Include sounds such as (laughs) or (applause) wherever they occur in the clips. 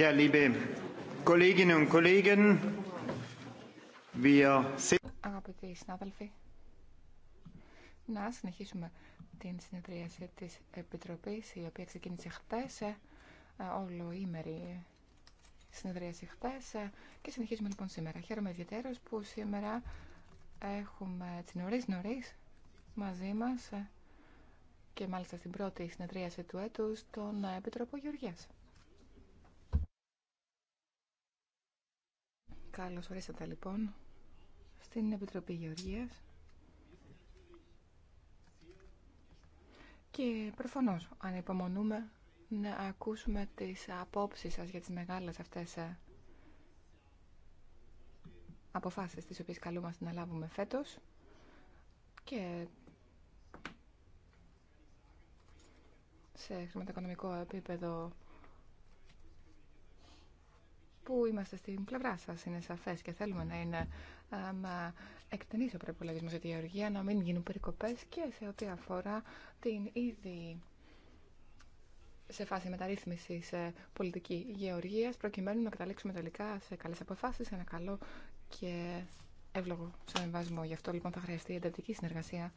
Ja, liebe Kolleginnen Αγαπητοί συνάδελφοι, να συνεχίσουμε την συνεδρίαση της Επιτροπής, η οποία ξεκίνησε χτες, όλο ε, ημερή συνεδρίαση χτες ε, και συνεχίζουμε λοιπόν σήμερα. Χαίρομαι ιδιαίτερως που σήμερα έχουμε έτσι νωρίς νωρίς μαζί μας ε, και μάλιστα στην πρώτη συνεδρίαση του έτους τον Επιτροπό Γεωργίας. Καλώς ορίσατε λοιπόν στην Επιτροπή Γεωργίας. Και προφανώς ανυπομονούμε να ακούσουμε τις απόψεις σας για τις μεγάλες αυτές ε, αποφάσεις τις οποίες καλούμαστε να λάβουμε φέτος και σε χρηματοοικονομικό επίπεδο που είμαστε στην πλευρά σα. Είναι σαφέ και θέλουμε να είναι εκτενή ο προπολογισμό για τη γεωργία, να μην γίνουν περικοπέ και σε ό,τι αφορά την ήδη σε φάση μεταρρύθμιση σε πολιτική γεωργία, προκειμένου να καταλήξουμε τελικά σε καλέ αποφάσει, σε ένα καλό και εύλογο συμβασμό. Γι' αυτό λοιπόν θα χρειαστεί εντατική συνεργασία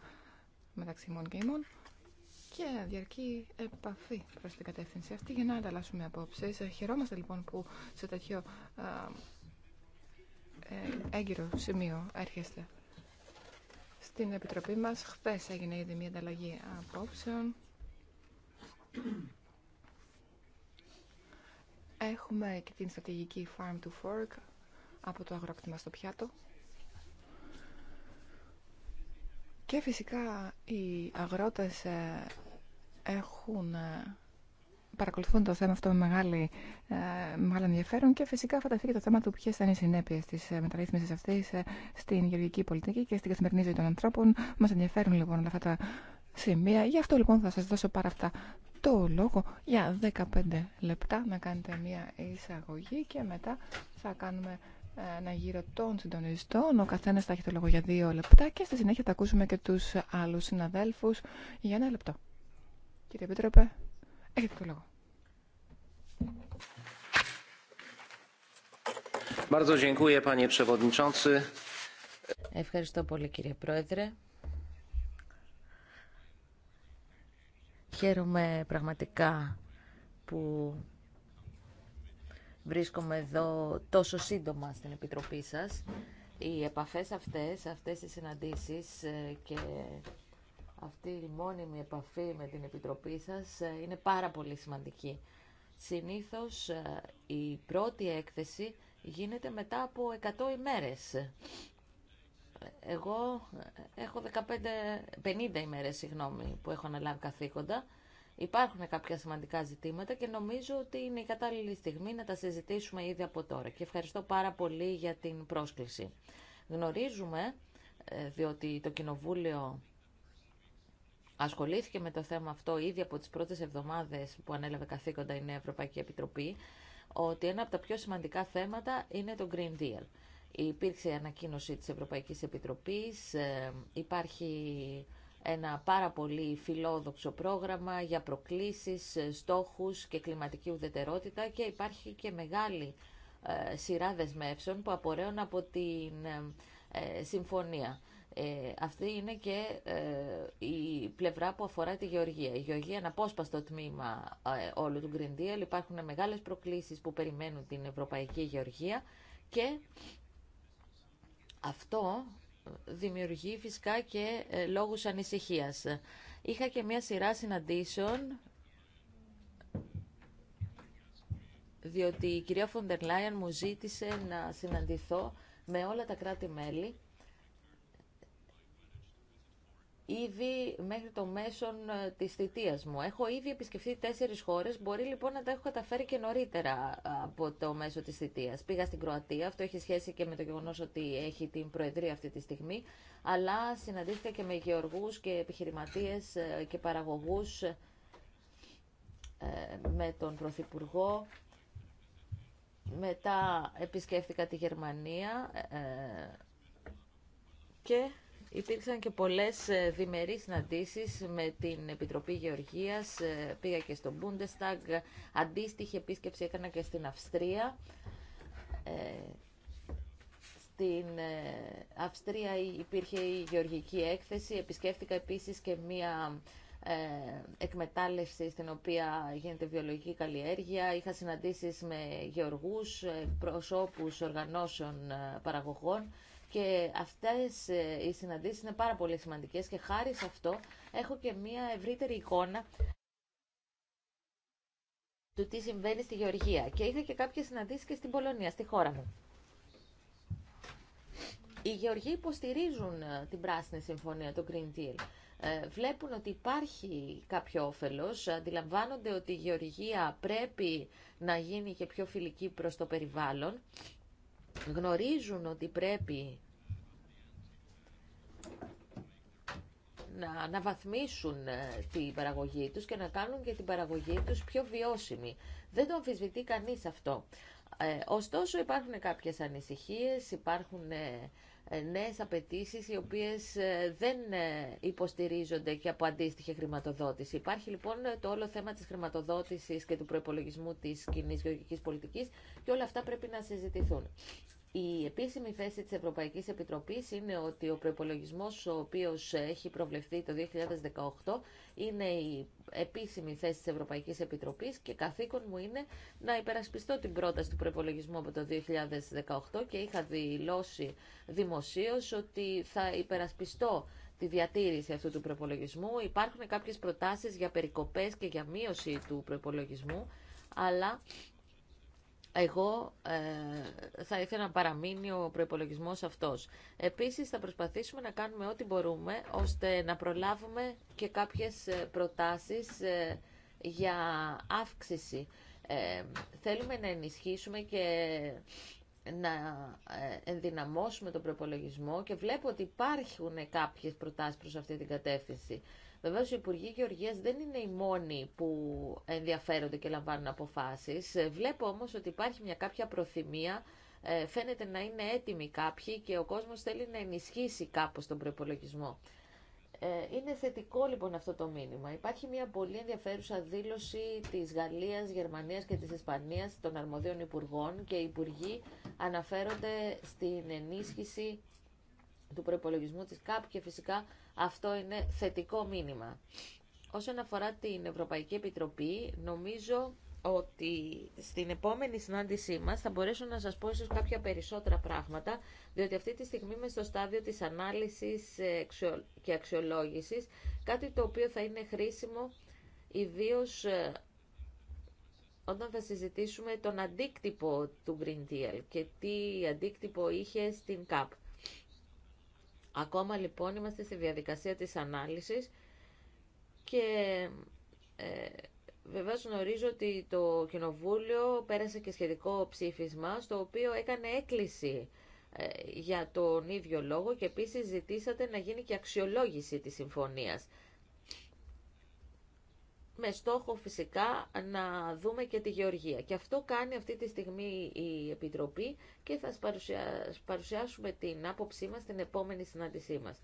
μεταξύ ημών και ημών και διαρκεί επαφή προ την κατεύθυνση αυτή για να ανταλλάσσουμε απόψει. Χαιρόμαστε λοιπόν που σε τέτοιο ε, έγκυρο σημείο έρχεστε στην Επιτροπή μας. Χθες έγινε ήδη μια ανταλλαγή απόψεων. Έχουμε και την στρατηγική Farm to Fork από το αγρόκτημα στο πιάτο. Και φυσικά οι αγρότες ε, έχουν ε, παρακολουθούν το θέμα αυτό με ε, μεγάλο ενδιαφέρον και φυσικά θα και το θέμα του ποιε θα είναι οι συνέπειε τη ε, μεταρρύθμιση αυτή στην γεωργική πολιτική και στην καθημερινή ζωή των ανθρώπων. Μα ενδιαφέρουν λοιπόν όλα αυτά τα σημεία. Γι' αυτό λοιπόν θα σα δώσω πάρα αυτά το λόγο για 15 λεπτά να κάνετε μία εισαγωγή και μετά θα κάνουμε ένα γύρο των συντονιστών. Ο καθένα θα έχει το λόγο για δύο λεπτά και στη συνέχεια θα ακούσουμε και του άλλου συναδέλφου για ένα λεπτό. Κύριε Επίτροπε, έχετε το λόγο. Ευχαριστώ πολύ κύριε Πρόεδρε. Χαίρομαι πραγματικά που βρίσκομαι εδώ τόσο σύντομα στην Επιτροπή σας. Οι επαφές αυτές, αυτές οι συναντήσεις ε, και αυτή η μόνιμη επαφή με την Επιτροπή σας ε, είναι πάρα πολύ σημαντική. Συνήθως ε, η πρώτη έκθεση γίνεται μετά από 100 ημέρες. Εγώ ε, έχω 15, 50 ημέρες συγγνώμη, που έχω αναλάβει καθήκοντα. Υπάρχουν κάποια σημαντικά ζητήματα και νομίζω ότι είναι η κατάλληλη στιγμή να τα συζητήσουμε ήδη από τώρα. Και ευχαριστώ πάρα πολύ για την πρόσκληση. Γνωρίζουμε, διότι το Κοινοβούλιο ασχολήθηκε με το θέμα αυτό ήδη από τις πρώτες εβδομάδες που ανέλαβε καθήκοντα η Νέα Ευρωπαϊκή Επιτροπή, ότι ένα από τα πιο σημαντικά θέματα είναι το Green Deal. Υπήρξε ανακοίνωση της Ευρωπαϊκής Επιτροπής, ε, υπάρχει ένα πάρα πολύ φιλόδοξο πρόγραμμα για προκλήσεις, ε, στόχους και κλιματική ουδετερότητα και υπάρχει και μεγάλη ε, σειρά δεσμεύσεων που απορρέουν από την συμφωνία. Ε, αυτή είναι και ε, η πλευρά που αφορά τη γεωργία. Η γεωργία είναι απόσπαστο τμήμα ε, όλου του Green Deal. Υπάρχουν μεγάλες προκλήσεις που περιμένουν την ευρωπαϊκή γεωργία και αυτό δημιουργεί φυσικά και ε, λόγους ανησυχίας. Είχα και μια σειρά συναντήσεων διότι η κυρία Φοντερ μου ζήτησε να συναντηθώ με όλα τα κράτη-μέλη ήδη μέχρι το μέσον ε, της θητείας μου. Έχω ήδη επισκεφθεί τέσσερις χώρες, μπορεί λοιπόν να τα έχω καταφέρει και νωρίτερα ε, από το μέσο της θητείας. Πήγα στην Κροατία, αυτό έχει σχέση και με το γεγονός ότι έχει την Προεδρία αυτή τη στιγμή, αλλά συναντήθηκα και με γεωργούς και επιχειρηματίες ε, και παραγωγούς με τον Πρωθυπουργό. Μετά επισκέφθηκα τη Γερμανία και Υπήρξαν και πολλές ε, διμερείς συναντήσεις με την Επιτροπή Γεωργίας, ε, πήγα και στο Bundestag, αντίστοιχη επίσκεψη έκανα και στην Αυστρία. Ε, στην Αυστρία υπήρχε η γεωργική έκθεση, επισκέφτηκα επίσης και μία εκμετάλλευση στην οποία γίνεται βιολογική καλλιέργεια. Είχα συναντήσεις με γεωργούς, προσώπους οργανώσεων παραγωγών και αυτές ε, οι συναντήσεις είναι πάρα πολύ σημαντικές και χάρη σε αυτό έχω και μία ευρύτερη εικόνα του τι συμβαίνει στη Γεωργία. Και είχα και κάποιες συναντήσεις και στην Πολωνία, στη χώρα μου. Οι Γεωργοί υποστηρίζουν ε, την πράσινη συμφωνία, το Green Deal. Ε, βλέπουν ότι υπάρχει κάποιο όφελος, αντιλαμβάνονται ότι η γεωργία πρέπει να γίνει και πιο φιλική προς το περιβάλλον, γνωρίζουν ότι πρέπει να αναβαθμίσουν ε, την παραγωγή τους και να κάνουν και την παραγωγή τους πιο βιώσιμη. Δεν το αμφισβητεί κανείς αυτό. Ε, ωστόσο υπάρχουν κάποιες ανησυχίες, υπάρχουν ε, νέες απαιτήσει οι οποίες δεν υποστηρίζονται και από αντίστοιχη χρηματοδότηση. Υπάρχει λοιπόν το όλο θέμα της χρηματοδότησης και του προϋπολογισμού της κοινή γεωργικής πολιτικής και όλα αυτά πρέπει να συζητηθούν. Η επίσημη θέση της Ευρωπαϊκής Επιτροπής είναι ότι ο προϋπολογισμός ο οποίος έχει προβλεφθεί το 2018 είναι η επίσημη θέση της Ευρωπαϊκής Επιτροπής και καθήκον μου είναι να υπερασπιστώ την πρόταση του προϋπολογισμού από το 2018 και είχα δηλώσει δημοσίως ότι θα υπερασπιστώ τη διατήρηση αυτού του προπολογισμού. Υπάρχουν κάποιες προτάσεις για περικοπές και για μείωση του προπολογισμού, αλλά εγώ ε, θα ήθελα να παραμείνει ο προϋπολογισμός αυτός. Επίσης θα προσπαθήσουμε να κάνουμε ό,τι μπορούμε ώστε να προλάβουμε και κάποιες ε, προτάσεις ε, για αύξηση. Ε, θέλουμε να ενισχύσουμε και να ενδυναμώσουμε τον προπολογισμό και βλέπω ότι υπάρχουν κάποιες προτάσεις προς αυτή την κατεύθυνση. Βεβαίω, οι Υπουργοί Γεωργία δεν είναι οι μόνοι που ενδιαφέρονται και λαμβάνουν αποφάσει. Ε, βλέπω όμω ότι υπάρχει μια κάποια προθυμία. Ε, φαίνεται να είναι έτοιμοι κάποιοι και ο κόσμο θέλει να ενισχύσει κάπω τον προπολογισμό. Ε, είναι θετικό λοιπόν αυτό το μήνυμα. Υπάρχει μια πολύ ενδιαφέρουσα δήλωση τη Γαλλία, Γερμανία και τη Ισπανία των αρμοδίων υπουργών και οι υπουργοί αναφέρονται στην ενίσχυση του προπολογισμού τη ΚΑΠ και φυσικά αυτό είναι θετικό μήνυμα. Όσον αφορά την Ευρωπαϊκή Επιτροπή, νομίζω ότι στην επόμενη συνάντησή μας θα μπορέσω να σας πω ίσως κάποια περισσότερα πράγματα, διότι αυτή τη στιγμή είμαι στο στάδιο της ανάλυσης ε, και αξιολόγησης, κάτι το οποίο θα είναι χρήσιμο ιδίω ε, όταν θα συζητήσουμε τον αντίκτυπο του Green Deal και τι αντίκτυπο είχε στην ΚΑΠ. Ακόμα λοιπόν είμαστε στη διαδικασία της ανάλυσης και ε, βεβαίως γνωρίζω ότι το Κοινοβούλιο πέρασε και σχετικό ψήφισμα στο οποίο έκανε έκκληση ε, για τον ίδιο λόγο και επίσης ζητήσατε να γίνει και αξιολόγηση της συμφωνίας με στόχο φυσικά να δούμε και τη γεωργία. Και αυτό κάνει αυτή τη στιγμή η Επιτροπή και θα παρουσιάσουμε την άποψή μας στην επόμενη συνάντησή μας.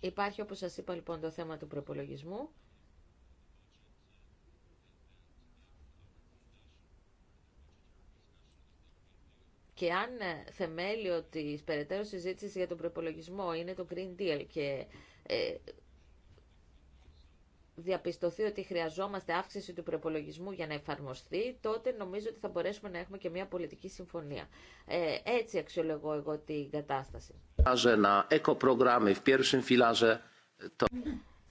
Υπάρχει, όπως σας είπα, λοιπόν, το θέμα του προπολογισμού. Και αν ε, θεμέλιο της περαιτέρω συζήτηση για τον προπολογισμό είναι το Green Deal και ε, διαπιστωθεί ότι χρειαζόμαστε αύξηση του προπολογισμού για να εφαρμοστεί, τότε νομίζω ότι θα μπορέσουμε να έχουμε και μια πολιτική συμφωνία. Ε, έτσι αξιολογώ εγώ την κατάσταση.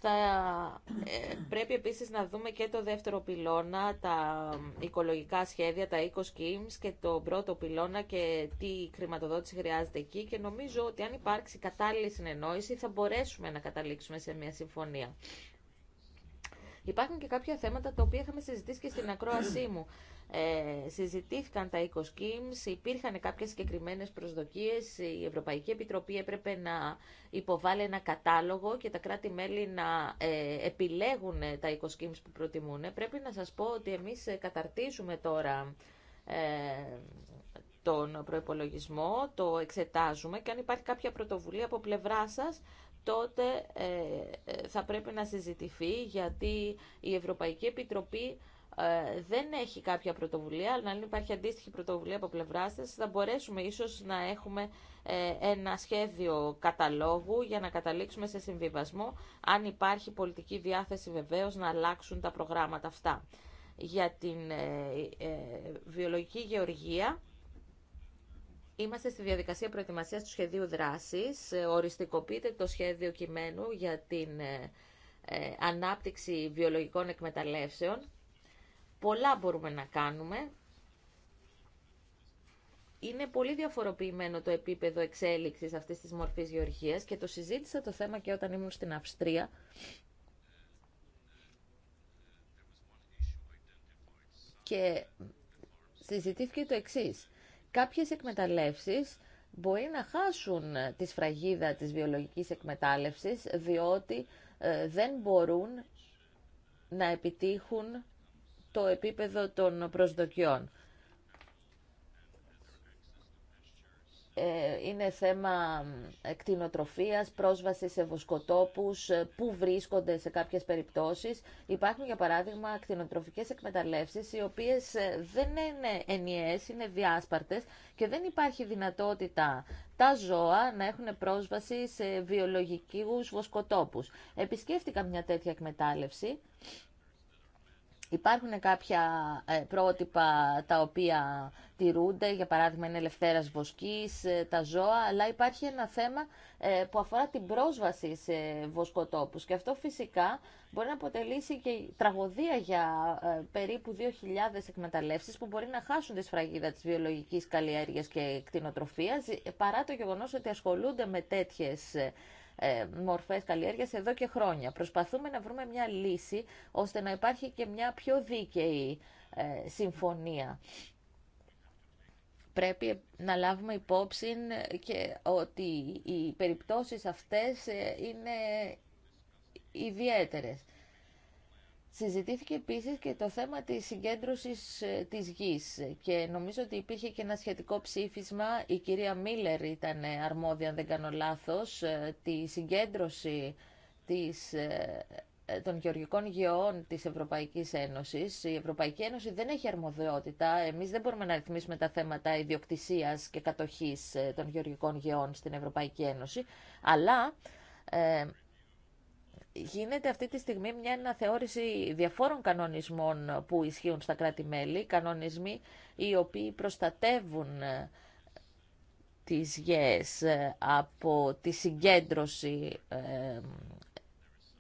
Ε, πρέπει επίσης να δούμε και το δεύτερο πυλώνα, τα οικολογικά σχέδια, τα eco schemes και το πρώτο πυλώνα και τι χρηματοδότηση χρειάζεται εκεί και νομίζω ότι αν υπάρξει κατάλληλη συνεννόηση θα μπορέσουμε να καταλήξουμε σε μια συμφωνία. Υπάρχουν και κάποια θέματα τα οποία είχαμε συζητήσει και στην ακρόασή μου. Ε, συζητήθηκαν τα οίκο schemes, υπήρχαν κάποιες συγκεκριμένε προσδοκίες, η Ευρωπαϊκή Επιτροπή έπρεπε να υποβάλει ένα κατάλογο και τα κράτη-μέλη να ε, επιλέγουν τα οίκο που προτιμούν. Πρέπει να σας πω ότι εμείς καταρτίζουμε τώρα ε, τον προϋπολογισμό, το εξετάζουμε και αν υπάρχει κάποια πρωτοβουλία από πλευρά σας, τότε ε, θα πρέπει να συζητηθεί γιατί η Ευρωπαϊκή Επιτροπή ε, δεν έχει κάποια πρωτοβουλία, αλλά αν υπάρχει αντίστοιχη πρωτοβουλία από πλευρά σα, θα μπορέσουμε ίσω να έχουμε ε, ένα σχέδιο καταλόγου για να καταλήξουμε σε συμβιβασμό, αν υπάρχει πολιτική διάθεση βεβαίω να αλλάξουν τα προγράμματα αυτά. Για την ε, βιολογική γεωργία. Είμαστε στη διαδικασία προετοιμασίας του σχεδίου δράσης. Οριστικοποιείται το σχέδιο κειμένου για την ανάπτυξη βιολογικών εκμεταλλεύσεων Πολλά μπορούμε να κάνουμε. Είναι πολύ διαφοροποιημένο το επίπεδο εξέλιξης αυτής της μορφής γεωργίας και το συζήτησα το θέμα και όταν ήμουν στην Αυστρία. Και συζητήθηκε το εξής. Κάποιες εκμεταλλεύσεις μπορεί να χάσουν ε, τη σφραγίδα της βιολογικής εκμετάλλευσης διότι ε, δεν μπορούν να επιτύχουν το επίπεδο των προσδοκιών. Ε, είναι θέμα κτηνοτροφίας, πρόσβαση σε βοσκοτόπους, ε, που βρίσκονται σε κάποιες περιπτώσεις. Υπάρχουν, για παράδειγμα, κτηνοτροφικές εκμεταλλεύσεις, οι οποίες ε, δεν είναι ενιαίες, είναι διάσπαρτες και δεν υπάρχει δυνατότητα τα ζώα να έχουν πρόσβαση σε βιολογικούς βοσκοτόπους. Επισκέφτηκα μια τέτοια εκμετάλλευση Υπάρχουν κάποια ε, πρότυπα τα οποία τηρούνται, για παράδειγμα είναι ελευθέρας βοσκής, ε, τα ζώα, αλλά υπάρχει ένα θέμα ε, που αφορά την πρόσβαση σε βοσκοτόπους και αυτό φυσικά μπορεί να αποτελήσει και τραγωδία για περίπου 2.000 εκμεταλλεύσεις που μπορεί να χάσουν τη σφραγίδα της βιολογικής καλλιέργειας και κτηνοτροφίας παρά το γεγονός ότι ασχολούνται με τέτοιες ε, Μορφέ καλλιέργεια εδώ και χρόνια. Προσπαθούμε να βρούμε μια λύση ώστε να υπάρχει και μια πιο δίκαιη ε, συμφωνία. Πρέπει να λάβουμε υπόψη και ότι οι περιπτώσεις αυτές ε, είναι ιδιαίτερες. Συζητήθηκε επίσης και το θέμα της συγκέντρωσης ε, της γης και νομίζω ότι υπήρχε και ένα σχετικό ψήφισμα. Η κυρία Μίλλερ ήταν ε, αρμόδια, αν δεν κάνω λάθος, ε, τη συγκέντρωση της των γεωργικών γεών της Ευρωπαϊκής Ένωσης. Η Ευρωπαϊκή Ένωση δεν έχει αρμοδιότητα. εμείς δεν μπορούμε να ρυθμίσουμε τα θέματα ιδιοκτησία και κατοχής των γεωργικών γεών στην Ευρωπαϊκή Ένωση. Αλλά Γίνεται αυτή τη στιγμή μια αναθεώρηση διαφόρων κανονισμών που ισχύουν στα κράτη-μέλη, κανονισμοί οι οποίοι προστατεύουν ε, τις ΓΕΕΣ ε, από τη συγκέντρωση ε,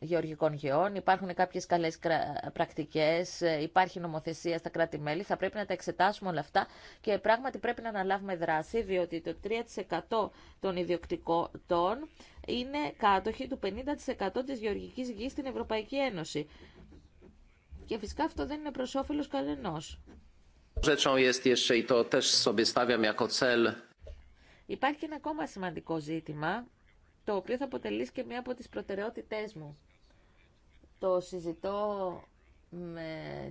γεωργικών γεών, υπάρχουν κάποιες καλές πρακτικές, ε, υπάρχει νομοθεσία στα κράτη-μέλη, θα πρέπει να τα εξετάσουμε όλα αυτά και πράγματι πρέπει να αναλάβουμε δράση, διότι το 3% των ιδιοκτικών είναι κάτοχοι του 50% της γεωργικής γης στην Ευρωπαϊκή Ένωση. Και φυσικά αυτό δεν είναι προς όφελος κανενός. Υπάρχει ένα ακόμα σημαντικό ζήτημα, το οποίο θα αποτελεί και μία από τις προτεραιότητές μου. Το συζητώ με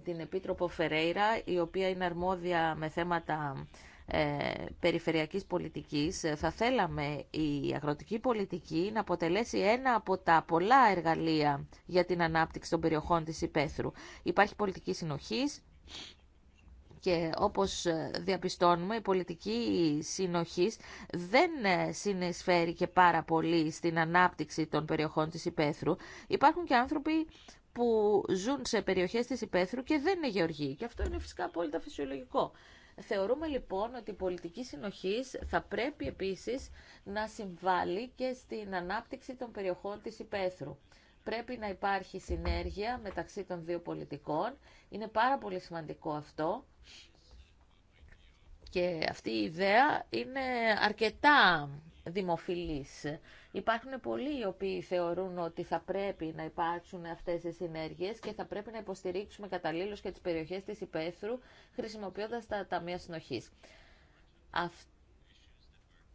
την Επίτροπο Φερέιρα, η οποία είναι αρμόδια με θέματα ε, περιφερειακής πολιτικής. Θα θέλαμε η αγροτική πολιτική να αποτελέσει ένα από τα πολλά εργαλεία για την ανάπτυξη των περιοχών της Υπέθρου. Υπάρχει πολιτική συνοχής, και όπως ε, διαπιστώνουμε η πολιτική συνοχής δεν ε, συνεισφέρει και πάρα πολύ στην ανάπτυξη των περιοχών της υπαίθρου. Υπάρχουν και άνθρωποι που ζουν σε περιοχές της υπαίθρου και δεν είναι γεωργοί και αυτό είναι φυσικά απόλυτα φυσιολογικό. Θεωρούμε λοιπόν ότι η πολιτική συνοχής θα πρέπει επίσης να συμβάλλει και στην ανάπτυξη των περιοχών της υπαίθρου πρέπει να υπάρχει συνέργεια μεταξύ των δύο πολιτικών. Είναι πάρα πολύ σημαντικό αυτό. Και αυτή η ιδέα είναι αρκετά δημοφιλής. Υπάρχουν πολλοί οι οποίοι θεωρούν ότι θα πρέπει να υπάρξουν αυτές οι συνέργειες και θα πρέπει να υποστηρίξουμε καταλήλως και τις περιοχές της υπαίθρου χρησιμοποιώντας τα ταμεία συνοχής. Αυτό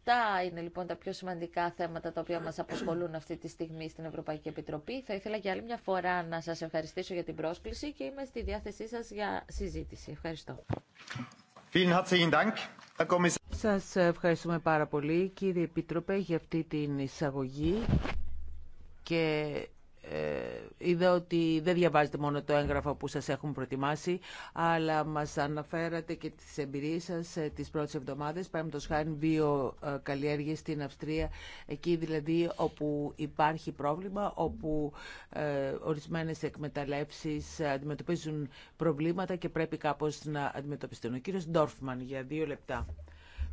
Αυτά είναι λοιπόν τα πιο σημαντικά θέματα τα οποία μας απασχολούν αυτή τη στιγμή στην Ευρωπαϊκή Επιτροπή. Θα ήθελα για άλλη μια φορά να σας ευχαριστήσω για την πρόσκληση και είμαι στη διάθεσή σας για συζήτηση. Ευχαριστώ. Σας ευχαριστούμε πάρα πολύ κύριε Επίτροπε για αυτή την εισαγωγή και ε, είδα ότι δεν διαβάζετε μόνο το έγγραφο που σας έχουν προετοιμάσει, αλλά μας αναφέρατε και τις εμπειρίες σας ε, τις πρώτες εβδομάδες, το χάρη δύο καλλιέργειες στην Αυστρία, εκεί δηλαδή όπου υπάρχει πρόβλημα, όπου ε, ορισμένες εκμεταλλεύσεις αντιμετωπίζουν προβλήματα και πρέπει κάπως να αντιμετωπιστούν. Ο κύριος Ντόρφμαν για δύο λεπτά.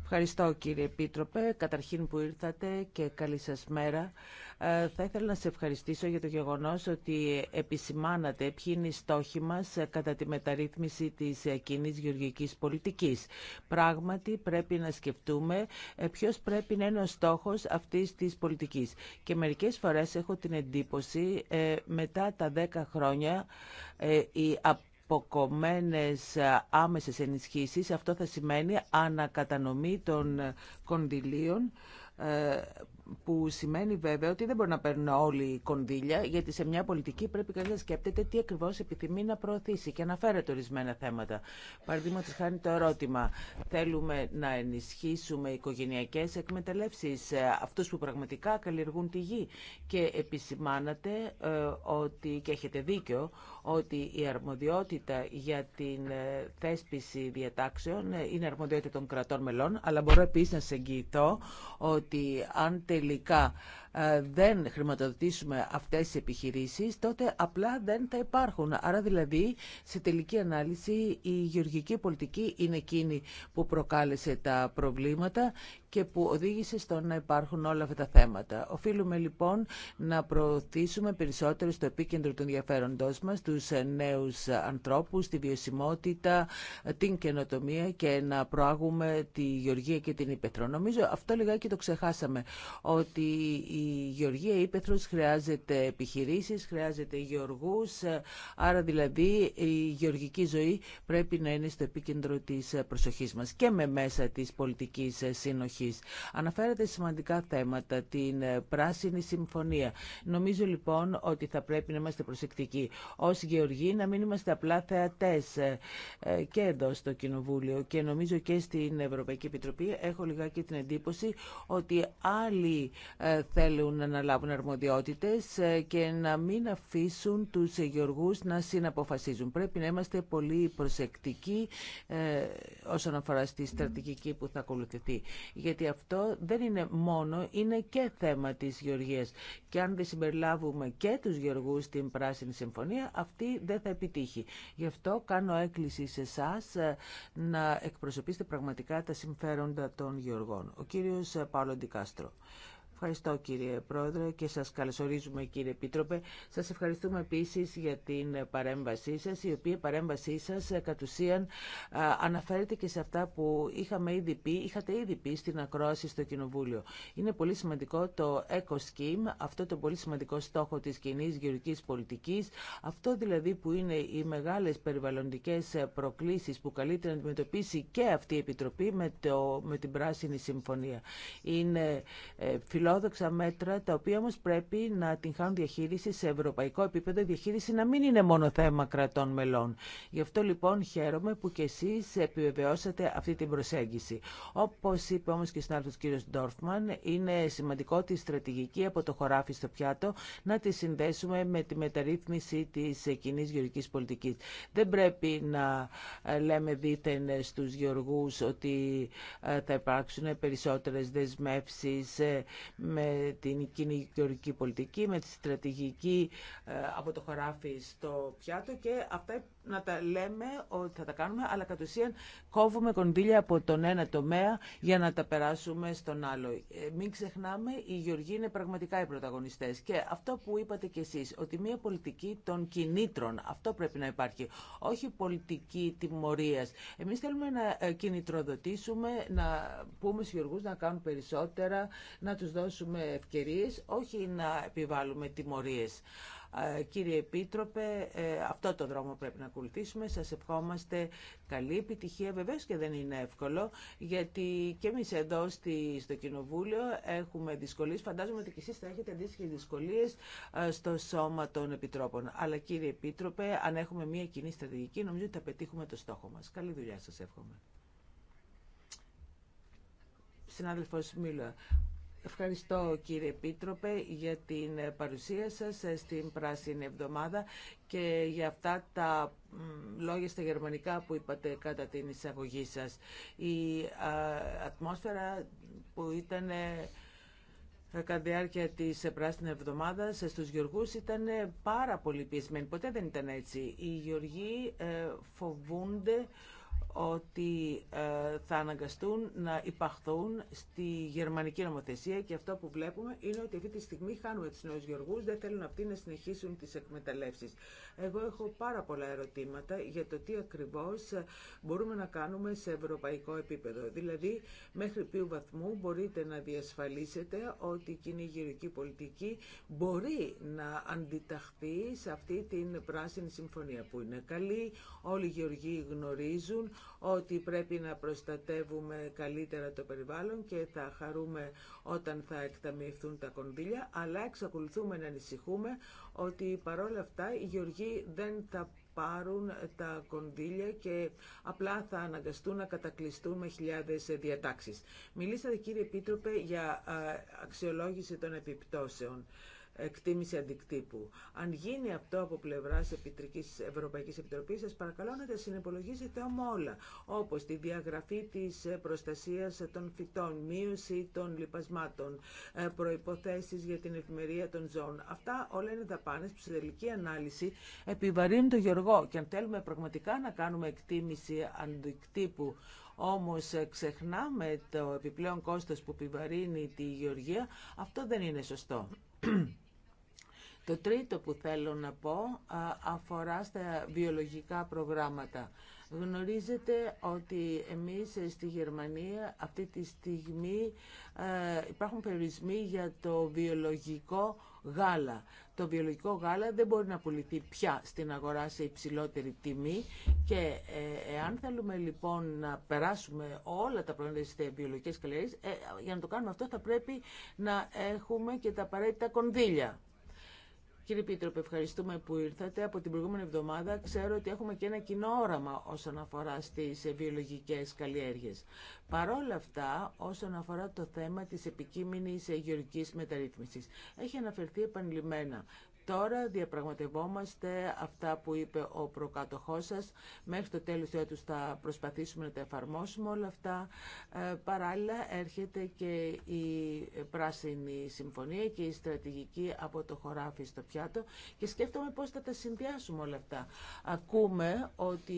Ευχαριστώ κύριε Επίτροπε, καταρχήν που ήρθατε και καλή σας μέρα. Ε, θα ήθελα να σε ευχαριστήσω για το γεγονός ότι επισημάνατε ποιοι είναι οι στόχοι μας κατά τη μεταρρύθμιση της κοινή γεωργικής πολιτικής. Πράγματι πρέπει να σκεφτούμε ε, ποιος πρέπει να είναι ο στόχος αυτής της πολιτικής. Και μερικές φορές έχω την εντύπωση ε, μετά τα 10 χρόνια η αποκομμένες ε, άμεσες ενισχύσεις. Αυτό θα σημαίνει ανακατανομή των κονδυλίων ε, που σημαίνει βέβαια ότι δεν μπορεί να παίρνουν όλοι οι κονδύλια, γιατί σε μια πολιτική πρέπει κανείς να σκέπτεται τι ακριβώς επιθυμεί να προωθήσει και να φέρεται ορισμένα θέματα. Παραδείγματο χάνει το ερώτημα, θέλουμε να ενισχύσουμε οικογενειακέ εκμεταλλεύσεις ε, αυτού που πραγματικά καλλιεργούν τη γη. Και επισημάνατε ότι, και έχετε δίκιο, ότι η αρμοδιότητα για την ε, θέσπιση διατάξεων ε, είναι αρμοδιότητα των κρατών μελών, αλλά μπορώ επίσης να σε εγγυηθώ ότι αν τελικά ε, δεν χρηματοδοτήσουμε αυτές τις επιχειρήσεις, τότε απλά δεν θα υπάρχουν. Άρα δηλαδή, σε τελική ανάλυση, η γεωργική πολιτική είναι εκείνη που προκάλεσε τα προβλήματα και που οδήγησε στο να υπάρχουν όλα αυτά τα θέματα. Οφείλουμε λοιπόν να προωθήσουμε περισσότερο στο επίκεντρο των ενδιαφέροντός μας, τους νέους ανθρώπους, τη βιωσιμότητα, την καινοτομία και να προάγουμε τη γεωργία και την υπεθρό. Νομίζω αυτό λιγάκι το ξεχάσαμε, ότι η γεωργία Ήπεθρος χρειάζεται επιχειρήσεις, χρειάζεται γεωργούς, άρα δηλαδή η γεωργική ζωή πρέπει να είναι στο επίκεντρο της προσοχής μας και με μέσα της πολιτικής συνοχής. Αναφέρατε σημαντικά θέματα, την πράσινη συμφωνία. Νομίζω λοιπόν ότι θα πρέπει να είμαστε προσεκτικοί ως γεωργοί, να μην είμαστε απλά θεατές ε, και εδώ στο Κοινοβούλιο και νομίζω και στην Ευρωπαϊκή Επιτροπή έχω λιγάκι την εντύπωση ότι άλλοι ε, θέλουν θέλουν να αναλάβουν αρμοδιότητες ε, και να μην αφήσουν τους γεωργούς να συναποφασίζουν. Πρέπει να είμαστε πολύ προσεκτικοί ε, όσον αφορά στη στρατηγική που θα ακολουθηθεί. Γιατί αυτό δεν είναι μόνο, είναι και θέμα της γεωργίας. Και αν δεν συμπεριλάβουμε και τους γεωργούς στην Πράσινη Συμφωνία, αυτή δεν θα επιτύχει. Γι' αυτό κάνω έκκληση σε εσά ε, να εκπροσωπήσετε πραγματικά τα συμφέροντα των γεωργών. Ο κύριος Παύλο Ντικάστρο. Ευχαριστώ κύριε Πρόεδρε και σας καλωσορίζουμε κύριε Επίτροπε. Σας ευχαριστούμε επίσης για την παρέμβασή σας, η οποία παρέμβασή σας ε, κατ' ουσίαν ε, αναφέρεται και σε αυτά που είχαμε ήδη πει, είχατε ήδη πει στην ακρόαση στο Κοινοβούλιο. Είναι πολύ σημαντικό το Eco Scheme, αυτό το πολύ σημαντικό στόχο της κοινή γεωργικής πολιτικής, αυτό δηλαδή που είναι οι μεγάλες περιβαλλοντικές ε, προκλήσεις που καλύτερα να αντιμετωπίσει και αυτή η Επιτροπή με, με την Πράσινη Συμφωνία. Είναι φιλόδοξα μέτρα, τα οποία όμω πρέπει να την χάνουν διαχείριση σε ευρωπαϊκό επίπεδο, η διαχείριση να μην είναι μόνο θέμα κρατών μελών. Γι' αυτό λοιπόν χαίρομαι που και εσεί επιβεβαιώσατε αυτή την προσέγγιση. Όπω είπε όμω και συνάδελφο κύριος Ντόρφμαν, είναι σημαντικό τη στρατηγική από το χωράφι στο πιάτο να τη συνδέσουμε με τη μεταρρύθμιση τη κοινή γεωργική πολιτική. Δεν πρέπει να ε, λέμε δίθεν στου γεωργού ότι ε, θα υπάρξουν περισσότερε δεσμεύσει ε, με την κοινή πολιτική, με τη στρατηγική ε, από το χωράφι στο πιάτο και αυτά να τα λέμε ότι θα τα κάνουμε, αλλά κατ' ουσίαν κόβουμε κονδύλια από τον ένα τομέα για να τα περάσουμε στον άλλο. Ε, μην ξεχνάμε, οι Γεωργοί είναι πραγματικά οι πρωταγωνιστές. Και αυτό που είπατε κι εσείς, ότι μια πολιτική των κινήτρων, αυτό πρέπει να υπάρχει, όχι πολιτική τιμωρία. Εμείς θέλουμε να ε, κινητροδοτήσουμε, να πούμε στους Γεωργούς να κάνουν περισσότερα, να τους δώσουμε ευκαιρίες, όχι να επιβάλλουμε τιμωρίες. Κύριε Επίτροπε, ε, αυτό το δρόμο πρέπει να ακολουθήσουμε. Σας ευχόμαστε καλή επιτυχία. βεβαίω και δεν είναι εύκολο, γιατί και εμείς εδώ στο Κοινοβούλιο έχουμε δυσκολίες. Φαντάζομαι ότι και εσείς θα έχετε αντίστοιχε δυσκολίες ε, στο σώμα των Επιτρόπων. Αλλά κύριε Επίτροπε, αν έχουμε μια κοινή στρατηγική, νομίζω ότι θα πετύχουμε το στόχο μας. Καλή δουλειά σας εύχομαι συνάδελφος Ευχαριστώ κύριε Επίτροπε για την παρουσία σας στην Πράσινη Εβδομάδα και για αυτά τα λόγια στα γερμανικά που είπατε κατά την εισαγωγή σας. Η ατμόσφαιρα που ήταν ε, κατά τη διάρκεια της Πράσινη Εβδομάδα στους Γεωργού ήταν πάρα πολύ Ποτέ δεν ήταν έτσι. Οι Γεωργοί ε, φοβούνται ότι ε, θα αναγκαστούν να υπαχθούν στη γερμανική νομοθεσία και αυτό που βλέπουμε είναι ότι αυτή τη στιγμή χάνουμε τους νέους γεωργούς, δεν θέλουν αυτοί να συνεχίσουν τις εκμεταλλεύσεις. Εγώ έχω πάρα πολλά ερωτήματα για το τι ακριβώς ε, μπορούμε να κάνουμε σε ευρωπαϊκό επίπεδο. Δηλαδή, μέχρι ποιου βαθμού μπορείτε να διασφαλίσετε ότι η κοινή πολιτική μπορεί να αντιταχθεί σε αυτή την πράσινη συμφωνία που είναι καλή, όλοι οι γεωργοί γνωρίζουν ότι πρέπει να προστατεύουμε καλύτερα το περιβάλλον και θα χαρούμε όταν θα εκταμιευθούν τα κονδύλια, αλλά εξακολουθούμε να ανησυχούμε ότι παρόλα αυτά οι γεωργοί δεν θα πάρουν τα κονδύλια και απλά θα αναγκαστούν να κατακλειστούν με χιλιάδες διατάξεις. Μιλήσατε κύριε Επίτροπε για αξιολόγηση των επιπτώσεων εκτίμηση αντικτύπου. Αν γίνει αυτό από πλευρά επιτρική Ευρωπαϊκής Επιτροπής, σα παρακαλώ να τα συνεπολογίσετε όλα, όπως τη διαγραφή τη προστασία των φυτών, μείωση των λοιπασμάτων, ε, προποθέσει για την ευημερία των ζώων. Αυτά όλα είναι δαπάνε που σε τελική ανάλυση επιβαρύνουν το γεωργό και αν θέλουμε πραγματικά να κάνουμε εκτίμηση αντικτύπου όμως ε, ξεχνάμε το επιπλέον κόστος που επιβαρύνει τη γεωργία, αυτό δεν είναι σωστό. (clears throat) Το τρίτο που θέλω να πω αφορά στα βιολογικά προγράμματα. Γνωρίζετε ότι εμείς στη Γερμανία αυτή τη στιγμή ε, υπάρχουν περιορισμοί για το βιολογικό γάλα. Το βιολογικό γάλα δεν μπορεί να πουληθεί πια στην αγορά σε υψηλότερη τιμή και ε, εάν θέλουμε λοιπόν να περάσουμε όλα τα προϊόντα στις βιολογικές καλλιέργειες, ε, για να το κάνουμε αυτό θα πρέπει να έχουμε και τα απαραίτητα κονδύλια. Κύριε Πίτροπε, ευχαριστούμε που ήρθατε. Από την προηγούμενη εβδομάδα ξέρω ότι έχουμε και ένα κοινό όραμα όσον αφορά στις βιολογικές καλλιέργειες. Παρόλα αυτά, όσον αφορά το θέμα της επικείμενης γεωργικής μεταρρύθμισης, έχει αναφερθεί επανειλημμένα Τώρα διαπραγματευόμαστε αυτά που είπε ο προκάτοχός σας. Μέχρι το τέλος του έτους θα προσπαθήσουμε να τα εφαρμόσουμε όλα αυτά. Ε, παράλληλα έρχεται και η Πράσινη Συμφωνία και η στρατηγική από το χωράφι στο πιάτο και σκέφτομαι πώς θα τα συνδυάσουμε όλα αυτά. Ακούμε ότι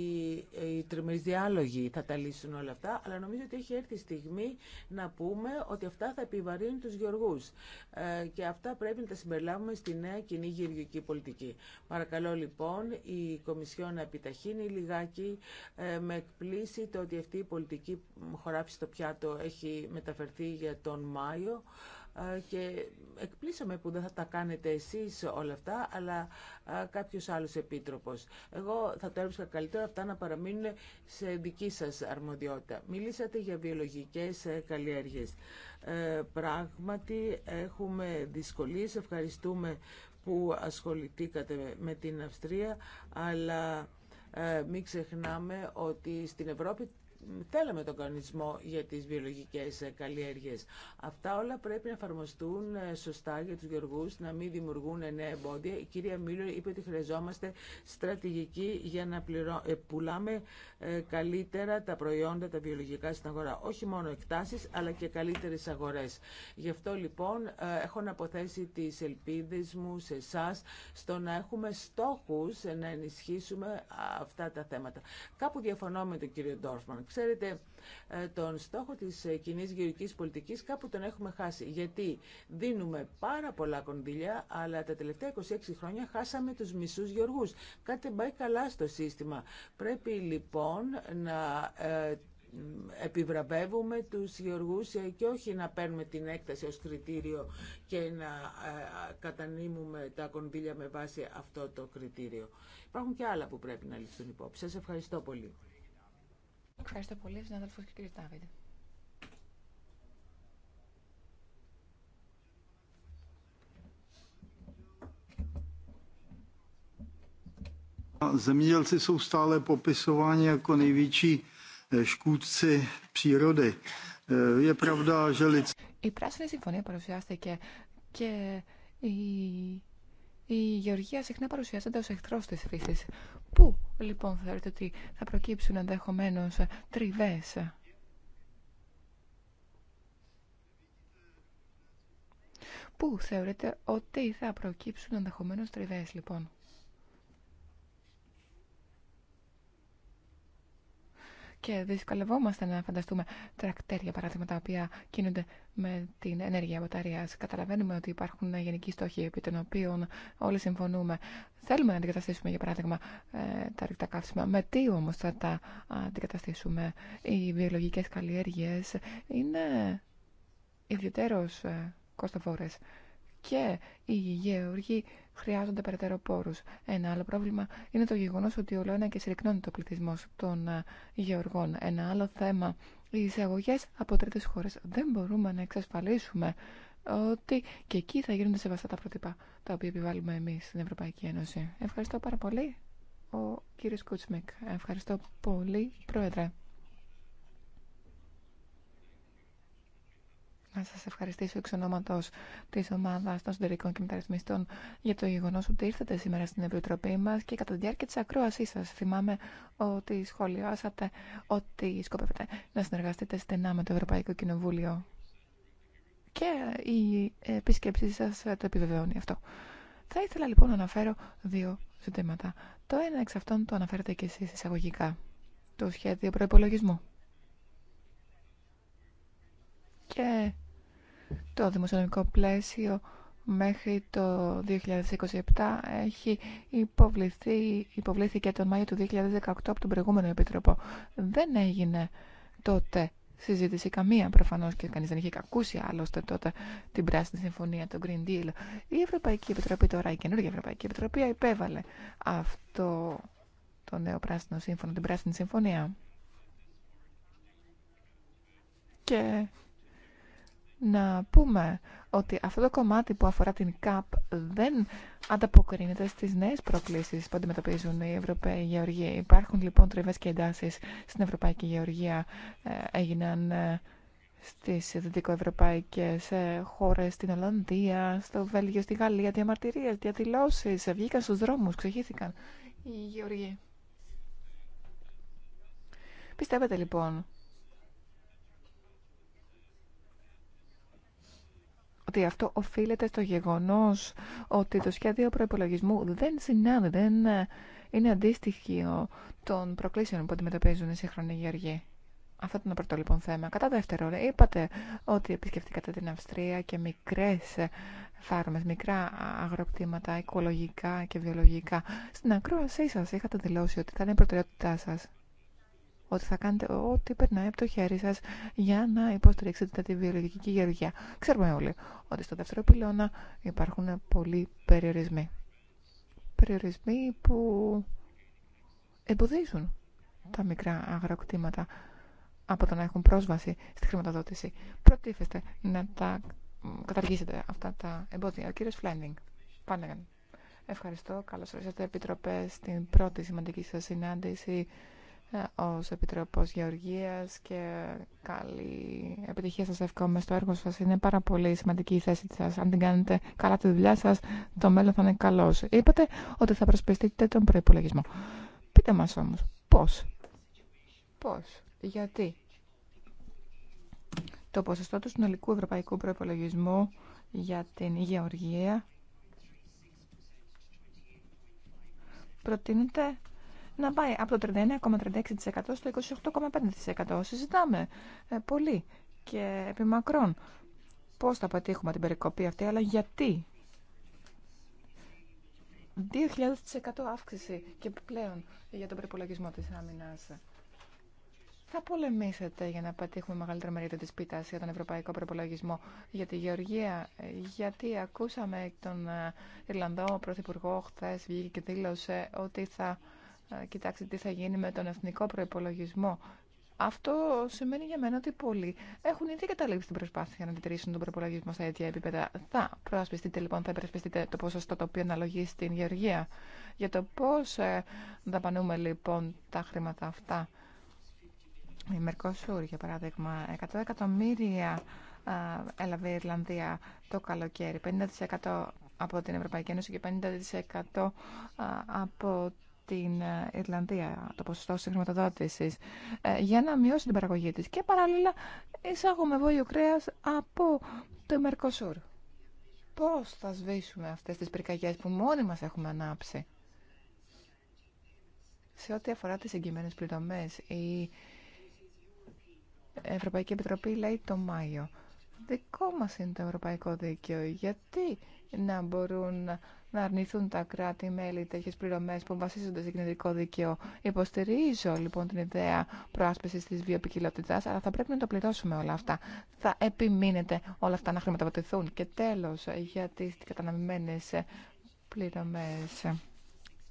οι τριμερείς διάλογοι θα τα λύσουν όλα αυτά, αλλά νομίζω ότι έχει έρθει η στιγμή να πούμε ότι αυτά θα επιβαρύνουν τους γεωργούς ε, και αυτά πρέπει να τα συμπεριλάβουμε στη νέα κοινή γεωργική πολιτική. Παρακαλώ λοιπόν η Κομισιόν να επιταχύνει λιγάκι. Ε, με εκπλήσει το ότι αυτή η πολιτική χωράφη στο πιάτο έχει μεταφερθεί για τον Μάιο ε, και εκπλήσαμε που δεν θα τα κάνετε εσείς όλα αυτά, αλλά ε, κάποιος άλλος επίτροπος. Εγώ θα το έβρισκα καλύτερα αυτά να παραμείνουν σε δική σας αρμοδιότητα. Μιλήσατε για βιολογικές καλλιέργειες. Ε, πράγματι έχουμε δυσκολίες. Ευχαριστούμε που ασχοληθήκατε με την Αυστρία, αλλά ε, μην ξεχνάμε ότι στην Ευρώπη θέλαμε τον κανονισμό για τις βιολογικές ε, καλλιέργειες. Αυτά όλα πρέπει να εφαρμοστούν ε, σωστά για τους γεωργούς, να μην δημιουργούν ε, νέα εμπόδια. Η κυρία Μίλλορ είπε ότι χρειαζόμαστε στρατηγική για να πληρω... πουλάμε καλύτερα τα προϊόντα, τα βιολογικά στην αγορά. Όχι μόνο εκτάσεις, αλλά και καλύτερες αγορές. Γι' αυτό λοιπόν έχω να αποθέσει τις ελπίδες μου σε εσά στο να έχουμε στόχους να ενισχύσουμε αυτά τα θέματα. Κάπου διαφωνώ με τον κύριο Ντόρφμαν Ξέρετε, ε, τον στόχο της ε, κοινή γεωργικής πολιτικής κάπου τον έχουμε χάσει. Γιατί δίνουμε πάρα πολλά κονδύλια, αλλά τα τελευταία 26 χρόνια χάσαμε τους μισούς γεωργούς. Κάτι πάει καλά στο σύστημα. Πρέπει λοιπόν να ε, επιβραβεύουμε τους γεωργούς και όχι να παίρνουμε την έκταση ως κριτήριο και να κατανείμουμε τα κονδύλια με βάση αυτό το κριτήριο. Υπάρχουν και άλλα που πρέπει να ληφθούν υπόψη. Σας ευχαριστώ πολύ. Ευχαριστώ πολύ, συνάδελφος και κύριε Τάβιντ. Zemědělci jsou stále popisováni jako největší eh, škůdci přírody. Eh, je pravda, že lidé... Η πράσινη συμφωνία παρουσιάστηκε και η, η γεωργία συχνά παρουσιάζεται ως εχθρός της φύσης. Πού λοιπόν θεωρείτε ότι θα προκύψουν ενδεχομένω τριβέ. Πού θεωρείτε ότι θα προκύψουν ενδεχομένω τριβέ λοιπόν. και δυσκολευόμαστε να φανταστούμε τρακτέρια παράδειγμα τα οποία κινούνται με την ενέργεια μπαταρία. Καταλαβαίνουμε ότι υπάρχουν γενικοί στόχοι επί των οποίων όλοι συμφωνούμε. Θέλουμε να αντικαταστήσουμε για παράδειγμα ε, τα ρηκτά καύσιμα. Με τι όμω θα τα αντικαταστήσουμε. Οι βιολογικέ καλλιέργειε είναι ιδιαίτερω ε, κοστοφόρε και οι γεωργοί χρειάζονται περαιτέρω πόρους. Ένα άλλο πρόβλημα είναι το γεγονός ότι ολοένα και συρρυκνώνει το πληθυσμό των ε, γεωργών. Ένα άλλο θέμα, οι εισαγωγέ από τρίτες χώρες. Δεν μπορούμε να εξασφαλίσουμε ότι και εκεί θα γίνονται σεβαστά τα πρότυπα τα οποία επιβάλλουμε εμείς στην Ευρωπαϊκή Ένωση. Ευχαριστώ πάρα πολύ, ο κύριος Κούτσμικ. Ευχαριστώ πολύ, Πρόεδρε. να σας ευχαριστήσω εξ ονόματος της ομάδας των Συντερικών και μεταρρυθμιστών για το γεγονό ότι ήρθατε σήμερα στην Επιτροπή μας και κατά τη διάρκεια της ακρόασής σας θυμάμαι ότι σχολιάσατε ότι σκοπεύετε να συνεργαστείτε στενά με το Ευρωπαϊκό Κοινοβούλιο και η επίσκεψή σας το επιβεβαιώνει αυτό. Θα ήθελα λοιπόν να αναφέρω δύο ζητήματα. Το ένα εξ αυτών το αναφέρετε και εσείς εισαγωγικά. Το σχέδιο προϋπολογισμού. Και το δημοσιονομικό πλαίσιο μέχρι το 2027 έχει υποβληθεί, υποβλήθηκε τον Μάιο του 2018 από τον προηγούμενο Επίτροπο. Δεν έγινε τότε συζήτηση καμία προφανώς και κανείς δεν είχε ακούσει άλλωστε τότε την Πράσινη Συμφωνία, το Green Deal. Η Ευρωπαϊκή Επιτροπή τώρα, η καινούργια Ευρωπαϊκή Επιτροπή υπέβαλε αυτό το νέο Πράσινο Σύμφωνο, την Πράσινη Συμφωνία. Και να πούμε ότι αυτό το κομμάτι που αφορά την ΚΑΠ δεν ανταποκρίνεται στις νέες προκλήσεις που αντιμετωπίζουν οι Ευρωπαίοι Γεωργοί. Υπάρχουν λοιπόν τριβές και εντάσεις στην Ευρωπαϊκή Γεωργία. Ε, έγιναν ε, στις δυτικοευρωπαϊκές ε, χώρες, στην Ολλανδία, στο Βέλγιο, στη Γαλλία, διαμαρτυρίες, διαδηλώσεις, βγήκαν στους δρόμους, ξεχύθηκαν οι Γεωργοί. Πιστεύετε λοιπόν ότι αυτό οφείλεται στο γεγονός ότι το σχέδιο προϋπολογισμού δεν συνάδει, δεν ε, είναι αντίστοιχο των προκλήσεων που αντιμετωπίζουν οι σύγχρονοι γεωργοί. Αυτό ήταν το πρώτο λοιπόν θέμα. Κατά δεύτερο, είπατε ότι επισκεφτήκατε την Αυστρία και μικρές ε, φάρμες, μικρά αγροκτήματα, οικολογικά και βιολογικά. Στην ακρόασή σας είχατε δηλώσει ότι θα είναι η προτεραιότητά σας ότι θα κάνετε ό,τι περνάει από το χέρι σας για να υποστηρίξετε τη βιολογική γεωργία. Ξέρουμε όλοι ότι στο δεύτερο πυλώνα υπάρχουν πολλοί περιορισμοί. Περιορισμοί που εμποδίζουν τα μικρά αγροκτήματα από το να έχουν πρόσβαση στη χρηματοδότηση. Προτίθεστε να τα καταργήσετε αυτά τα εμπόδια. Ο κύριο Φλέντινγκ. Πάνε Ευχαριστώ. Καλώς ήρθατε, Επίτροπε, στην πρώτη σημαντική σας συνάντηση ε, ως Επιτροπός Γεωργίας και καλή επιτυχία σας εύχομαι στο έργο σας. Είναι πάρα πολύ σημαντική η θέση σας. Αν την κάνετε καλά τη δουλειά σας, το μέλλον θα είναι καλός. Είπατε ότι θα προσπιστείτε τον προϋπολογισμό. Πείτε μας όμως, πώς. Πώς. Γιατί. Το ποσοστό του συνολικού ευρωπαϊκού προϋπολογισμού για την Γεωργία προτείνεται να πάει από το 39,36% στο 28,5%. Συζητάμε ε, πολύ και επιμακρών πώς θα πετύχουμε την περικοπή αυτή, αλλά γιατί. 2.000% αύξηση και πλέον για τον προπολογισμό της άμυνας. Θα πολεμήσετε για να πετύχουμε μεγαλύτερη μερίδα της πίτας για τον ευρωπαϊκό προπολογισμό για τη Γεωργία. Γιατί ακούσαμε τον ε, Ιρλανδό Πρωθυπουργό χθε βγήκε και δήλωσε ότι θα κοιτάξτε τι θα γίνει με τον εθνικό προπολογισμό. Αυτό σημαίνει για μένα ότι πολλοί έχουν ήδη καταλήξει την προσπάθεια να αντιτηρήσουν τον προπολογισμό στα ίδια επίπεδα. Θα προασπιστείτε λοιπόν, θα υπερασπιστείτε το ποσοστό το οποίο αναλογεί στην γεωργία. Για το πώ ε, δαπανούμε λοιπόν τα χρήματα αυτά. Η Μερκοσούρ, για παράδειγμα, 100 εκατομμύρια ε, έλαβε η Ιρλανδία το καλοκαίρι, 50% από την Ευρωπαϊκή Ένωση και 50% από την ε, Ιρλανδία, το ποσοστό χρηματοδότηση ε, για να μειώσει την παραγωγή της. Και παράλληλα εισάγουμε βόλιο κρέα από το Μερκοσούρ. Πώς θα σβήσουμε αυτές τις πυρκαγιέ που μόνοι μας έχουμε ανάψει. Σε ό,τι αφορά τι εγγυημένε πληρωμέ, η Ευρωπαϊκή Επιτροπή λέει το Μάιο. Δικό μα είναι το Ευρωπαϊκό Δίκαιο. Γιατί να μπορούν να αρνηθούν τα κράτη-μέλη τέτοιε πληρωμέ που βασίζονται σε κοινωνικό δίκαιο. Υποστηρίζω λοιπόν την ιδέα προάσπιση τη βιοπικιλότητα, αλλά θα πρέπει να το πληρώσουμε όλα αυτά. Θα επιμείνετε όλα αυτά να χρηματοδοτηθούν. Και τέλο, για τι καταναμημένε πληρωμέ.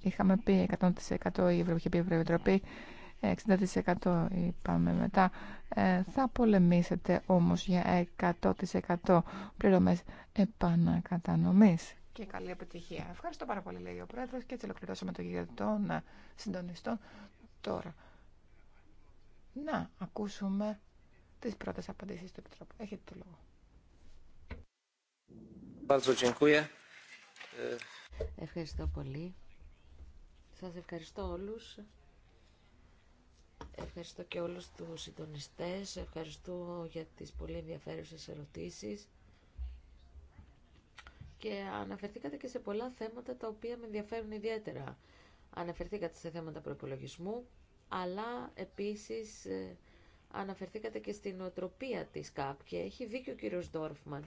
Είχαμε πει 100% η Ευρωπαϊκή Επιτροπή 60% είπαμε μετά. Ε, θα πολεμήσετε όμως για 100% πληρωμές επανακατανομής. Και καλή επιτυχία. Ευχαριστώ πάρα πολύ, λέει ο Πρόεδρος. Και έτσι ολοκληρώσαμε το γύρο των ε, συντονιστών. Τώρα, να ακούσουμε τις πρώτες απαντήσεις του Επιτρόπου. Έχετε το λόγο. Ευχαριστώ πολύ. Σας ευχαριστώ όλους Ευχαριστώ και όλους τους συντονιστές. Ευχαριστώ για τις πολύ ενδιαφέρουσες ερωτήσεις. Και αναφερθήκατε και σε πολλά θέματα τα οποία με ενδιαφέρουν ιδιαίτερα. Αναφερθήκατε σε θέματα προπολογισμού, αλλά επίσης ε, αναφερθήκατε και στην οτροπία της ΚΑΠ και έχει δίκιο ο κύριος Ντόρφμαν.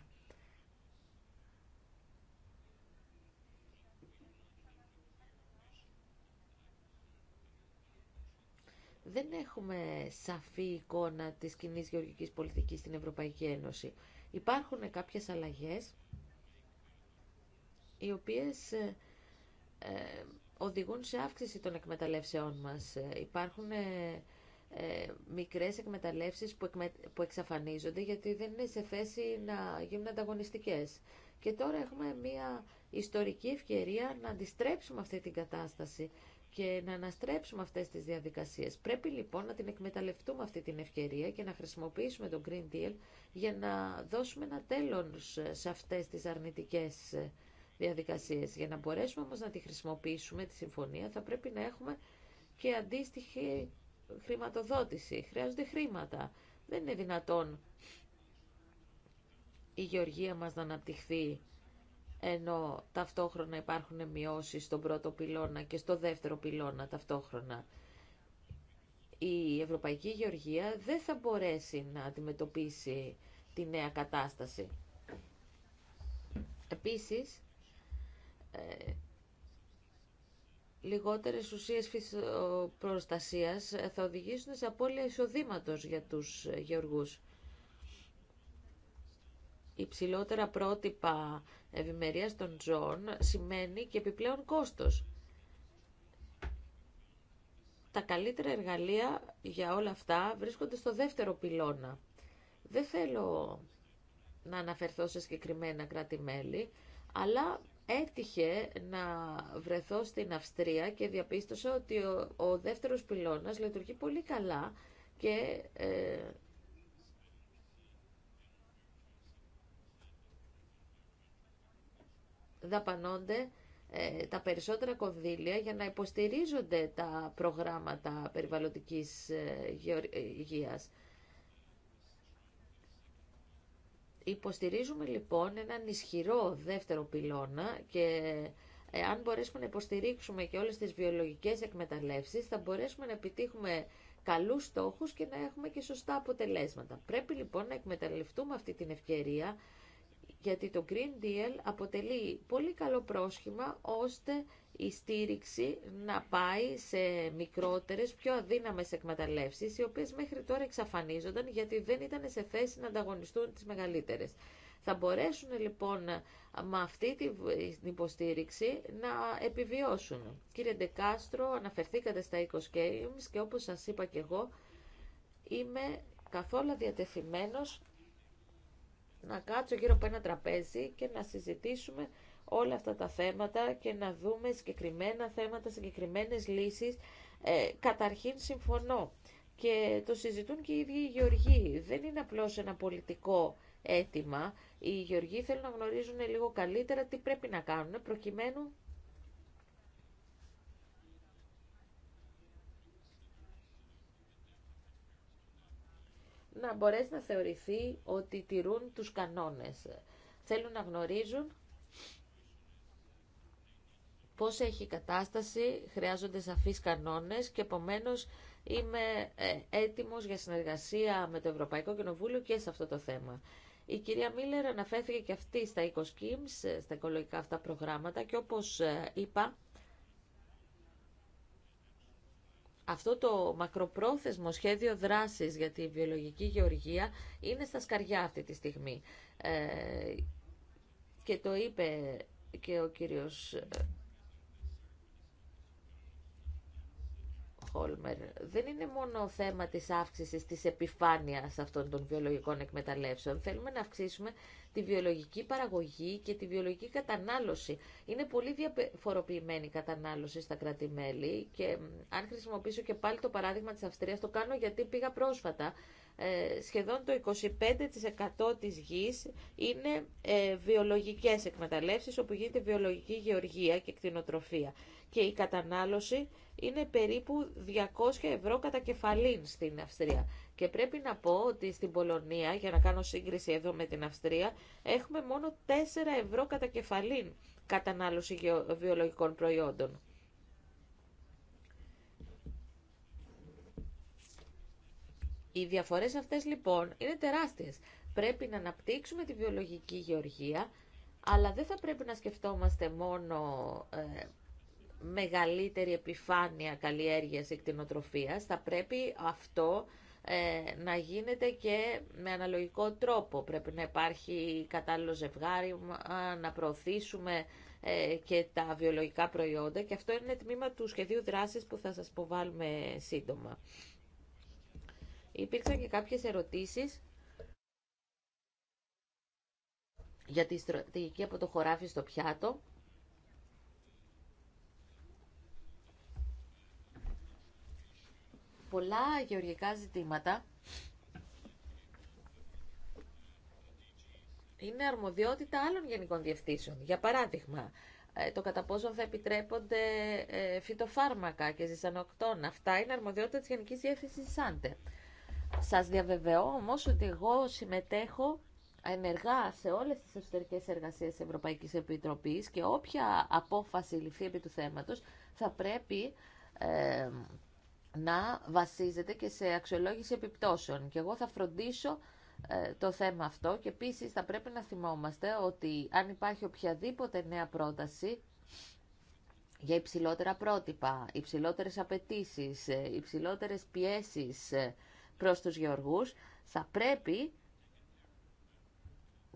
δεν έχουμε σαφή εικόνα της κοινή γεωργικής πολιτικής στην Ευρωπαϊκή Ένωση. Υπάρχουν κάποιες αλλαγές οι οποίες ε, ε οδηγούν σε αύξηση των εκμεταλλεύσεών μας. Υπάρχουν ε, ε μικρές εκμεταλλεύσεις που, που εξαφανίζονται γιατί δεν είναι σε θέση να γίνουν ανταγωνιστικές. Και τώρα έχουμε μια ιστορική ευκαιρία να αντιστρέψουμε αυτή την κατάσταση και να αναστρέψουμε αυτές τις διαδικασίες. Πρέπει λοιπόν να την εκμεταλλευτούμε αυτή την ευκαιρία και να χρησιμοποιήσουμε τον Green Deal για να δώσουμε ένα τέλος σε αυτές τις αρνητικές ε, διαδικασίες. Για να μπορέσουμε όμως να τη χρησιμοποιήσουμε τη συμφωνία θα πρέπει να έχουμε και αντίστοιχη χρηματοδότηση. Χρειάζονται χρήματα. Δεν είναι δυνατόν η γεωργία μας να αναπτυχθεί ενώ ταυτόχρονα υπάρχουν μειώσεις στον πρώτο πυλώνα και στο δεύτερο πυλώνα ταυτόχρονα. Η Ευρωπαϊκή Γεωργία δεν θα μπορέσει να αντιμετωπίσει τη νέα κατάσταση. Επίσης, ε, λιγότερες ουσίες προστασίας θα οδηγήσουν σε απώλεια εισοδήματος για τους γεωργούς. Υψηλότερα πρότυπα ευημερίας των ζώων σημαίνει και επιπλέον κόστος. Τα καλύτερα εργαλεία για όλα αυτά βρίσκονται στο δεύτερο πυλώνα. Δεν θέλω να αναφερθώ σε συγκεκριμένα κράτη-μέλη, αλλά έτυχε να βρεθώ στην Αυστρία και διαπίστωσα ότι ο, ο δεύτερος πυλώνας λειτουργεί πολύ καλά και ε, δαπανώνται ε, τα περισσότερα κονδύλια για να υποστηρίζονται τα προγράμματα περιβαλλοντικής ε, ε, υγείας. Υποστηρίζουμε λοιπόν έναν ισχυρό δεύτερο πυλώνα και αν μπορέσουμε να υποστηρίξουμε και όλες τις βιολογικές εκμεταλλεύσεις θα μπορέσουμε να επιτύχουμε καλούς στόχους και να έχουμε και σωστά αποτελέσματα. Πρέπει λοιπόν να εκμεταλλευτούμε αυτή την ευκαιρία γιατί το Green Deal αποτελεί πολύ καλό πρόσχημα ώστε η στήριξη να πάει σε μικρότερες, πιο αδύναμες εκμεταλλεύσεις, οι οποίες μέχρι τώρα εξαφανίζονταν γιατί δεν ήταν σε θέση να ανταγωνιστούν τις μεγαλύτερες. Θα μπορέσουν λοιπόν με αυτή την υποστήριξη να επιβιώσουν. Κύριε Ντεκάστρο, αναφερθήκατε στα 20 games και όπως σας είπα και εγώ, είμαι καθόλου διατεθειμένος να κάτσω γύρω από ένα τραπέζι και να συζητήσουμε όλα αυτά τα θέματα και να δούμε συγκεκριμένα θέματα, συγκεκριμένες λύσεις. Ε, καταρχήν συμφωνώ και το συζητούν και οι ίδιοι οι Γεωργοί. Δεν είναι απλώς ένα πολιτικό αίτημα. Οι Γεωργοί θέλουν να γνωρίζουν λίγο καλύτερα τι πρέπει να κάνουν προκειμένου να μπορέσει να θεωρηθεί ότι τηρούν τους κανόνες. Θέλουν να γνωρίζουν πώς έχει η κατάσταση, χρειάζονται σαφείς κανόνες και επομένως είμαι ε, έτοιμος για συνεργασία με το Ευρωπαϊκό Κοινοβούλιο και σε αυτό το θέμα. Η κυρία Μίλλερ αναφέρθηκε και αυτή στα EcoSchemes, ε, στα οικολογικά αυτά προγράμματα και όπως ε, είπα, αυτό το μακροπρόθεσμο σχέδιο δράσης για τη βιολογική γεωργία είναι στα σκαριά αυτή τη στιγμή. Ε, και το είπε και ο κύριος ε, Χόλμερ. Δεν είναι μόνο θέμα της αύξησης της επιφάνειας αυτών των βιολογικών εκμεταλλεύσεων. Θέλουμε να αυξήσουμε τη βιολογική παραγωγή και τη βιολογική κατανάλωση. Είναι πολύ διαφοροποιημένη η κατανάλωση στα κράτη-μέλη και αν χρησιμοποιήσω και πάλι το παράδειγμα της Αυστρίας, το κάνω γιατί πήγα πρόσφατα, ε, σχεδόν το 25% της γης είναι ε, βιολογικές εκμεταλλεύσεις όπου γίνεται βιολογική γεωργία και κτηνοτροφία και η κατανάλωση είναι περίπου 200 ευρώ κατά κεφαλήν στην Αυστρία. Και πρέπει να πω ότι στην Πολωνία, για να κάνω σύγκριση εδώ με την Αυστρία, έχουμε μόνο 4 ευρώ κατά κεφαλήν κατανάλωση βιολογικών προϊόντων. Οι διαφορές αυτές λοιπόν είναι τεράστιες. Πρέπει να αναπτύξουμε τη βιολογική γεωργία, αλλά δεν θα πρέπει να σκεφτόμαστε μόνο ε, μεγαλύτερη επιφάνεια καλλιέργειας εκτινοτροφίας. Θα πρέπει αυτό ε, να γίνεται και με αναλογικό τρόπο. Πρέπει να υπάρχει κατάλληλο ζευγάρι, να προωθήσουμε ε, και τα βιολογικά προϊόντα και αυτό είναι τμήμα του σχεδίου δράσης που θα σας υποβάλουμε σύντομα. Υπήρξαν και κάποιες ερωτήσεις για τη στρατηγική από το χωράφι στο πιάτο. πολλά γεωργικά ζητήματα είναι αρμοδιότητα άλλων γενικών διευθύνσεων. Για παράδειγμα, ε, το κατά πόσο θα επιτρέπονται ε, φυτοφάρμακα και ζυσανοκτών. Αυτά είναι αρμοδιότητα της Γενικής Διεύθυνσης ΣΑΝΤΕ. Σας διαβεβαιώ όμως ότι εγώ συμμετέχω ενεργά σε όλες τις εσωτερικές εργασίες της Ευρωπαϊκής Επιτροπής και όποια απόφαση ληφθεί επί του θέματος θα πρέπει ε, να βασίζεται και σε αξιολόγηση επιπτώσεων. Και εγώ θα φροντίσω ε, το θέμα αυτό και επίσης θα πρέπει να θυμόμαστε ότι αν υπάρχει οποιαδήποτε νέα πρόταση για υψηλότερα πρότυπα, υψηλότερες απαιτήσεις, ε, υψηλότερες πιέσεις ε, προς τους γεωργούς, θα πρέπει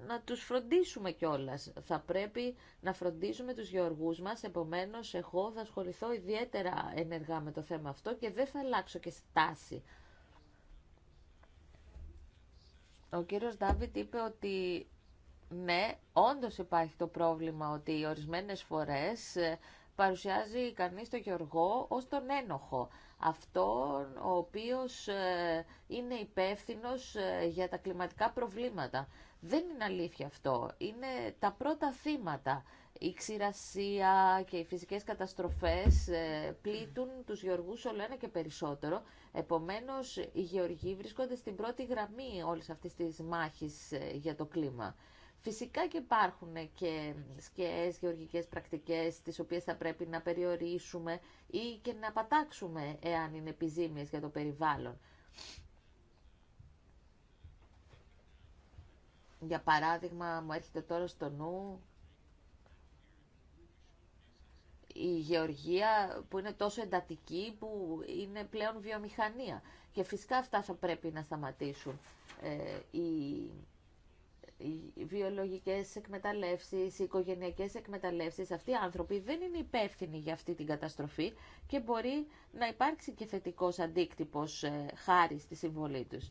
να τους φροντίσουμε κιόλα. Θα πρέπει να φροντίζουμε τους γεωργούς μας, επομένως εγώ θα ασχοληθώ ιδιαίτερα ενεργά με το θέμα αυτό και δεν θα αλλάξω και στάση. Ο κύριος Ντάβιτ είπε ότι ναι, όντως υπάρχει το πρόβλημα ότι ορισμένες φορές ε, παρουσιάζει κανείς τον Γεωργό ως τον ένοχο. Αυτό ο οποίος ε, είναι υπεύθυνος ε, για τα κλιματικά προβλήματα. Δεν είναι αλήθεια αυτό. Είναι τα πρώτα θύματα. Η ξηρασία και οι φυσικές καταστροφές ε, πλήττουν τους γεωργούς όλο ένα και περισσότερο. Επομένως, οι γεωργοί βρίσκονται στην πρώτη γραμμή όλης αυτής της μάχης ε, για το κλίμα. Φυσικά και υπάρχουν και σκέες γεωργικές πρακτικές τις οποίες θα πρέπει να περιορίσουμε ή και να πατάξουμε εάν είναι επιζήμιες για το περιβάλλον. Για παράδειγμα, μου έρχεται τώρα στο νου η γεωργία που είναι τόσο εντατική που είναι πλέον βιομηχανία. Και φυσικά αυτά θα πρέπει να σταματήσουν. Ε, οι, οι βιολογικές εκμεταλλεύσεις, οι οικογενειακές εκμεταλλεύσεις, αυτοί οι άνθρωποι δεν είναι υπεύθυνοι για αυτή την καταστροφή και μπορεί να υπάρξει και θετικός αντίκτυπος ε, χάρη στη συμβολή τους.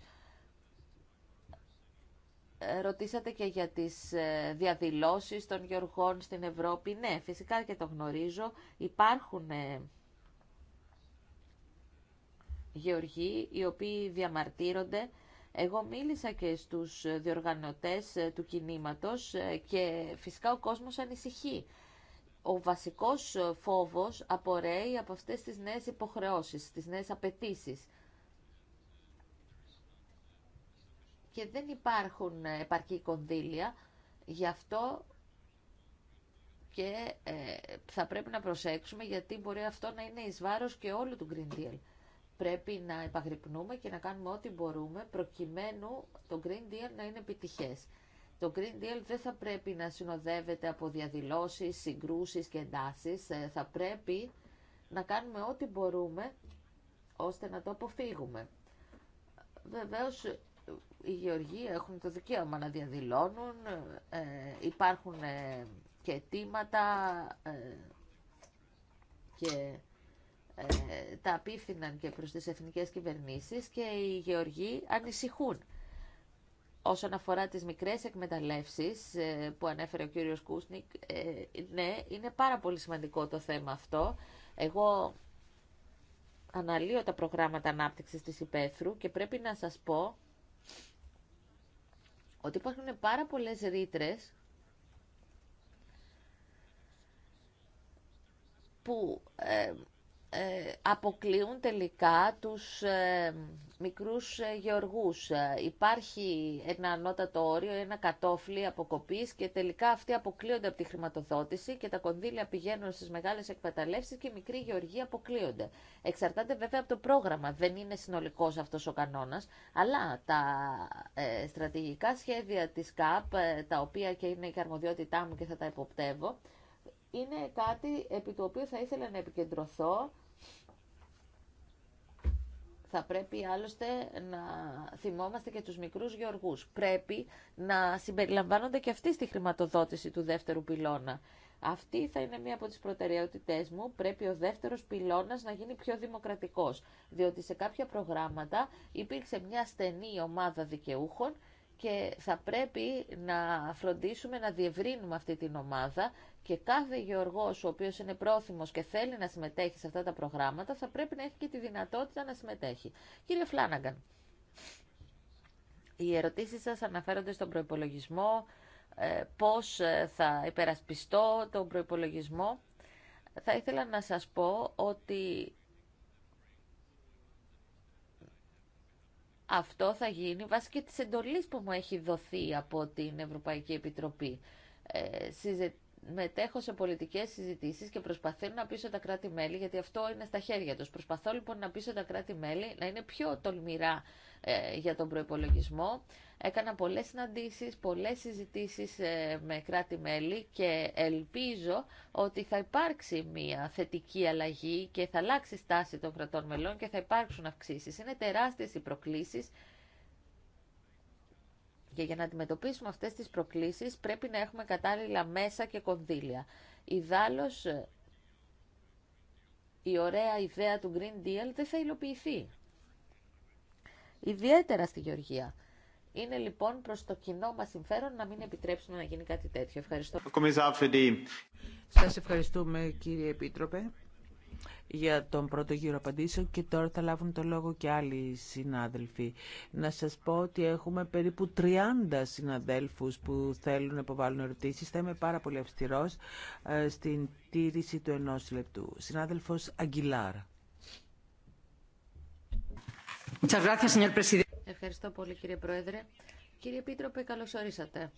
Ρωτήσατε και για τις ε, διαδηλώσεις των γεωργών στην Ευρώπη. Ναι, φυσικά και το γνωρίζω. Υπάρχουν ε, γεωργοί οι οποίοι διαμαρτύρονται. Εγώ μίλησα και στους διοργανωτές ε, του κινήματος και φυσικά ο κόσμος ανησυχεί. Ο βασικός φόβος απορρέει από αυτές τις νέες υποχρεώσεις, τις νέες απαιτήσει. και δεν υπάρχουν επαρκή κονδύλια, γι' αυτό και ε, θα πρέπει να προσέξουμε γιατί μπορεί αυτό να είναι εις βάρος και όλου του Green Deal. Πρέπει να επαγρυπνούμε και να κάνουμε ό,τι μπορούμε προκειμένου το Green Deal να είναι επιτυχές. Το Green Deal δεν θα πρέπει να συνοδεύεται από διαδηλώσεις, συγκρούσεις και εντάσεις. Ε, θα πρέπει να κάνουμε ό,τι μπορούμε ώστε να το αποφύγουμε οι γεωργοί έχουν το δικαίωμα να διαδηλώνουν, ε, υπάρχουν ε, και αιτήματα ε, και τα απίφθηναν και προς τις εθνικές κυβερνήσεις και οι γεωργοί ανησυχούν. Όσον αφορά τις μικρές εκμεταλλεύσεις που ανέφερε ο κύριος Κούσνικ, ναι, είναι πάρα πολύ σημαντικό το θέμα αυτό. Εγώ αναλύω τα προγράμματα ανάπτυξης της υπαίθρου και πρέπει να σας πω ότι υπάρχουν πάρα πολλές ρήτρε που ε, ε, αποκλείουν τελικά τους ε, μικρούς ε, γεωργούς. Υπάρχει ένα ανώτατο όριο, ένα κατόφλι αποκοπής και τελικά αυτοί αποκλείονται από τη χρηματοδότηση και τα κονδύλια πηγαίνουν στις μεγάλες εκμεταλλεύσεις και οι μικροί γεωργοί αποκλείονται. Εξαρτάται βέβαια από το πρόγραμμα, δεν είναι συνολικός αυτός ο κανόνας, αλλά τα στρατηγικά σχέδια της ΚΑΠ, τα οποία και είναι η αρμοδιότητά μου και θα τα υποπτεύω, είναι κάτι επί το οποίο θα ήθελα να επικεντρωθώ θα πρέπει άλλωστε να θυμόμαστε και τους μικρούς γεωργούς. Πρέπει να συμπεριλαμβάνονται και αυτοί στη χρηματοδότηση του δεύτερου πυλώνα. Αυτή θα είναι μία από τις προτεραιότητές μου. Πρέπει ο δεύτερος πυλώνας να γίνει πιο δημοκρατικός, διότι σε κάποια προγράμματα υπήρξε μια στενή ομάδα δικαιούχων και θα πρέπει να φροντίσουμε να διευρύνουμε αυτή την ομάδα και κάθε γεωργός ο οποίος είναι πρόθυμος και θέλει να συμμετέχει σε αυτά τα προγράμματα θα πρέπει να έχει και τη δυνατότητα να συμμετέχει. Κύριε Φλάναγκαν, οι ερωτήσεις σας αναφέρονται στον προϋπολογισμό, ε, πώς ε, θα υπερασπιστώ τον προϋπολογισμό. Θα ήθελα να σας πω ότι αυτό θα γίνει βάσει και της εντολής που μου έχει δοθεί από την Ευρωπαϊκή Επιτροπή. Ε, μετέχω σε πολιτικές συζητήσεις και προσπαθώ να πείσω τα κράτη-μέλη, γιατί αυτό είναι στα χέρια τους. Προσπαθώ λοιπόν να πείσω τα κράτη-μέλη να είναι πιο τολμηρά ε, για τον προϋπολογισμό. Έκανα πολλές συναντήσεις, πολλές συζητήσεις ε, με κράτη-μέλη και ελπίζω ότι θα υπάρξει μια θετική αλλαγή και θα αλλάξει στάση των κρατών μελών και θα υπάρξουν αυξήσεις. Είναι τεράστιες οι προκλήσεις και για να αντιμετωπίσουμε αυτές τι προκλήσεις πρέπει να έχουμε κατάλληλα μέσα και κονδύλια. Ιδάλω, η ωραία ιδέα του Green Deal δεν θα υλοποιηθεί. Ιδιαίτερα στη Γεωργία. Είναι λοιπόν προ το κοινό μα συμφέρον να μην επιτρέψουμε να γίνει κάτι τέτοιο. Ευχαριστώ. Σα ευχαριστούμε κύριε Επίτροπε για τον πρώτο γύρο απαντήσεων και τώρα θα λάβουν το λόγο και άλλοι συνάδελφοι. Να σας πω ότι έχουμε περίπου 30 συναδέλφους που θέλουν να υποβάλουν ερωτήσεις. Θα είμαι πάρα πολύ αυστηρός ε, στην τήρηση του ενός λεπτού. Συνάδελφος Αγγιλάρα. Ευχαριστώ πολύ κύριε Πρόεδρε. Κύριε Πίτροπε, καλώς ορίσατε.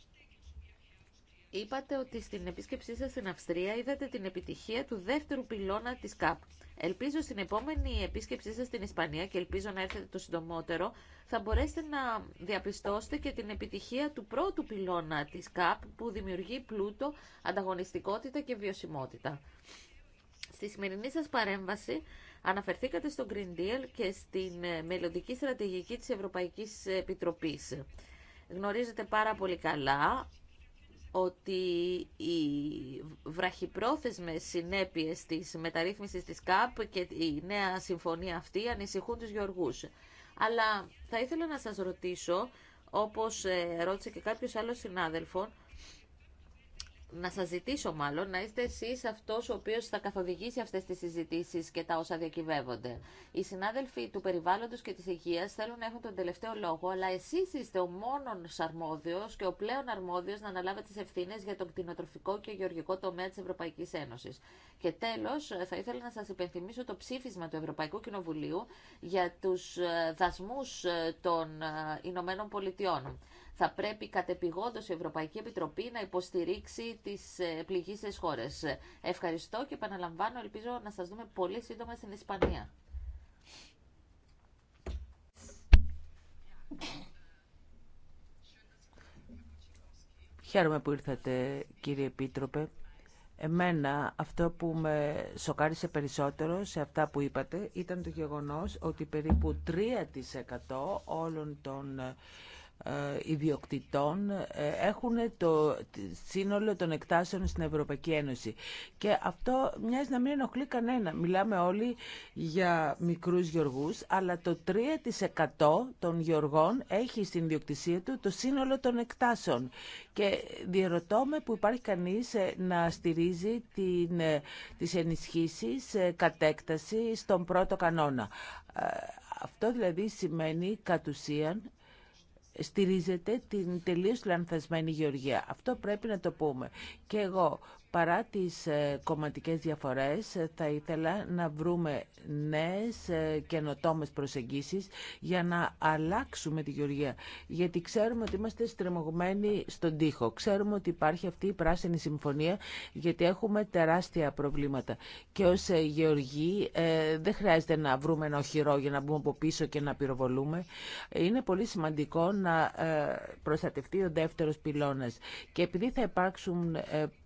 Είπατε ότι στην επίσκεψή σας στην Αυστρία είδατε την επιτυχία του δεύτερου πυλώνα της ΚΑΠ. Ελπίζω στην επόμενη επίσκεψή σας στην Ισπανία και ελπίζω να έρθετε το συντομότερο θα μπορέσετε να διαπιστώσετε και την επιτυχία του πρώτου πυλώνα της ΚΑΠ που δημιουργεί πλούτο, ανταγωνιστικότητα και βιωσιμότητα. Στη σημερινή σας παρέμβαση αναφερθήκατε στο Green Deal και στην ε, μελλοντική στρατηγική της Ευρωπαϊκής Επιτροπής. Γνωρίζετε πάρα πολύ καλά ότι οι βραχυπρόθεσμες συνέπειες της μεταρρύθμισης της ΚΑΠ και η νέα συμφωνία αυτή ανησυχούν τους γεωργούς. Αλλά θα ήθελα να σας ρωτήσω, όπως ε, ρώτησε και κάποιος άλλος συνάδελφος, να σας ζητήσω μάλλον να είστε εσείς αυτός ο οποίος θα καθοδηγήσει αυτές τις συζητήσεις και τα όσα διακυβεύονται. Οι συνάδελφοι του περιβάλλοντος και της υγείας θέλουν να έχουν τον τελευταίο λόγο, αλλά εσείς είστε ο μόνος αρμόδιος και ο πλέον αρμόδιος να αναλάβετε τις ευθύνες για τον κτηνοτροφικό και γεωργικό τομέα της Ευρωπαϊκής Ένωσης. Και τέλος, θα ήθελα να σας υπενθυμίσω το ψήφισμα του Ευρωπαϊκού Κοινοβουλίου για τους ε, δασμούς ε, των ε, Ηνωμένων Πολιτειών θα πρέπει κατεπηγόντως η Ευρωπαϊκή Επιτροπή να υποστηρίξει τις ε, πληγήσεις χώρες. Ευχαριστώ και επαναλαμβάνω, ελπίζω να σας δούμε πολύ σύντομα στην Ισπανία. Χαίρομαι που ήρθατε κύριε Επίτροπε. Εμένα αυτό που με σοκάρισε περισσότερο σε αυτά που είπατε ήταν το γεγονός ότι περίπου 3% όλων των ε, ιδιοκτητών ε, έχουν το σύνολο των εκτάσεων στην Ευρωπαϊκή Ένωση. Και αυτό μοιάζει να μην ενοχλεί κανένα. Μιλάμε όλοι για μικρούς γεωργούς, αλλά το 3% των γεωργών έχει στην ιδιοκτησία του το σύνολο των εκτάσεων. Και διερωτώ που υπάρχει κανείς ε, να στηρίζει την, τις ενισχύσεις κατέκταση στον πρώτο κανόνα. Αυτό δηλαδή σημαίνει κατ' ουσίαν στηρίζεται την τελείως λανθασμένη γεωργία. Αυτό πρέπει να το πούμε. Και εγώ Παρά τις ε, κομματικές διαφορές ε, θα ήθελα να βρούμε νέες ε, καινοτόμες προσεγγίσεις για να αλλάξουμε τη γεωργία. Γιατί ξέρουμε ότι είμαστε στρεμωγμένοι στον τοίχο. Ξέρουμε ότι υπάρχει αυτή η πράσινη συμφωνία γιατί έχουμε τεράστια προβλήματα. Και ως γεωργοί δεν χρειάζεται να βρούμε ένα οχυρό για να μπούμε από πίσω και να πυροβολούμε. Είναι πολύ σημαντικό να προστατευτεί ο δεύτερος πυλώνας. Και επειδή θα υπάρξουν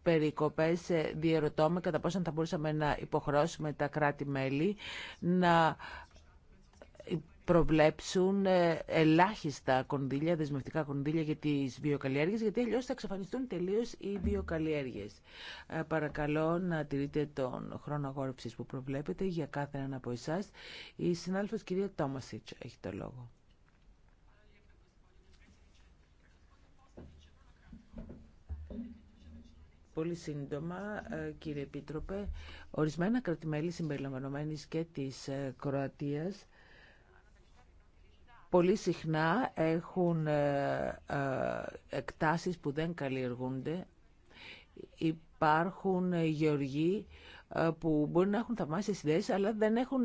περικοπές Ευρωπαίες διαιρωτώ με κατά πόσο θα μπορούσαμε να υποχρώσουμε τα κράτη-μέλη να προβλέψουν ε, ελάχιστα κονδύλια, δεσμευτικά κονδύλια για τις βιοκαλλιέργειες, γιατί αλλιώς θα εξαφανιστούν τελείως οι βιοκαλλιέργειες. Ε, παρακαλώ να τηρείτε τον χρόνο αγόρευσης που προβλέπετε για κάθε έναν από εσάς. Η συνάδελφος κυρία Τόμασιτς έχει το λόγο. πολύ σύντομα, ε, κύριε Επίτροπε. Ορισμένα κρατημέλη συμπεριλαμβανομένης και της ε, Κροατίας πολύ συχνά έχουν ε, εκτάσεις που δεν καλλιεργούνται. Υπάρχουν γεωργοί που μπορεί να έχουν θαυμάσια ιδέες αλλά δεν έχουν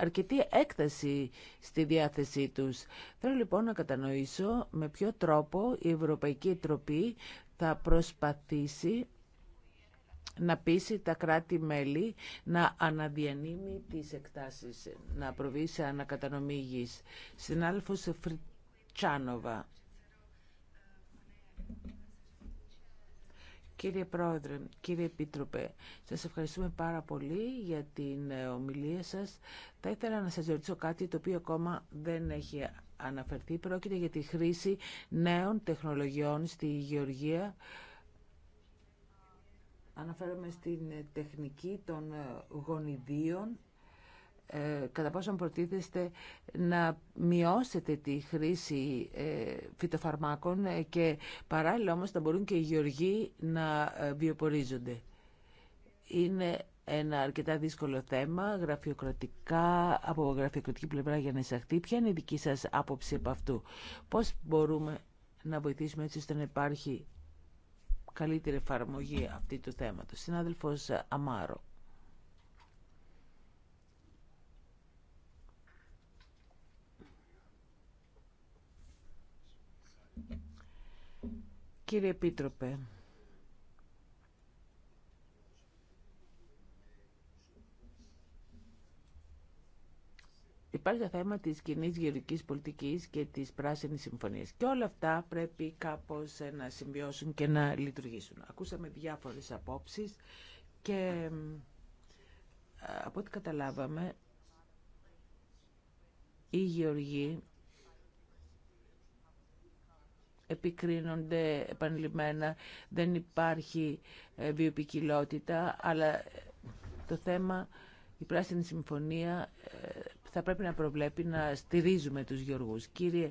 αρκετή έκταση στη διάθεσή τους. Θέλω λοιπόν να κατανοήσω με ποιο τρόπο η Ευρωπαϊκή Τροπή θα προσπαθήσει να πείσει τα κράτη-μέλη να αναδιανύμει τις εκτάσεις, να προβεί σε ανακατανομή γης. Συνάλφος Φριτσάνοβα. Κύριε Πρόεδρε, κύριε Επίτροπε, σας ευχαριστούμε πάρα πολύ για την ε, ομιλία σας. Θα ήθελα να σας ρωτήσω κάτι το οποίο ακόμα δεν έχει αναφερθεί. Πρόκειται για τη χρήση νέων τεχνολογιών στη Γεωργία. Αναφέρομαι στην ε, τεχνική των ε, γονιδίων ε, κατά πόσον προτίθεστε να μειώσετε τη χρήση φυτοφαρμάκων και παράλληλα όμως να μπορούν και οι γεωργοί να βιοπορίζονται. Είναι ένα αρκετά δύσκολο θέμα, γραφειοκρατικά, από γραφειοκρατική πλευρά για να εισαχθεί. Ποια είναι η δική σας άποψη από αυτού. Πώς μπορούμε να βοηθήσουμε έτσι ώστε να υπάρχει καλύτερη εφαρμογή αυτή του θέματος. Συνάδελφος Αμάρο. Κύριε Επίτροπε, Υπάρχει το θέμα της κοινή γεωρικής πολιτικής και της πράσινης συμφωνίας. Και όλα αυτά πρέπει κάπως να συμβιώσουν και να λειτουργήσουν. Ακούσαμε διάφορες απόψεις και ε, από ό,τι καταλάβαμε, οι γεωργοί επικρίνονται επανειλημμένα, δεν υπάρχει ε, βιοπικιλότητα, αλλά ε, το θέμα, η Πράσινη Συμφωνία θα πρέπει να προβλέπει να στηρίζουμε τους γεωργούς. Κύριε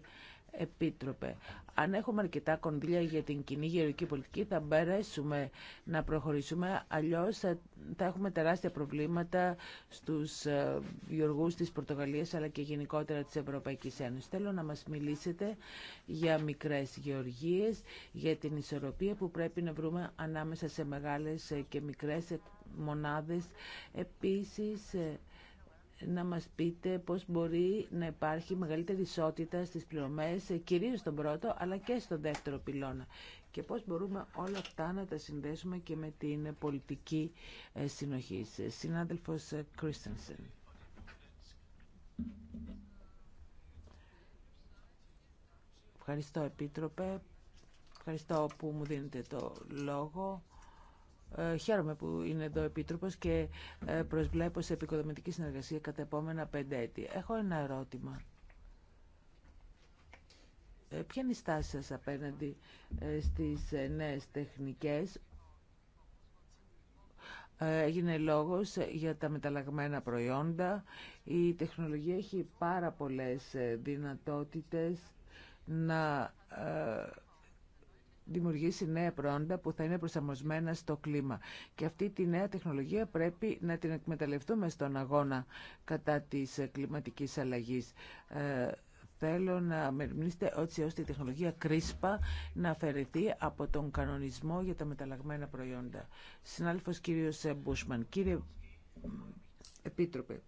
Επίτροπε, αν έχουμε αρκετά κονδύλια για την κοινή γεωργική πολιτική θα μπορέσουμε να προχωρήσουμε, αλλιώς θα έχουμε τεράστια προβλήματα στους ε, γεωργούς της Πορτογαλίας αλλά και γενικότερα της Ευρωπαϊκής Ένωσης. Θέλω να μας μιλήσετε για μικρές γεωργίες, για την ισορροπία που πρέπει να βρούμε ανάμεσα σε μεγάλες και μικρές μονάδες. Επίσης, ε, να μας πείτε πώς μπορεί να υπάρχει μεγαλύτερη ισότητα στις πληρωμές, κυρίως στον πρώτο, αλλά και στον δεύτερο πυλώνα. Και πώς μπορούμε όλα αυτά να τα συνδέσουμε και με την πολιτική ε, συνοχή. Συνάδελφος Κρίστενσεν. Ευχαριστώ, Επίτροπε. Ευχαριστώ που μου δίνετε το λόγο. Ε, χαίρομαι που είναι εδώ ο και ε, προσβλέπω σε επικοδομητική συνεργασία κατά επόμενα πέντε έτη. Έχω ένα ερώτημα. Ε, ποια είναι η στάση σας απέναντι στις νέες τεχνικές έγινε λόγος για τα μεταλλαγμένα προϊόντα. Η τεχνολογία έχει πάρα πολλές δυνατότητες να δημιουργήσει νέα προϊόντα που θα είναι προσαρμοσμένα στο κλίμα. Και αυτή τη νέα τεχνολογία πρέπει να την εκμεταλλευτούμε στον αγώνα κατά της κλιματικής αλλαγής. Ε, θέλω να μερμηνήσετε έτσι ώστε η τεχνολογία κρίσπα να αφαιρεθεί από τον κανονισμό για τα μεταλλαγμένα προϊόντα. Συνάλληφος κύριος Μπούσμαν. Κύριε Επίτροπε,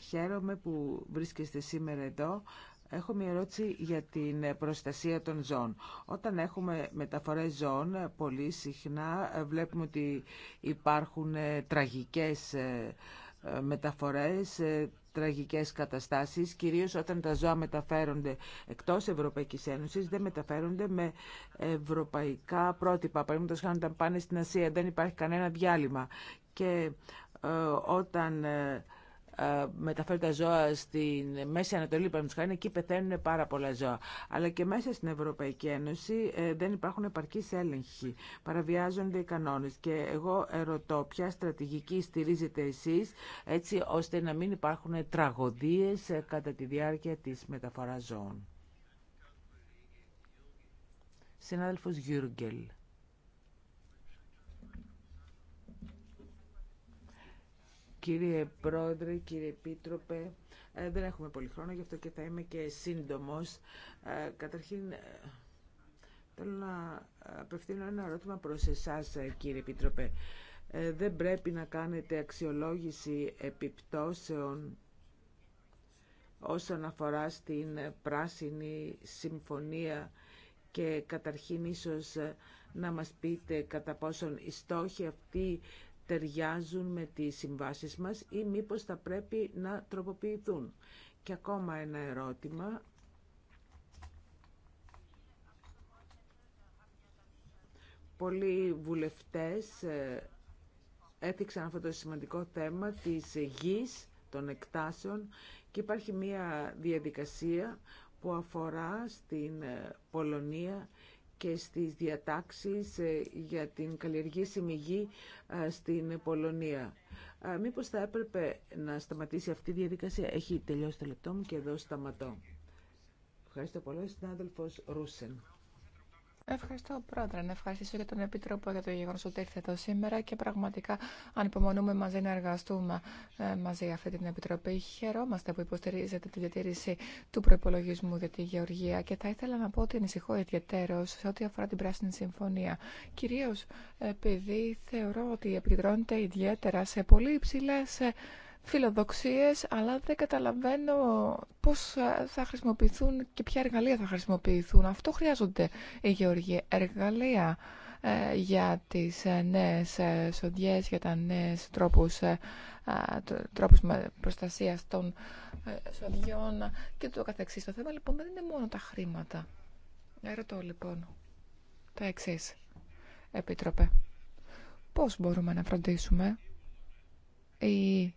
χαίρομαι που βρίσκεστε σήμερα εδώ Έχω μια ερώτηση για την προστασία των ζώων. Όταν έχουμε μεταφορές ζώων, πολύ συχνά βλέπουμε ότι υπάρχουν ε, τραγικές ε, ε, μεταφορές, τραγικές καταστάσεις, κυρίως όταν τα ζώα μεταφέρονται εκτός Ευρωπαϊκής Ένωσης, δεν μεταφέρονται με ευρωπαϊκά πρότυπα. Παραδείγματος χάνουν όταν πάνε στην Ασία, δεν υπάρχει κανένα διάλειμμα. Και όταν ε, μεταφέρει τα ζώα στη Μέση Ανατολή, παραδείγματο εκεί πεθαίνουν πάρα πολλά ζώα. Αλλά και μέσα στην Ευρωπαϊκή Ένωση ε, δεν υπάρχουν επαρκεί έλεγχοι. Παραβιάζονται οι κανόνε. Και εγώ ερωτώ ποια στρατηγική στηρίζετε εσεί έτσι ώστε να μην υπάρχουν τραγωδίε ε, κατά τη διάρκεια τη μεταφορά ζώων. Συνάδελφος Γιούργκελ. Κύριε Πρόεδρε, κύριε Επίτροπε, ε, δεν έχουμε πολύ χρόνο, γι' αυτό και θα είμαι και σύντομος. Ε, καταρχήν, ε, θέλω να απευθύνω ένα ερώτημα προς εσάς, κύριε Επίτροπε. Δεν πρέπει να κάνετε αξιολόγηση επιπτώσεων όσον αφορά στην Πράσινη Συμφωνία και καταρχήν ίσως να μας πείτε κατά πόσον οι στόχοι αυτοί ταιριάζουν με τις συμβάσεις μας ή μήπως θα πρέπει να τροποποιηθούν. Και ακόμα ένα ερώτημα. Πολλοί βουλευτές ε, έθιξαν αυτό το σημαντικό θέμα της γης, των εκτάσεων και υπάρχει μία διαδικασία που αφορά στην ε, Πολωνία και στις διατάξεις ε, για την καλλιεργήσιμη γη ε, στην Πολωνία. Ε, μήπως θα έπρεπε να σταματήσει αυτή η διαδικασία. Έχει τελειώσει το λεπτό μου και εδώ σταματώ. Ευχαριστώ πολύ, συνάδελφος Ρούσεν. Ευχαριστώ, Πρόεδρε. Να ευχαριστήσω για τον Επίτροπο για το γεγονό ότι ήρθε εδώ σήμερα και πραγματικά ανυπομονούμε μαζί να εργαστούμε ε, μαζί αυτή την Επιτροπή. Χαιρόμαστε που υποστηρίζετε τη διατήρηση του προπολογισμού για τη Γεωργία και θα ήθελα να πω ότι ανησυχώ ιδιαίτερω σε ό,τι αφορά την Πράσινη Συμφωνία. Κυρίω επειδή θεωρώ ότι επικεντρώνεται ιδιαίτερα σε πολύ υψηλέ ε, φιλοδοξίες, αλλά δεν καταλαβαίνω πώς θα χρησιμοποιηθούν και ποια εργαλεία θα χρησιμοποιηθούν. Αυτό χρειάζονται οι Γεωργοί. Εργαλεία ε, για τις ε, νέες ε, σοδιές, για τα νέες τρόπους, ε, προστασίας των σοδιών και το καθεξής. Το θέμα λοιπόν δεν είναι μόνο τα χρήματα. Ερωτώ λοιπόν τα εξή. Επίτροπε, πώς μπορούμε να φροντίσουμε οι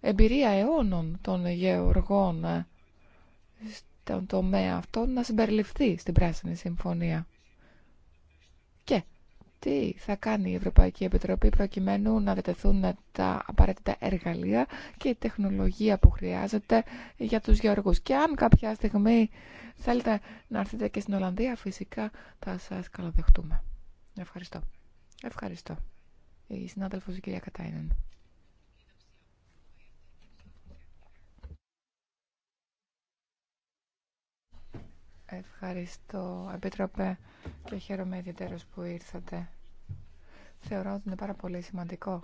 εμπειρία αιώνων των γεωργών ε, στον τομέα αυτό να συμπεριληφθεί στην Πράσινη Συμφωνία. Και τι θα κάνει η Ευρωπαϊκή Επιτροπή προκειμένου να δετεθούν τα απαραίτητα εργαλεία και η τεχνολογία που χρειάζεται για τους γεωργούς. Και αν κάποια στιγμή θέλετε να έρθετε και στην Ολλανδία, φυσικά θα σας καλοδεχτούμε. Ευχαριστώ. Ευχαριστώ. Η συνάδελφος η κυρία Κατάινεν. Ευχαριστώ, Επίτροπε, και χαίρομαι ιδιαίτερω που ήρθατε. Θεωρώ ότι είναι πάρα πολύ σημαντικό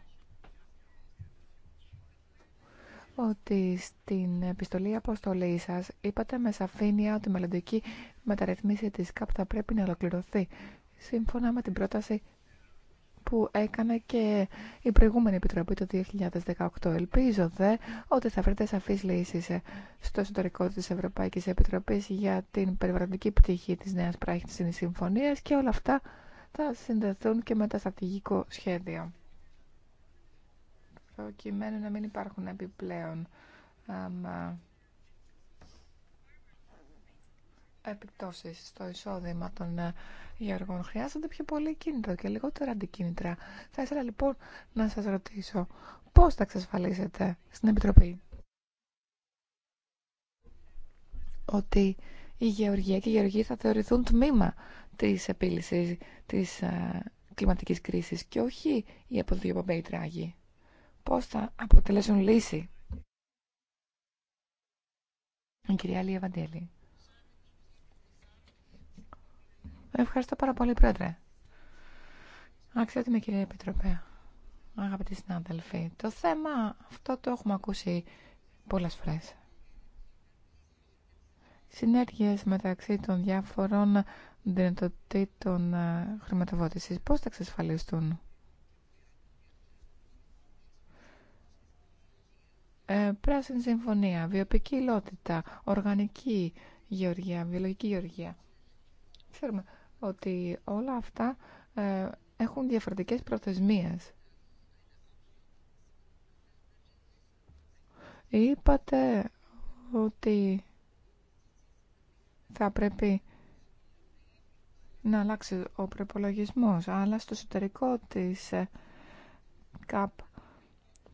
ότι στην επιστολή αποστολή σας είπατε με σαφήνεια ότι η μελλοντική μεταρρυθμίση της ΚΑΠ θα πρέπει να ολοκληρωθεί σύμφωνα με την πρόταση που έκανε και η προηγούμενη Επιτροπή το 2018. Ελπίζω δε ότι θα βρείτε σαφεί λύσει ε, στο εσωτερικό τη Ευρωπαϊκής Επιτροπής για την περιβαλλοντική πτυχή της Νέας τη Συμφωνία και όλα αυτά θα συνδεθούν και με τα στρατηγικό σχέδιο. Προκειμένου να μην υπάρχουν επιπλέον αμα, επιπτώσεις στο εισόδημα των ε, γεωργών. Χρειάζονται πιο πολύ κίνητρο και λιγότερα αντικίνητρα. Θα ήθελα λοιπόν να σας ρωτήσω πώς θα εξασφαλίσετε στην Επιτροπή ότι η γεωργία και οι γεωργοί θα θεωρηθούν τμήμα της επίλυσης της ε, κλιματικής κρίσης και όχι οι αποδιοπομπέοι τράγοι. Πώς θα αποτελέσουν λύση. Η κυρία Λία Ευχαριστώ πάρα πολύ, Πρόεδρε. Αξιότιμη κυρία Επιτροπέ, αγαπητοί συνάδελφοι, το θέμα αυτό το έχουμε ακούσει πολλές φορές. Συνέργειες μεταξύ των διάφορων δυνατοτήτων ε, χρηματοδότησης, πώς θα εξασφαλιστούν. Ε, πράσινη συμφωνία, βιοπικιλότητα, οργανική γεωργία, βιολογική γεωργία. Ξέρουμε ότι όλα αυτά ε, έχουν διαφορετικές προθεσμίες. Είπατε ότι θα πρέπει να αλλάξει ο προπολογισμό, αλλά στο εσωτερικό της ε, ΚΑΠ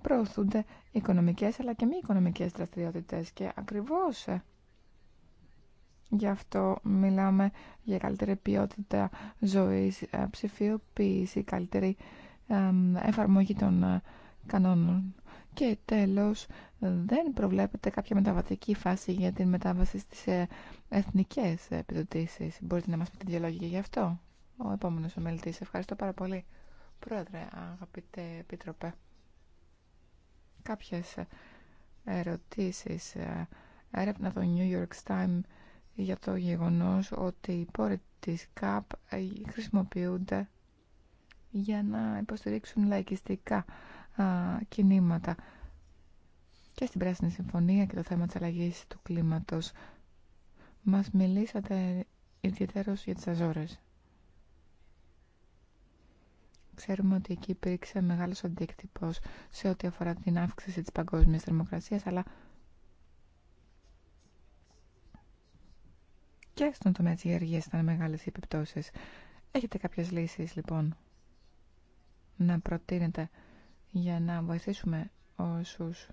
προωθούνται οικονομικές αλλά και μη οικονομικές δραστηριότητες και ακριβώς ε, Γι' αυτό μιλάμε για καλύτερη ποιότητα ζωής, ε, ψηφιοποίηση, καλύτερη εφαρμογή των ε, κανόνων. Και τέλος, δεν προβλέπεται κάποια μεταβατική φάση για την μετάβαση στις ε, εθνικές επιδοτήσεις. Μπορείτε να μας πείτε δύο λόγια γι' αυτό. Ο επόμενος ομιλητής. Ευχαριστώ πάρα πολύ. Πρόεδρε, αγαπητέ Επίτροπε, κάποιες ερωτήσεις. Έρευνα το New York Times για το γεγονός ότι οι πόροι της ΚΑΠ ε, χρησιμοποιούνται για να υποστηρίξουν λαϊκιστικά κινήματα και στην Πράσινη Συμφωνία και το θέμα της αλλαγής του κλίματος. Μας μιλήσατε ιδιαίτερως για τις Αζόρες. Ξέρουμε ότι εκεί υπήρξε μεγάλος αντίκτυπος σε ό,τι αφορά την αύξηση της παγκόσμιας θερμοκρασίας, αλλά και στον τομέα της γεωργίας ήταν μεγάλες οι επιπτώσεις. Έχετε κάποιες λύσεις λοιπόν να προτείνετε για να βοηθήσουμε όσους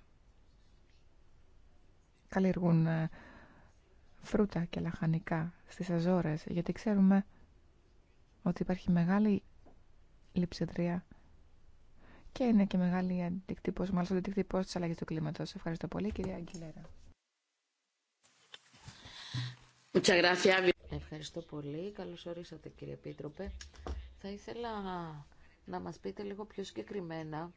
καλλιεργούν ε, φρούτα και λαχανικά στις Αζόρες γιατί ξέρουμε ότι υπάρχει μεγάλη λειψιδρία και είναι και μεγάλη αντικτύπωση, μάλλον αντικτύπωση της αλλαγής του κλίματος. Ευχαριστώ πολύ κυρία Αγγιλέρα. Ευχαριστώ πολύ. Καλώς ορίσατε κύριε πίτροπε. Θα ήθελα να μας πείτε λίγο πιο συγκεκριμένα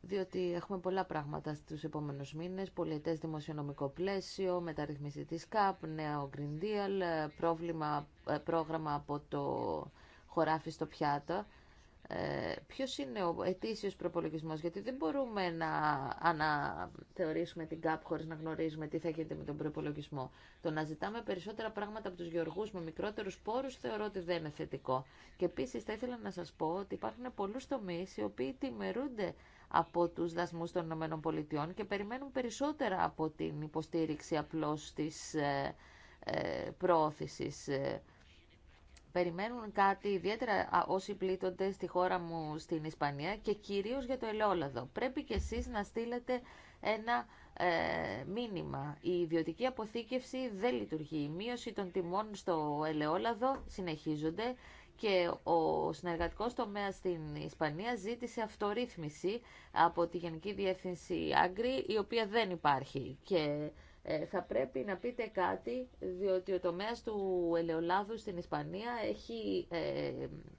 διότι έχουμε πολλά πράγματα στους επόμενους μήνες, πολιτές δημοσιονομικό πλαίσιο, μεταρρυθμίση της ΚΑΠ, νέο Green Deal, πρόβλημα, ε, πρόγραμμα από το χωράφι στο πιάτο ε, ποιος είναι ο ετήσιος προπολογισμός, γιατί δεν μπορούμε να αναθεωρήσουμε την ΚΑΠ χωρίς να γνωρίζουμε τι θα γίνεται με τον προπολογισμό. Το να ζητάμε περισσότερα πράγματα από τους γεωργούς με μικρότερους πόρους θεωρώ ότι δεν είναι θετικό. Και επίσης θα ήθελα να σας πω ότι υπάρχουν πολλούς τομείς οι οποίοι τιμερούνται από τους δασμούς των ΗΠΑ και περιμένουν περισσότερα από την υποστήριξη απλώς της ε, ε περιμένουν κάτι ιδιαίτερα όσοι πλήττονται στη χώρα μου στην Ισπανία και κυρίως για το ελαιόλαδο. Πρέπει και εσείς να στείλετε ένα ε, μήνυμα. Η ιδιωτική αποθήκευση δεν λειτουργεί. Η μείωση των τιμών στο ελαιόλαδο συνεχίζονται και ο συνεργατικός τομέας στην Ισπανία ζήτησε αυτορύθμιση από τη Γενική Διεύθυνση Άγκρη, η οποία δεν υπάρχει. Και ε, θα πρέπει να πείτε κάτι, διότι ο τομέας του ελαιολάδου στην Ισπανία έχει ε,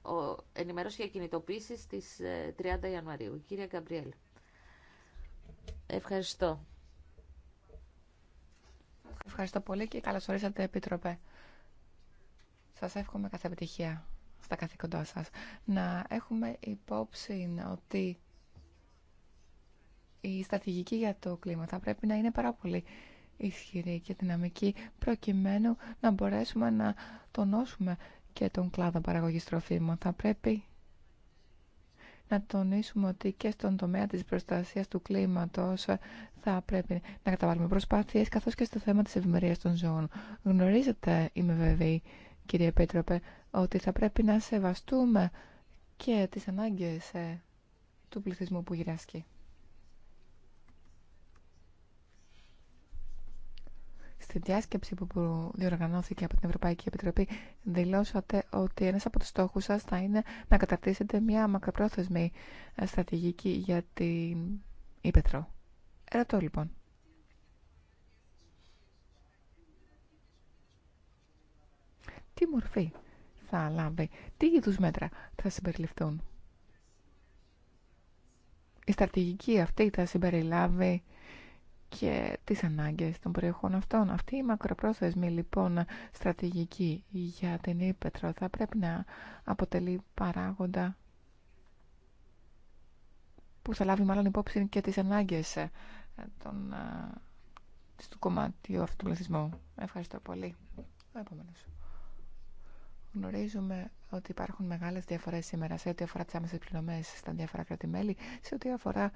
ο, ενημερώσει για κινητοποίηση στις 30 ε, Ιανουαρίου. Κύριε Καμπριέλ. Ευχαριστώ. Ευχαριστώ πολύ και καλώς ορίσατε, Επίτροπε. Σας εύχομαι κάθε επιτυχία στα καθήκοντά σας. Να έχουμε υπόψη ότι η στρατηγική για το κλίμα θα πρέπει να είναι πάρα πολύ ισχυρή και δυναμική προκειμένου να μπορέσουμε να τονώσουμε και τον κλάδο παραγωγής τροφίμων. Θα πρέπει να τονίσουμε ότι και στον τομέα της προστασίας του κλίματος θα πρέπει να καταβάλουμε προσπάθειες καθώς και στο θέμα της ευημερίας των ζώων. Γνωρίζετε, είμαι βέβαιη, κύριε Επίτροπε, ότι θα πρέπει να σεβαστούμε και τις ανάγκες ε, του πληθυσμού που γυράσκει. στη διάσκεψη που διοργανώθηκε από την Ευρωπαϊκή Επιτροπή δηλώσατε ότι ένας από τους στόχους σας θα είναι να καταρτήσετε μια μακροπρόθεσμη ε, στρατηγική για την Ήπεθρο. Ρωτώ λοιπόν. Τι μορφή θα λάβει, τι είδους μέτρα θα συμπεριληφθούν. Η στρατηγική αυτή θα συμπεριλάβει και τις ανάγκες των περιοχών αυτών. Αυτή η μακροπρόθεσμη λοιπόν στρατηγική για την Ήπετρο θα πρέπει να αποτελεί παράγοντα που θα λάβει μάλλον υπόψη και τις ανάγκες ε, των, ε, του κομμάτιου αυτού του πληθυσμού. Ευχαριστώ πολύ. Ο Γνωρίζουμε ότι υπάρχουν μεγάλες διαφορές σήμερα σε ό,τι αφορά τις άμεσες πληρωμές στα διάφορα κράτη-μέλη, σε ό,τι αφορά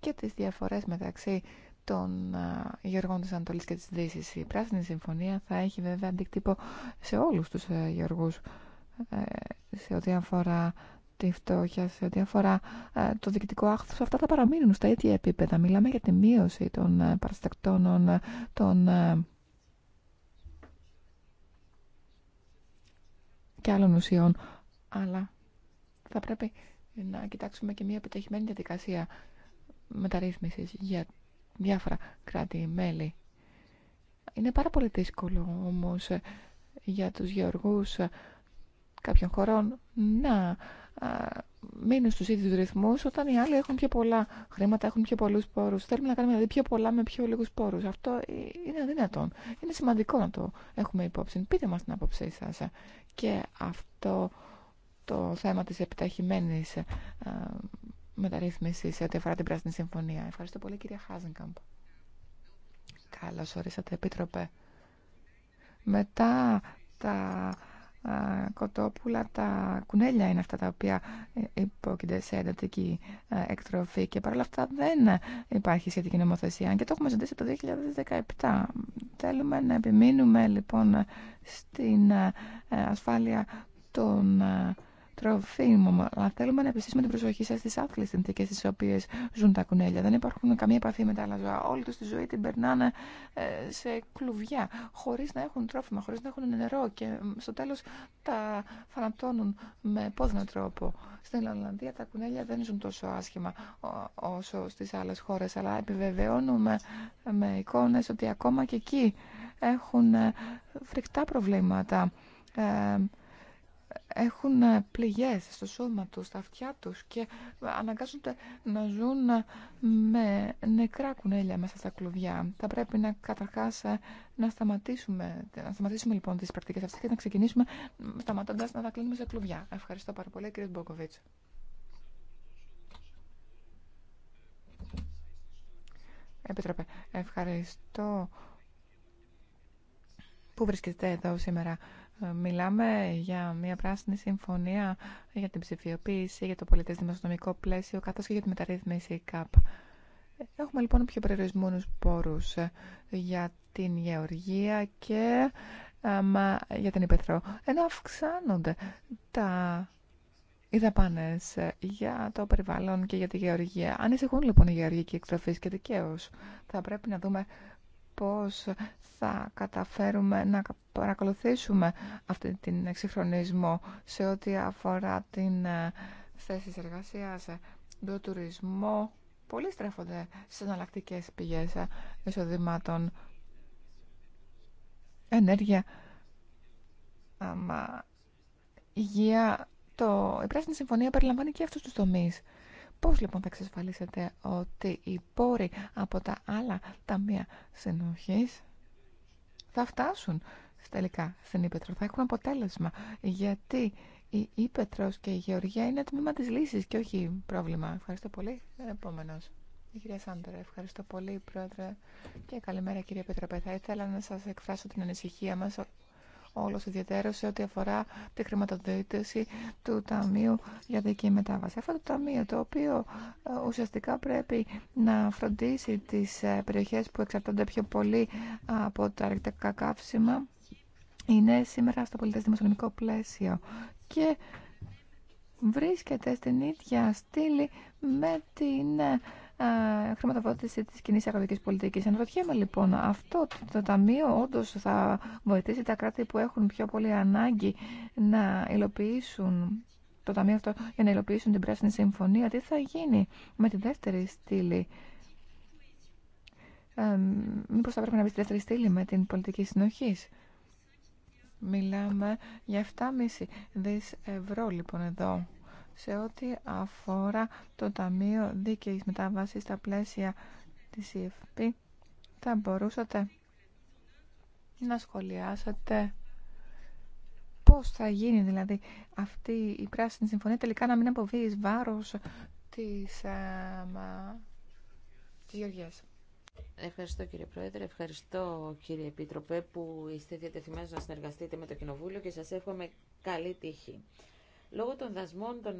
και τις διαφορές μεταξύ των ε, γεωργών της Ανατολής και της Δύσης. Η Πράσινη Συμφωνία θα έχει βέβαια αντικτύπο σε όλους τους ε, γεωργούς ε, σε ό,τι αφορά τη φτώχεια, σε ό,τι αφορά το διοικητικό άχθος. Αυτά θα παραμείνουν στα ίδια επίπεδα. Μιλάμε για τη μείωση των παραστακτών των και άλλων ουσιών. Αλλά θα πρέπει να κοιτάξουμε και μια επιτυχημένη διαδικασία μεταρρύθμισης για διάφορα κράτη-μέλη. Είναι πάρα πολύ δύσκολο όμως ε, για τους γεωργούς ε, κάποιων χωρών να μείνουν στους ίδιους ρυθμούς όταν οι άλλοι έχουν πιο πολλά χρήματα, έχουν πιο πολλούς πόρους. Θέλουμε να κάνουμε δηλαδή πιο πολλά με πιο λίγους πόρους. Αυτό ε, είναι αδύνατον. Είναι σημαντικό να το έχουμε υπόψη. Πείτε μας την άποψή σας. Και αυτό το θέμα της επιταχυμένης μεταρρύθμιση σε ό,τι αφορά την Πράσινη Συμφωνία. Ευχαριστώ πολύ, κυρία Χάζενκαμπ. Καλώ ορίσατε, Επίτροπε. Μετά τα κοτόπουλα, τα κουνέλια είναι αυτά τα οποία ε, υπόκεινται σε εντατική ε, εκτροφή και παρόλα αυτά δεν υπάρχει σχετική νομοθεσία. Αν και το έχουμε ζητήσει το 2017. Θέλουμε να επιμείνουμε λοιπόν στην ε, ασφάλεια των μου, Αλλά θέλουμε να επιστήσουμε την προσοχή σα στι άθλιε συνθήκε στι οποίε ζουν τα κουνέλια. Δεν υπάρχουν καμία επαφή με τα άλλα ζώα. Όλοι του τη ζωή την περνάνε ε, σε κλουβιά, χωρί να έχουν τρόφιμα, χωρί να έχουν νερό και στο τέλο τα θανατώνουν με πόδινο τρόπο. Στην Ολλανδία τα κουνέλια δεν ζουν τόσο άσχημα όσο στι άλλε χώρε, αλλά επιβεβαιώνουμε με εικόνε ότι ακόμα και εκεί έχουν ε, φρικτά προβλήματα ε, έχουν ε, πληγές στο σώμα τους, στα αυτιά τους και αναγκάζονται να ζουν ε, με νεκρά κουνέλια μέσα στα κλουβιά. Θα πρέπει να καταρχάς ε, να σταματήσουμε, να σταματήσουμε λοιπόν τις πρακτικές αυτές και να ξεκινήσουμε σταματώντας να τα κλείνουμε σε κλουβιά. Ευχαριστώ πάρα πολύ κύριε Μπόκοβιτς. Επιτρέπε. Ευχαριστώ που βρίσκεστε εδώ σήμερα Μιλάμε για μια πράσινη συμφωνία για την ψηφιοποίηση, για το πολιτές δημοσιονομικό πλαίσιο, καθώς και για τη μεταρρύθμιση ΚΑΠ. Έχουμε λοιπόν πιο περιορισμένους πόρους για την γεωργία και για την υπεθρό. Ενώ αυξάνονται τα οι δαπάνε για το περιβάλλον και για τη γεωργία. Ανησυχούν λοιπόν οι γεωργικοί εκτροφεί και δικαίω. Θα πρέπει να δούμε πώς θα καταφέρουμε να παρακολουθήσουμε αυτή την εξυγχρονισμό σε ό,τι αφορά την ε, θέση εργασίας, ε, τον τουρισμό. Πολλοί στρέφονται σε εναλλακτικέ πηγές ε, εισοδημάτων, ενέργεια, αμα, υγεία. Το, η Πράσινη Συμφωνία περιλαμβάνει και αυτούς τους τομείς. Πώς λοιπόν θα εξασφαλίσετε ότι οι πόροι από τα άλλα ταμεία συνοχής θα φτάσουν τελικά στην Ήπετρο, θα έχουν αποτέλεσμα. Γιατί η Ήπετρος και η Γεωργία είναι τμήμα της λύσης και όχι πρόβλημα. Ευχαριστώ πολύ. Είναι επόμενος. Η κυρία Σάντερ. ευχαριστώ πολύ, Πρόεδρε. Και καλημέρα, κυρία Πετροπέ. Θα ήθελα να σα εκφράσω την ανησυχία μα όλος ιδιαίτερο σε ό,τι αφορά τη χρηματοδότηση του Ταμείου για Δική Μετάβαση. Αυτό το Ταμείο το οποίο ε, ουσιαστικά πρέπει να φροντίσει τις ε, περιοχές που εξαρτώνται πιο πολύ από τα αρνητικά καύσιμα είναι σήμερα στο πολιτές δημοσιονομικό πλαίσιο και βρίσκεται στην ίδια στήλη με την ε, ε, χρηματοδότηση της κοινής αγροτικής πολιτικής. Αναρωτιέμαι λοιπόν, αυτό το Ταμείο όντω θα βοηθήσει τα κράτη που έχουν πιο πολύ ανάγκη να υλοποιήσουν το Ταμείο αυτό για να υλοποιήσουν την Πράσινη Συμφωνία. Τι θα γίνει με τη δεύτερη στήλη. Ε, μήπως θα πρέπει να μπει στη δεύτερη στήλη με την πολιτική συνοχής. Μιλάμε για 7,5 δις ευρώ λοιπόν εδώ σε ό,τι αφορά το Ταμείο Δίκαιης Μετάβασης στα πλαίσια της ΕΦΠ θα μπορούσατε να σχολιάσετε πώς θα γίνει δηλαδή αυτή η πράσινη συμφωνία τελικά να μην αποβεί εις βάρος της, ε, α, της Γεωργίας. Ευχαριστώ κύριε Πρόεδρε, ευχαριστώ κύριε Επίτροπε που είστε διατεθειμένοι να συνεργαστείτε με το Κοινοβούλιο και σας εύχομαι καλή τύχη. Λόγω των δασμών των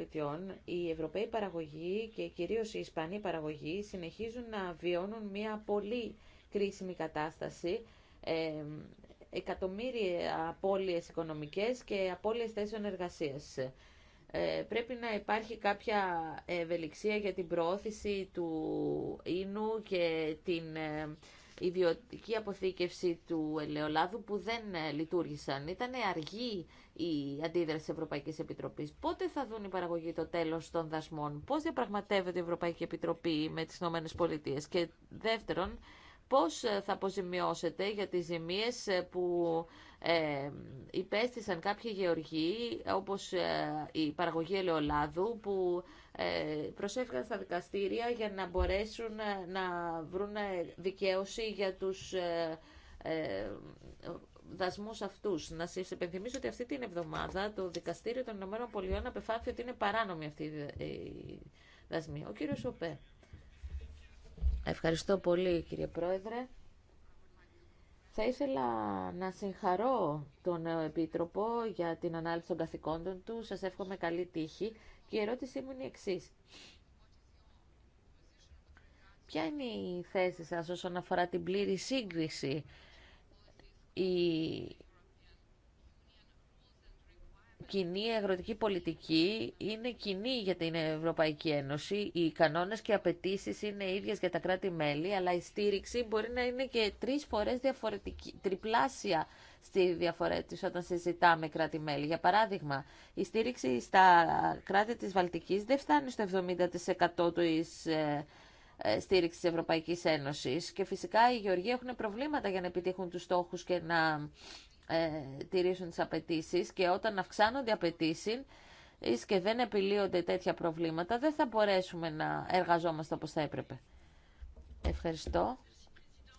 ΗΠΑ, οι Ευρωπαίοι παραγωγοί και κυρίως οι Ισπανοί παραγωγοί συνεχίζουν να βιώνουν μια πολύ κρίσιμη κατάσταση, ε, εκατομμύρια απώλειες οικονομικές και απώλειες θέσεων εργασίας. Ε, πρέπει να υπάρχει κάποια ευελιξία για την προώθηση του ίνου και την ε, ιδιωτική αποθήκευση του ελαιολάδου που δεν ε, λειτουργήσαν. Ήταν αργή η αντίδραση της Ευρωπαϊκής Επιτροπής. Πότε θα δουν η παραγωγή το τέλος των δασμών. Πώς διαπραγματεύεται η Ευρωπαϊκή Επιτροπή με τις ΗΠΑ. Και δεύτερον, πώς ε, θα αποζημιώσετε για τις ζημίες ε, που ε, υπέστησαν κάποιοι γεωργοί, όπως ε, η παραγωγή ελαιολάδου, που ε, προσέφηκαν στα δικαστήρια για να μπορέσουν να βρουν δικαίωση για τους δασμούς αυτούς. Να σας υπενθυμίσω ότι αυτή την εβδομάδα το Δικαστήριο των Ηνωμένων Πολιτειών απεφάφει ότι είναι παράνομη αυτή η δασμή. Ο κύριος Σοπε. Ευχαριστώ πολύ κύριε Πρόεδρε. Θα ήθελα να συγχαρώ τον Επίτροπο για την ανάλυση των καθηκόντων του. Σας εύχομαι καλή τύχη. Και η ερώτησή μου είναι η εξής. Ποια είναι η θέση σας όσον αφορά την πλήρη σύγκριση η κοινή αγροτική πολιτική είναι κοινή για την Ευρωπαϊκή Ένωση. Οι κανόνες και απαιτήσει είναι ίδιες για τα κράτη-μέλη, αλλά η στήριξη μπορεί να είναι και τρεις φορές διαφορετική, τριπλάσια στη διαφορά τη όταν συζητάμε κράτη-μέλη. Για παράδειγμα, η στήριξη στα κράτη της Βαλτικής δεν φτάνει στο 70% τη στήριξη της Ευρωπαϊκής Ένωσης και φυσικά οι Γεωργοί έχουν προβλήματα για να επιτύχουν του στόχου και να ε, τηρήσουν τις απαιτήσει και όταν αυξάνονται οι απαιτήσει και δεν επιλύονται τέτοια προβλήματα, δεν θα μπορέσουμε να εργαζόμαστε όπως θα έπρεπε. Ευχαριστώ.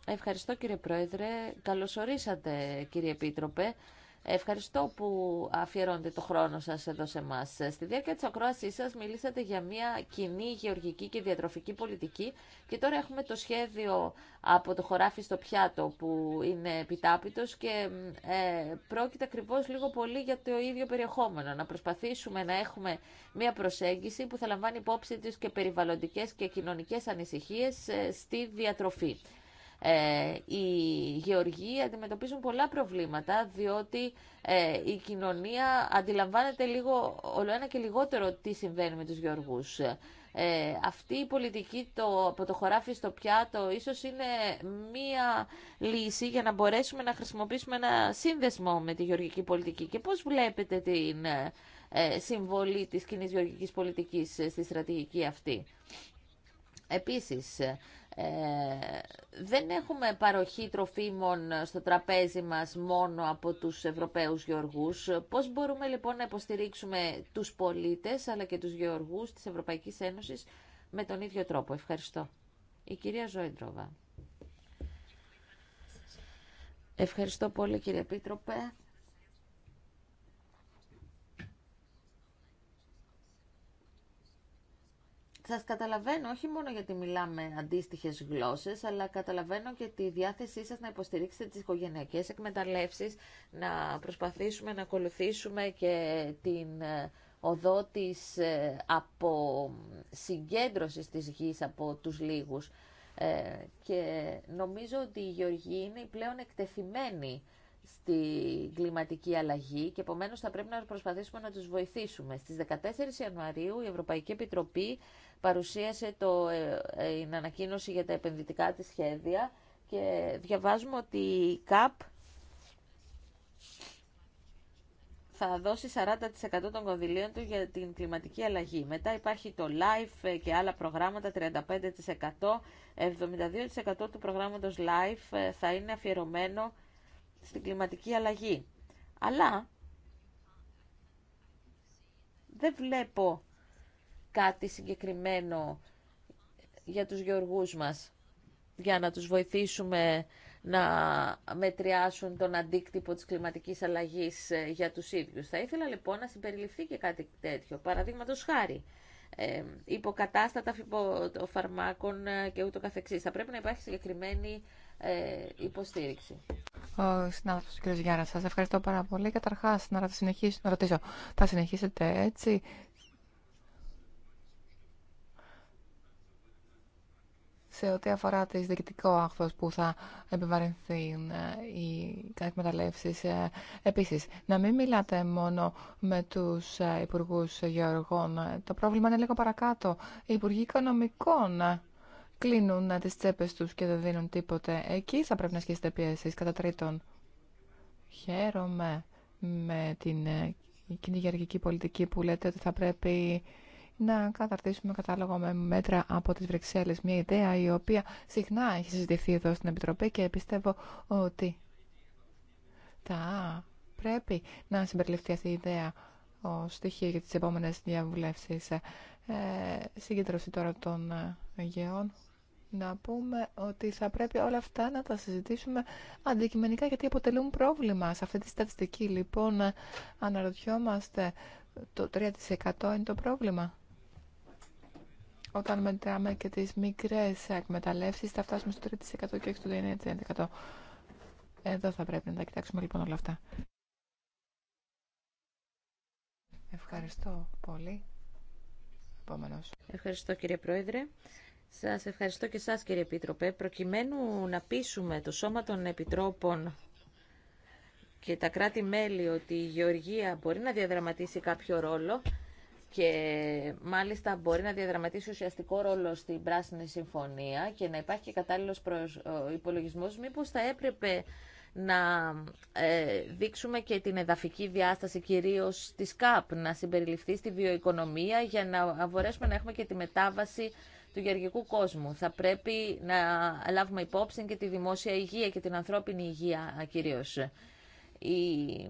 Ευχαριστώ κύριε Πρόεδρε. Καλωσορίσατε κύριε Επίτροπε. Ευχαριστώ που αφιερώνετε το χρόνο σας εδώ σε εμά. Στη διάρκεια της ακρόασής σας μιλήσατε για μια κοινή γεωργική και διατροφική πολιτική και τώρα έχουμε το σχέδιο από το χωράφι στο πιάτο που είναι επιτάπητος και ε, πρόκειται ακριβώ λίγο πολύ για το ίδιο περιεχόμενο. Να προσπαθήσουμε να έχουμε μια προσέγγιση που θα λαμβάνει υπόψη της και περιβαλλοντικές και κοινωνικές ανησυχίες ε, στη διατροφή. Ε, οι γεωργοί αντιμετωπίζουν πολλά προβλήματα διότι ε, η κοινωνία αντιλαμβάνεται λίγο, ολοένα και λιγότερο τι συμβαίνει με τους γεωργούς. Ε, αυτή η πολιτική το, από το χωράφι στο πιάτο ίσως είναι μία λύση για να μπορέσουμε να χρησιμοποιήσουμε ένα σύνδεσμο με τη γεωργική πολιτική. Και πώς βλέπετε την ε, ε συμβολή της κοινή γεωργικής πολιτικής στη στρατηγική αυτή. Επίσης, ε, δεν έχουμε παροχή τροφίμων στο τραπέζι μας μόνο από τους Ευρωπαίους γεωργούς. Πώς μπορούμε λοιπόν να υποστηρίξουμε τους πολίτες αλλά και τους γεωργούς της Ευρωπαϊκής Ένωσης με τον ίδιο τρόπο. Ευχαριστώ. Η κυρία Ζωέντροβα. Ευχαριστώ πολύ κύριε πίτροπε. Σας καταλαβαίνω όχι μόνο γιατί μιλάμε αντίστοιχες γλώσσες, αλλά καταλαβαίνω και τη διάθεσή σας να υποστηρίξετε τις οικογενειακές εκμεταλλεύσεις, να προσπαθήσουμε να ακολουθήσουμε και την ε, οδό της ε, από συγκέντρωσης της γης από τους λίγους. Ε, και νομίζω ότι η Γεωργία είναι η πλέον εκτεθειμένη στην κλιματική αλλαγή και επομένως θα πρέπει να προσπαθήσουμε να τους βοηθήσουμε. Στις 14 Ιανουαρίου η Ευρωπαϊκή Επιτροπή παρουσίασε το, ε, ε, την ανακοίνωση για τα επενδυτικά της σχέδια και διαβάζουμε ότι η ΚΑΠ θα δώσει 40% των κονδυλίων του για την κλιματική αλλαγή. Μετά υπάρχει το LIFE ε, και άλλα προγράμματα, 35%. 72% του προγράμματος LIFE θα είναι αφιερωμένο στην κλιματική αλλαγή. Αλλά δεν βλέπω κάτι συγκεκριμένο για τους γεωργούς μας, για να τους βοηθήσουμε να μετριάσουν τον αντίκτυπο της κλιματικής αλλαγής ε, για τους ίδιους. Θα ήθελα λοιπόν να συμπεριληφθεί και κάτι τέτοιο. Παραδείγματο χάρη, ε, υποκατάστατα φαρμάκων ε, και ούτω καθεξής. Θα πρέπει να υπάρχει συγκεκριμένη ε, υποστήριξη. Ο συνάδελφος κ. Γιάρα, σας ευχαριστώ πάρα πολύ. Καταρχάς, να, να ρωτήσω, θα συνεχίσετε έτσι σε ό,τι αφορά τις διοικητικό άγχος που θα επιβαρυνθούν ε, η εκμεταλλεύσεις. Ε, επίσης, να μην μιλάτε μόνο με τους ε, Υπουργούς Γεωργών. Το πρόβλημα είναι λίγο παρακάτω. Οι Υπουργοί Οικονομικών κλείνουν τις τσέπες τους και δεν δίνουν τίποτε. Εκεί θα πρέπει να σχέσετε πιέσεις. Κατά τρίτον, χαίρομαι με την κυνηγιαργική πολιτική που λέτε ότι θα πρέπει να καταρτήσουμε κατάλογο με μέτρα από τις Βρυξέλλες. Μια ιδέα η οποία συχνά έχει συζητηθεί εδώ στην Επιτροπή και πιστεύω ότι θα πρέπει να συμπεριληφθεί αυτή η ιδέα ω στοιχείο για τις επόμενες διαβουλεύσεις. Ε, συγκέντρωση τώρα των γεών. Να πούμε ότι θα πρέπει όλα αυτά να τα συζητήσουμε αντικειμενικά γιατί αποτελούν πρόβλημα. Σε αυτή τη στατιστική λοιπόν αναρωτιόμαστε το 3% είναι το πρόβλημα. Όταν μετράμε και τις μικρές εκμεταλλεύσεις θα φτάσουμε στο 3% και όχι στο 9%. Εδώ θα πρέπει να τα κοιτάξουμε λοιπόν όλα αυτά. Ευχαριστώ πολύ. Επόμενος. Ευχαριστώ κύριε Πρόεδρε. Σας ευχαριστώ και σας κύριε Επίτροπε. Προκειμένου να πείσουμε το Σώμα των Επιτρόπων και τα κράτη-μέλη ότι η γεωργία μπορεί να διαδραματίσει κάποιο ρόλο, και μάλιστα μπορεί να διαδραματίσει ουσιαστικό ρόλο στην Πράσινη Συμφωνία και να υπάρχει και κατάλληλος υπολογισμός, μήπως θα έπρεπε να ε, δείξουμε και την εδαφική διάσταση κυρίως της ΚΑΠ, να συμπεριληφθεί στη βιοοικονομία για να μπορέσουμε να έχουμε και τη μετάβαση του γεωργικού κόσμου. Θα πρέπει να λάβουμε υπόψη και τη δημόσια υγεία και την ανθρώπινη υγεία κυρίως. Η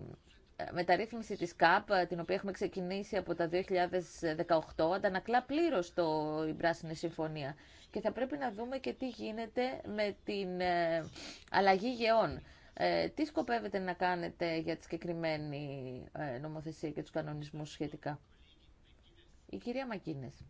μεταρρύθμιση της ΚΑΠ, ε, την οποία έχουμε ξεκινήσει από τα 2018, αντανακλά πλήρως το, η Πράσινη Συμφωνία. Και θα πρέπει να δούμε και τι γίνεται με την ε, αλλαγή γεών. Ε, τι σκοπεύετε να κάνετε για τη συγκεκριμένη νομοθεσία και τους κανονισμούς σχετικά. Η κυρία Μακίνες.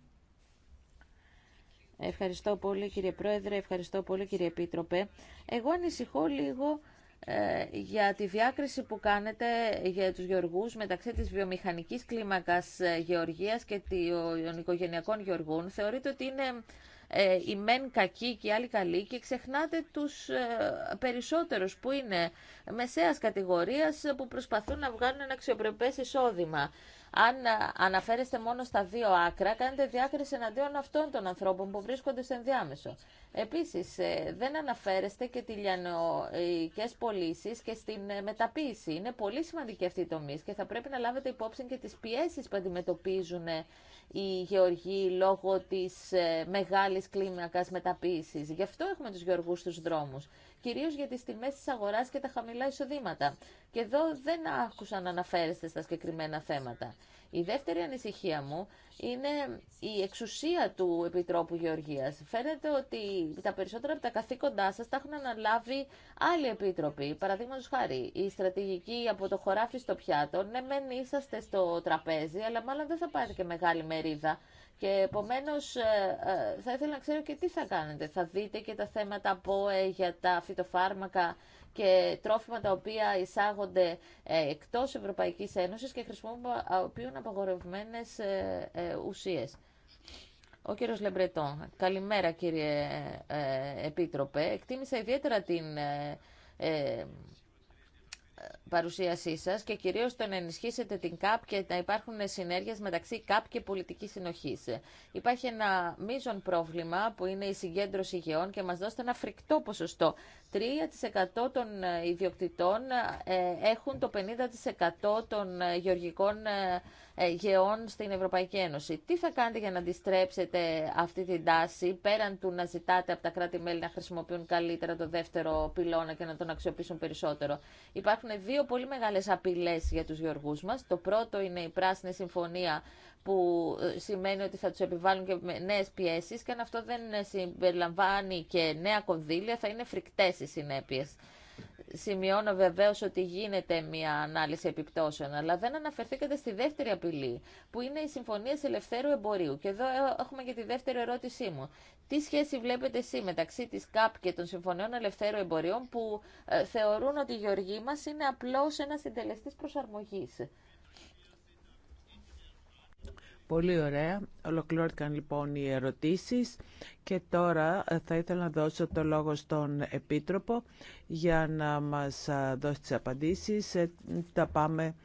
Ευχαριστώ πολύ κύριε Πρόεδρε, ευχαριστώ πολύ κύριε Επίτροπε. Εγώ ανησυχώ λίγο ε, για τη διάκριση που κάνετε για τους γεωργούς μεταξύ της βιομηχανικής κλίμακας ε, γεωργίας και των οικογενειακών γεωργών. Θεωρείτε ότι είναι η ε, μεν κακή και η άλλη καλή και ξεχνάτε τους περισσότερους που είναι μεσαίας κατηγορίας που προσπαθούν να βγάλουν ένα αξιοπρεπές εισόδημα. Αν ε, αναφέρεστε μόνο στα δύο άκρα, κάνετε διάκριση εναντίον αυτών των ανθρώπων που βρίσκονται σε ενδιάμεσο. Επίσης, ε, δεν αναφέρεστε και τι λιανοϊκέ πωλήσει και στην ε, μεταποίηση. Είναι πολύ σημαντική αυτή η τομή και θα πρέπει να λάβετε υπόψη και τις πιέσει που αντιμετωπίζουν οι γεωργοί λόγω της μεγάλη κλίμακας μεταποίηση. Γι' αυτό έχουμε του γεωργού στους δρόμου κυρίως για τις τιμές της αγοράς και τα χαμηλά εισοδήματα. Και εδώ δεν άκουσα να αναφέρεστε στα συγκεκριμένα θέματα. Η δεύτερη ανησυχία μου είναι η εξουσία του Επιτρόπου Γεωργίας. Φαίνεται ότι τα περισσότερα από τα καθήκοντά σας τα έχουν αναλάβει άλλοι επίτροποι. Παραδείγματο χάρη, η στρατηγική από το χωράφι στο πιάτο, ναι μεν είσαστε στο τραπέζι, αλλά μάλλον δεν θα πάρετε και μεγάλη μερίδα. Και επομένως ε, ε, θα ήθελα να ξέρω και τι θα κάνετε. Θα δείτε και τα θέματα ΠΟΕ για τα φυτοφάρμακα και τρόφιμα τα οποία εισάγονται ε, εκτός Ευρωπαϊκής Ένωσης και χρησιμοποιούν απαγορευμένες ουσίες. Ο κύριο Λεμπρετό. Καλημέρα κύριε Επίτροπε. Εκτίμησα ιδιαίτερα την παρουσίασή σα και κυρίως το να ενισχύσετε την ΚΑΠ και να υπάρχουν συνέργειε μεταξύ ΚΑΠ και πολιτικής συνοχής. Υπάρχει ένα μείζον πρόβλημα που είναι η συγκέντρωση γεών και μας δώσετε ένα φρικτό ποσοστό. 3% των ε, ιδιοκτητών ε, έχουν το 50% των ε, γεωργικών γεών στην Ευρωπαϊκή Ένωση. Τι θα κάνετε για να αντιστρέψετε αυτή την τάση, πέραν του να ζητάτε από τα κράτη-μέλη να χρησιμοποιούν καλύτερα το δεύτερο πυλώνα και να τον αξιοποιήσουν περισσότερο. Υπάρχουν δύο δύο πολύ μεγάλες απειλές για τους γεωργούς μας. Το πρώτο είναι η πράσινη συμφωνία που ε, σημαίνει ότι θα τους επιβάλλουν και νέες πιέσεις και αν αυτό δεν συμπεριλαμβάνει και νέα κονδύλια θα είναι φρικτές οι συνέπειες. Σημειώνω βεβαίω ότι γίνεται μια ανάλυση επιπτώσεων, αλλά δεν αναφερθήκατε στη δεύτερη απειλή, που είναι οι συμφωνίε ελευθέρου εμπορίου. Και εδώ ε, έχουμε και τη δεύτερη ερώτησή μου. Τι σχέση βλέπετε εσύ μεταξύ τη ΚΑΠ και των συμφωνιών ελευθέρου εμποριών, που ε, θεωρούν ότι η γεωργία μα είναι απλώ ένα συντελεστή προσαρμογή. Πολύ ωραία. Ολοκληρώθηκαν λοιπόν οι ερωτήσεις και τώρα ε, θα ήθελα να δώσω το λόγο στον Επίτροπο για να μας ε, δώσει τις απαντήσεις. Ε, τα πάμε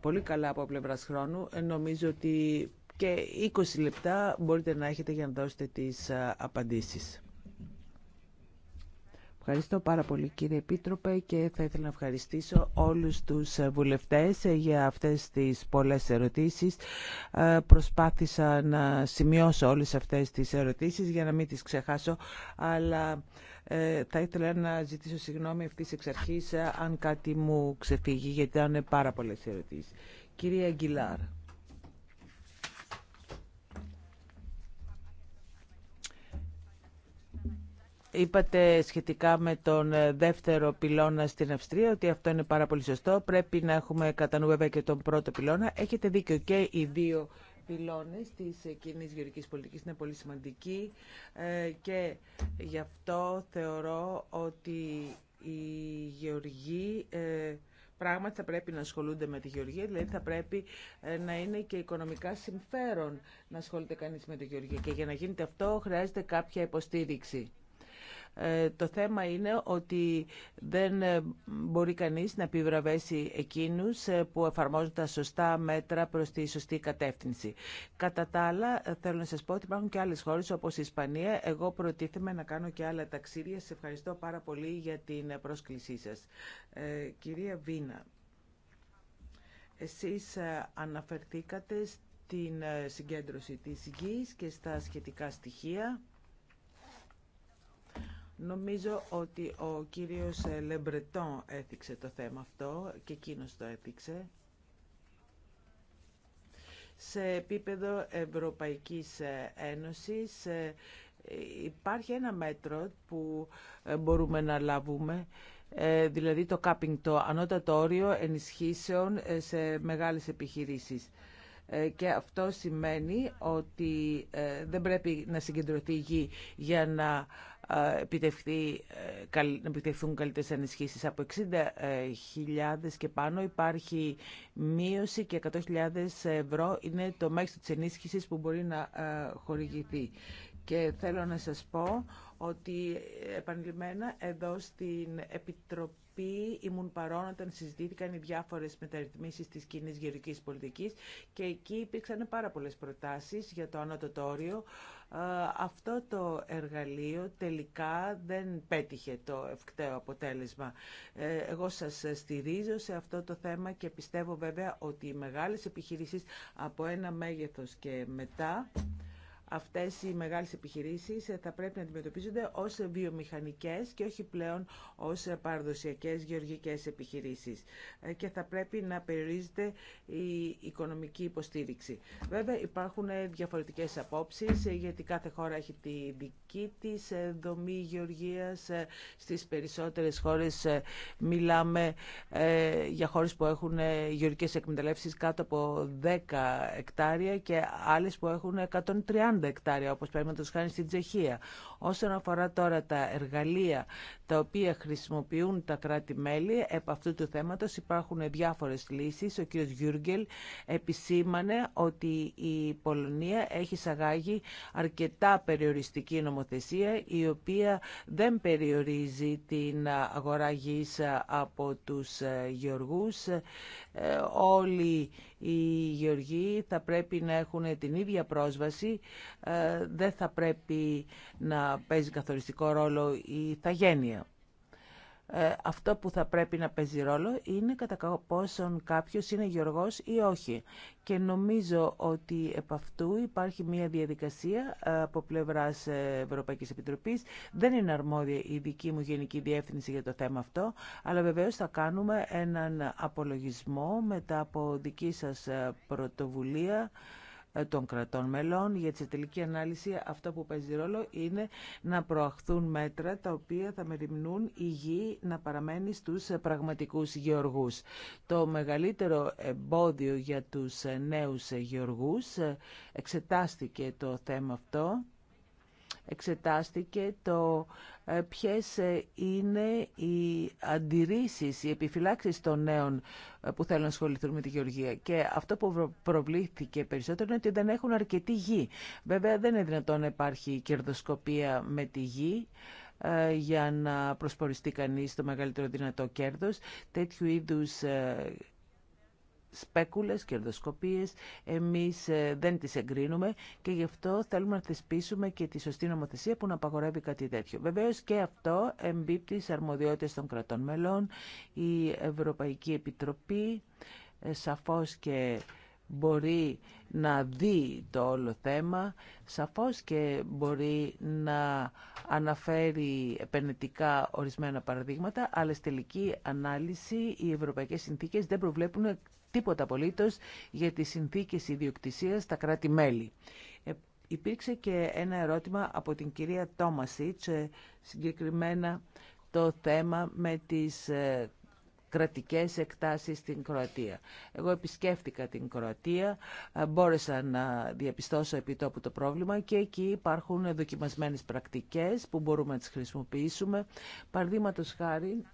πολύ καλά από πλευράς χρόνου. Νομίζω ότι και 20 λεπτά μπορείτε να έχετε για να δώσετε τις απαντήσεις. Ευχαριστώ πάρα πολύ κύριε Επίτροπε και θα ήθελα να ευχαριστήσω όλους τους βουλευτές για αυτές τις πολλές ερωτήσεις. Ε, προσπάθησα να σημειώσω όλες αυτές τις ερωτήσεις για να μην τις ξεχάσω, αλλά ε, θα ήθελα να ζητήσω συγγνώμη αυτή εξ αρχής ε, αν κάτι μου ξεφύγει, γιατί ήταν πάρα πολλές ερωτήσεις. Κυρία Γκυλάρ. Είπατε σχετικά με τον ε, δεύτερο πυλώνα στην Αυστρία ότι αυτό είναι πάρα πολύ σωστό. Πρέπει να έχουμε κατά νου βέβαια και τον πρώτο πυλώνα. Έχετε δίκιο και οι δύο πυλώνε τη ε, κοινή γεωργική πολιτική είναι πολύ σημαντικοί ε, και γι' αυτό θεωρώ ότι οι γεωργοί πράγματι θα πρέπει να ασχολούνται με τη γεωργία, δηλαδή θα πρέπει να είναι και οικονομικά συμφέρον να ασχολείται κανείς με τη γεωργία και για να γίνεται αυτό χρειάζεται κάποια υποστήριξη. Ε, το θέμα είναι ότι δεν ε, μπορεί κανείς να επιβραβέσει εκείνους ε, που εφαρμόζουν τα σωστά μέτρα προς τη σωστή κατεύθυνση. Κατά τα άλλα, θέλω να σας πω ότι υπάρχουν και άλλες χώρες όπως η Ισπανία. Εγώ προτίθεμαι να κάνω και άλλα ταξίδια. Σε ευχαριστώ πάρα πολύ για την πρόσκλησή σας. κυρία Βίνα, εσείς αναφερθήκατε στην συγκέντρωση της γης και στα σχετικά στοιχεία. Νομίζω ότι ο κύριος ε, Λεμπρετόν έθιξε το θέμα αυτό και εκείνος το έθιξε. Σε επίπεδο Ευρωπαϊκής ε, Ένωσης ε, υπάρχει ένα μέτρο που μπορούμε να λάβουμε δηλαδή το κάπινγκ, το ανώτατο όριο ενισχύσεων σε μεγάλες επιχειρήσεις. Και αυτό σημαίνει ότι δεν πρέπει να συγκεντρωθεί η γη για να ε, να επιτευχθούν καλύτερες ενισχύσεις. Από 60.000 και πάνω υπάρχει μείωση και 100.000 ευρώ είναι το μέγιστο της ενίσχυσης που μπορεί να ε, χορηγηθεί. Και θέλω να σας πω ότι ε, επανειλημμένα εδώ στην Επιτροπή οποίοι ήμουν παρόν όταν συζητήθηκαν οι διάφορε μεταρρυθμίσεις της κοινή γεωρικής πολιτικής και εκεί υπήρξαν πάρα πολλέ προτάσεις για το ανατοτόριο. Ε, αυτό το εργαλείο τελικά δεν πέτυχε το ευκταίο αποτέλεσμα. Ε, εγώ σας στηρίζω σε αυτό το θέμα και πιστεύω βέβαια ότι οι μεγάλες επιχείρησει από ένα μέγεθο και μετά αυτές οι μεγάλες επιχειρήσεις ε, θα πρέπει να αντιμετωπίζονται ως βιομηχανικές και όχι πλέον ως παραδοσιακές γεωργικές επιχειρήσεις ε, και θα πρέπει να περιορίζεται η οικονομική υποστήριξη. Βέβαια υπάρχουν ε, διαφορετικές απόψεις γιατί κάθε χώρα έχει τη δική της δομή γεωργίας. Στις περισσότερες χώρες μιλάμε για χώρες που έχουν γεωργικές εκμεταλλεύσεις κάτω από 10 εκτάρια και άλλες που έχουν 130 30 εκτάρια, όπως παραδείγματος χάνει στην Τσεχία. Όσον αφορά τώρα τα εργαλεία τα οποία χρησιμοποιούν τα κράτη-μέλη, επ' αυτού του θέματος υπάρχουν διάφορες λύσεις. Ο κ. Γιούργκελ επισήμανε ότι η Πολωνία έχει σαγάγει αρκετά περιοριστική νομοθεσία, η οποία δεν περιορίζει την αγορά γης από τους γεωργούς. Ε, όλοι οι γεωργοί θα πρέπει να έχουν την ίδια πρόσβαση, ε, δεν θα πρέπει να παίζει καθοριστικό ρόλο η θαγένεια. Ε, αυτό που θα πρέπει να παίζει ρόλο είναι κατά πόσον κάποιος είναι γεωργός ή όχι. Και νομίζω ότι επ' αυτού υπάρχει μια διαδικασία ε, από πλευράς ε, Ευρωπαϊκής Επιτροπής. Δεν είναι αρμόδια η δική μου γενική διεύθυνση για το θέμα αυτό, αλλά βεβαίως θα κάνουμε έναν απολογισμό μετά από δική σας πρωτοβουλία ε, των κρατών μελών. Για τη τελική ανάλυση αυτό που παίζει ρόλο είναι να προαχθούν μέτρα τα οποία θα μεριμνούν η γη να παραμένει στους ε, πραγματικούς γεωργούς. Το μεγαλύτερο εμπόδιο για τους ε, νέους γεωργούς εξετάστηκε το θέμα αυτό εξετάστηκε το ε, ποιες ε, είναι οι αντιρρήσεις, οι επιφυλάξεις των νέων ε, που θέλουν να ασχοληθούν με τη γεωργία. Και αυτό που προβλήθηκε περισσότερο είναι ότι δεν έχουν αρκετή γη. Βέβαια δεν είναι δυνατόν να υπάρχει κερδοσκοπία με τη γη για να προσποριστεί κανείς το μεγαλύτερο δυνατό κέρδος. Τέτοιου είδους σπέκουλες, κερδοσκοπίες. Εμείς ε, δεν τις εγκρίνουμε και γι' αυτό θέλουμε να θεσπίσουμε και τη σωστή νομοθεσία που να απαγορεύει κάτι τέτοιο. Βεβαίως και αυτό εμπίπτει στις αρμοδιότητες των κρατών μελών, η Ευρωπαϊκή Επιτροπή ε, σαφώς και μπορεί να δει το όλο θέμα, σαφώς και μπορεί να αναφέρει επενετικά ορισμένα παραδείγματα, αλλά στη τελική ανάλυση οι ευρωπαϊκές συνθήκες δεν προβλέπουν τίποτα απολύτως για τις συνθήκες ιδιοκτησίας στα κράτη-μέλη. Ε, υπήρξε και ένα ερώτημα από την κυρία Τόμασιτς, ε, συγκεκριμένα το θέμα με τις ε, κρατικές εκτάσεις στην Κροατία. Εγώ επισκέφτηκα την Κροατία, μπόρεσα να διαπιστώσω επί τόπου το πρόβλημα και εκεί υπάρχουν δοκιμασμένες πρακτικές που μπορούμε να τις χρησιμοποιήσουμε. Παραδείγματο χάρη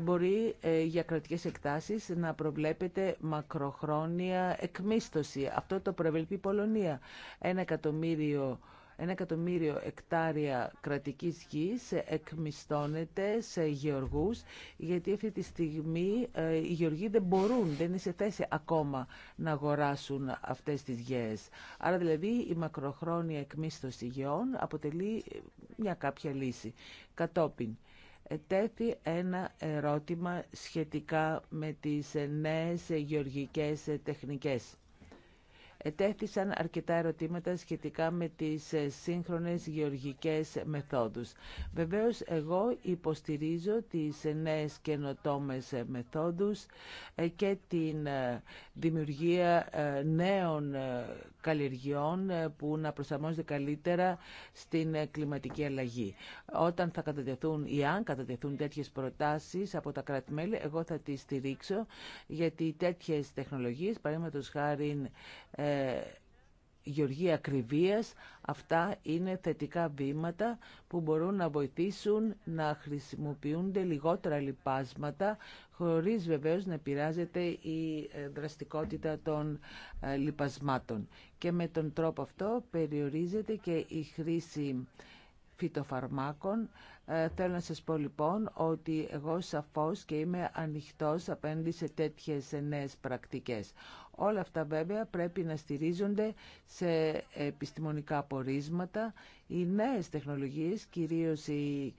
μπορεί ε, για κρατικές εκτάσεις να προβλέπεται μακροχρόνια εκμίστοση. Αυτό το προβλέπει η Πολωνία. Ένα εκατομμύριο ένα εκατομμύριο εκτάρια κρατικής γης εκμιστώνεται σε γεωργούς γιατί αυτή τη στιγμή ε, οι γεωργοί δεν μπορούν, δεν είναι σε θέση ακόμα να αγοράσουν αυτές τις γης. Άρα δηλαδή η μακροχρόνια εκμίστοση γεών αποτελεί μια κάποια λύση. Κατόπιν ετέθη ένα ερώτημα σχετικά με τις νέες γεωργικές τεχνικές. Ετέθησαν αρκετά ερωτήματα σχετικά με τις σύγχρονες γεωργικές μεθόδους. Βεβαίως, εγώ υποστηρίζω τις νέες καινοτόμες μεθόδους ε, και την ε, δημιουργία ε, νέων καλλιεργειών ε, που να προσαρμόζονται καλύτερα στην ε, κλιματική αλλαγή. Όταν θα κατατεθούν ή αν κατατεθούν τέτοιες προτάσεις από τα κράτη-μέλη, εγώ θα τις στηρίξω, γιατί τέτοιες τεχνολογίες, παραδείγματος χάρη ε, γεωργία ακριβίας. Αυτά είναι θετικά βήματα που μπορούν να βοηθήσουν να χρησιμοποιούνται λιγότερα λιπάσματα χωρίς βεβαίως να επηρεάζεται η ε, δραστικότητα των ε, λιπασμάτων. Και με τον τρόπο αυτό περιορίζεται και η χρήση φυτοφαρμάκων. Ε, θέλω να σας πω λοιπόν ότι εγώ σαφώς και είμαι ανοιχτός απέναντι σε τέτοιες νέες πρακτικές. Όλα αυτά βέβαια πρέπει να στηρίζονται σε επιστημονικά απορίσματα. Οι νέες τεχνολογίες, κυρίως οι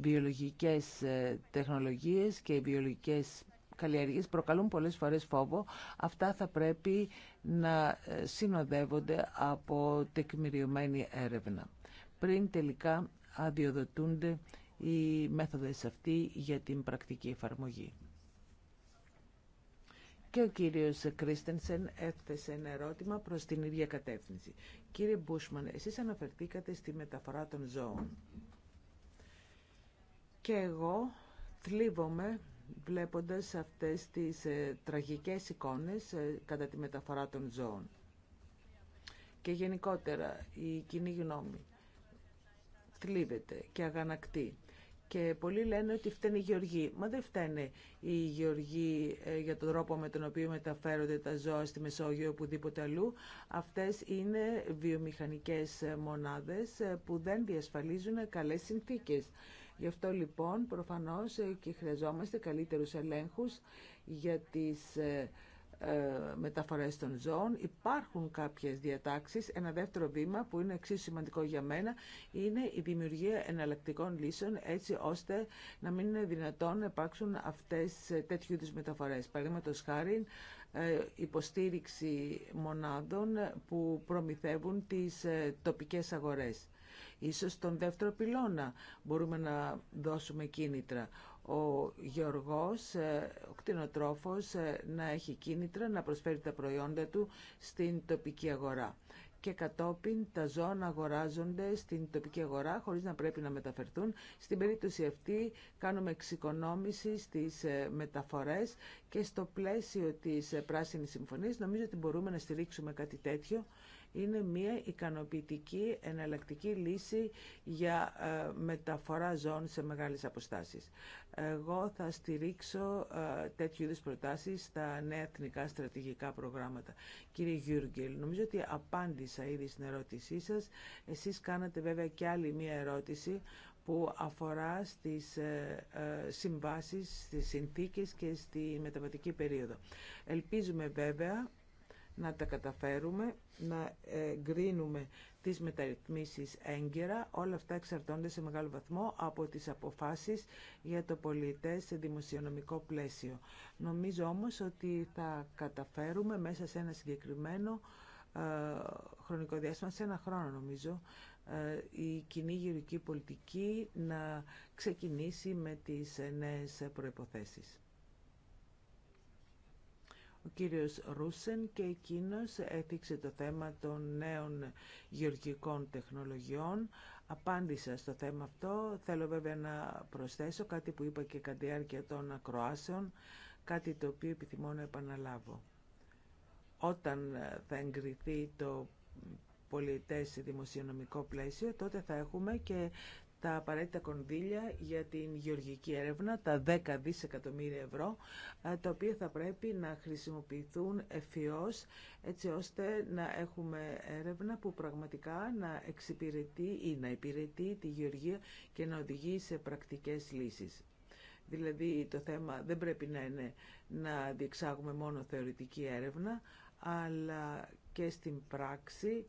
βιολογικές ε, τεχνολογίες και οι βιολογικές καλλιέργειες προκαλούν πολλές φορές φόβο. Αυτά θα πρέπει να ε, συνοδεύονται από τεκμηριωμένη έρευνα. Πριν τελικά αδειοδοτούνται οι μέθοδες αυτοί για την πρακτική εφαρμογή. Και ο κύριος Κρίστενσεν έθεσε ένα ερώτημα προς την ίδια κατεύθυνση. Κύριε Μπούσμαν, εσείς αναφερθήκατε στη μεταφορά των ζώων. Και εγώ θλίβομαι βλέποντας αυτές τις ε, τραγικές εικόνες ε, κατά τη μεταφορά των ζώων. Και γενικότερα η κοινή γνώμη θλίβεται και αγανακτεί. Και πολλοί λένε ότι φταίνει η γεωργή. Μα δεν φταίνε οι ε, για τον τρόπο με τον οποίο μεταφέρονται τα ζώα στη Μεσόγειο ή οπουδήποτε αλλού. Αυτές είναι βιομηχανικές μονάδες ε, που δεν διασφαλίζουν καλές συνθήκες. Γι' αυτό λοιπόν προφανώς ε, και χρειαζόμαστε καλύτερους ελέγχους για τις ε, ε, μεταφορές των ζώων. Υπάρχουν κάποιες διατάξεις. Ένα δεύτερο βήμα που είναι εξίσου σημαντικό για μένα είναι η δημιουργία εναλλακτικών λύσεων έτσι ώστε να μην είναι δυνατόν να υπάρξουν αυτές ε, τέτοιου είδους μεταφορές. Παραδείγματο χάρη ε, υποστήριξη μονάδων που προμηθεύουν τις τοπικές αγορές. Ίσως τον δεύτερο πυλώνα μπορούμε να δώσουμε κίνητρα ο γεωργός, ε, ο κτηνοτρόφος ε, να έχει κίνητρα να προσφέρει τα προϊόντα του στην τοπική αγορά. Και κατόπιν τα ζώα να αγοράζονται στην τοπική αγορά χωρίς να πρέπει να μεταφερθούν. Στην περίπτωση αυτή κάνουμε εξοικονόμηση στις ε, μεταφορές και στο πλαίσιο της Πράσινης Συμφωνίας νομίζω ότι μπορούμε να στηρίξουμε κάτι τέτοιο είναι μια ικανοποιητική εναλλακτική λύση για ε, μεταφορά ζών σε μεγάλες αποστάσεις. Εγώ θα στηρίξω ε, τέτοιου είδους προτάσεις στα νέα εθνικά στρατηγικά προγράμματα. Κύριε Γιούργελ, νομίζω ότι απάντησα ήδη στην ερώτησή σας. Εσείς κάνατε βέβαια και άλλη μία ερώτηση που αφορά στις ε, συμβάσεις, στις συνθήκες και στη μεταβατική περίοδο. Ελπίζουμε βέβαια να τα καταφέρουμε, να εγκρίνουμε τις μεταρρυθμίσεις έγκαιρα. Όλα αυτά εξαρτώνται σε μεγάλο βαθμό από τις αποφάσεις για το πολιτές σε δημοσιονομικό πλαίσιο. Νομίζω όμως ότι θα καταφέρουμε μέσα σε ένα συγκεκριμένο ε, χρονικό διάστημα, σε ένα χρόνο νομίζω, ε, η κοινή γεωρική πολιτική να ξεκινήσει με τις νέες προϋποθέσεις ο κύριος Ρούσεν και εκείνος έθιξε το θέμα των νέων γεωργικών τεχνολογιών. Απάντησα στο θέμα αυτό. Θέλω βέβαια να προσθέσω κάτι που είπα και κατά διάρκεια των ακροάσεων, κάτι το οποίο επιθυμώ να επαναλάβω. Όταν θα εγκριθεί το πολιτές δημοσιονομικό πλαίσιο, τότε θα έχουμε και τα απαραίτητα κονδύλια για την γεωργική έρευνα, τα 10 δισεκατομμύρια ευρώ, ε, τα οποία θα πρέπει να χρησιμοποιηθούν ευφυώς, έτσι ώστε να έχουμε έρευνα που πραγματικά να εξυπηρετεί ή να υπηρετεί τη γεωργία και να οδηγεί σε πρακτικές λύσεις. Δηλαδή το θέμα δεν πρέπει να είναι να διεξάγουμε μόνο θεωρητική έρευνα, αλλά και στην πράξη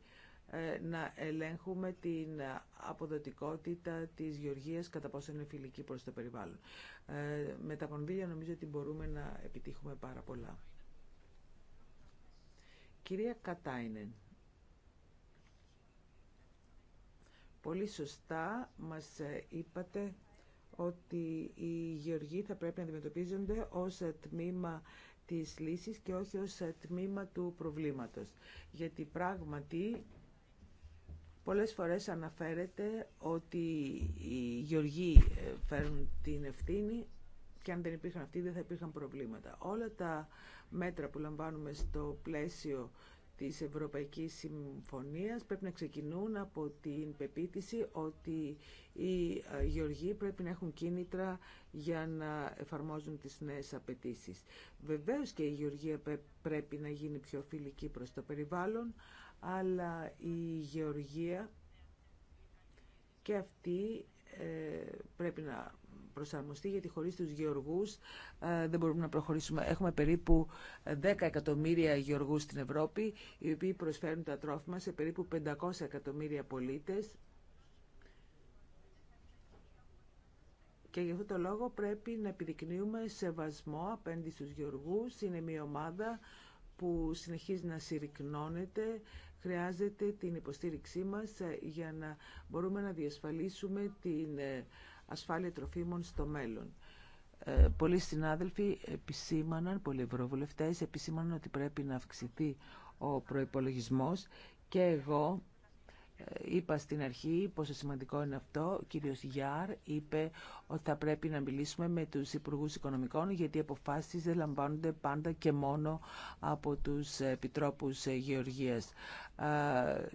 ε, να ελέγχουμε την αποδοτικότητα της γεωργίας κατά πόσο είναι φιλική προς το περιβάλλον. Ε, με τα κονδύλια νομίζω ότι μπορούμε να επιτύχουμε πάρα πολλά. Κυρία Κατάινεν, πολύ σωστά μας ε, είπατε ότι οι γεωργοί θα πρέπει να αντιμετωπίζονται ως τμήμα της λύσης και όχι ως τμήμα του προβλήματος. Γιατί πράγματι Πολλές φορές αναφέρεται ότι οι γεωργοί ε, φέρουν την ευθύνη και αν δεν υπήρχαν αυτοί δεν θα υπήρχαν προβλήματα. Όλα τα μέτρα που λαμβάνουμε στο πλαίσιο της Ευρωπαϊκής Συμφωνίας πρέπει να ξεκινούν από την πεποίθηση ότι οι ε, γεωργοί πρέπει να έχουν κίνητρα για να εφαρμόζουν τις νέες απαιτήσει. Βεβαίως και η γεωργία πρέπει να γίνει πιο φιλική προς το περιβάλλον, αλλά η γεωργία και αυτή ε, πρέπει να προσαρμοστεί γιατί χωρίς τους γεωργούς ε, δεν μπορούμε να προχωρήσουμε. Έχουμε περίπου 10 εκατομμύρια γεωργούς στην Ευρώπη οι οποίοι προσφέρουν τα τρόφιμα σε περίπου 500 εκατομμύρια πολίτες και γι' αυτό το λόγο πρέπει να επιδεικνύουμε σεβασμό απέναντι στους γεωργούς. Είναι μια ομάδα που συνεχίζει να συρρυκνώνεται χρειάζεται την υποστήριξή μας ε, για να μπορούμε να διασφαλίσουμε την ε, ασφάλεια τροφίμων στο μέλλον. Ε, πολλοί συνάδελφοι επισήμαναν, πολλοί ευρωβουλευτές επισήμαναν ότι πρέπει να αυξηθεί ο προϋπολογισμός και εγώ Είπα στην αρχή πόσο σημαντικό είναι αυτό. Ο κύριος Γιάρ είπε ότι θα πρέπει να μιλήσουμε με τους Υπουργούς Οικονομικών γιατί οι αποφάσεις δεν λαμβάνονται πάντα και μόνο από τους Επιτρόπους Γεωργίας.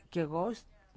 Και εγώ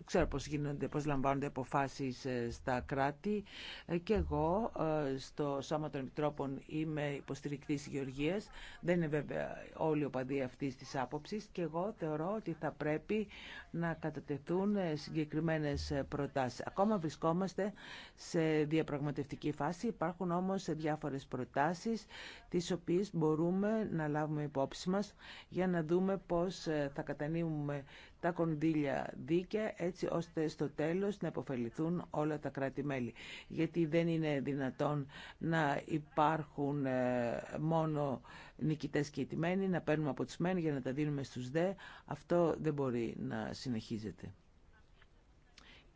ξέρω πώς γίνονται, πώς λαμβάνονται αποφάσεις ε, στα κράτη ε, και εγώ ε, στο Σώμα των Επιτρόπων είμαι υποστηρικτής της Δεν είναι βέβαια όλοι οπαδοί αυτής της άποψης και εγώ θεωρώ ότι θα πρέπει να κατατεθούν συγκεκριμένες προτάσεις. Ακόμα βρισκόμαστε σε διαπραγματευτική φάση, υπάρχουν όμως διάφορες προτάσεις τις οποίες μπορούμε να λάβουμε υπόψη μας για να δούμε πώς θα κατανείμουμε τα κονδύλια δίκαια έτσι ώστε στο τέλος να υποφεληθούν όλα τα κράτη-μέλη. Γιατί δεν είναι δυνατόν να υπάρχουν ε, μόνο νικητές και ετοιμένοι, να παίρνουμε από τους μεν για να τα δίνουμε στους δε. Αυτό δεν μπορεί να συνεχίζεται.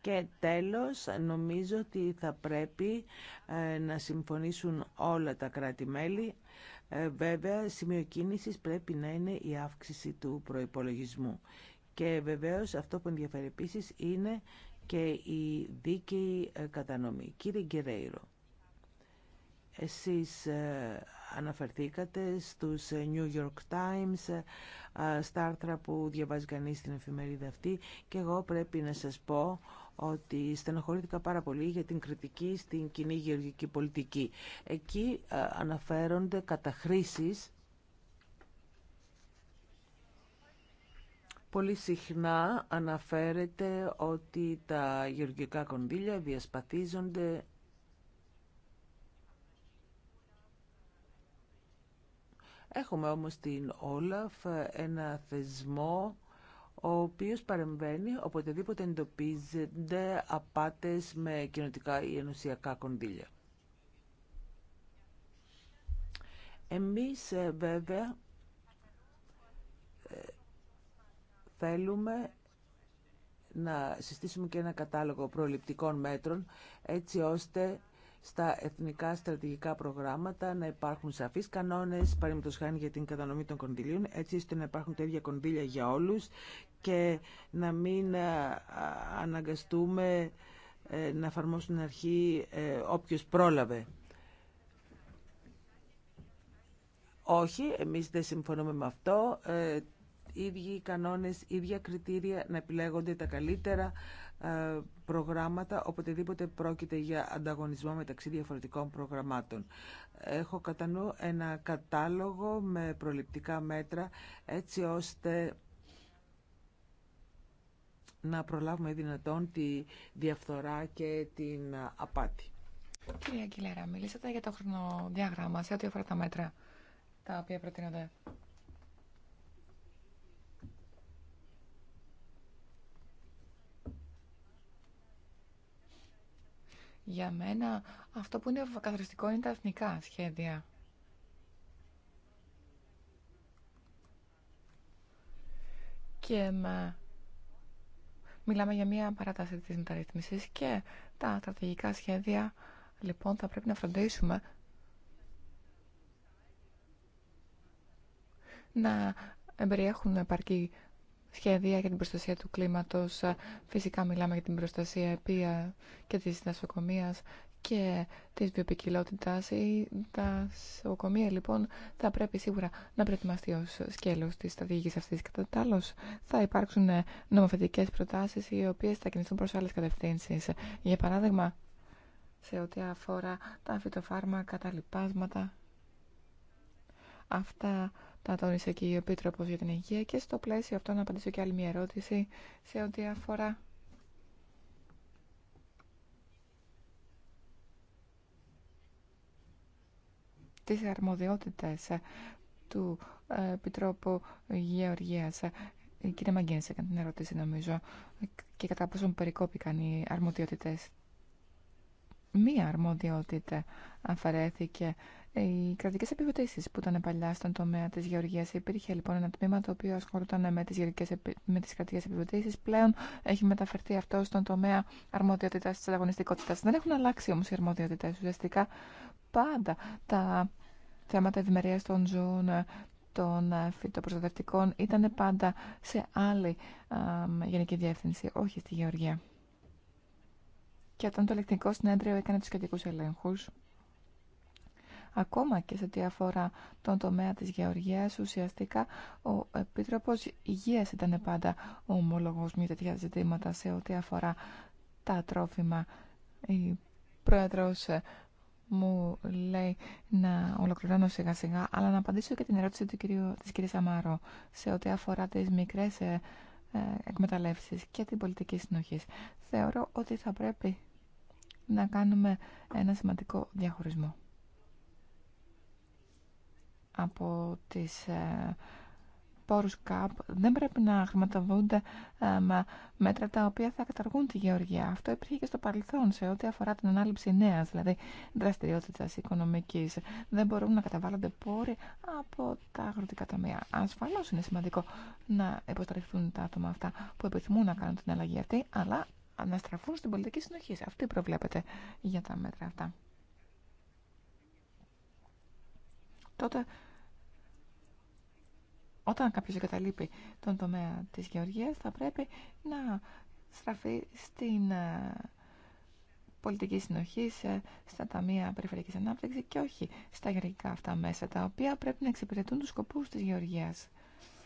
Και τέλος, νομίζω ότι θα πρέπει ε, να συμφωνήσουν όλα τα κράτη-μέλη. Ε, βέβαια, σημείο πρέπει να είναι η αύξηση του προϋπολογισμού. Και βεβαίως αυτό που ενδιαφέρει επίση είναι και η δίκαιη ε, κατανομή. Κύριε Γκερέιρο, εσείς ε, αναφερθήκατε στους ε, New York Times, στα άρθρα που διαβάζει κανείς την εφημερίδα αυτή και εγώ πρέπει να σας πω ότι στενοχωρήθηκα πάρα πολύ για την κριτική στην κοινή γεωργική πολιτική. Εκεί αναφέρονται καταχρήσεις Πολύ συχνά αναφέρεται ότι τα γεωργικά κονδύλια διασπαθίζονται Έχουμε όμως την Όλαφ ένα θεσμό ο οποίος παρεμβαίνει οποτεδήποτε εντοπίζονται απάτες με κοινωτικά ή ενωσιακά κονδύλια. Εμείς ε, βέβαια θέλουμε να συστήσουμε και ένα κατάλογο προληπτικών μέτρων έτσι ώστε στα εθνικά στρατηγικά προγράμματα να υπάρχουν σαφείς κανόνες παραδείγματος για την κατανομή των κονδυλίων έτσι ώστε να υπάρχουν τα ίδια κονδύλια για όλους και να μην ε, αναγκαστούμε ε, να εφαρμόσουν αρχή ε, όποιος πρόλαβε. Όχι, εμείς δεν συμφωνούμε με αυτό ίδιοι οι κανόνες, ίδια κριτήρια να επιλέγονται τα καλύτερα ε, προγράμματα οποτεδήποτε πρόκειται για ανταγωνισμό μεταξύ διαφορετικών προγραμμάτων. Έχω κατά νου ένα κατάλογο με προληπτικά μέτρα έτσι ώστε να προλάβουμε δυνατόν τη διαφθορά και την απάτη. Κυρία Κιλέρα, μιλήσατε για το χρονοδιάγραμμα σε ό,τι αφορά τα μέτρα τα οποία προτείνονται Για μένα αυτό που είναι καθοριστικό είναι τα εθνικά σχέδια. Και με... μιλάμε για μια παράταση της μεταρρύθμισης και τα στρατηγικά σχέδια λοιπόν θα πρέπει να φροντίσουμε να εμπεριέχουν επαρκή σχέδια για την προστασία του κλίματος. Φυσικά μιλάμε για την προστασία επία και της νοσοκομείας και της βιοπικιλότητας. Η νοσοκομεία, λοιπόν θα πρέπει σίγουρα να προετοιμαστεί ως σκέλος της στρατηγικής αυτής. Κατά τα θα υπάρξουν νομοθετικές προτάσεις οι οποίες θα κινηθούν προς άλλες κατευθύνσεις. Για παράδειγμα, σε ό,τι αφορά τα φυτοφάρμακα, τα λοιπάσματα, αυτά τα τόνισε και η Επίτροπος για την Υγεία και στο πλαίσιο αυτό να απαντήσω και άλλη μια ερώτηση σε ό,τι αφορά τις αρμοδιότητες του ε, Επιτρόπου Γεωργίας. Η κυρία Μαγκίνης έκανε την ερώτηση νομίζω και κατά πόσο περικόπηκαν οι αρμοδιότητες. Μία αρμοδιότητα αφαιρέθηκε ε, οι κρατικέ επιβοτήσει που ήταν παλιά στον τομέα τη γεωργία, υπήρχε λοιπόν ένα τμήμα το οποίο ασχολούταν με τι με τις κρατικέ επιβοτήσει. Πλέον έχει μεταφερθεί αυτό στον τομέα αρμοδιότητα τη ανταγωνιστικότητα. Δεν έχουν αλλάξει όμω οι αρμοδιότητε. Ουσιαστικά πάντα τα θέματα ευημερία των ζώων, των φυτοπροστατευτικών ήταν πάντα σε άλλη α, γενική διεύθυνση, όχι στη γεωργία. Και όταν το Ελεκτρικό συνέδριο έκανε του κρατικού ελέγχου, Ακόμα και σε ό,τι αφορά τον τομέα της γεωργίας, ουσιαστικά ο Επίτροπος Υγείας ήταν πάντα ο ομολογός μου για τέτοια ζητήματα σε ό,τι αφορά τα τρόφιμα. Η πρόεδρος ε, μου λέει να ολοκληρώνω σιγά σιγά, αλλά να απαντήσω και την ερώτηση του κυρίου, της κυρίας Αμάρο σε ό,τι αφορά τις μικρές ε, ε, εκμεταλλεύσεις και την πολιτική συνοχή. Θεωρώ ότι θα πρέπει να κάνουμε ένα σημαντικό διαχωρισμό από τις ε, πόρους ΚΑΠ δεν πρέπει να χρηματοδοτούνται ε, μέτρα τα οποία θα καταργούν τη γεωργία. Αυτό υπήρχε και στο παρελθόν σε ό,τι αφορά την ανάληψη νέα, δηλαδή δραστηριότητα οικονομική. Δεν μπορούν να καταβάλλονται πόροι από τα αγροτικά ταμεία. Ασφαλώ είναι σημαντικό να υποστηριχθούν τα άτομα αυτά που επιθυμούν να κάνουν την αλλαγή αυτή, αλλά να στραφούν στην πολιτική συνοχή. Αυτή προβλέπεται για τα μέτρα αυτά. Τότε όταν κάποιος εγκαταλείπει τον τομέα της γεωργίας θα πρέπει να στραφεί στην ε, πολιτική συνοχή, στα ταμεία περιφερειακής ανάπτυξης και όχι στα γεωργικά αυτά μέσα, τα οποία πρέπει να εξυπηρετούν τους σκοπούς της γεωργίας.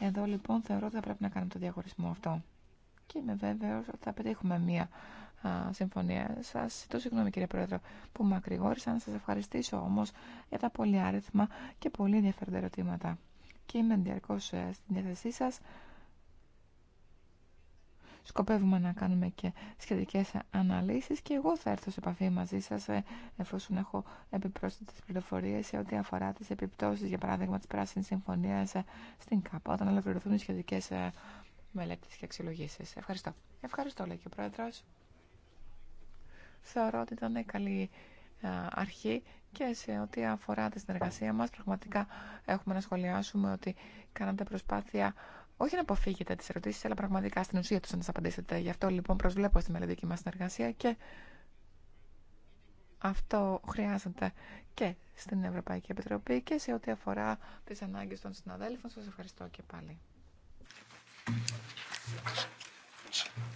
Εδώ λοιπόν θεωρώ ότι θα πρέπει να κάνουμε το διαχωρισμό αυτό. Και είμαι βέβαιο ότι θα πετύχουμε μία α, συμφωνία. Σα ζητώ συγγνώμη κύριε Πρόεδρο που μακρηγόρησα. Να σα ευχαριστήσω όμω για τα πολύ άριθμα και πολύ ενδιαφέροντα ερωτήματα και είμαι διαρκώ ε, στην διάθεσή σα. Σκοπεύουμε να κάνουμε και σχετικές αναλύσεις και εγώ θα έρθω σε επαφή μαζί σας ε, εφόσον έχω επιπρόσθετες πληροφορίες σε ό,τι αφορά τις επιπτώσεις, για παράδειγμα, της Πράσινης Συμφωνίας ε, στην ΚΑΠΑ όταν ολοκληρωθούν οι σχετικές μελέτες και αξιολογήσεις. Ευχαριστώ. Ευχαριστώ, λέει και ο Πρόεδρος. Θεωρώ ότι ήταν καλή ε, αρχή και σε ό,τι αφορά τη συνεργασία μας πραγματικά έχουμε να σχολιάσουμε ότι κάνατε προσπάθεια όχι να αποφύγετε τις ερωτήσεις αλλά πραγματικά στην ουσία τους να τις απαντήσετε. Γι' αυτό λοιπόν προσβλέπω στη μελλοντική μας συνεργασία και αυτό χρειάζεται και στην Ευρωπαϊκή Επιτροπή και σε ό,τι αφορά τις ανάγκες των συναδέλφων. Σας ευχαριστώ και πάλι.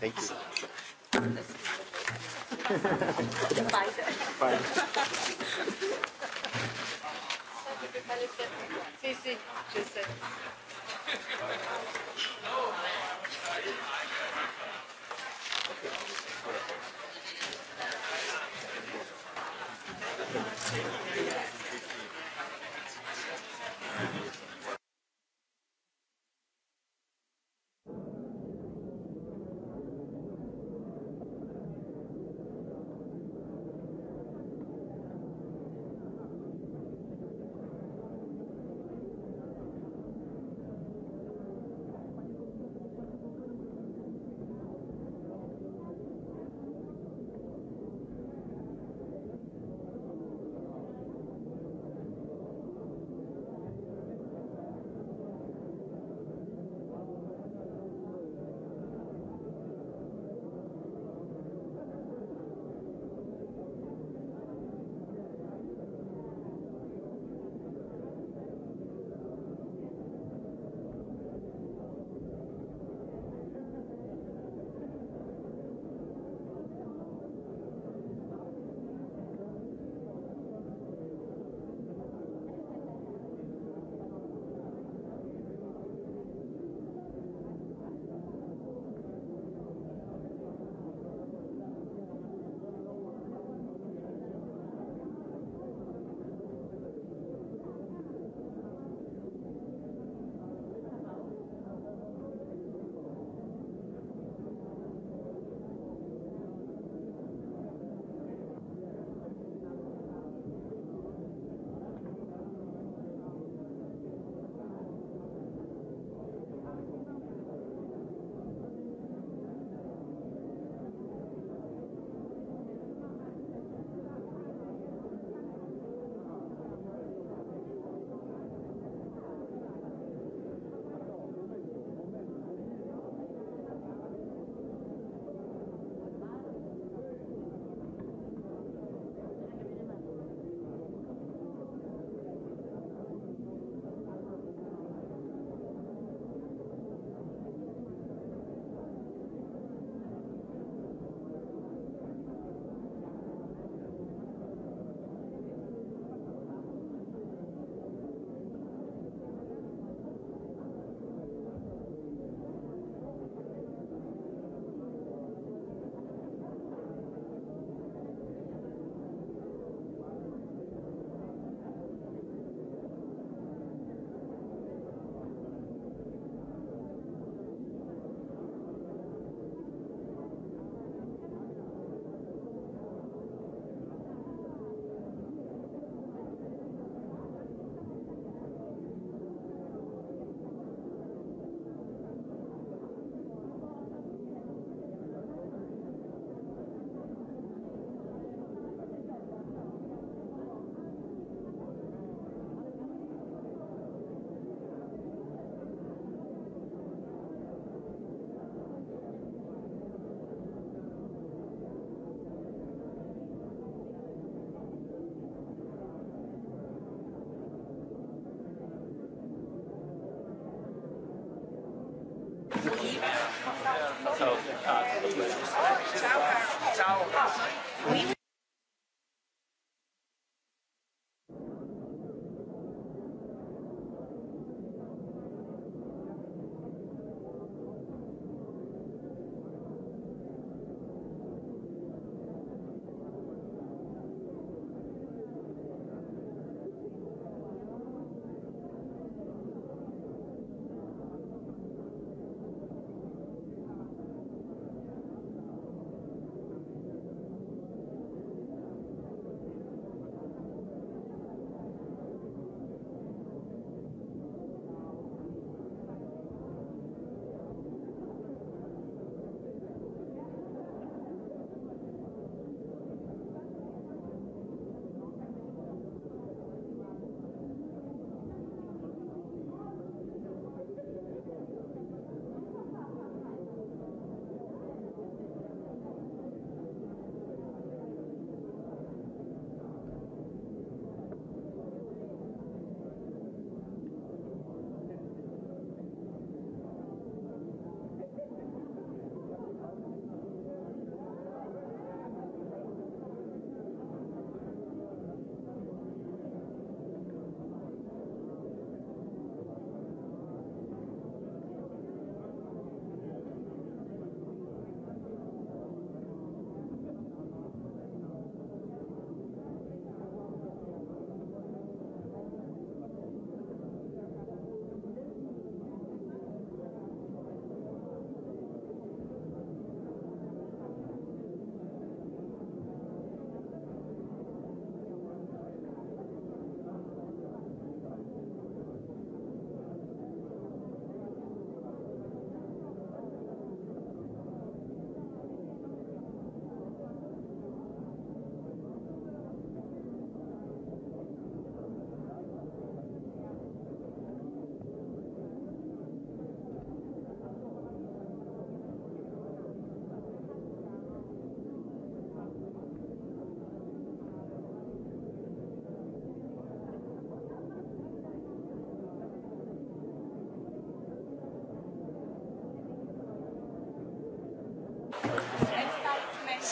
Thank you. Beide. Beide. Thank you.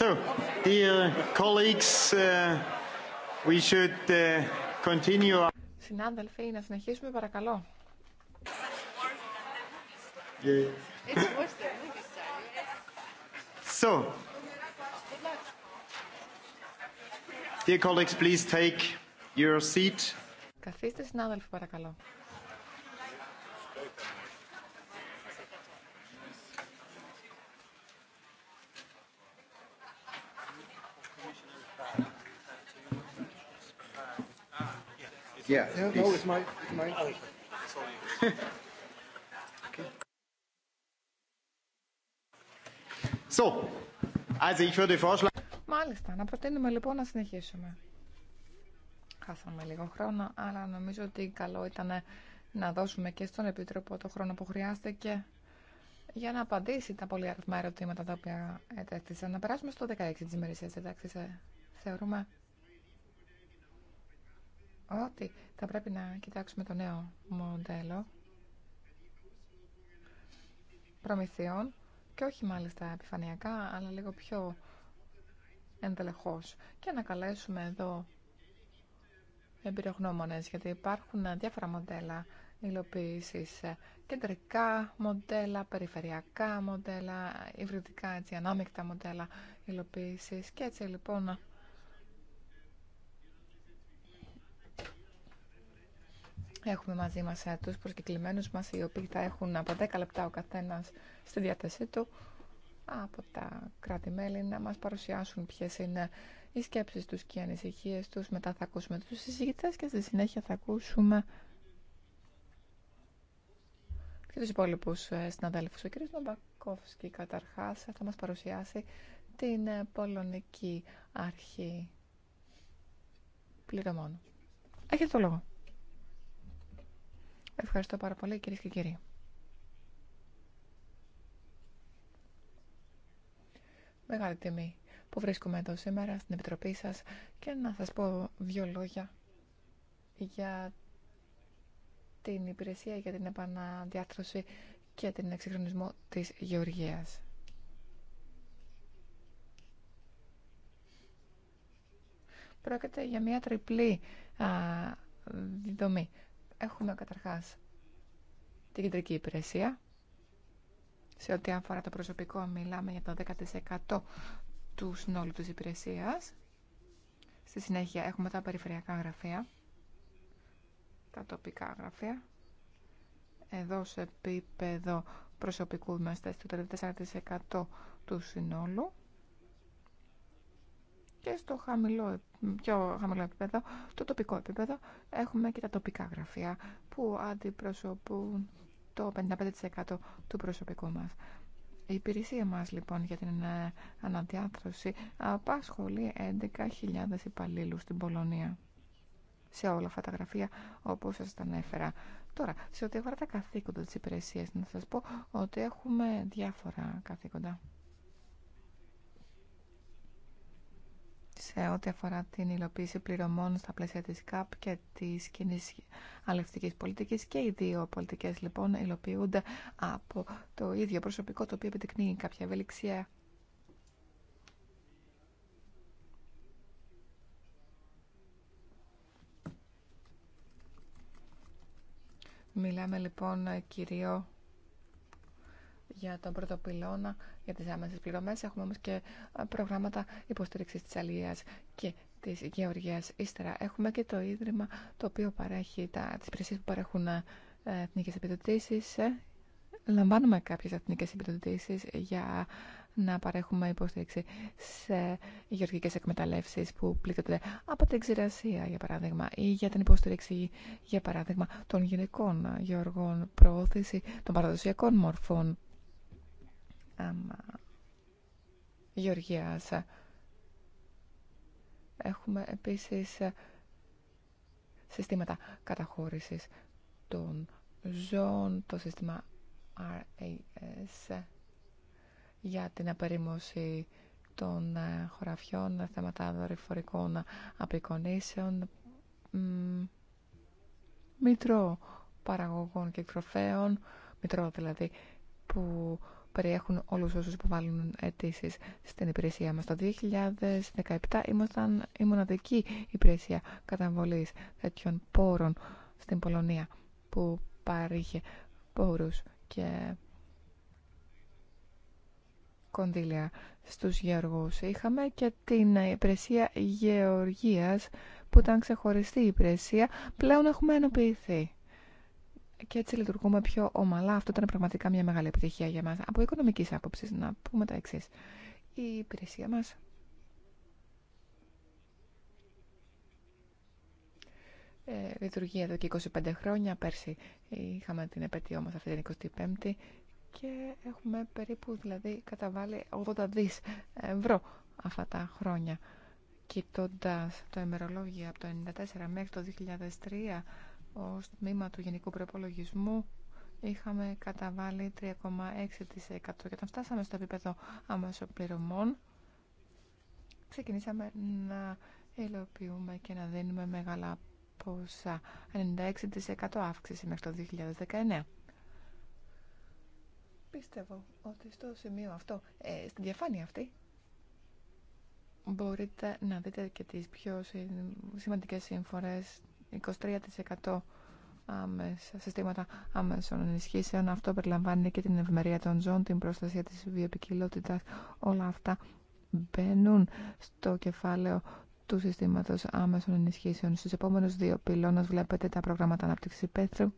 So, dear colleagues, we should continue. Συνάδελφοι, να συνεχίσουμε παρακαλώ. Yeah. so, dear colleagues, please take your seat. Καθίστε, συνάδελφοι, παρακαλώ. Yeah. my. my... (laughs) Μάλιστα, να προτείνουμε λοιπόν να συνεχίσουμε. Χάσαμε λίγο χρόνο, αλλά νομίζω ότι καλό ήταν να δώσουμε και στον Επίτροπο το χρόνο που χρειάστηκε για να απαντήσει τα πολύ αριθμά ερωτήματα τα οποία ετέθησαν. Να περάσουμε στο 16 της ημερησίας, εντάξει, σε, θεωρούμε ότι θα πρέπει να κοιτάξουμε το νέο μοντέλο προμηθειών και όχι μάλιστα επιφανειακά, αλλά λίγο πιο εντελεχώς και να καλέσουμε εδώ εμπειρογνώμονες, γιατί υπάρχουν διάφορα μοντέλα υλοποίησης, κεντρικά μοντέλα, περιφερειακά μοντέλα, υβριδικά έτσι, ανάμεικτα μοντέλα υλοποίησης και έτσι λοιπόν Έχουμε μαζί μας ε, τους προσκεκλημένους μας, οι οποίοι θα έχουν από 10 λεπτά ο καθένας στη διάθεσή του από τα κράτη-μέλη να μας παρουσιάσουν ποιες είναι οι σκέψεις τους και οι ανησυχίες τους. Μετά θα ακούσουμε τους συζητητές και στη συνέχεια θα ακούσουμε και τους υπόλοιπους ε, συναδέλφους. Ο κ. Μπακόφσκι καταρχάς θα μας παρουσιάσει την ε, πολωνική αρχή πληρωμών. Έχετε το λόγο. Ευχαριστώ πάρα πολύ κυρίες και κύριοι. Μεγάλη τιμή που βρίσκομαι εδώ σήμερα στην Επιτροπή σας και να σας πω δύο λόγια για την υπηρεσία για την επαναδιάρθρωση και την εξυγχρονισμό της γεωργίας. Πρόκειται για μια τριπλή α, δομή Έχουμε καταρχάς την κεντρική υπηρεσία. Σε ό,τι αφορά το προσωπικό μιλάμε για το 10% του συνόλου της υπηρεσίας. Στη συνέχεια έχουμε τα περιφερειακά γραφεία, τα τοπικά γραφεία. Εδώ σε επίπεδο προσωπικού είμαστε στο 34% του συνόλου και στο χαμηλό, πιο χαμηλό επίπεδο, το τοπικό επίπεδο, έχουμε και τα τοπικά γραφεία που αντιπροσωπούν το 55% του προσωπικού μας. Η υπηρεσία μας λοιπόν για την ε, αναδιάθρωση απασχολεί 11.000 υπαλλήλους στην Πολωνία σε όλα αυτά τα γραφεία όπως σας τα ανέφερα. Τώρα, σε ό,τι αφορά τα καθήκοντα της υπηρεσίας, να σας πω ότι έχουμε διάφορα καθήκοντα. ό,τι αφορά την υλοποίηση πληρωμών στα πλαίσια της ΚΑΠ και της κοινή αλευτικής πολιτικής και οι δύο πολιτικές λοιπόν υλοποιούνται από το ίδιο προσωπικό το οποίο επιτεκνύει κάποια ευελιξία Μιλάμε λοιπόν κυρίως για τον πρώτο πυλώνα, για τις άμεσες πληρωμές. Έχουμε όμως και ε, προγράμματα υποστήριξης της αλίας και της γεωργίας. Ύστερα έχουμε και το Ίδρυμα το οποίο παρέχει τα, τις υπηρεσίες που παρέχουν ε, εθνικές επιδοτήσεις. Ε. Λαμβάνουμε κάποιες εθνικές επιδοτήσεις για να παρέχουμε υποστήριξη σε γεωργικές εκμεταλλεύσεις που πλήττονται από την ξηρασία, για παράδειγμα, ή για την υποστήριξη, για παράδειγμα, των γυναικών γεωργών, προώθηση των παραδοσιακών μορφών γεωργίας. Ε. Έχουμε επίσης ε, συστήματα καταχώρησης των ζώων, το σύστημα RAS ε, για την απερίμωση των χωραφιών, θέματα δορυφορικών απεικονίσεων, μητρό παραγωγών και εκτροφέων, μητρό δηλαδή, που περιέχουν όλους όσους υποβάλλουν αιτήσει στην υπηρεσία μας. Το 2017 ήμασταν η μοναδική υπηρεσία καταβολής τέτοιων πόρων στην Πολωνία που παρήχε πόρους και κονδύλια στους γεωργούς. Είχαμε και την υπηρεσία γεωργίας που ήταν ξεχωριστή υπηρεσία. Πλέον έχουμε ενοποιηθεί και έτσι λειτουργούμε πιο ομαλά. Αυτό ήταν πραγματικά μια μεγάλη επιτυχία για μας. Από οικονομική άποψη. να πούμε τα εξή. Η υπηρεσία μας ε, λειτουργεί εδώ και 25 χρόνια. Πέρσι είχαμε την επέτειό μας αυτή την 25η και έχουμε περίπου δηλαδή καταβάλει 80 δις ευρώ αυτά τα χρόνια. Κοιτώντα το ημερολόγιο από το 1994 μέχρι το 2003 ως τμήμα του Γενικού Προπολογισμού είχαμε καταβάλει 3,6% και όταν φτάσαμε στο επίπεδο αμεσοπληρωμών ξεκινήσαμε να υλοποιούμε και να δίνουμε μεγάλα ποσά 96% αύξηση μέχρι το 2019 Πιστεύω ότι στο σημείο αυτό, ε, στην διαφάνεια αυτή, μπορείτε να δείτε και τις πιο σημαντικές σύμφορες 23% άμεσα, συστήματα άμεσων ενισχύσεων. Αυτό περιλαμβάνει και την ευμερία των ζώων, την προστασία της βιοπικιλότητας. Όλα αυτά μπαίνουν στο κεφάλαιο του συστήματος άμεσων ενισχύσεων. Στους επόμενους δύο πυλώνες βλέπετε τα προγράμματα ανάπτυξης πέθρου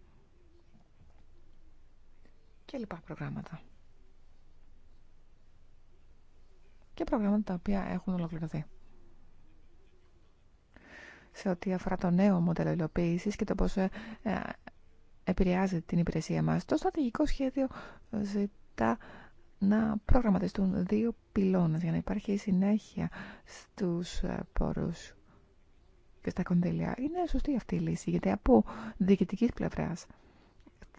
και λοιπά προγράμματα. Και προγράμματα τα οποία έχουν ολοκληρωθεί σε ό,τι αφορά το νέο μοντέλο υλοποίηση και το πώ ε, ε, επηρεάζει την υπηρεσία μας. Το στρατηγικό σχέδιο ε, ζητά να προγραμματιστούν δύο πυλώνες για να υπάρχει συνέχεια στους ε, πόρους και στα κονδύλια. Είναι σωστή αυτή η λύση, γιατί από διοικητική πλευρά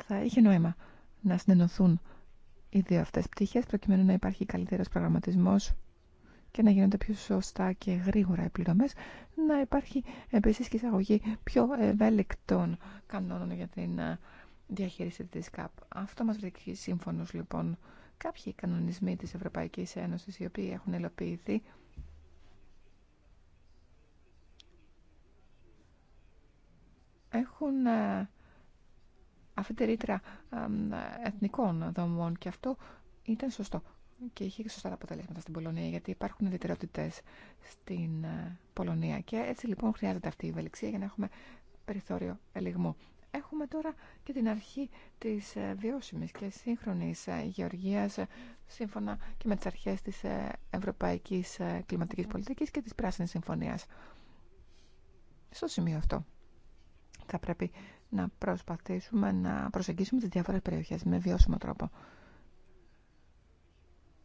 θα είχε νόημα να συνενωθούν οι δύο αυτές πτυχές, προκειμένου να υπάρχει καλύτερος προγραμματισμός και να γίνονται πιο σωστά και γρήγορα οι πληρωμές, να υπάρχει επίσης και εισαγωγή πιο ευέλικτων κανόνων για την ε, διαχείριση της ΚΑΠ. Αυτό μας βρήκε σύμφωνος λοιπόν κάποιοι κανονισμοί της Ευρωπαϊκής Ένωσης οι οποίοι έχουν υλοποιηθεί έχουν ε, αφιτερήτρα ε, εθνικών δομών και αυτό ήταν σωστό και είχε σωστά αποτελέσματα στην Πολωνία, γιατί υπάρχουν ιδιαιτερότητε στην ε, Πολωνία. Και έτσι λοιπόν χρειάζεται αυτή η ευελιξία για να έχουμε περιθώριο ελιγμού. Έχουμε τώρα και την αρχή της ε, βιώσιμης και σύγχρονης ε, γεωργίας σύμφωνα και με τις αρχές της Ευρωπαϊκής Κλιματικής Πολιτικής και της Πράσινης Συμφωνίας. Στο σημείο αυτό θα πρέπει να προσπαθήσουμε να προσεγγίσουμε τις διάφορες περιοχές με βιώσιμο τρόπο.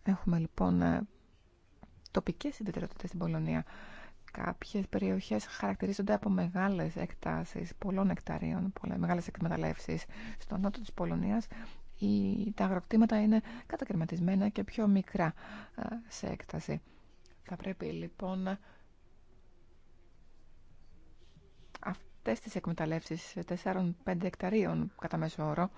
Έχουμε λοιπόν ε, τοπικές ιδιαιτερότητες στην Πολωνία. Κάποιες περιοχές χαρακτηρίζονται από μεγάλες εκτάσεις, πολλών εκταρίων, πολλές, μεγάλες εκμεταλλεύσεις. Στο νότο της Πολωνίας η, τα αγροκτήματα είναι κατακαιρματισμένα και πιο μικρά ε, σε έκταση. Θα πρέπει λοιπόν αυτές τις εκμεταλλεύσεις 4-5 εκταρίων κατά μέσο όρο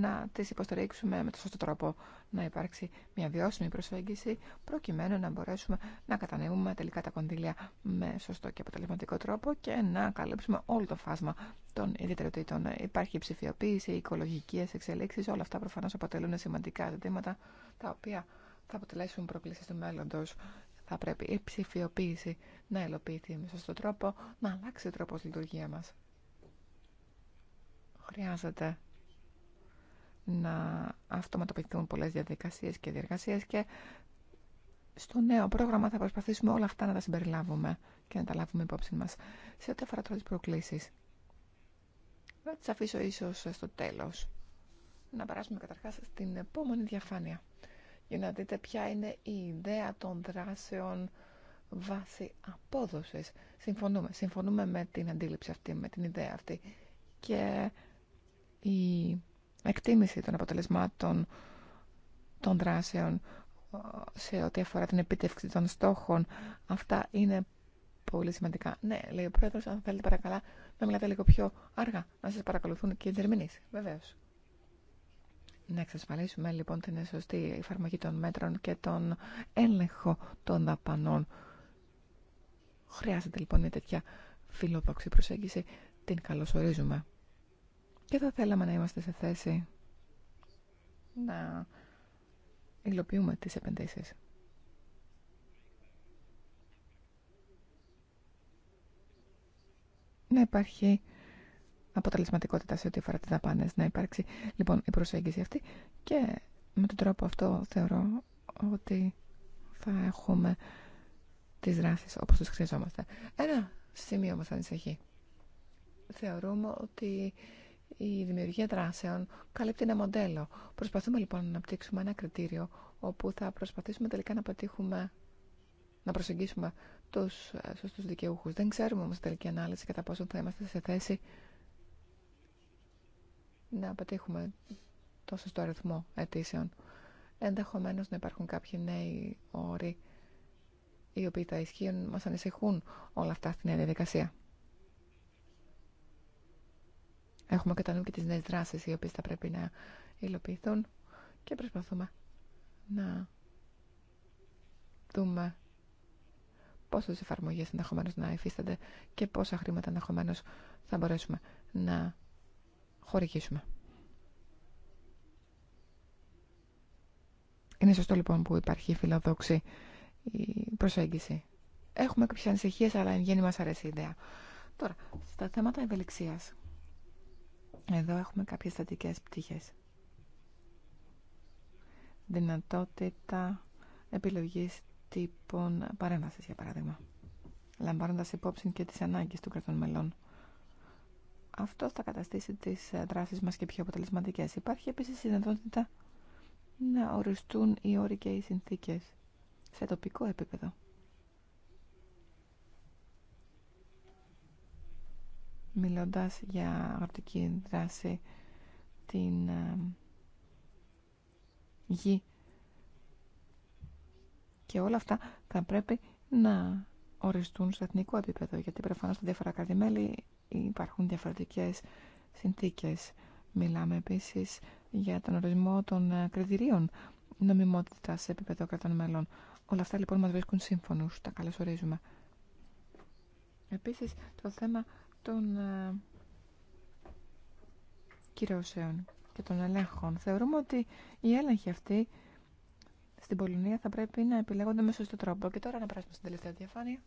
να τις υποστηρίξουμε με το σωστό τρόπο να υπάρξει μια βιώσιμη προσέγγιση προκειμένου να μπορέσουμε να κατανέμουμε τελικά τα κονδύλια με σωστό και αποτελεσματικό τρόπο και να καλύψουμε όλο το φάσμα των ιδιαιτεροτήτων. Υπάρχει η ψηφιοποίηση, οικολογικέ, οικολογικές όλα αυτά προφανώ αποτελούν σημαντικά ζητήματα τα οποία θα αποτελέσουν προκλήσεις του μέλλοντο. θα πρέπει η ψηφιοποίηση να υλοποιηθεί με σωστό τρόπο, να αλλάξει ο τρόπο λειτουργία μας. Χρειάζεται να αυτοματοποιηθούν πολλές διαδικασίες και διεργασίες και στο νέο πρόγραμμα θα προσπαθήσουμε όλα αυτά να τα συμπεριλάβουμε και να τα λάβουμε υπόψη μας. Σε ό,τι αφορά τώρα τις προκλήσεις, θα τις αφήσω ίσως στο τέλος. Να περάσουμε καταρχάς στην επόμενη διαφάνεια για να δείτε ποια είναι η ιδέα των δράσεων βάση απόδοσης. Συμφωνούμε, συμφωνούμε με την αντίληψη αυτή, με την ιδέα αυτή. Και η εκτίμηση των αποτελεσμάτων των δράσεων ε, σε ό,τι αφορά την επίτευξη των στόχων. Αυτά είναι πολύ σημαντικά. Ναι, λέει ο πρόεδρος, αν θέλετε παρακαλά να μιλάτε λίγο πιο αργά, να σας παρακολουθούν και οι δερμηνείς, Βεβαίω. Να εξασφαλίσουμε λοιπόν την σωστή εφαρμογή των μέτρων και τον έλεγχο των δαπανών. Χρειάζεται λοιπόν μια τέτοια φιλόδοξη προσέγγιση. Την καλωσορίζουμε. Και θα θέλαμε να είμαστε σε θέση να υλοποιούμε τις επενδύσεις. Να υπάρχει αποτελεσματικότητα σε ό,τι αφορά τις δαπάνες. Να υπάρξει λοιπόν η προσέγγιση αυτή και με τον τρόπο αυτό θεωρώ ότι θα έχουμε τις δράσεις όπως τις χρειαζόμαστε. Ένα σημείο μας ανησυχεί. Θεωρούμε ότι η δημιουργία δράσεων καλύπτει ένα μοντέλο. Προσπαθούμε λοιπόν να αναπτύξουμε ένα κριτήριο όπου θα προσπαθήσουμε τελικά να πετύχουμε να προσεγγίσουμε τους ε, σωστού δικαιούχους. Δεν ξέρουμε όμως τελική ανάλυση κατά πόσο θα είμαστε σε θέση να πετύχουμε το σωστό αριθμό αιτήσεων. Ενδεχομένω να υπάρχουν κάποιοι νέοι όροι οι οποίοι θα ισχύουν, μα ανησυχούν όλα αυτά στην διαδικασία. Έχουμε κατά νου και τις νέες δράσεις οι οποίες θα πρέπει να υλοποιηθούν και προσπαθούμε να δούμε πόσες εφαρμογές ενδεχομένω να υφίστανται και πόσα χρήματα ενδεχομένω θα μπορέσουμε να χορηγήσουμε. Είναι σωστό λοιπόν που υπάρχει φιλοδόξη η προσέγγιση. Έχουμε κάποιες ανησυχίε, αλλά εν γέννη μα αρέσει η ιδέα. Τώρα, στα θέματα ευελιξίας. Εδώ έχουμε κάποιες στατικές πτυχές. Δυνατότητα επιλογής τύπων παρέμβασης, για παράδειγμα. Λαμβάνοντας υπόψη και τις ανάγκες του κρατών μελών. Αυτό θα καταστήσει τις δράσεις μας και πιο αποτελεσματικές. Υπάρχει επίσης η δυνατότητα να οριστούν οι όροι και οι συνθήκες σε τοπικό επίπεδο. μιλώντας για αρτική δράση την ε, γη και όλα αυτά θα πρέπει να οριστούν στο εθνικό επίπεδο γιατί προφανώς στα διάφορα κρατημέλη υπάρχουν διαφορετικές συνθήκες. Μιλάμε επίσης για τον ορισμό των ε, κριτηρίων νομιμότητα σε επίπεδο κρατών μελών. Όλα αυτά λοιπόν μας βρίσκουν σύμφωνους, τα καλωσορίζουμε. Επίσης το θέμα των ε, κυρώσεων και των ελέγχων. Θεωρούμε ότι η έλεγχοι αυτή στην Πολωνία θα πρέπει να επιλέγονται με σωστό τρόπο. Και τώρα να περάσουμε στην τελευταία διαφάνεια.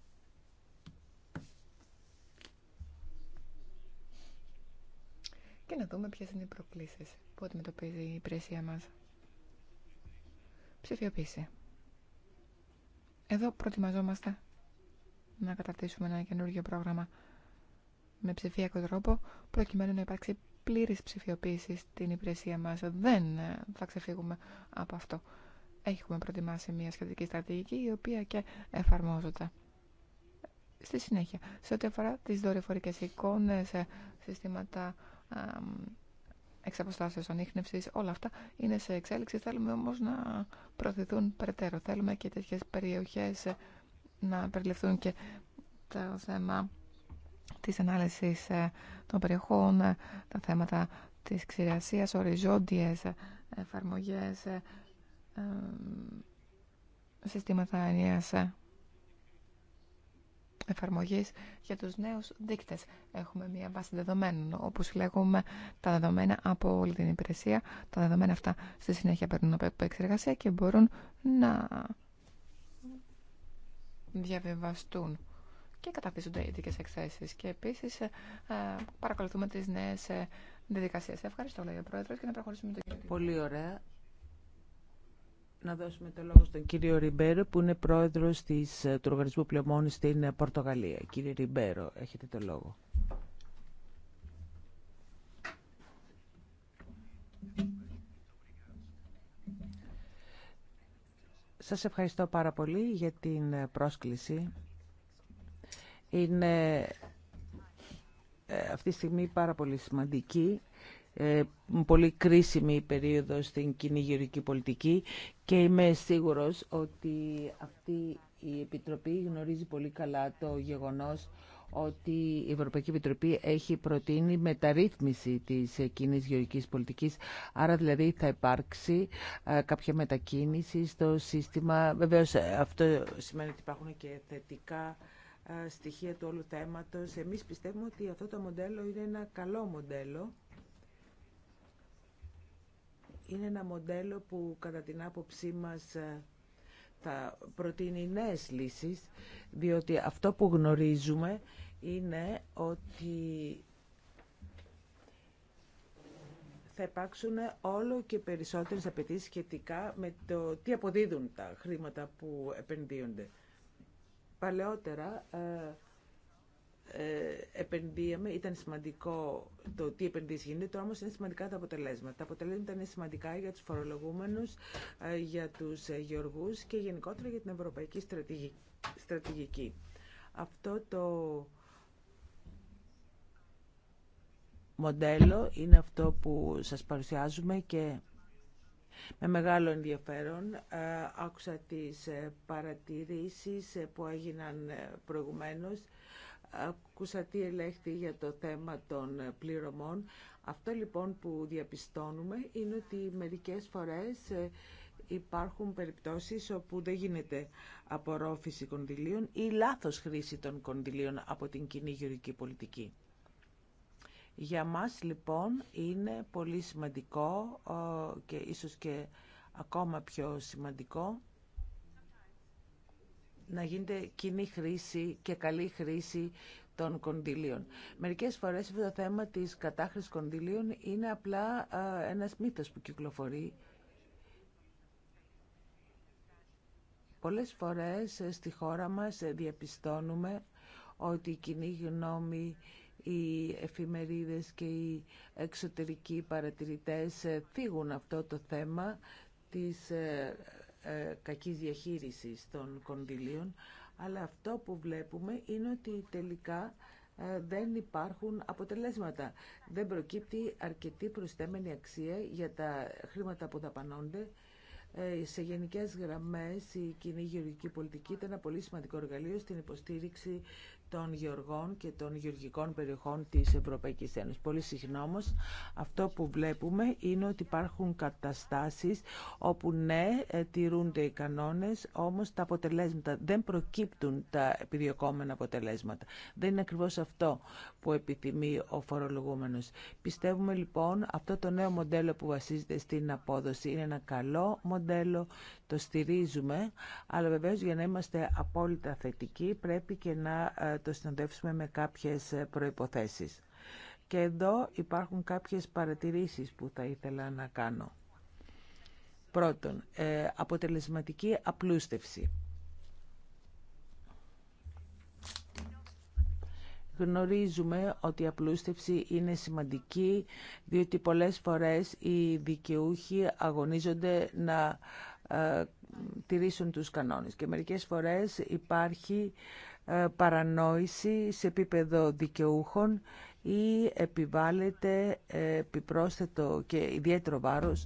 Και να δούμε ποιες είναι οι προκλήσεις που αντιμετωπίζει η υπηρεσία μας. Ψηφιοποίηση. Εδώ προετοιμαζόμαστε να καταρτήσουμε ένα καινούργιο πρόγραμμα με ψηφιακό τρόπο προκειμένου να υπάρξει πλήρης ψηφιοποίηση στην υπηρεσία μας. Δεν ε, θα ξεφύγουμε από αυτό. Έχουμε προετοιμάσει μια σχετική στρατηγική η οποία και εφαρμόζεται. Στη συνέχεια, σε ό,τι αφορά τις δορυφορικές εικόνες, ε, συστήματα εξαποστάσεως όλα αυτά είναι σε εξέλιξη. Θέλουμε όμως να προωθηθούν περαιτέρω. Θέλουμε και τέτοιες περιοχές ε, να περιληφθούν και το θέμα της ανάλυσης ε, των περιοχών, ε, τα θέματα της ξηρασίας, οριζόντιες ε, εφαρμογές, συστήματα ενίας εφαρμογής για τους νέους δείκτες. Έχουμε μία βάση δεδομένων, όπως λέγουμε τα δεδομένα από όλη την υπηρεσία. Τα δεδομένα αυτά στη συνέχεια παίρνουν από εξεργασία και μπορούν να διαβιβαστούν και καταρτίζονται ειδικέ εκθέσει. Και επίση ε, ε, παρακολουθούμε τι νέε διαδικασίε. Ευχαριστώ, λέει ο Πρόεδρο, και να προχωρήσουμε το κύριο. Πολύ ωραία. Να δώσουμε το λόγο στον κύριο Ριμπέρο, που είναι πρόεδρο ε, του Οργανισμού Πλεωμών στην Πορτογαλία. Κύριε Ριμπέρο, έχετε το λόγο. Σας ευχαριστώ πάρα πολύ για την πρόσκληση είναι ε, αυτή τη στιγμή πάρα πολύ σημαντική ε, πολύ κρίσιμη η περίοδος στην κοινή γεωργική πολιτική και είμαι σίγουρος ότι αυτή η Επιτροπή γνωρίζει πολύ καλά το γεγονός ότι η Ευρωπαϊκή Επιτροπή έχει προτείνει μεταρρύθμιση της κοινή γεωργικής πολιτικής, άρα δηλαδή θα υπάρξει ε, κάποια μετακίνηση στο σύστημα. Βεβαίως αυτό σημαίνει ότι υπάρχουν και θετικά ε, στοιχεία του όλου θέματος. Εμείς πιστεύουμε ότι αυτό το μοντέλο είναι ένα καλό μοντέλο. Είναι ένα μοντέλο που κατά την άποψή μας ε, θα προτείνει νέες λύσεις, διότι αυτό που γνωρίζουμε είναι ότι θα υπάρξουν όλο και περισσότερες απαιτήσει σχετικά με το τι αποδίδουν τα χρήματα που επενδύονται. Παλαιότερα ε, ε, επενδύαμε, ήταν σημαντικό το τι επενδύσεις γίνεται, τώρα όμως είναι σημαντικά τα αποτελέσματα. Τα αποτελέσματα είναι σημαντικά για τους φορολογούμενους, ε, για τους γεωργούς και γενικότερα για την ευρωπαϊκή στρατηγική. Αυτό το μοντέλο είναι αυτό που σας παρουσιάζουμε και με μεγάλο ενδιαφέρον ε, άκουσα τις ε, παρατηρήσεις ε, που έγιναν προηγουμένως. Ακούσα τι ελέγχθη για το θέμα των πληρωμών. Αυτό λοιπόν που διαπιστώνουμε είναι ότι μερικές φορές υπάρχουν περιπτώσεις όπου δεν γίνεται απορρόφηση κονδυλίων ή λάθος χρήση των κονδυλίων από την κοινή γεωργική πολιτική. Για μας λοιπόν είναι πολύ σημαντικό ε, και ίσως και ακόμα πιο σημαντικό να γίνεται κοινή χρήση και καλή χρήση των κονδυλίων. Μερικές φορές το θέμα της κατάχρησης κονδυλίων είναι απλά ε, ένας μύθος που κυκλοφορεί. Πολλές φορές ε, στη χώρα μας διαπιστώνουμε ότι η κοινή γνώμη οι εφημερίδες και οι εξωτερικοί παρατηρητές ε, φύγουν αυτό το θέμα της ε, ε, κακής διαχείρισης των κονδυλίων, αλλά αυτό που βλέπουμε είναι ότι τελικά δεν υπάρχουν αποτελέσματα. Δεν προκύπτει αρκετή προστέμενη αξία για τα χρήματα που δαπανώνται. Σε γενικές γραμμές η κοινή γεωργική πολιτική ήταν ένα πολύ σημαντικό εργαλείο στην υποστήριξη των γεωργών και των γεωργικών περιοχών της Ευρωπαϊκής Ένωσης. Πολύ συχνά όμως αυτό που βλέπουμε είναι ότι υπάρχουν καταστάσεις όπου ναι, ε, τηρούνται οι κανόνες, όμως τα αποτελέσματα δεν προκύπτουν τα επιδιωκόμενα αποτελέσματα. Δεν είναι ακριβώς αυτό που επιθυμεί ο φορολογούμενος. Πιστεύουμε λοιπόν αυτό το νέο μοντέλο που βασίζεται στην απόδοση είναι ένα καλό μοντέλο, το στηρίζουμε, αλλά βεβαίως για να είμαστε απόλυτα θετικοί πρέπει και να ε, το συνοδεύσουμε με κάποιες ε, προϋποθέσεις. Και εδώ υπάρχουν κάποιες παρατηρήσεις που θα ήθελα να κάνω. Πρώτον, ε, αποτελεσματική απλούστευση. Γνωρίζουμε ότι η απλούστευση είναι σημαντική, διότι πολλές φορές οι δικαιούχοι αγωνίζονται να ε, τηρήσουν τους κανόνες. Και μερικές φορές υπάρχει ε, παρανόηση σε επίπεδο δικαιούχων ή επιβάλλεται ε, επιπρόσθετο και ιδιαίτερο βάρος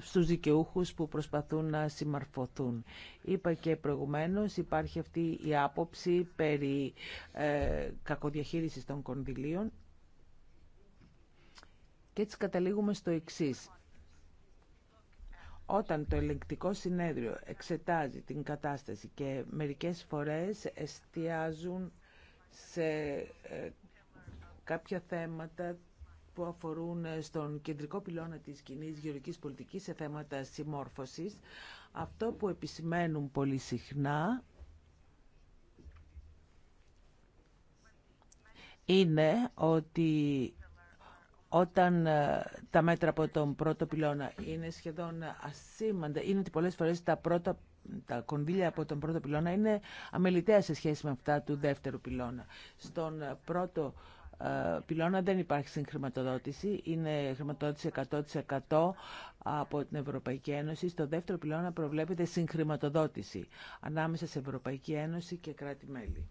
στους δικαιούχους που προσπαθούν να συμμαρφωθούν. Είπα και προηγουμένως υπάρχει αυτή η άποψη περί ε, κακοδιαχείρισης των κονδυλίων και έτσι αυτη η αποψη περι κακοδιαχειρισης των κονδυλιων και ετσι καταληγουμε στο εξής. Όταν το ελεγκτικό συνέδριο εξετάζει την κατάσταση και μερικές φορές εστιάζουν σε ε, κάποια θέματα που αφορούν στον κεντρικό πυλώνα της κοινή γεωργικής πολιτικής σε θέματα συμμόρφωσης. Αυτό που επισημαίνουν πολύ συχνά είναι ότι όταν ε, τα μέτρα από τον πρώτο πυλώνα είναι σχεδόν ασήμαντα, είναι ότι πολλές φορές τα, πρώτα, τα κονδύλια από τον πρώτο πυλώνα είναι αμεληταία σε σχέση με αυτά του δεύτερου πυλώνα. Στον πρώτο ε, πυλώνα δεν υπάρχει συγχρηματοδότηση, είναι χρηματοδότηση 100% από την Ευρωπαϊκή Ένωση. Στο δεύτερο πυλώνα προβλέπεται συγχρηματοδότηση ανάμεσα σε Ευρωπαϊκή Ένωση και κράτη-μέλη.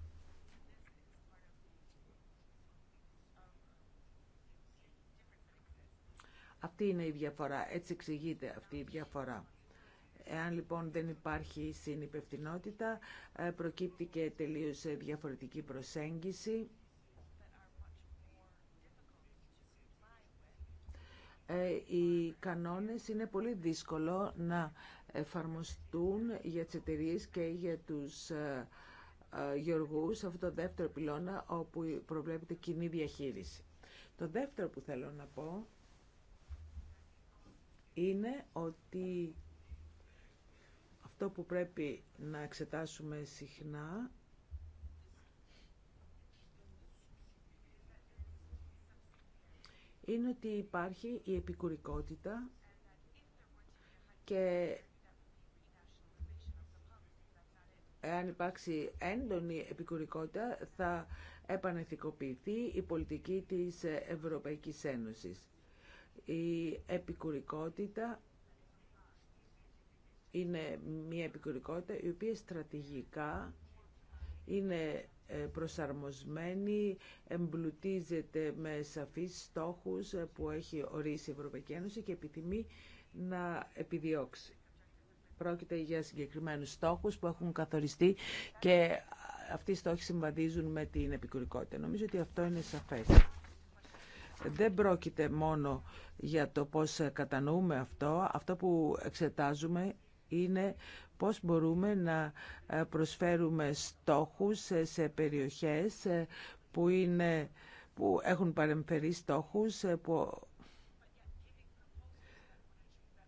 Αυτή είναι η διαφορά, έτσι εξηγείται αυτή η διαφορά. Εάν λοιπόν δεν υπάρχει συνυπευθυνότητα, ε, προκύπτει και τελείως ε, διαφορετική προσέγγιση. Ε, οι κανόνες είναι πολύ δύσκολο να εφαρμοστούν για τις εταιρείε και για τους γεωργούς αυτό το δεύτερο πυλώνα όπου προβλέπεται κοινή διαχείριση. Το δεύτερο που θέλω να πω είναι ότι αυτό που πρέπει να εξετάσουμε συχνά είναι ότι υπάρχει η επικουρικότητα και εάν υπάρξει έντονη επικουρικότητα θα επανεθικοποιηθεί η πολιτική της Ευρωπαϊκής Ένωσης. Η επικουρικότητα είναι μια επικουρικότητα η οποία στρατηγικά είναι ε, προσαρμοσμένη, εμπλουτίζεται με σαφείς στόχους ε, που έχει ορίσει η Ευρωπαϊκή Ένωση και επιθυμεί να επιδιώξει. Πρόκειται για συγκεκριμένους στόχους που έχουν καθοριστεί και αυτοί οι στόχοι συμβαδίζουν με την επικουρικότητα. Νομίζω ότι αυτό είναι σαφές δεν πρόκειται μόνο για το πώς κατανοούμε αυτό. Αυτό που εξετάζουμε είναι πώς μπορούμε να προσφέρουμε στόχους σε περιοχές που, είναι, που έχουν παρεμφερεί στόχους, που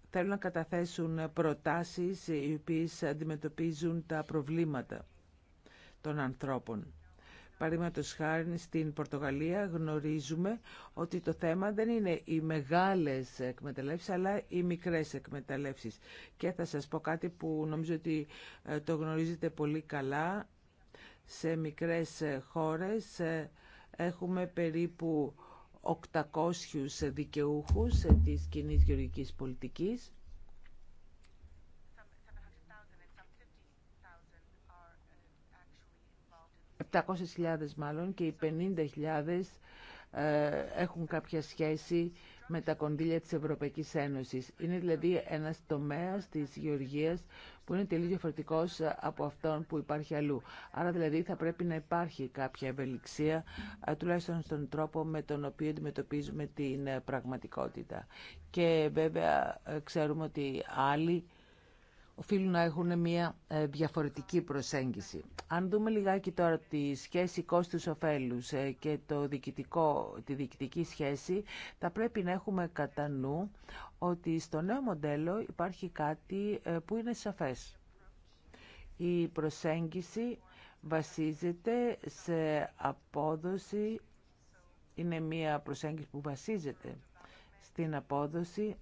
θέλουν να καταθέσουν προτάσεις οι οποίες αντιμετωπίζουν τα προβλήματα των ανθρώπων. Παραδείγματο χάρη στην Πορτογαλία γνωρίζουμε ότι το θέμα δεν είναι οι μεγάλες εκμεταλλεύσεις αλλά οι μικρές εκμεταλλεύσεις. Και θα σας πω κάτι που νομίζω ότι ε, το γνωρίζετε πολύ καλά. Σε μικρές ε, χώρες ε, έχουμε περίπου 800 δικαιούχους της κοινή γεωργικής πολιτικής 700.000 μάλλον και οι 50.000 ε, έχουν κάποια σχέση με τα κονδύλια της Ευρωπαϊκής Ένωσης. Είναι δηλαδή ένας τομέας της γεωργίας που είναι τελείως διαφορετικός από αυτόν που υπάρχει αλλού. Άρα δηλαδή θα πρέπει να υπάρχει κάποια ευελιξία, ε, τουλάχιστον στον τρόπο με τον οποίο αντιμετωπίζουμε την ε, πραγματικότητα. Και βέβαια ξέρουμε ότι άλλοι οφείλουν να έχουν μια ε, διαφορετική προσέγγιση. Αν δούμε λιγάκι τώρα τη σχέση κόστους-οφέλους ε, και το διοικητικό, τη διοικητική σχέση, θα πρέπει να έχουμε κατά νου ότι στο νέο μοντέλο υπάρχει κάτι ε, που είναι σαφές. Η προσέγγιση βασίζεται σε απόδοση, είναι μια προσέγγιση που βασίζεται στην απόδοση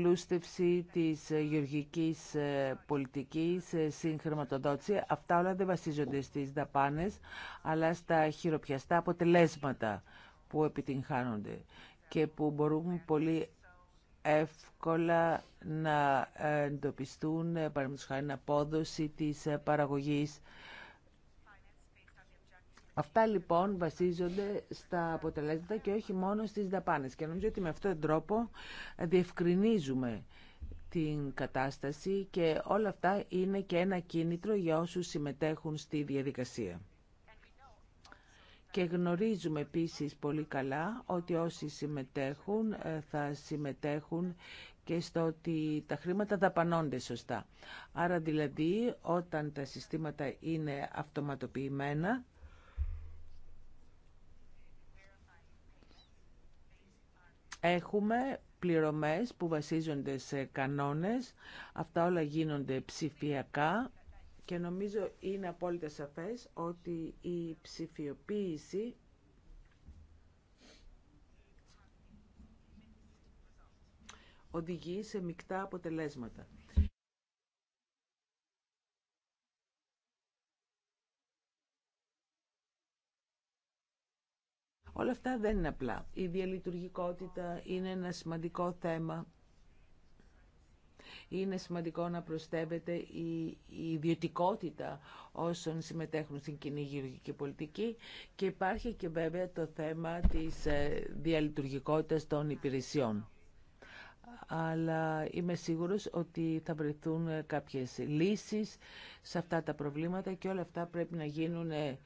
απλούστευση της ε, γεωργικής ε, πολιτικής, ε, συγχρηματοδότηση. Αυτά όλα δεν βασίζονται στις δαπάνες, αλλά στα χειροπιαστά αποτελέσματα που επιτυγχάνονται και που μπορούν πολύ εύκολα να εντοπιστούν, παραδείγματος χάρη, απόδοση της παραγωγής Αυτά λοιπόν βασίζονται στα αποτελέσματα και όχι μόνο στις δαπάνες. Και νομίζω ότι με αυτόν τον τρόπο διευκρινίζουμε την κατάσταση και όλα αυτά είναι και ένα κίνητρο για όσους συμμετέχουν στη διαδικασία. Και γνωρίζουμε επίσης πολύ καλά ότι όσοι συμμετέχουν ε, θα συμμετέχουν και στο ότι τα χρήματα δαπανώνται σωστά. Άρα δηλαδή όταν τα συστήματα είναι αυτοματοποιημένα Έχουμε πληρωμές που βασίζονται σε κανόνες. Αυτά όλα γίνονται ψηφιακά και νομίζω είναι απόλυτα σαφές ότι η ψηφιοποίηση οδηγεί σε μεικτά αποτελέσματα. Όλα αυτά δεν είναι απλά. Η διαλειτουργικότητα είναι ένα σημαντικό θέμα. Είναι σημαντικό να προστεύεται η ιδιωτικότητα όσων συμμετέχουν στην κοινή γεωργική πολιτική και υπάρχει και βέβαια το θέμα της ε, διαλειτουργικότητας των υπηρεσιών. Αλλά είμαι σίγουρος ότι θα βρεθούν ε, κάποιες λύσεις σε αυτά τα προβλήματα και όλα αυτά πρέπει να γίνουν ε,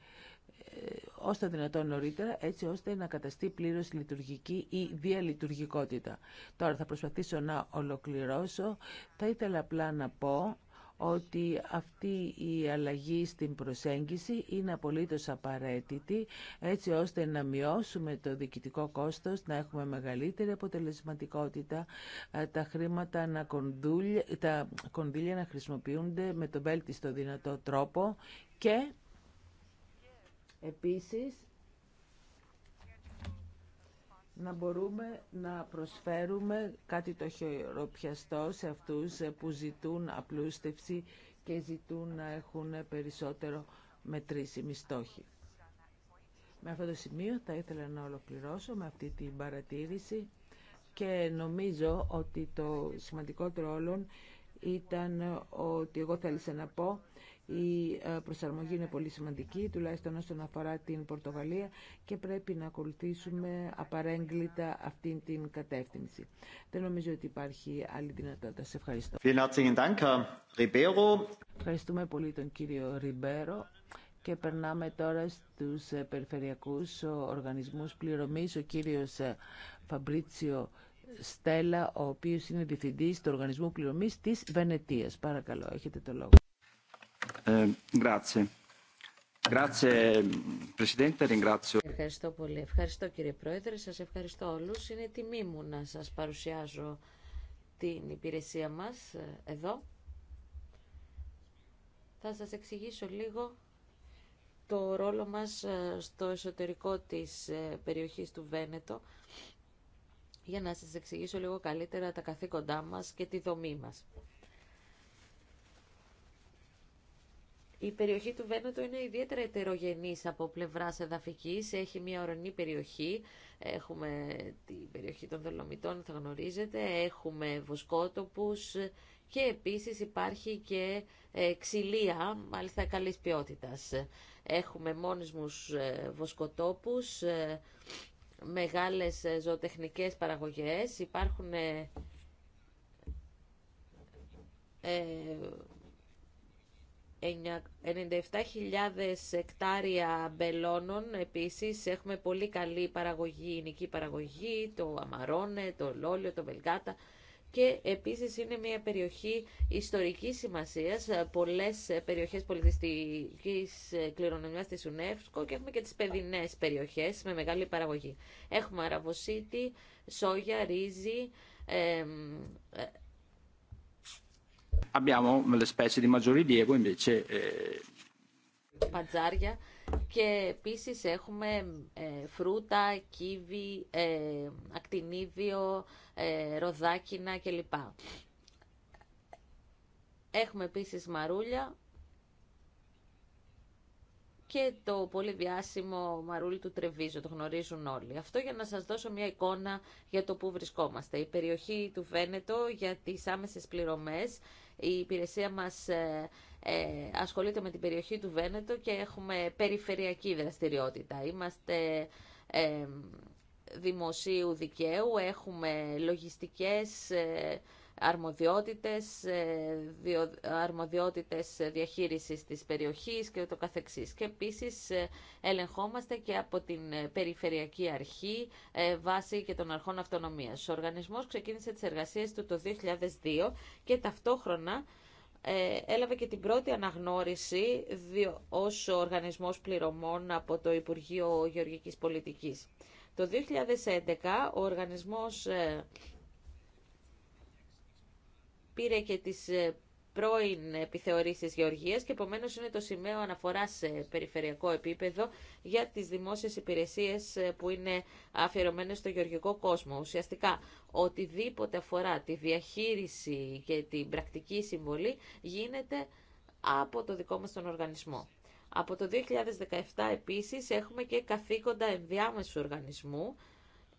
Ωστε το δυνατόν νωρίτερα, έτσι ώστε να καταστεί πλήρως λειτουργική ή διαλειτουργικότητα. Τώρα θα προσπαθήσω να ολοκληρώσω. Θα ήθελα απλά να πω ότι αυτή η αλλαγή στην προσέγγιση είναι απολύτως απαραίτητη έτσι ώστε να μειώσουμε το διοικητικό κόστος, να έχουμε μεγαλύτερη αποτελεσματικότητα, ε, τα χρήματα να κονδύλια, τα κονδύλια να χρησιμοποιούνται με τον βέλτιστο δυνατό τρόπο και Επίσης, να μπορούμε να προσφέρουμε κάτι το χειροπιαστό σε αυτούς που ζητούν απλούστευση και ζητούν να έχουν περισσότερο μετρήσιμη στόχη. Με αυτό το σημείο θα ήθελα να ολοκληρώσω με αυτή την παρατήρηση και νομίζω ότι το σημαντικότερο όλων ήταν ότι εγώ θέλησα να πω η ε, προσαρμογή είναι πολύ σημαντική, τουλάχιστον όσον αφορά την Πορτογαλία και πρέπει να ακολουθήσουμε απαρέγκλητα αυτή την κατεύθυνση. Δεν νομίζω ότι υπάρχει άλλη δυνατότητα. Σε ευχαριστώ. Ευχαριστούμε πολύ τον κύριο Ριμπέρο και περνάμε τώρα στους ε, περιφερειακούς οργανισμούς πληρωμής. Ο κύριος ε, Φαμπρίτσιο Στέλλα, ο οποίος είναι διευθυντής του Οργανισμού Πληρωμής της Βενετίας. Παρακαλώ, έχετε το λόγο. Ε, ευχαριστώ πολύ. Ευχαριστώ κύριε Πρόεδρε. Σας ευχαριστώ όλους. Είναι τιμή μου να σας παρουσιάζω την υπηρεσία μας ε, εδώ. Θα σας εξηγήσω λίγο το ρόλο μας ε, στο εσωτερικό της περιοχής του Βένετο για να σας εξηγήσω λίγο καλύτερα τα καθήκοντά μας και τη δομή μας. Η περιοχή του Βένετο είναι ιδιαίτερα ετερογενή από πλευρά εδαφική. Έχει μια ορεινή περιοχή. Έχουμε την περιοχή των Δολομητών, θα γνωρίζετε. Έχουμε βοσκότοπους και επίσης υπάρχει και ε, ξυλία, μάλιστα καλή ποιότητα. Έχουμε μόνισμους ε, βοσκοτόπους, ε, μεγάλες ζωοτεχνικές παραγωγές. Υπάρχουν 97.000 εκτάρια μπελώνων επίσης έχουμε πολύ καλή παραγωγή, ηνική παραγωγή, το αμαρόνε, το λόλιο, το βελγάτα και επίσης είναι μια περιοχή ιστορικής σημασίας, πολλές περιοχές πολιτιστικής κληρονομιάς της UNESCO και έχουμε και τις παιδινές περιοχές με μεγάλη παραγωγή. Έχουμε αραβοσίτη, σόγια, ρύζι, ε, Abbiamo le specie di maggior rilievo invece... Pazzaria. Eh, και επίσης έχουμε ε, φρούτα, κίβι, ε, ακτινίδιο, ε, ροδάκινα κλπ. Έχουμε επίσης μαρούλια και το πολύ διάσημο μαρούλι του Τρεβίζου, το γνωρίζουν όλοι. Αυτό για να σας δώσω μια εικόνα για το που βρισκόμαστε. Η περιοχή του Βένετο για τις άμεσες πληρωμές η υπηρεσία μας ε, ε, ασχολείται με την περιοχή του Βένετο και έχουμε περιφερειακή δραστηριότητα. Είμαστε ε, δημοσίου δικαίου, έχουμε λογιστικές αρμοδιότητες, ε, αρμοδιότητες διαχείρισης της περιοχής και το καθεξής. Και επίσης ε, ελεγχόμαστε και από την ε, Περιφερειακή Αρχή βάση και των αρχών αυτονομίας. Ο οργανισμός ξεκίνησε τις εργασίες του το 2002 και ταυτόχρονα έλαβε και την πρώτη αναγνώριση ως οργανισμός πληρωμών από το Υπουργείο Γεωργικής Πολιτικής. Το 2011 ο οργανισμός πήρε και τις ε, πρώην επιθεωρήσεις γεωργίας και επομένω είναι το σημείο αναφοράς σε περιφερειακό επίπεδο για τις δημόσιες υπηρεσίες ε, που είναι αφιερωμένες στο γεωργικό κόσμο. Ουσιαστικά, οτιδήποτε αφορά τη διαχείριση και την πρακτική συμβολή γίνεται από το δικό μας τον οργανισμό. Από το 2017 επίσης έχουμε και καθήκοντα ενδιάμεσου οργανισμού,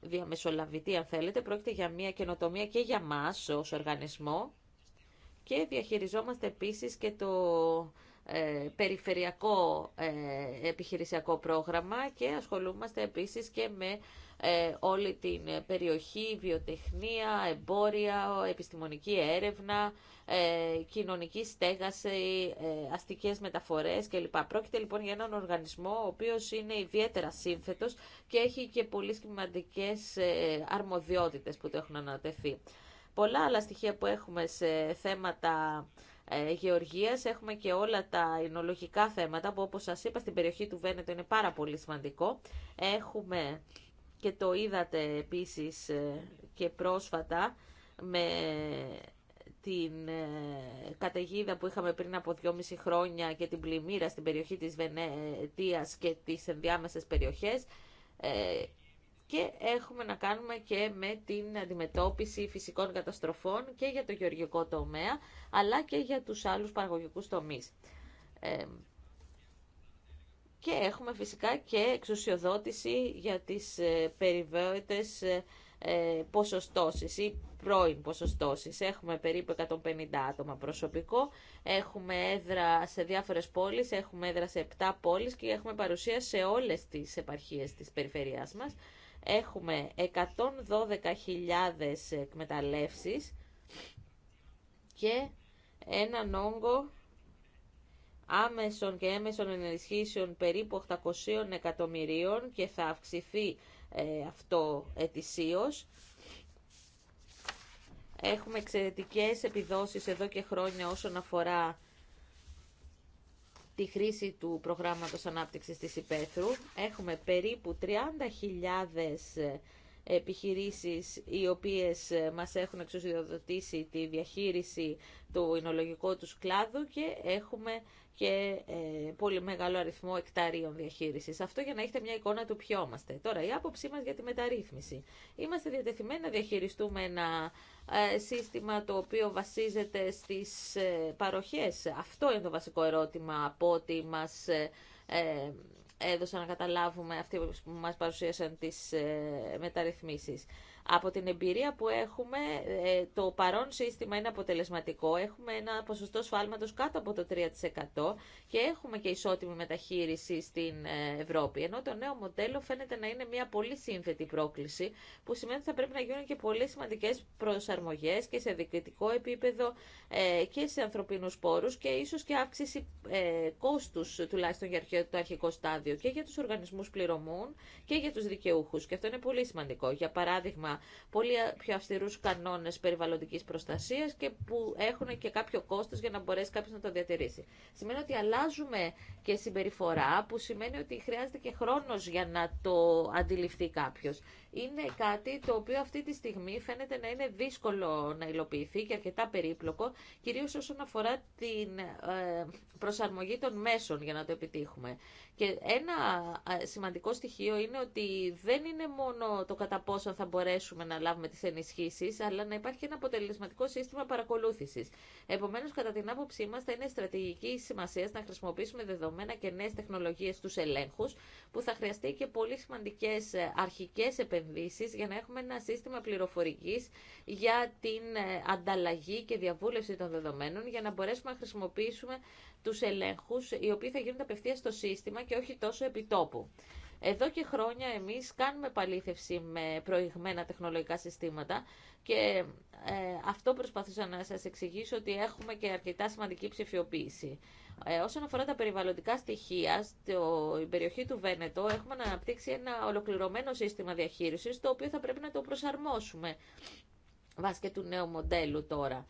διαμεσολαβητή αν θέλετε, πρόκειται για μια καινοτομία και για μας ως οργανισμό, και διαχειριζόμαστε επίσης και το ε, περιφερειακό ε, επιχειρησιακό πρόγραμμα και ασχολούμαστε επίσης και με ε, όλη την περιοχή, βιοτεχνία, εμπόρια, επιστημονική έρευνα, κοινωνική στέγαση, αστικές μεταφορές κλπ. Πρόκειται λοιπόν για έναν οργανισμό ο οποίος είναι ιδιαίτερα σύνθετος και έχει και πολύ σημαντικές αρμοδιότητες που το έχουν ανατεθεί πολλά άλλα στοιχεία που έχουμε σε θέματα ε, γεωργίας. Έχουμε και όλα τα εινολογικά θέματα που όπως σας είπα στην περιοχή του Βένετο είναι πάρα πολύ σημαντικό. Έχουμε και το είδατε επίσης ε, και πρόσφατα με την ε, καταιγίδα που είχαμε πριν από 2,5 χρόνια και την πλημμύρα στην περιοχή της Βενετίας και τις ενδιάμεσες περιοχές και έχουμε να κάνουμε και με την αντιμετώπιση φυσικών καταστροφών και για το γεωργικό τομέα, αλλά και για τους άλλους παραγωγικούς τομείς. και έχουμε φυσικά και εξουσιοδότηση για τις ε, περιβόητες ε, ε ποσοστώσεις ή πρώην ποσοστώσεις. Έχουμε περίπου 150 άτομα προσωπικό, έχουμε έδρα σε διάφορες πόλεις, έχουμε έδρα σε 7 πόλεις και έχουμε παρουσία σε όλες τις επαρχίες της περιφερειάς μας έχουμε 112.000 εκμεταλλεύσεις και έναν όγκο άμεσων και έμεσων ενισχύσεων περίπου 800 εκατομμυρίων και θα αυξηθεί ε, αυτό ετησίως. Έχουμε εξαιρετικές επιδόσεις εδώ και χρόνια όσον αφορά τη χρήση του προγράμματος ανάπτυξης της υπαίθρου. Έχουμε περίπου 30.000 ε, επιχειρήσεις οι οποίες ε, μας έχουν εξουσιοδοτήσει τη διαχείριση του εινολογικού τους κλάδου και έχουμε και ε, πολύ μεγάλο αριθμό εκταρίων διαχείρισης. Αυτό για να έχετε μια εικόνα του ποιο είμαστε. Τώρα, η άποψή μας για τη μεταρρύθμιση. Είμαστε διατεθειμένοι να διαχειριστούμε ένα ε, σύστημα το οποίο βασίζεται στις ε, παροχές. Αυτό είναι το βασικό ερώτημα από ό,τι μας ε, έδωσαν να καταλάβουμε αυτοί που μας παρουσίασαν τις μεταρρυθμίσεις. Από την εμπειρία που έχουμε, ε, το παρόν σύστημα είναι αποτελεσματικό. Έχουμε ένα ποσοστό σφάλματος κάτω από το 3% και έχουμε και ισότιμη μεταχείριση στην ε, Ευρώπη. Ενώ το νέο μοντέλο φαίνεται να είναι μια πολύ σύνθετη πρόκληση, που σημαίνει ότι θα πρέπει να γίνουν και πολύ σημαντικές προσαρμογές και σε διοικητικό επίπεδο ε, και σε ανθρωπίνους πόρους και ίσως και αύξηση κόστους τουλάχιστον για το αρχικό στάδιο και για τους οργανισμούς πληρωμών και για τους δικαιούχους. Και αυτό είναι πολύ σημαντικό. Για παράδειγμα, πολύ πιο αυστηρούς κανόνες περιβαλλοντικής προστασίας και που έχουν και κάποιο κόστος για να μπορέσει κάποιος να το διατηρήσει. Σημαίνει ότι αλλάζουμε και συμπεριφορά που σημαίνει ότι χρειάζεται και χρόνος για να το αντιληφθεί κάποιο είναι κάτι το οποίο αυτή τη στιγμή φαίνεται να είναι δύσκολο να υλοποιηθεί και αρκετά περίπλοκο, κυρίως όσον αφορά την ε, προσαρμογή των μέσων για να το επιτύχουμε. Και ένα ε, σημαντικό στοιχείο είναι ότι δεν είναι μόνο το κατά πόσο θα μπορέσουμε να λάβουμε τις ενισχύσεις, αλλά να υπάρχει ένα αποτελεσματικό σύστημα παρακολούθησης. Επομένως, κατά την άποψή μας, θα είναι στρατηγική σημασία να χρησιμοποιήσουμε δεδομένα και νέες τεχνολογίες στους ελέγχους, που θα χρειαστεί και πολύ σημαντικές ε, αρχικές επενδύσεις για να έχουμε ένα σύστημα πληροφορικής για την ε, ανταλλαγή και διαβούλευση των δεδομένων για να μπορέσουμε να χρησιμοποιήσουμε τους ελέγχους οι οποίοι θα γίνονται απευθεία στο σύστημα και όχι τόσο επιτόπου. Εδώ και χρόνια εμείς κάνουμε παλήθευση με προηγμένα τεχνολογικά συστήματα και ε, αυτό προσπαθούσα να σας εξηγήσω ότι έχουμε και αρκετά σημαντική ψηφιοποίηση. Ε, όσον αφορά τα περιβαλλοντικά στοιχεία, στην περιοχή του Βένετο έχουμε αναπτύξει ένα ολοκληρωμένο σύστημα διαχείρισης το οποίο θα πρέπει να το προσαρμόσουμε βάσει και του νέου μοντέλου τώρα.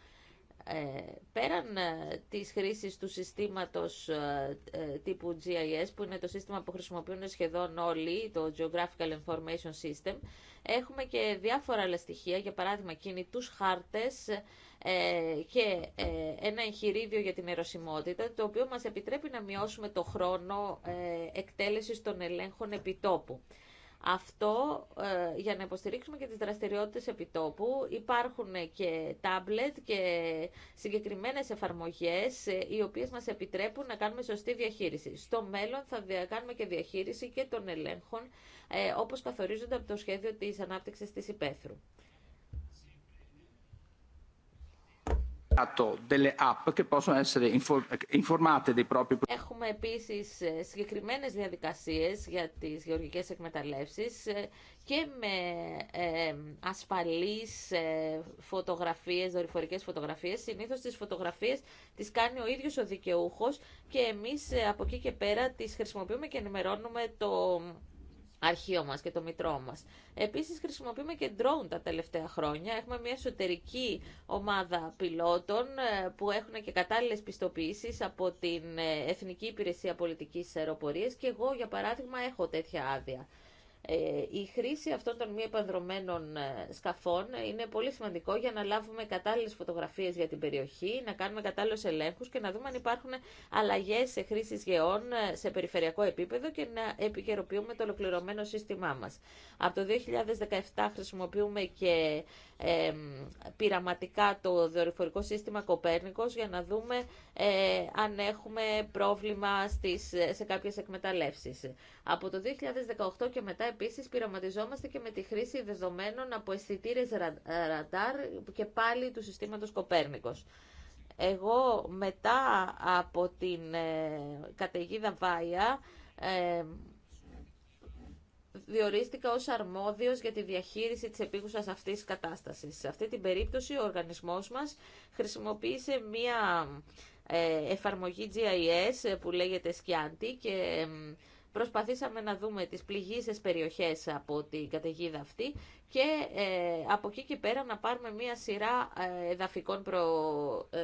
Ε, πέραν ε, της χρήσης του συστήματος ε, τύπου GIS, που είναι το σύστημα που χρησιμοποιούν σχεδόν όλοι, το Geographical Information System, έχουμε και διάφορα άλλα στοιχεία, για παράδειγμα κινητούς χάρτες και ένα εγχειρίδιο για την ερωσιμότητα, το οποίο μας επιτρέπει να μειώσουμε το χρόνο εκτέλεσης των ελέγχων επιτόπου. Αυτό ε, για να υποστηρίξουμε και τις δραστηριότητες επιτόπου. Υπάρχουν και τάμπλετ και συγκεκριμένες εφαρμογές ε, οι οποίες μας επιτρέπουν να κάνουμε σωστή διαχείριση. Στο μέλλον θα κάνουμε και διαχείριση και των ελέγχων ε, όπως καθορίζονται από το σχέδιο της ανάπτυξης της υπαίθρου. Έχουμε επίση ε, συγκεκριμένε διαδικασίε για τι γεωργικέ εκμεταλλεύσεις ε, και με ε, ε φωτογραφίε, δορυφορικέ φωτογραφίε. Συνήθω τι φωτογραφίε τι κάνει ο ίδιο ο δικαιούχο και εμείς από εκεί και πέρα τι χρησιμοποιούμε και ενημερώνουμε το αρχείο μας και το μητρό μας. Επίσης χρησιμοποιούμε και drone τα τελευταία χρόνια. Έχουμε μια εσωτερική ομάδα πιλότων ε, που έχουν και κατάλληλες πιστοποιήσεις από την ε, Εθνική Υπηρεσία Πολιτικής Αεροπορίας και εγώ για παράδειγμα έχω τέτοια άδεια. Ε, η χρήση αυτών των μη επανδρομένων ε, σκαφών είναι πολύ σημαντικό για να λάβουμε κατάλληλες φωτογραφίες για την περιοχή, να κάνουμε κατάλληλους ελέγχους και να δούμε αν υπάρχουν αλλαγές σε χρήση γεών ε, σε περιφερειακό επίπεδο και να επικαιροποιούμε το ολοκληρωμένο σύστημά μας. Από το 2017 χρησιμοποιούμε και ε, πειραματικά το δορυφορικό σύστημα Κοπέρνικος για να δούμε αν έχουμε πρόβλημα στις, σε κάποιες εκμεταλλεύσεις. Από το 2018 και μετά επίσης πειραματιζόμαστε και με τη χρήση δεδομένων από αισθητήρε ραντάρ και πάλι του συστήματος Κοπέρνικος. Εγώ μετά από την ε, καταιγίδα Βάια ε, διορίστηκα ως αρμόδιος για τη διαχείριση της επίγουσας αυτής της κατάστασης. Σε αυτή την περίπτωση ο οργανισμός μας χρησιμοποίησε μία ε, εφαρμογή GIS ε, που λέγεται Skianti και ε, Προσπαθήσαμε να δούμε τις πληγήσεις περιοχές από την καταιγίδα αυτή και ε, από εκεί και πέρα να πάρουμε μία σειρά ε, εδαφικών προ, ε,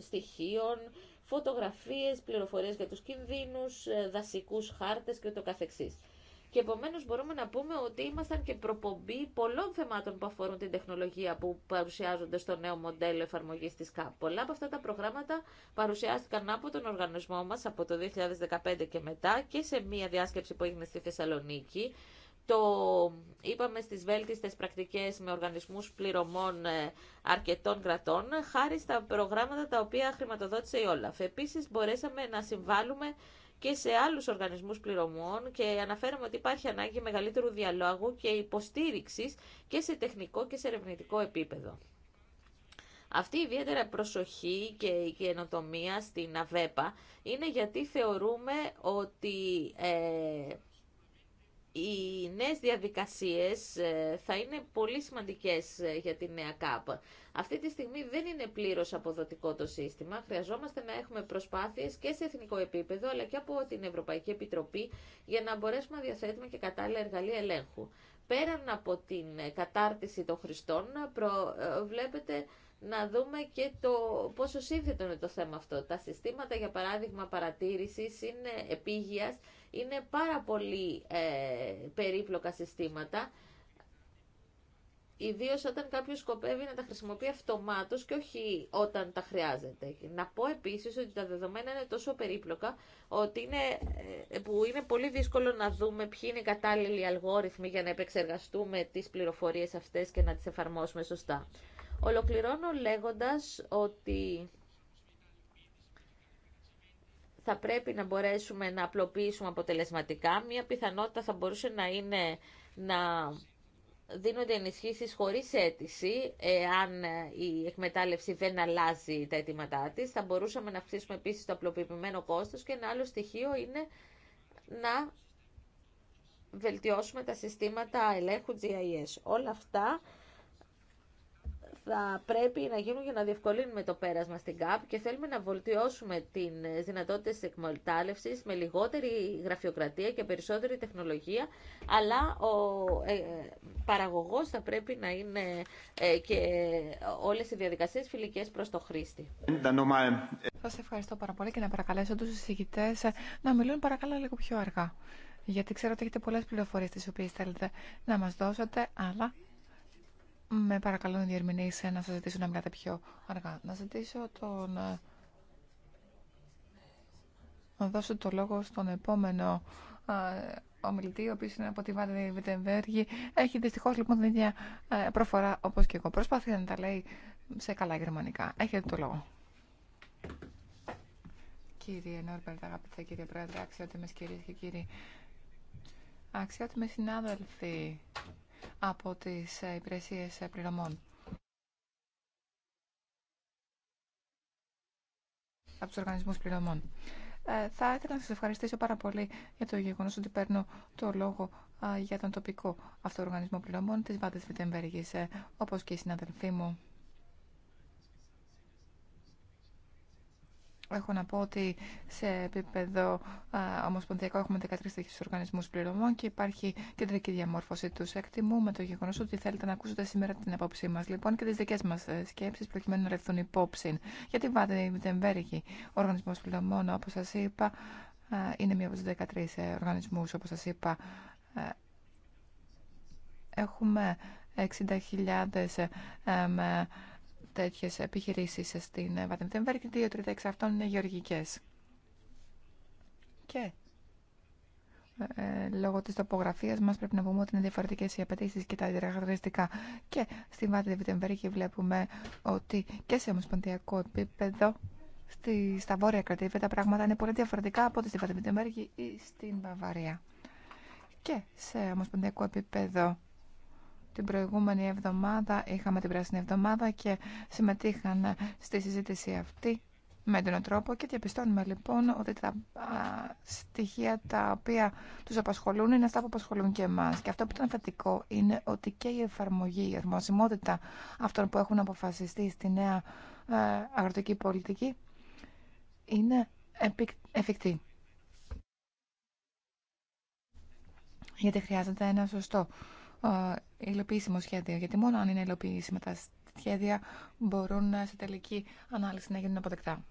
στοιχείων, φωτογραφίες, πληροφορίες για τους κινδύνους, δασικούς χάρτες και το καθεξής και επομένω μπορούμε να πούμε ότι ήμασταν και προπομπή πολλών θεμάτων που αφορούν την τεχνολογία που παρουσιάζονται στο νέο μοντέλο εφαρμογής της ΚΑΠ. Πολλά από αυτά τα προγράμματα παρουσιάστηκαν από τον οργανισμό μας από το 2015 και μετά και σε μία διάσκεψη που έγινε στη Θεσσαλονίκη το είπαμε στις βέλτιστες πρακτικές με οργανισμούς πληρωμών ε, αρκετών κρατών, χάρη στα προγράμματα τα οποία χρηματοδότησε η Όλαφ. Επίση μπορέσαμε να συμβάλλουμε και σε άλλους οργανισμούς πληρωμών και αναφέρομαι ότι υπάρχει ανάγκη μεγαλύτερου διαλόγου και υποστήριξης και σε τεχνικό και σε ερευνητικό επίπεδο. Αυτή η ιδιαίτερα προσοχή και η καινοτομία στην ΑΒΕΠΑ είναι γιατί θεωρούμε ότι ε, οι νέες διαδικασίες ε, θα είναι πολύ σημαντικές ε, για τη νέα ΚΑΠ. Αυτή τη στιγμή δεν είναι πλήρως αποδοτικό το σύστημα. Χρειαζόμαστε να έχουμε προσπάθειες και σε εθνικό επίπεδο, αλλά και από την Ευρωπαϊκή Επιτροπή, για να μπορέσουμε να διαθέτουμε και κατάλληλα εργαλεία ελέγχου. Πέραν από την ε, κατάρτιση των χρηστών, βλέπετε να δούμε και το πόσο σύνθετο είναι το θέμα αυτό. Τα συστήματα, για παράδειγμα, παρατήρησης είναι επίγειας είναι πάρα πολύ ε, περίπλοκα συστήματα, ιδίω όταν κάποιο σκοπεύει να τα χρησιμοποιεί αυτομάτω και όχι όταν τα χρειάζεται. Να πω επίση ότι τα δεδομένα είναι τόσο περίπλοκα ότι είναι, ε, που είναι πολύ δύσκολο να δούμε ποιοι είναι οι κατάλληλοι αλγόριθμοι για να επεξεργαστούμε τι πληροφορίε αυτέ και να τι εφαρμόσουμε σωστά. Ολοκληρώνω λέγοντα ότι θα πρέπει να μπορέσουμε να απλοποιήσουμε αποτελεσματικά. Μία πιθανότητα θα μπορούσε να είναι να δίνονται ενισχύσεις χωρίς αίτηση, εάν η εκμετάλλευση δεν αλλάζει τα αιτήματά της. Θα μπορούσαμε να αυξήσουμε επίσης το απλοποιημένο κόστος και ένα άλλο στοιχείο είναι να βελτιώσουμε τα συστήματα ελέγχου GIS. Όλα αυτά θα πρέπει να γίνουν για να διευκολύνουμε το πέρασμα στην ΚΑΠ και θέλουμε να βολτιώσουμε τι δυνατότητε τη εκμετάλλευση με λιγότερη γραφειοκρατία και περισσότερη τεχνολογία, αλλά ο ε, παραγωγός θα πρέπει να είναι ε, και όλες οι διαδικασίες φιλικές προς το χρήστη. Σας ευχαριστώ πάρα πολύ και να παρακαλέσω τους συζητητές ε, να μιλούν παρακαλώ λίγο πιο αργά. Γιατί ξέρω ότι έχετε πολλές πληροφορίες τι οποίε θέλετε να μας δώσετε, αλλά με παρακαλώ διερμηνήσει να ε, σα ζητήσω να μιλάτε πιο αργά. Να ζητήσω τον... Ε, να δώσω το λόγο στον επόμενο ε, ομιλητή, ο οποίο είναι από τη Βάρδη Βιτεμβέργη. Έχει δυστυχώς λοιπόν την ίδια προφορά όπως και εγώ. Προσπαθεί να τα λέει σε καλά γερμανικά. Έχετε το λόγο. Κύριε Νόρμπερτ, αγαπητέ κύριε Πρόεδρε, αξιότιμε κυρίε και κύριοι, Αξιότιμε συνάδελφοι, από τις ε, υπηρεσίες ε, πληρωμών. Από τους οργανισμούς πληρωμών. Ε, θα ήθελα να σας ευχαριστήσω πάρα πολύ για το γεγονός ότι παίρνω το λόγο για τον τοπικό αυτοοργανισμό πληρωμών της Βάτες Βιτεμβέργης, όπως και οι συναδελφοί μου Έχω να πω ότι σε επίπεδο α, ομοσπονδιακό έχουμε 13 τέτοιου οργανισμούς πληρωμών και υπάρχει κεντρική διαμόρφωση του. Εκτιμούμε το γεγονός ότι θέλετε να ακούσετε σήμερα την απόψή μας λοιπόν και τις δικές μας ε, σκέψεις προκειμένου να ρευθούν υπόψη. Γιατί βάτε Βιτεμβέργη, ο οργανισμός πληρωμών όπως σας είπα είναι μία από του 13 ε, οργανισμούς όπως σας είπα. Ε, έχουμε 60.000 Τέτοιε επιχειρήσει στην ε, Βατεμβέργη, δύο τρίτα εξ αυτών είναι γεωργικέ. Και ε, ε λόγω τη τοπογραφία μα πρέπει να πούμε ότι είναι διαφορετικέ οι απαιτήσει και τα χαρακτηριστικά. Και στην Βατεμβέργη βλέπουμε ότι και σε ομοσπονδιακό επίπεδο στη, στα βόρεια κρατήρια τα πράγματα είναι πολύ διαφορετικά από ό,τι στη Βατεμβέργη ή στην Βαβαρία. Και σε ομοσπονδιακό επίπεδο την προηγούμενη εβδομάδα είχαμε την Πράσινη Εβδομάδα και συμμετείχαν στη συζήτηση αυτή με τον τρόπο και διαπιστώνουμε λοιπόν ότι τα στοιχεία τα οποία τους απασχολούν είναι αυτά που απασχολούν και εμάς. Και αυτό που ήταν θετικό είναι ότι και η εφαρμογή, η αρμοσιμότητα αυτών που έχουν αποφασιστεί στη νέα ε, αγροτική πολιτική είναι εφικτή. Γιατί χρειάζεται ένα σωστό ε, υλοποιήσιμο σχέδιο. Γιατί μόνο αν είναι υλοποιήσιμα τα σχέδια μπορούν σε τελική ανάλυση να γίνουν αποδεκτά.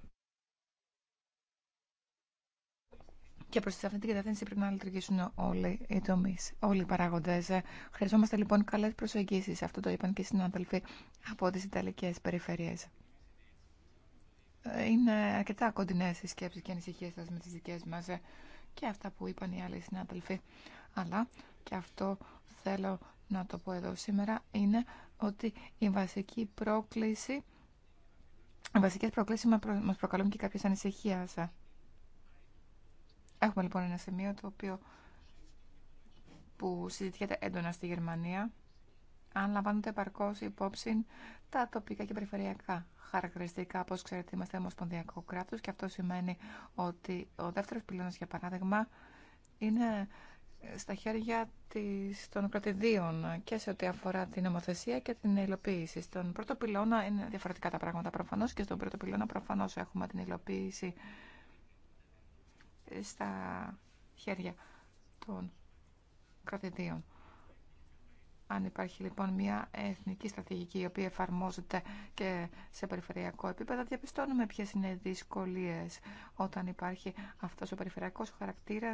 Και προ αυτή την κατεύθυνση πρέπει να λειτουργήσουν όλοι οι τομεί, όλοι οι παράγοντε. Χρειαζόμαστε λοιπόν καλέ προσεγγίσει. Αυτό το είπαν και οι συνάδελφοι από τι Ιταλικέ περιφέρειε. Είναι αρκετά κοντινέ οι σκέψει και ανησυχίε σα με τι δικέ μα και αυτά που είπαν οι άλλοι συνάδελφοι. Αλλά και αυτό θέλω να το πω εδώ σήμερα, είναι ότι η βασική πρόκληση, οι βασικές πρόκλησει μας προκαλούν και κάποιες ανησυχίες. Έχουμε λοιπόν ένα σημείο το οποίο που συζητιέται έντονα στη Γερμανία, αν λαμβάνονται επαρκώ υπόψη τα τοπικά και περιφερειακά χαρακτηριστικά. Όπω ξέρετε, είμαστε ομοσπονδιακό κράτο και αυτό σημαίνει ότι ο δεύτερο πυλώνα, για παράδειγμα, είναι στα χέρια της, των κρατηδίων και σε ό,τι αφορά την νομοθεσία και την υλοποίηση. Στον πρώτο πυλώνα είναι διαφορετικά τα πράγματα προφανώς και στον πρώτο πυλώνα προφανώς έχουμε την υλοποίηση στα χέρια των κρατηδίων. Αν υπάρχει λοιπόν μια εθνική στρατηγική η οποία εφαρμόζεται και σε περιφερειακό επίπεδο, διαπιστώνουμε ποιε είναι οι δυσκολίε όταν υπάρχει αυτό ο περιφερειακό χαρακτήρα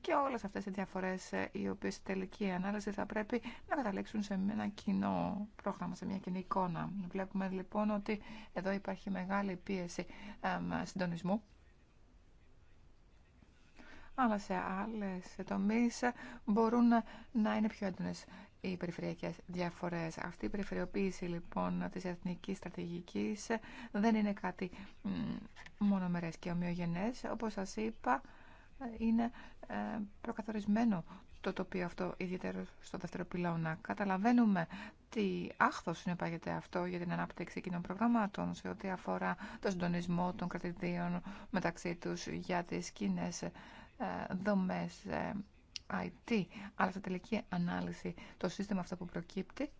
και όλε αυτέ οι διαφορέ οι οποίε στη τελική ανάλυση θα πρέπει να καταλήξουν σε ένα κοινό πρόγραμμα, σε μια κοινή εικόνα. Βλέπουμε λοιπόν ότι εδώ υπάρχει μεγάλη πίεση συντονισμού αλλά σε άλλες τομείς μπορούν να είναι πιο έντονες οι περιφερειακές διαφορές. Αυτή η περιφερειοποίηση λοιπόν της εθνικής στρατηγικής δεν είναι κάτι μονομερές και ομοιογενές. Όπως σας είπα, είναι ε, προκαθορισμένο το τοπίο αυτό, ιδιαίτερο στο δεύτερο πυλώνα. Καταλαβαίνουμε τι άχθος συνεπάγεται αυτό για την ανάπτυξη κοινών προγραμμάτων σε ό,τι αφορά το συντονισμό των κρατηδίων μεταξύ του για τι κοινέ ε, δομέ. Ε, IT, αλλά σε τελική ανάλυση το σύστημα αυτό που προκύπτει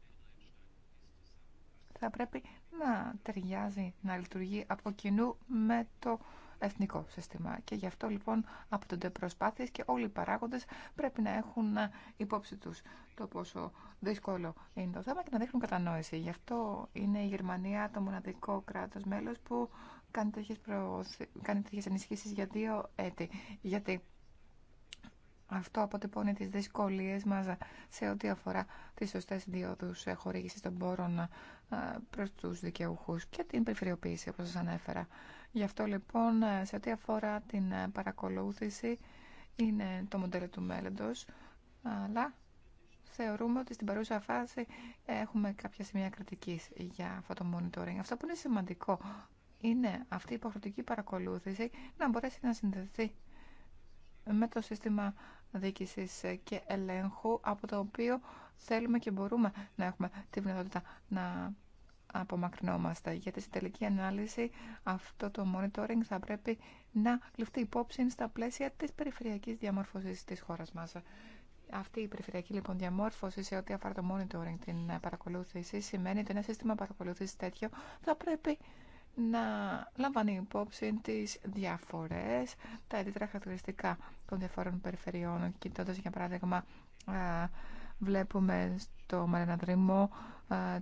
θα πρέπει να ταιριάζει, να λειτουργεί από κοινού με το εθνικό σύστημα. Και γι' αυτό λοιπόν απαιτούνται προσπάθειες και όλοι οι παράγοντες πρέπει να έχουν υπόψη τους το πόσο δύσκολο είναι το θέμα και να δείχνουν κατανόηση. Γι' αυτό είναι η Γερμανία το μοναδικό κράτος μέλος που κάνει τέτοιες, προωθ... κάνει ενισχύσεις για δύο έτη. Γιατί αυτό αποτυπώνει τις δυσκολίες μας σε ό,τι αφορά τις σωστές διόδους χορήγησης των πόρων ε, προς τους δικαιούχους και την περιφερειοποίηση, όπως σας ανέφερα. Γι' αυτό λοιπόν, ε, σε ό,τι αφορά την ε, παρακολούθηση, είναι το μοντέλο του μέλλοντος, αλλά θεωρούμε ότι στην παρούσα φάση έχουμε κάποια σημεία κριτικής για αυτό το monitoring. Αυτό που είναι σημαντικό είναι αυτή η υποχρεωτική παρακολούθηση να μπορέσει να συνδεθεί με το σύστημα διοίκησης και ελέγχου από το οποίο θέλουμε και μπορούμε να έχουμε τη δυνατότητα να απομακρυνόμαστε. Γιατί στην τελική ανάλυση αυτό το monitoring θα πρέπει να ληφθεί υπόψη στα πλαίσια της περιφερειακής διαμόρφωσης της χώρας μας. Αυτή η περιφερειακή λοιπόν διαμόρφωση σε ό,τι αφορά το monitoring, την παρακολούθηση, σημαίνει ότι ένα σύστημα παρακολούθηση τέτοιο θα πρέπει να λαμβάνει υπόψη τις διαφορές, τα ιδιαίτερα χαρακτηριστικά των διαφόρων περιφερειών. κοιτώντα, για παράδειγμα, βλέπουμε στο Μαρεναδρυμό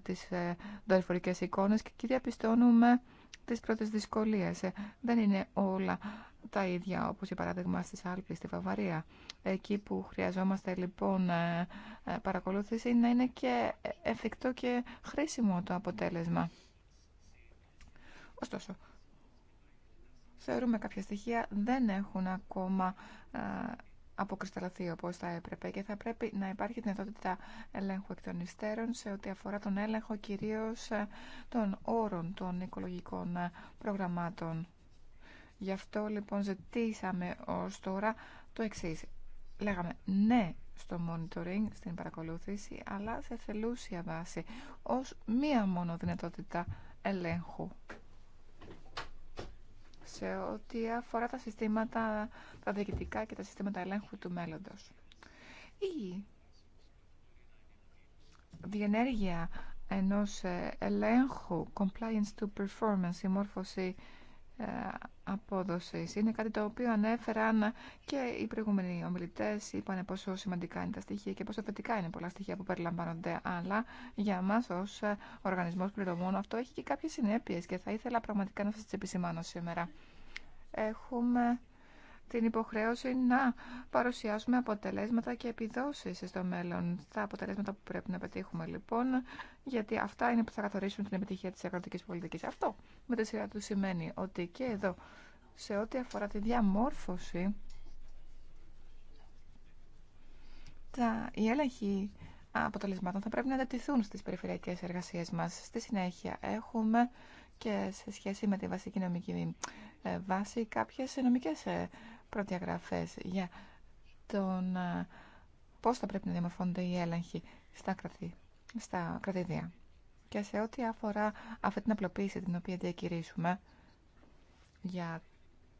τις ε, δορυφορικές εικόνες και εκεί διαπιστώνουμε τις πρώτες δυσκολίες. Ε, δεν είναι όλα τα ίδια όπως για παράδειγμα στις Άλπες, στη Βαβαρία. Εκεί που χρειαζόμαστε λοιπόν ε, παρακολούθηση να είναι και εφικτό και χρήσιμο το αποτέλεσμα. Ωστόσο, θεωρούμε κάποια στοιχεία δεν έχουν ακόμα ε, αποκρισταλωθεί όπω θα έπρεπε και θα πρέπει να υπάρχει δυνατότητα ελέγχου εκ των υστέρων σε ό,τι αφορά τον έλεγχο κυρίω ε, των όρων των οικολογικών ε, προγραμμάτων. Γι' αυτό λοιπόν ζητήσαμε ω τώρα το εξή. Λέγαμε ναι στο monitoring, στην παρακολούθηση, αλλά σε θελούσια βάση, ως μία μόνο δυνατότητα ελέγχου σε ό,τι αφορά τα συστήματα, τα διοικητικά και τα συστήματα ελέγχου του μέλλοντος. Η διενέργεια ενός ελέγχου compliance to performance, η μόρφωση ε, απόδοσης. Είναι κάτι το οποίο ανέφεραν και οι προηγούμενοι ομιλητές, είπαν πόσο σημαντικά είναι τα στοιχεία και πόσο θετικά είναι πολλά στοιχεία που περιλαμβάνονται, αλλά για μας ως ε, οργανισμός πληρωμών αυτό έχει και κάποιες συνέπειες και θα ήθελα πραγματικά να σας τις επισημάνω σήμερα. Έχουμε την υποχρέωση να παρουσιάσουμε αποτελέσματα και επιδόσεις στο μέλλον. Τα αποτελέσματα που πρέπει να πετύχουμε λοιπόν, γιατί αυτά είναι που θα καθορίσουν την επιτυχία της αγροτικής πολιτικής. Αυτό με τη σειρά του σημαίνει ότι και εδώ, σε ό,τι αφορά τη διαμόρφωση, τα, οι έλεγχοι αποτελεσμάτων θα πρέπει να εντετηθούν στις περιφερειακές εργασίες μας. Στη συνέχεια έχουμε και σε σχέση με τη βασική νομική ε, βάση κάποιες νομικές ε, προδιαγραφές για τον ε, πώς θα πρέπει να διαμορφώνονται οι έλεγχοι στα, κρατη, στα κρατηδία. Και σε ό,τι αφορά αυτή την απλοποίηση την οποία διακηρύσουμε για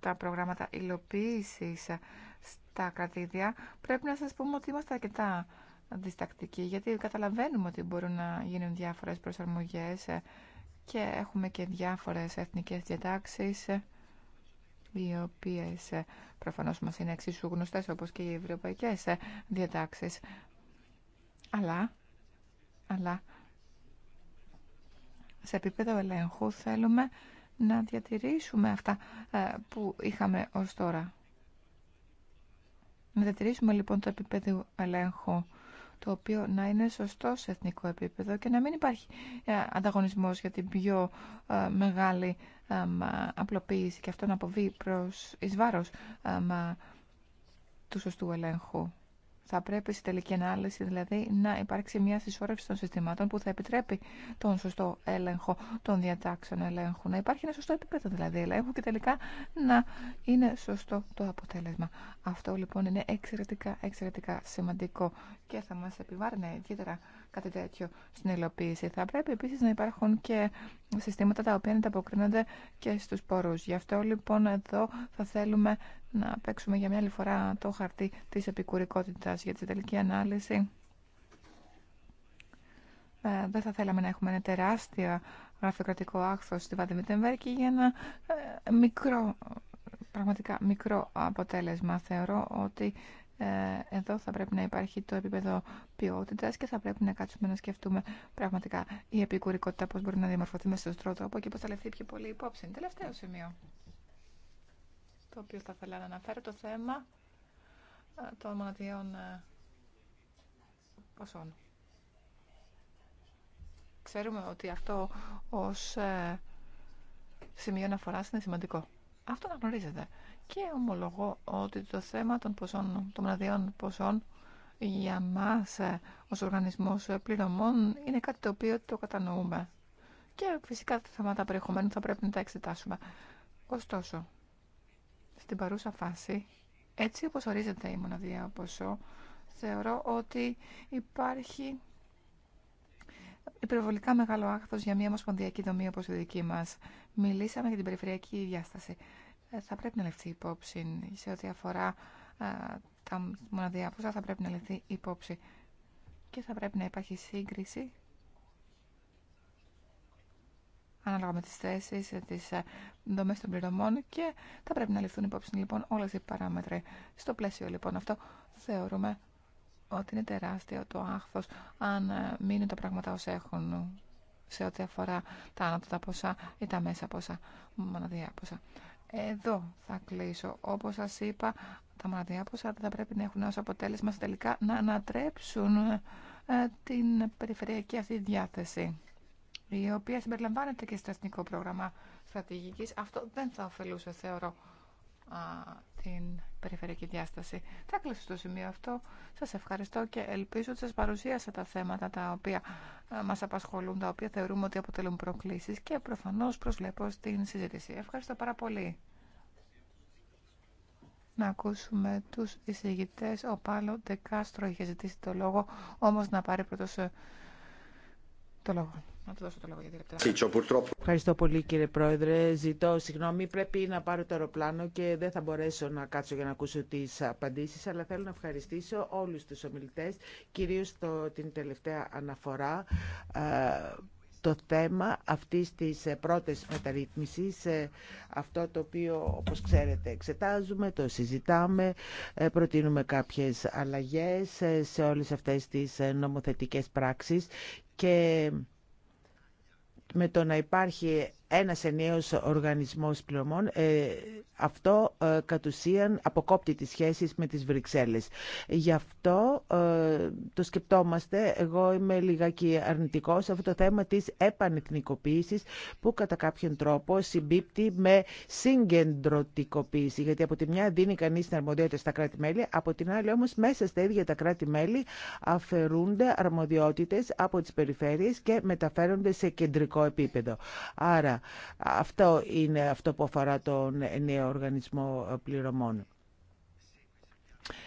τα προγράμματα υλοποίηση στα κρατήδια, πρέπει να σας πούμε ότι είμαστε αρκετά διστακτικοί, γιατί καταλαβαίνουμε ότι μπορούν να γίνουν διάφορες προσαρμογές και έχουμε και διάφορες εθνικές διατάξεις οι οποίες ε, προφανώς μας είναι εξίσου γνωστές όπως και οι ευρωπαϊκές ε, διατάξεις. Αλλά, αλλά σε επίπεδο ελέγχου θέλουμε να διατηρήσουμε αυτά ε, που είχαμε ως τώρα. Να διατηρήσουμε λοιπόν το επίπεδο ελέγχου το οποίο να είναι σωστό σε εθνικό επίπεδο και να μην υπάρχει ε, ανταγωνισμός για την πιο ε, μεγάλη ε, απλοποίηση και αυτό να αποβεί προς εις βάρος του σωστού ελέγχου. Θα πρέπει στη τελική ανάλυση δηλαδή να υπάρξει μια συσσόρευση των συστημάτων που θα επιτρέπει τον σωστό έλεγχο των διατάξεων ελέγχου. Να υπάρχει ένα σωστό επίπεδο δηλαδή ελέγχου και τελικά να είναι σωστό το αποτέλεσμα. Αυτό λοιπόν είναι εξαιρετικά, εξαιρετικά σημαντικό και θα μας επιβάρυνε ιδιαίτερα κάτι τέτοιο στην υλοποίηση. Θα πρέπει επίσης να υπάρχουν και συστήματα τα οποία ανταποκρίνονται και στους πόρους. Γι' αυτό λοιπόν εδώ θα θέλουμε να παίξουμε για μια άλλη φορά το χαρτί της επικουρικότητας για την τελική ανάλυση. Ε, δεν θα θέλαμε να έχουμε ένα τεράστιο γραφειοκρατικό άκθος στη Μιτεμβέρκη για ένα ε, μικρό, πραγματικά μικρό αποτέλεσμα. Θεωρώ ότι ε, εδώ θα πρέπει να υπάρχει το επίπεδο ποιότητα και θα πρέπει να κάτσουμε να σκεφτούμε πραγματικά η επικουρικότητα, πώ μπορεί να διαμορφωθεί με σωστό τρόπο και πώ θα λεφθεί πιο πολύ υπόψη. τελευταίο σημείο το οποίο θα ήθελα να αναφέρω το θέμα ε, των μοναδιών ε, ποσών. Ξέρουμε ότι αυτό ως σημείο αναφοράς είναι σημαντικό. Αυτό να γνωρίζετε. Και ομολογώ ότι το θέμα των, ποσών, των μοναδιών ποσών για μας ως οργανισμός πληρωμών είναι κάτι το οποίο το κατανοούμε. Και φυσικά τα θέματα περιεχομένου θα πρέπει να τα εξετάσουμε. Ωστόσο, στην παρούσα φάση, έτσι όπως ορίζεται η μοναδία ποσό, θεωρώ ότι υπάρχει υπερβολικά μεγάλο άγχος για μια ομοσπονδιακή δομή όπως η δική μας. Μιλήσαμε για την περιφερειακή διάσταση. Ε, θα πρέπει να λεφθεί υπόψη σε ό,τι αφορά ε, τα μοναδιάποσα θα πρέπει να λεφθεί υπόψη και θα πρέπει να υπάρχει σύγκριση ανάλογα με τις θέσεις, ε, τις δομές των πληρωμών και θα πρέπει να ληφθούν υπόψη λοιπόν όλες οι παράμετροι. Στο πλαίσιο λοιπόν αυτό θεωρούμε ότι είναι τεράστιο το άχθος αν μείνουν τα πράγματα ως έχουν σε ό,τι αφορά τα άνατοτα ποσά ή τα μέσα ποσά, μοναδιά ποσά. Εδώ θα κλείσω. Όπως σας είπα, τα μοναδιά ποσά θα πρέπει να έχουν ως αποτέλεσμα τελικά να ανατρέψουν ε, την περιφερειακή αυτή διάθεση, η οποία συμπεριλαμβάνεται και στο εθνικό πρόγραμμα στρατηγικής. Αυτό δεν θα ωφελούσε, θεωρώ, την περιφερειακή διάσταση. Θα κλείσω στο σημείο αυτό. Σας ευχαριστώ και ελπίζω ότι σας παρουσίασα τα θέματα τα οποία ε, μας απασχολούν, τα οποία θεωρούμε ότι αποτελούν προκλήσεις και προφανώ προσβλέπω στην συζήτηση. Ευχαριστώ πάρα πολύ. Να ακούσουμε τους εισηγητέ. Ο Πάλο Ντεκάστρο είχε ζητήσει το λόγο, όμω να πάρει πρώτο ε, το λόγο. Να του δώσω το λόγο για Ευχαριστώ πολύ κύριε Πρόεδρε. Ζητώ συγγνώμη. Πρέπει να πάρω το αεροπλάνο και δεν θα μπορέσω να κάτσω για να ακούσω τι απαντήσει. Αλλά θέλω να ευχαριστήσω όλου του ομιλητέ, κυρίω την τελευταία αναφορά. Ε, το θέμα αυτής της ε, πρώτης μεταρρύθμισης, ε, αυτό το οποίο όπως ξέρετε εξετάζουμε, το συζητάμε, προτείνουμε κάποιε αλλαγέ σε όλε αυτέ τι νομοθετικέ πράξει. και με το να υπάρχει ένας ενιαίος οργανισμός πληρωμών, ε, αυτό ε, κατ' ουσίαν αποκόπτει τις σχέσεις με τις Βρυξέλλες. Γι' αυτό ε, το σκεπτόμαστε, εγώ είμαι λιγάκι αρνητικός, αυτό το θέμα της επανεθνικοποίησης που κατά κάποιον τρόπο συμπίπτει με συγκεντρωτικοποίηση. Γιατί από τη μια δίνει κανείς την αρμοδιότητα στα κράτη-μέλη, από την άλλη όμως μέσα στα ίδια τα κράτη-μέλη αφαιρούνται αρμοδιότητες από τις περιφέρειες και μεταφέρονται σε κεντρικό επίπεδο. Άρα αυτό είναι αυτό που αφορά τον νέο οργανισμό πληρωμών.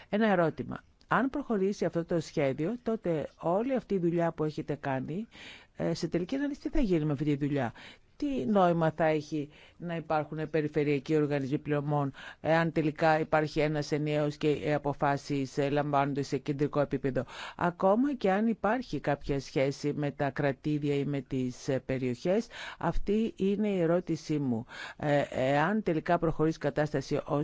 Ένα ερώτημα. Αν προχωρήσει αυτό το σχέδιο, τότε όλη αυτή η δουλειά που έχετε κάνει, ε, σε τελική ανάλυση τι θα γίνει με αυτή τη δουλειά τι νόημα θα έχει να υπάρχουν περιφερειακοί οργανισμοί πληρωμών, εάν τελικά υπάρχει ένα ενιαίο και οι αποφάσει ε, λαμβάνονται σε κεντρικό επίπεδο. Ακόμα και αν υπάρχει κάποια σχέση με τα κρατήδια ή με τι ε, περιοχέ, αυτή είναι η ερώτησή μου. Ε, εάν τελικά προχωρήσει η κατάσταση ω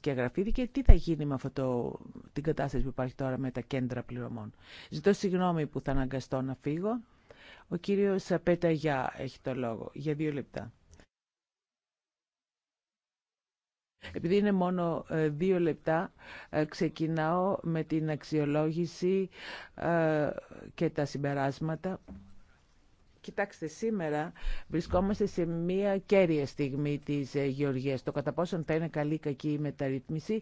και και τι θα γίνει με αυτό την κατάσταση που υπάρχει τώρα με τα κέντρα πληρωμών. Ζητώ συγγνώμη που θα αναγκαστώ να φύγω. Ο κύριος Απέτα Γιά Σαπέτα για δύο λεπτά. Επειδή είναι μόνο ε, δύο λεπτά, ε, ξεκινάω με την αξιολόγηση ε, και τα συμπεράσματα. Κοιτάξτε, σήμερα βρισκόμαστε σε μία κέρια στιγμή της ε, Γεωργίας. Το κατά πόσον θα είναι καλή ή κακή η μεταρρύθμιση,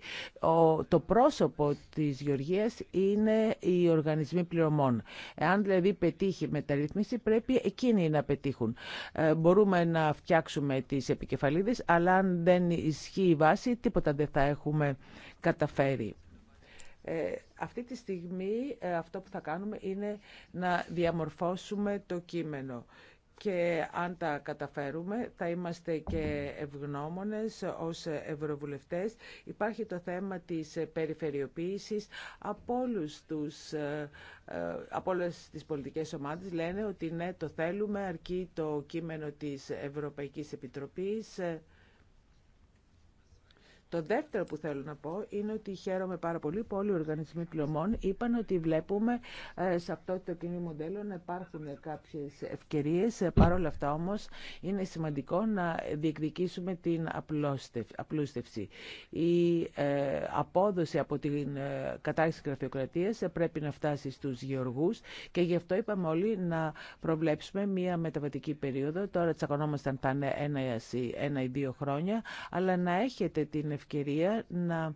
το πρόσωπο της Γεωργίας είναι οι οργανισμοί πληρωμών. Εάν δηλαδή πετύχει μεταρρύθμιση, πρέπει εκείνοι να πετύχουν. Ε, μπορούμε να φτιάξουμε τις επικεφαλίδες, αλλά αν δεν ισχύει η βάση, τίποτα δεν θα έχουμε καταφέρει. Ε, αυτή τη στιγμή ε, αυτό που θα κάνουμε είναι να διαμορφώσουμε το κείμενο και αν τα καταφέρουμε θα είμαστε και ευγνώμονες ως ευρωβουλευτές. Υπάρχει το θέμα της περιφερειοποίησης. Από, όλους τους, ε, από όλες τις πολιτικές ομάδες λένε ότι ναι το θέλουμε αρκεί το κείμενο της Ευρωπαϊκής Επιτροπής το δεύτερο που θέλω να πω είναι ότι χαίρομαι πάρα πολύ που όλοι οι οργανισμοί πλωμών είπαν ότι βλέπουμε ε, σε αυτό το κοινό μοντέλο να υπάρχουν κάποιες ευκαιρίες. Ε, παρ' όλα αυτά όμω, είναι σημαντικό να διεκδικήσουμε την απλούστευση. Η ε, απόδοση από την κατάρριξη γραφειοκρατίας πρέπει να φτάσει στους γεωργού και γι' αυτό είπαμε όλοι να προβλέψουμε μία μεταβατική περίοδο. Τώρα αν θα είναι ένα ή δύο χρόνια, αλλά να έχετε την ευκαιρία ευκαιρία να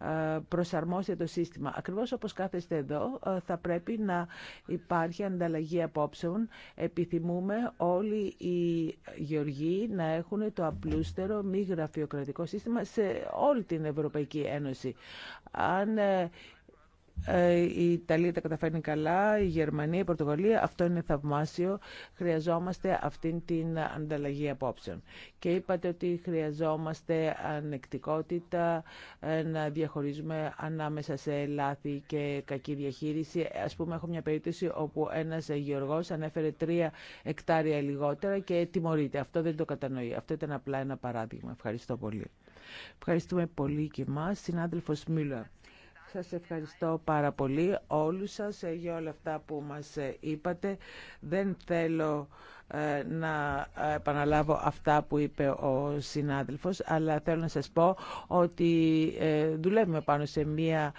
ε, προσαρμόσετε το σύστημα. Ακριβώς όπως κάθεστε εδώ, ε, θα πρέπει να υπάρχει ανταλλαγή απόψεων. Επιθυμούμε όλοι οι γεωργοί να έχουν το απλούστερο μη γραφειοκρατικό σύστημα σε όλη την Ευρωπαϊκή Ένωση. Αν ε, ε, η Ιταλία τα καταφέρνει καλά, η Γερμανία, η Πορτογαλία. Αυτό είναι θαυμάσιο. Χρειαζόμαστε αυτή την ανταλλαγή απόψεων. Και είπατε ότι χρειαζόμαστε ανεκτικότητα, ε, να διαχωρίζουμε ανάμεσα σε λάθη και κακή διαχείριση. Α πούμε, έχω μια περίπτωση όπου ένα γεωργό ανέφερε τρία εκτάρια λιγότερα και τιμωρείται. Αυτό δεν το κατανοεί. Αυτό ήταν απλά ένα παράδειγμα. Ευχαριστώ πολύ. Ευχαριστούμε πολύ και εμάς, Συνάδελφο Μίλα. Σας ευχαριστώ πάρα πολύ όλους σας ε, για όλα αυτά που μας ε, είπατε. Δεν θέλω ε, να επαναλάβω αυτά που είπε ο συνάδελφος, αλλά θέλω να σας πω ότι δουλεύουμε πάνω σε μία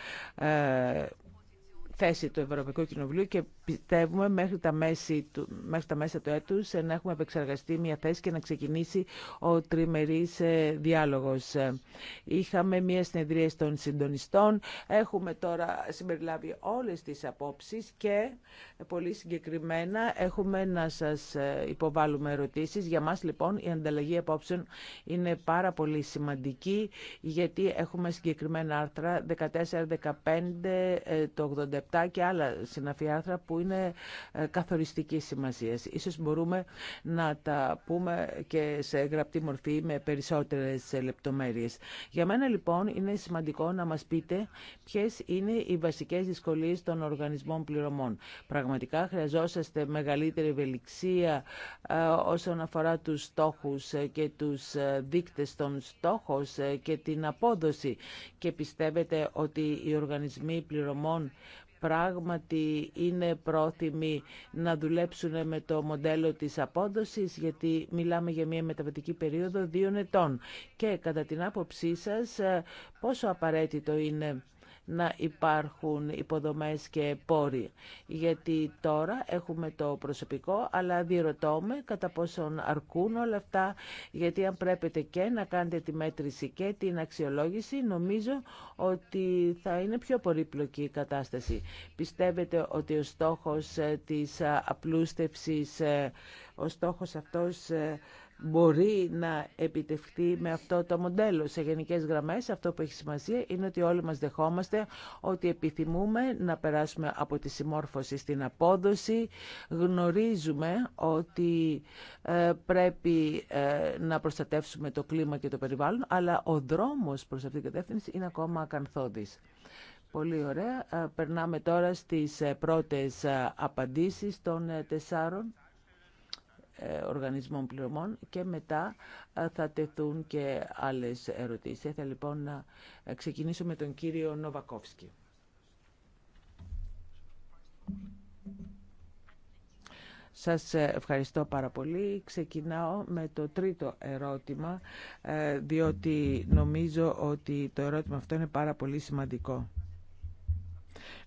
θέση του Ευρωπαϊκού Κοινοβουλίου και Πιστεύουμε μέχρι τα, μέση του, μέχρι τα μέσα του έτους ε, να έχουμε επεξεργαστεί μια θέση και να ξεκινήσει ο τριμερής ε, διάλογος. Είχαμε μια συνεδρία των συντονιστών. Έχουμε τώρα συμπεριλάβει όλες τις απόψεις και ε, πολύ συγκεκριμένα έχουμε να σας υποβάλουμε ερωτήσεις. Για μας λοιπόν η ανταλλαγή απόψεων είναι πάρα πολύ σημαντική γιατί έχουμε συγκεκριμένα άρθρα 14, 15, το 87 και άλλα συναφή άρθρα που που είναι ε, καθοριστική σημασία. Ίσως μπορούμε να τα πούμε και σε γραπτή μορφή με περισσότερες λεπτομέρειες. Για μένα λοιπόν είναι σημαντικό να μας πείτε ποιες είναι οι βασικές δυσκολίες των οργανισμών πληρωμών. Πραγματικά χρειαζόσαστε μεγαλύτερη ευελιξία ε, όσον αφορά τους στόχους ε, και τους δείκτες των στόχων και την απόδοση και πιστεύετε ότι οι οργανισμοί πληρωμών πράγματι είναι πρόθυμοι να δουλέψουν με το μοντέλο της απόδοσης, γιατί μιλάμε για μια μεταβατική περίοδο δύο ετών. Και κατά την άποψή σας, ε, πόσο απαραίτητο είναι να υπάρχουν υποδομές και πόροι. Γιατί τώρα έχουμε το προσωπικό, αλλά διερωτώμε κατά πόσον αρκούν όλα αυτά, γιατί αν πρέπει και να κάνετε τη μέτρηση και την αξιολόγηση, νομίζω ότι θα είναι πιο πολύπλοκη η κατάσταση. Πιστεύετε ότι ο στόχος ε, της απλούστευσης, ε, ο στόχος αυτός ε, μπορεί να επιτευχθεί με αυτό το μοντέλο. Σε γενικές γραμμές αυτό που έχει σημασία είναι ότι όλοι μας δεχόμαστε ότι επιθυμούμε να περάσουμε από τη συμμόρφωση στην απόδοση. Γνωρίζουμε ότι ε, πρέπει ε, να προστατεύσουμε το κλίμα και το περιβάλλον, αλλά ο δρόμος προς αυτήν την κατεύθυνση είναι ακόμα ακανθώδης. Πολύ ωραία. Ε, περνάμε τώρα στις πρώτες απαντήσεις των τεσσάρων ε, οργανισμών πληρωμών και μετά ε, θα τεθούν και άλλες ερωτήσεις. Θα λοιπόν να ε, ξεκινήσω με τον κύριο Νοβακόφσκι. Σας ευχαριστώ πάρα πολύ. Ξεκινάω με το τρίτο ερώτημα, διότι νομίζω ότι το ερώτημα αυτό είναι πάρα πολύ σημαντικό.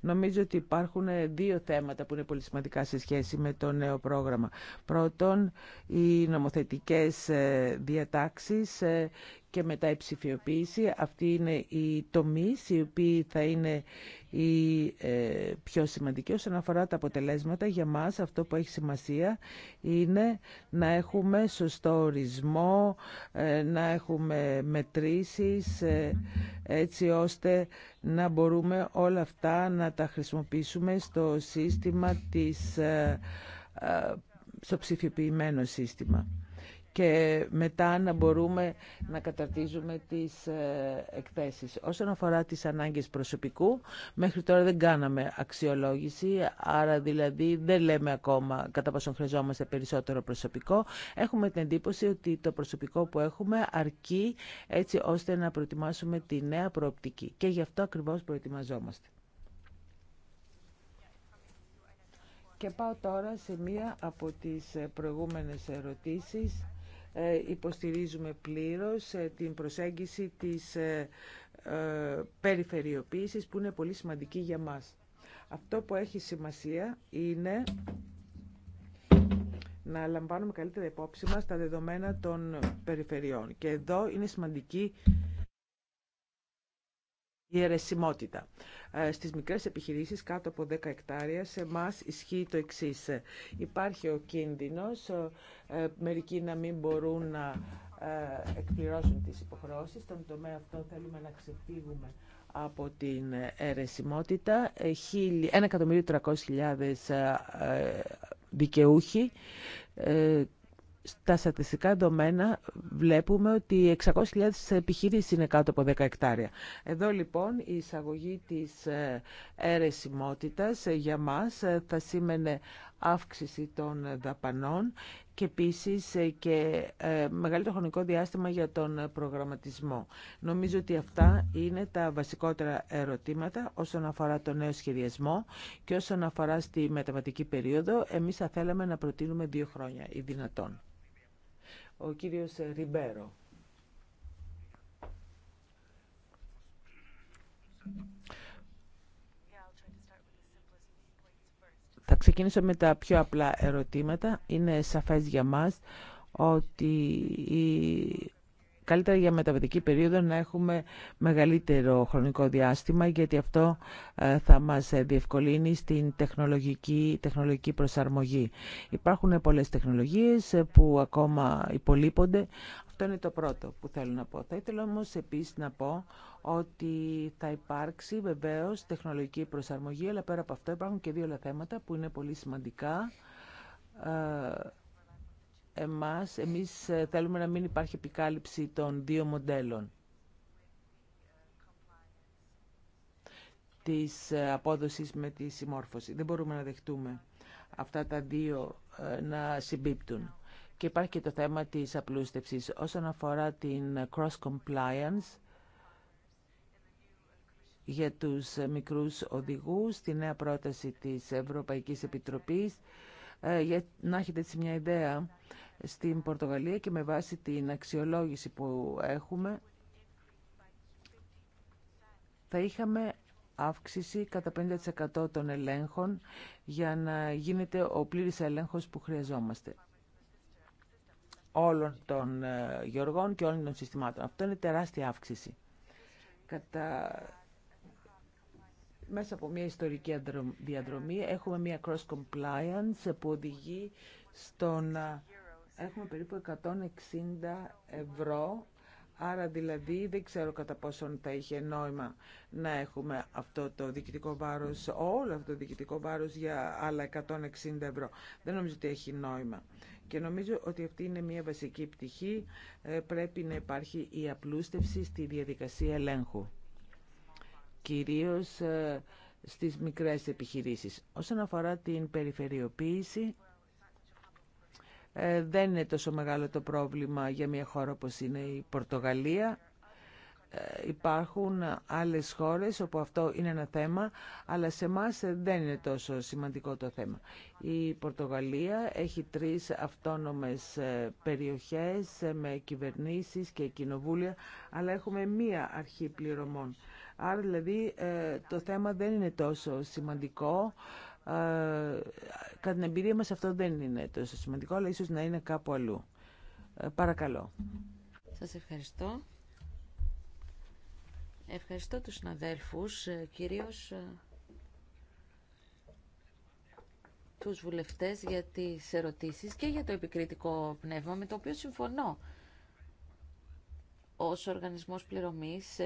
Νομίζω ότι υπάρχουν δύο θέματα που είναι πολύ σημαντικά σε σχέση με το νέο πρόγραμμα. Πρώτον, οι νομοθετικές ε, διατάξεις ε, και μετά η ψηφιοποίηση. Αυτοί είναι οι τομείς οι οποίοι θα είναι οι ε, πιο σημαντικοί όσον αφορά τα αποτελέσματα. Για μας αυτό που έχει σημασία είναι να έχουμε σωστό ορισμό, να έχουμε μετρήσεις έτσι ώστε να μπορούμε όλα αυτά να να τα χρησιμοποιήσουμε στο σύστημα της, ε, ε, στο ψηφιοποιημένο σύστημα και μετά να μπορούμε να καταρτίζουμε τις ε, εκθέσεις. Όσον αφορά τις ανάγκες προσωπικού, μέχρι τώρα δεν κάναμε αξιολόγηση, άρα δηλαδή δεν λέμε ακόμα κατά πόσο χρειαζόμαστε περισσότερο προσωπικό. Έχουμε την εντύπωση ότι το προσωπικό που έχουμε αρκεί έτσι ώστε να προετοιμάσουμε τη νέα προοπτική και γι' αυτό ακριβώς προετοιμαζόμαστε. Και πάω τώρα σε μία από τις ε, προηγούμενες ερωτήσεις. Ε, υποστηρίζουμε πλήρως ε, την προσέγγιση της περιφερειοποίησης που είναι πολύ σημαντική για μας. Αυτό που έχει σημασία είναι να λαμβάνουμε καλύτερα υπόψη μας τα δεδομένα των περιφερειών. Και εδώ είναι σημαντική η αιρεσιμότητα. Ε, στις μικρές επιχειρήσεις κάτω από 10 εκτάρια σε εμά ισχύει το εξή. Υπάρχει ο κίνδυνος, ε, ε, μερικοί να μην μπορούν να εκπληρώσουν τις υποχρεώσεις. Στον τομέα αυτό θέλουμε να ξεφύγουμε από την αιρεσιμότητα. 1.300.000 δικαιούχοι στα στατιστικά δομένα βλέπουμε ότι 600.000 επιχειρήσεις είναι κάτω από 10 εκτάρια. Εδώ λοιπόν η εισαγωγή της ε, αιρεσιμότητας ε, για μας ε, θα σήμαινε αύξηση των δαπανών και επίσης και μεγαλύτερο χρονικό διάστημα για τον προγραμματισμό. Νομίζω ότι αυτά είναι τα βασικότερα ερωτήματα όσον αφορά το νέο σχεδιασμό και όσον αφορά στη μεταβατική περίοδο εμείς θα θέλαμε να προτείνουμε δύο χρόνια ή δυνατόν ο κύριος Ριμπέρο. Θα ξεκινήσω με τα πιο απλά ερωτήματα. Είναι σαφές για μας ότι καλύτερα για μεταβατική περίοδο να έχουμε μεγαλύτερο χρονικό διάστημα γιατί αυτό ε, θα μας διευκολύνει στην τεχνολογική, τεχνολογική προσαρμογή. Υπάρχουν πολλές τεχνολογίες ε, που ακόμα υπολείπονται. Αυτό είναι το πρώτο που θέλω να πω. Θα ήθελα όμως επίσης να πω ότι θα υπάρξει βεβαίως τεχνολογική προσαρμογή αλλά πέρα από αυτό υπάρχουν και δύο άλλα θέματα που είναι πολύ σημαντικά ε, εμάς, εμείς ε, θέλουμε να μην υπάρχει επικάλυψη των δύο μοντέλων. της ε, απόδοσης με τη συμμόρφωση. Δεν μπορούμε να δεχτούμε αυτά τα δύο ε, να συμπίπτουν. Και υπάρχει και το θέμα της απλούστευσης. Όσον αφορά την cross-compliance για τους μικρούς οδηγούς, τη νέα πρόταση της Ευρωπαϊκής Επιτροπής, για να έχετε έτσι μια ιδέα, στην Πορτογαλία και με βάση την αξιολόγηση που έχουμε θα είχαμε αύξηση κατά 50% των ελέγχων για να γίνεται ο πλήρης ελέγχος που χρειαζόμαστε όλων των ε, γεωργών και όλων των συστημάτων. Αυτό είναι τεράστια αύξηση. Κατά... Μέσα από μια ιστορική διαδρομή έχουμε μια cross-compliance που οδηγεί στο έχουμε περίπου 160 ευρώ Άρα δηλαδή δεν ξέρω κατά πόσον θα είχε νόημα να έχουμε αυτό το διοικητικό βάρος, όλο αυτό το διοικητικό βάρος για άλλα 160 ευρώ. Δεν νομίζω ότι έχει νόημα. Και νομίζω ότι αυτή είναι μια βασική πτυχή. Ε, πρέπει να υπάρχει η απλούστευση στη διαδικασία ελέγχου. Κυρίως ε, στις μικρές επιχειρήσεις. Όσον αφορά την περιφερειοποίηση, ε, δεν είναι τόσο μεγάλο το πρόβλημα για μια χώρα όπως είναι η Πορτογαλία. Ε, υπάρχουν άλλες χώρες όπου αυτό είναι ένα θέμα, αλλά σε εμά δεν είναι τόσο σημαντικό το θέμα. Η Πορτογαλία έχει τρεις αυτόνομες ε, περιοχές με κυβερνήσεις και κοινοβούλια, αλλά έχουμε μία αρχή πληρωμών. Άρα δηλαδή το θέμα δεν είναι τόσο σημαντικό κατά την εμπειρία μας αυτό δεν είναι τόσο σημαντικό, αλλά ίσως να είναι κάπου αλλού. Ε, παρακαλώ. Σας ευχαριστώ. Ευχαριστώ τους συναδέλφους, ε, κυρίως ε, τους βουλευτές για τις ερωτήσεις και για το επικριτικό πνεύμα με το οποίο συμφωνώ. Ως οργανισμός πληρωμής,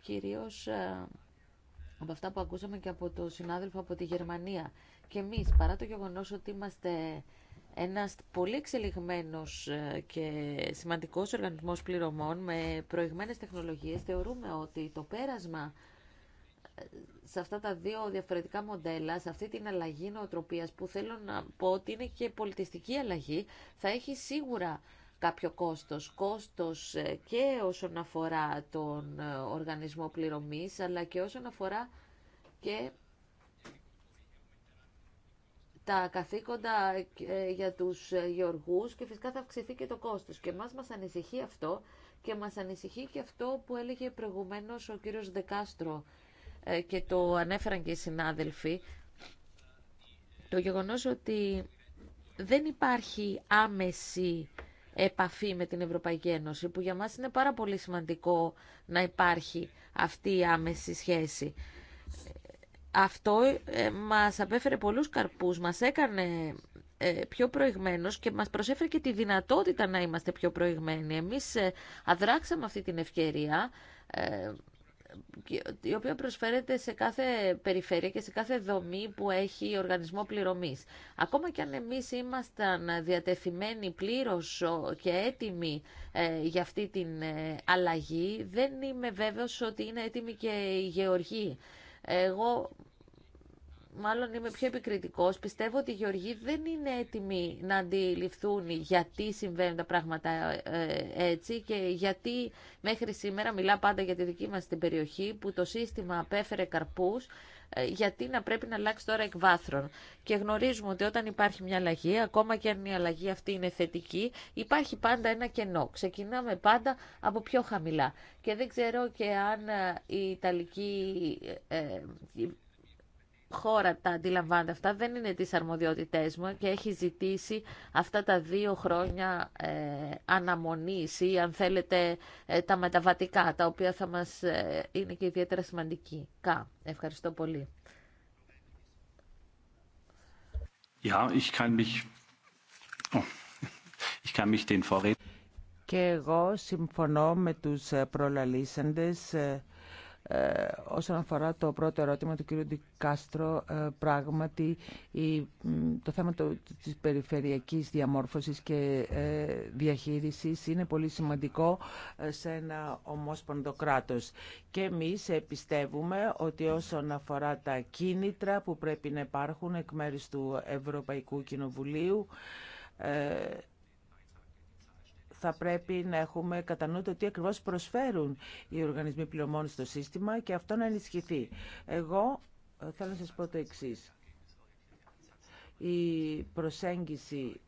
κυρίως από αυτά που ακούσαμε και από το συνάδελφο από τη Γερμανία. Και εμείς, παρά το γεγονό ότι είμαστε ένας πολύ εξελιγμένος ε, και σημαντικός οργανισμός πληρωμών με προηγμένες τεχνολογίες, θεωρούμε ότι το πέρασμα ε, σε αυτά τα δύο διαφορετικά μοντέλα, σε αυτή την αλλαγή νοοτροπίας που θέλω να πω ότι είναι και πολιτιστική αλλαγή, θα έχει σίγουρα κάποιο κόστος. Κόστος ε, και όσον αφορά τον ε, οργανισμό πληρωμής, αλλά και όσον αφορά και τα καθήκοντα ε, για τους γεωργούς και φυσικά θα αυξηθεί και το κόστος. Και μας μας ανησυχεί αυτό και μας ανησυχεί και αυτό που έλεγε προηγουμένως ο κύριος Δεκάστρο και το ανέφεραν και οι συνάδελφοι, το γεγονός ότι δεν υπάρχει άμεση επαφή με την Ευρωπαϊκή Ένωση, που για μας είναι πάρα πολύ σημαντικό να υπάρχει αυτή η άμεση σχέση. Αυτό ε, μας απέφερε πολλούς καρπούς, μας έκανε ε, πιο προηγμένος και μας προσέφερε και τη δυνατότητα να είμαστε πιο προηγμένοι. Εμείς ε, αδράξαμε αυτή την ευκαιρία η οποία προσφέρεται σε κάθε περιφέρεια και σε κάθε δομή που έχει οργανισμό πληρωμής. Ακόμα και αν εμείς ήμασταν διατεθειμένοι πλήρως και έτοιμοι ε, για αυτή την ε, αλλαγή, δεν είμαι βέβαιος ότι είναι έτοιμοι και οι γεωργοί. Εγώ μάλλον είμαι πιο επικριτικό, πιστεύω ότι οι Γεωργοί δεν είναι έτοιμοι να αντιληφθούν γιατί συμβαίνουν τα πράγματα ε, έτσι και γιατί μέχρι σήμερα, μιλά πάντα για τη δική μα την περιοχή, που το σύστημα απέφερε καρπούς, ε, γιατί να πρέπει να αλλάξει τώρα εκ βάθρων. Και γνωρίζουμε ότι όταν υπάρχει μια αλλαγή, ακόμα και αν η αλλαγή αυτή είναι θετική, υπάρχει πάντα ένα κενό. Ξεκινάμε πάντα από πιο χαμηλά. Και δεν ξέρω και αν ε, η Ιταλική χώρα τα αντιλαμβάνεται αυτά, δεν είναι τις αρμοδιότητές μου και έχει ζητήσει αυτά τα δύο χρόνια ε, αναμονής ή αν θέλετε ε, τα μεταβατικά, τα οποία θα μας ε, είναι και ιδιαίτερα σημαντική. Κα, ευχαριστώ πολύ. Ja, ich kann mich, oh, Και εγώ συμφωνώ με τους προλαλήσαντες. Ε, ε, όσον αφορά το πρώτο ερώτημα του κ. Ντικάστρο, ε, πράγματι το θέμα της περιφερειακής διαμόρφωσης και ε, διαχείρισης είναι πολύ σημαντικό σε ένα ομόσπονδο κράτος. Και εμείς πιστεύουμε ότι όσον αφορά τα κίνητρα που πρέπει να υπάρχουν εκ μέρους του Ευρωπαϊκού Κοινοβουλίου, θα πρέπει να έχουμε κατά νου το τι ακριβώς προσφέρουν οι οργανισμοί πληρωμών στο σύστημα και αυτό να ενισχυθεί. Εγώ ε, θέλω να σας πω το εξής. Η προσέγγιση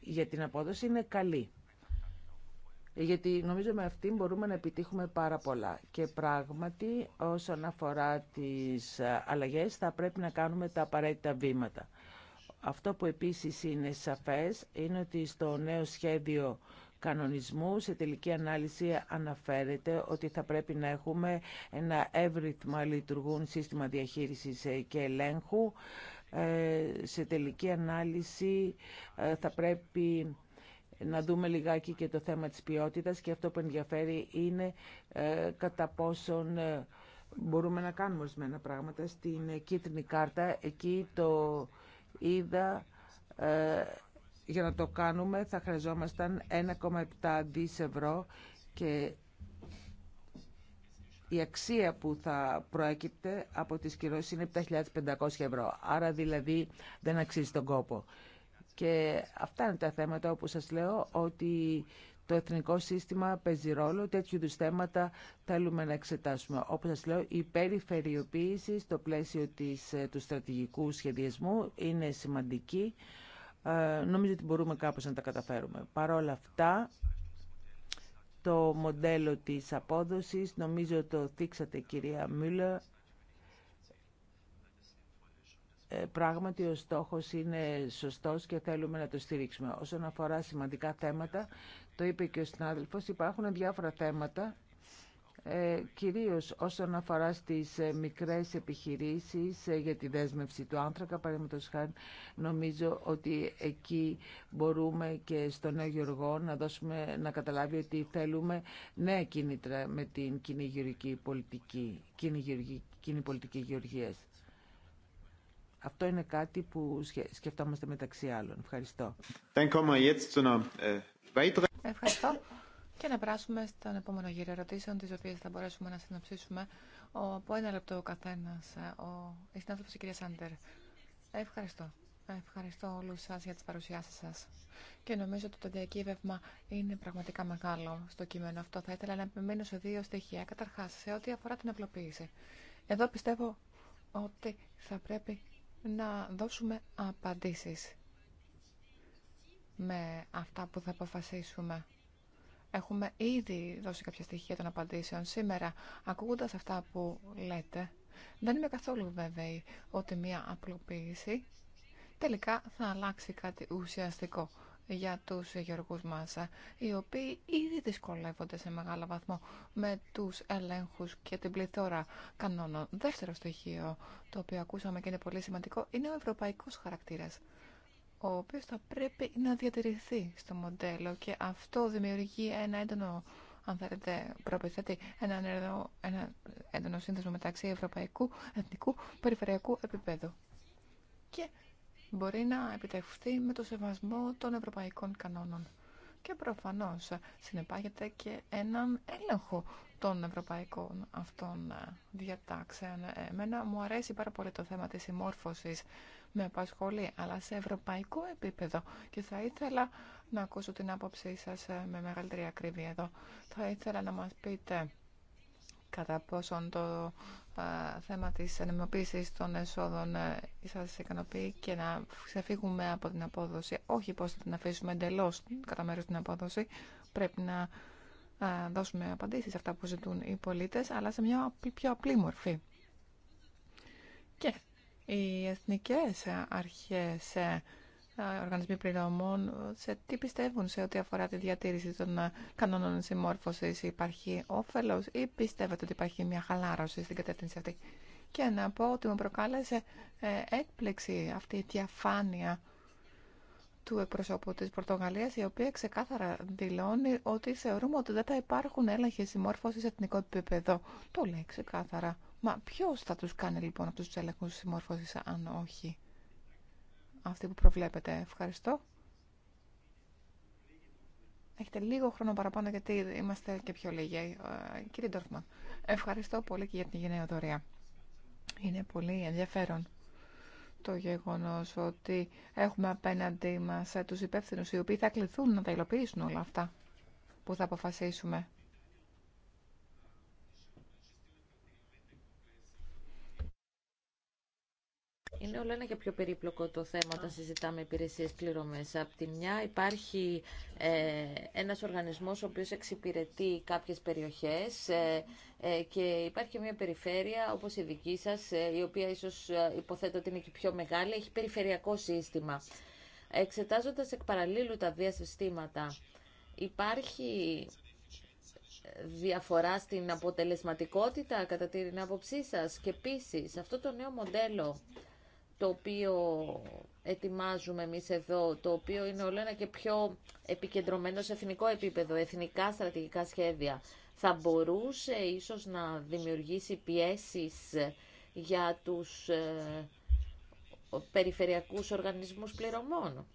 για την απόδοση είναι καλή. Γιατί νομίζω με αυτή μπορούμε να επιτύχουμε πάρα πολλά. Και πράγματι όσον αφορά τις ε, αλλαγές θα πρέπει να κάνουμε τα απαραίτητα βήματα. Αυτό που επίσης είναι σαφές είναι ότι στο νέο σχέδιο κανονισμού σε τελική ανάλυση αναφέρεται ότι θα πρέπει να έχουμε ένα εύρυθμα λειτουργούν σύστημα διαχείρισης και ελέγχου. Ε, σε τελική ανάλυση ε, θα πρέπει να δούμε λιγάκι και το θέμα της ποιότητας και αυτό που ενδιαφέρει είναι ε, κατά πόσον μπορούμε να κάνουμε ορισμένα πράγματα. Στην κίτρινη κάρτα εκεί το είδα ε, για να το κάνουμε θα χρειαζόμασταν 1,7 δις ευρώ και η αξία που θα προέκυπτε από τις κυρώσεις είναι 7.500 ευρώ. Άρα δηλαδή δεν αξίζει τον κόπο. Και αυτά είναι τα θέματα όπου σας λέω ότι το εθνικό σύστημα παίζει ρόλο. Τέτοιου είδου θέματα θέλουμε να εξετάσουμε. Όπω σα λέω, η περιφερειοποίηση στο πλαίσιο της, ε, του στρατηγικού σχεδιασμού είναι σημαντική. Ε, νομίζω ότι μπορούμε κάπως να τα καταφέρουμε. Παρ' όλα αυτά, το μοντέλο της απόδοσης, νομίζω το θίξατε κυρία Μούλερ, ε, πράγματι ο στόχος είναι σωστός και θέλουμε να το στηρίξουμε. Όσον αφορά σημαντικά θέματα, το είπε και ο συνάδελφος, υπάρχουν διάφορα θέματα, ε, κυρίως όσον αφορά στις ε, μικρές επιχειρήσεις για τη δέσμευση του άνθρακα, παραδείγματος χάρη, νομίζω ότι εκεί μπορούμε και στον νέο Γεωργό να, δώσουμε, να καταλάβει ότι θέλουμε νέα κίνητρα με την κοινή πολιτική, κοινή, κοινή πολιτική γεωργίας. Αυτό είναι κάτι που σκεφτόμαστε μεταξύ άλλων. Ευχαριστώ. Äh, Ευχαριστώ. Και να περάσουμε στον επόμενο γύρο ερωτήσεων, τις οποίες θα μπορέσουμε να συνοψίσουμε από ένα λεπτό ο καθένας, ε, ο, η συνάδελφος η κυρία Σάντερ. Ευχαριστώ. Ευχαριστώ όλους σας για τις παρουσιάσεις σας. Και νομίζω ότι το διακύβευμα είναι πραγματικά μεγάλο στο κείμενο αυτό. Θα ήθελα να επιμείνω σε δύο στοιχεία. Καταρχάς, σε ό,τι αφορά την απλοποίηση. Εδώ πιστεύω ότι θα πρέπει να δώσουμε απαντήσεις με αυτά που θα αποφασίσουμε. Έχουμε ήδη δώσει κάποια στοιχεία των απαντήσεων σήμερα. Ακούγοντας αυτά που λέτε, δεν είμαι καθόλου βέβαιη ότι μία απλοποίηση τελικά θα αλλάξει κάτι ουσιαστικό για τους γεωργούς μας, ε, οι οποίοι ήδη δυσκολεύονται σε μεγάλο βαθμό με τους ελέγχους και την πληθώρα κανόνων. Δεύτερο στοιχείο, το οποίο ακούσαμε και είναι πολύ σημαντικό, είναι ο ευρωπαϊκός χαρακτήρας ο οποίος θα πρέπει να διατηρηθεί στο μοντέλο και αυτό δημιουργεί ένα έντονο αν θέλετε, ένα, ένα έντονο σύνδεσμο μεταξύ ευρωπαϊκού, εθνικού, περιφερειακού επίπεδου μπορεί να επιτευχθεί με το σεβασμό των ευρωπαϊκών κανόνων. Και προφανώς συνεπάγεται και έναν έλεγχο των ευρωπαϊκών αυτών ε, διατάξεων. Εμένα μου αρέσει πάρα πολύ το θέμα της συμμόρφωσης με απασχολεί, αλλά σε ευρωπαϊκό επίπεδο. Και θα ήθελα να ακούσω την άποψή σας ε, με μεγαλύτερη ακρίβεια εδώ. Θα ήθελα να μας πείτε κατά πόσον το θέμα της ενεμοποίηση των εσόδων ε, σα ικανοποιεί και να ξεφύγουμε από την απόδοση. Όχι πως θα την αφήσουμε εντελώ κατά μέρος την απόδοση. Πρέπει να δώσουμε απαντήσεις σε αυτά που ζητούν οι πολίτες, αλλά σε μια πιο απλή μορφή. Και οι εθνικές αρχές ε, οργανισμοί πληρωμών, σε τι πιστεύουν σε ό,τι αφορά τη διατήρηση των ε, κανόνων συμμόρφωση, Υπάρχει όφελο, ή πιστεύετε ότι υπάρχει μια χαλάρωση στην κατεύθυνση αυτή. Και να πω ότι μου προκάλεσε ε, έκπληξη αυτή η διαφάνεια του εκπροσώπου της Πορτογαλίας, η οποία ξεκάθαρα δηλώνει ότι θεωρούμε ότι δεν θα υπάρχουν έλεγχοι συμμόρφωση σε εθνικό επίπεδο. Το λέει ξεκάθαρα. Μα ποιος θα τους κάνει λοιπόν αυτούς τους έλεγχους συμμόρφωσης αν όχι αυτή που προβλέπετε. Ευχαριστώ. Έχετε λίγο χρόνο παραπάνω γιατί είμαστε και πιο λίγοι. Ε, κύριε Ντόρφμαν, ευχαριστώ πολύ και για την γενναία δωρεά. Είναι πολύ ενδιαφέρον το γεγονός ότι έχουμε απέναντι μας τους υπεύθυνους οι οποίοι θα κληθούν να τα υλοποιήσουν όλα αυτά που θα αποφασίσουμε. Είναι όλο ένα και πιο περίπλοκο το θέμα όταν συζητάμε υπηρεσίες πληρωμές. Απ' τη μια υπάρχει ε, ένας οργανισμός ο οποίος εξυπηρετεί κάποιες περιοχές ε, ε, και υπάρχει μια περιφέρεια όπως η δική σας, ε, η οποία ίσως υποθέτω ότι είναι και πιο μεγάλη, έχει περιφερειακό σύστημα. Εξετάζοντας εκ τα δύο συστήματα, υπάρχει διαφορά στην αποτελεσματικότητα κατά την άποψή σας και επίση αυτό το νέο μοντέλο το οποίο ετοιμάζουμε εμείς εδώ, το οποίο είναι όλο ένα και πιο επικεντρωμένο σε εθνικό επίπεδο, εθνικά στρατηγικά σχέδια, θα μπορούσε ίσως να δημιουργήσει πιέσεις για τους ε, περιφερειακούς οργανισμούς πληρωμών.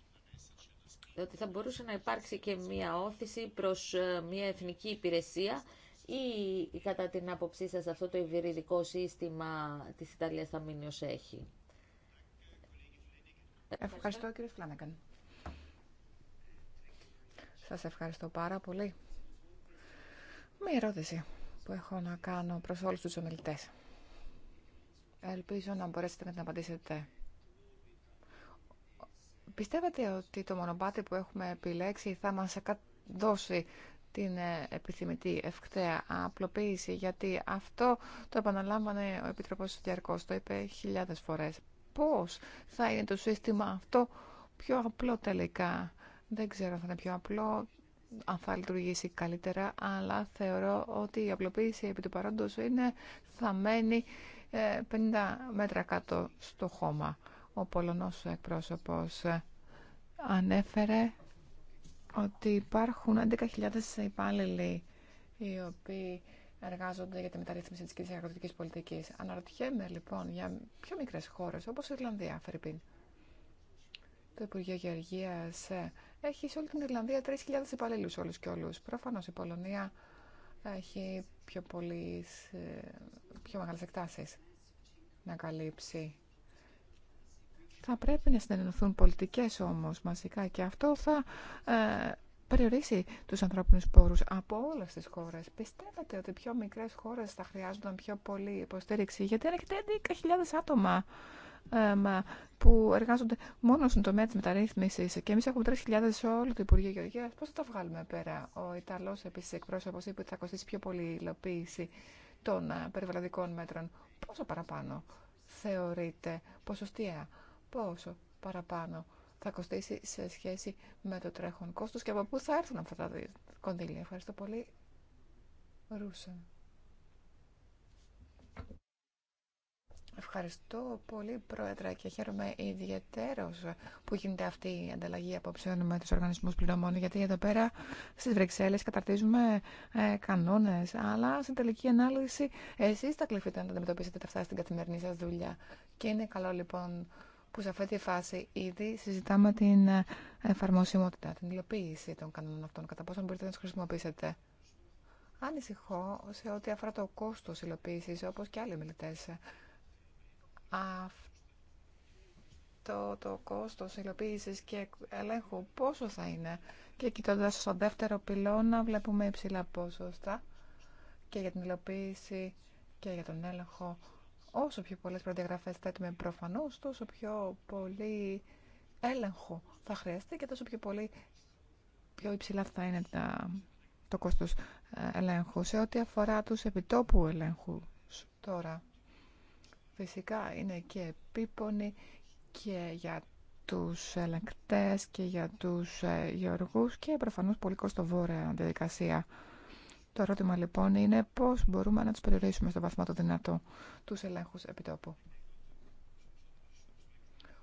Διότι θα μπορούσε να υπάρξει και μία όθηση προς ε, μία εθνική υπηρεσία ή κατά την άποψή σας αυτό το ευηρετικό σύστημα της Ιταλίας θα μείνει έχει. Ευχαριστώ κύριε Φλάνακαν. Σας ευχαριστώ πάρα πολύ. Μία ερώτηση που έχω να κάνω προς όλους τους ομιλητές. Ελπίζω να μπορέσετε να την απαντήσετε. Πιστεύετε ότι το μονοπάτι που έχουμε επιλέξει θα μας δώσει την ε, επιθυμητή ευκταία απλοποίηση, γιατί αυτό το επαναλάμβανε ο Επιτροπός διαρκώς, το είπε χιλιάδες φορές πώς θα είναι το σύστημα αυτό πιο απλό τελικά. Δεν ξέρω αν θα είναι πιο απλό, αν θα λειτουργήσει καλύτερα, αλλά θεωρώ ότι η απλοποίηση επί του παρόντος είναι θα μένει 50 ε, μέτρα κάτω στο χώμα. Ο Πολωνός εκπρόσωπος ε, ανέφερε ότι υπάρχουν 11.000 υπάλληλοι οι οποίοι εργάζονται για τη μεταρρύθμιση τη κοινή αγροτική πολιτική. Αναρωτιέμαι λοιπόν για πιο μικρέ χώρε όπω η Ιρλανδία, Φερρυπίν. Το Υπουργείο Γεωργία ε, έχει σε όλη την Ιρλανδία 3.000 υπαλλήλου όλου και όλου. Προφανώ η Πολωνία έχει πιο, πολλές, ε, πιο μεγάλες εκτάσεις να καλύψει. Θα πρέπει να συνενωθούν πολιτικές όμως μαζικά και αυτό θα ε, περιορίσει τους ανθρώπινους πόρους από όλες τις χώρες. Πιστεύετε ότι πιο μικρές χώρες θα χρειάζονταν πιο πολύ υποστήριξη, γιατί αν έχετε 11.000 άτομα που εργάζονται μόνο στον τομέα της μεταρρύθμισης και εμείς έχουμε 3.000 σε όλο το Υπουργείο Γεωργίας, πώς θα τα βγάλουμε πέρα. Ο Ιταλός επίσης εκπρόσωπος είπε ότι θα κοστίσει πιο πολύ η υλοποίηση των ε, περιβαλλοντικών μέτρων. Πόσο παραπάνω θεωρείτε, ποσοστία, πόσο παραπάνω θα κοστίσει σε σχέση με το τρέχον κόστο και από πού θα έρθουν αυτά τα κονδύλια. Ευχαριστώ πολύ. Ρούσα. Ευχαριστώ πολύ, Πρόεδρε, και χαίρομαι ιδιαίτερω που γίνεται αυτή η ανταλλαγή απόψεων με του οργανισμού πληρωμών. Γιατί εδώ πέρα στι Βρυξέλλε καταρτίζουμε ε, κανόνε, αλλά στην τελική ανάλυση εσεί τα κληθείτε να τα αντιμετωπίσετε αυτά στην καθημερινή σα δουλειά. Και είναι καλό λοιπόν που σε αυτή τη φάση ήδη συζητάμε την ε, εφαρμοσιμότητα, την υλοποίηση των κανόνων αυτών, κατά πόσο μπορείτε να τους χρησιμοποιήσετε. Ανησυχώ σε ό,τι αφορά το κόστος υλοποίησης, όπως και άλλοι μιλητές. Αυτό το κόστος υλοποίησης και ελέγχου πόσο θα είναι. Και κοιτώντα στο δεύτερο πυλώνα βλέπουμε υψηλά ποσοστά και για την υλοποίηση και για τον έλεγχο Όσο πιο πολλέ προδιαγραφέ θέτουμε προφανώ, τόσο πιο πολύ έλεγχο θα χρειαστεί και τόσο πιο πολύ πιο υψηλά θα είναι τα, το κόστος ε, ελέγχου. Σε ό,τι αφορά τους επιτόπου ελέγχου τώρα, φυσικά είναι και επίπονοι και για τους ελεγκτές και για τους ε, γεωργούς και προφανώς πολύ βόρεια διαδικασία. Το ερώτημα λοιπόν είναι πώς μπορούμε να τους περιορίσουμε στο βαθμό το δυνατό τους ελέγχους επιτόπου.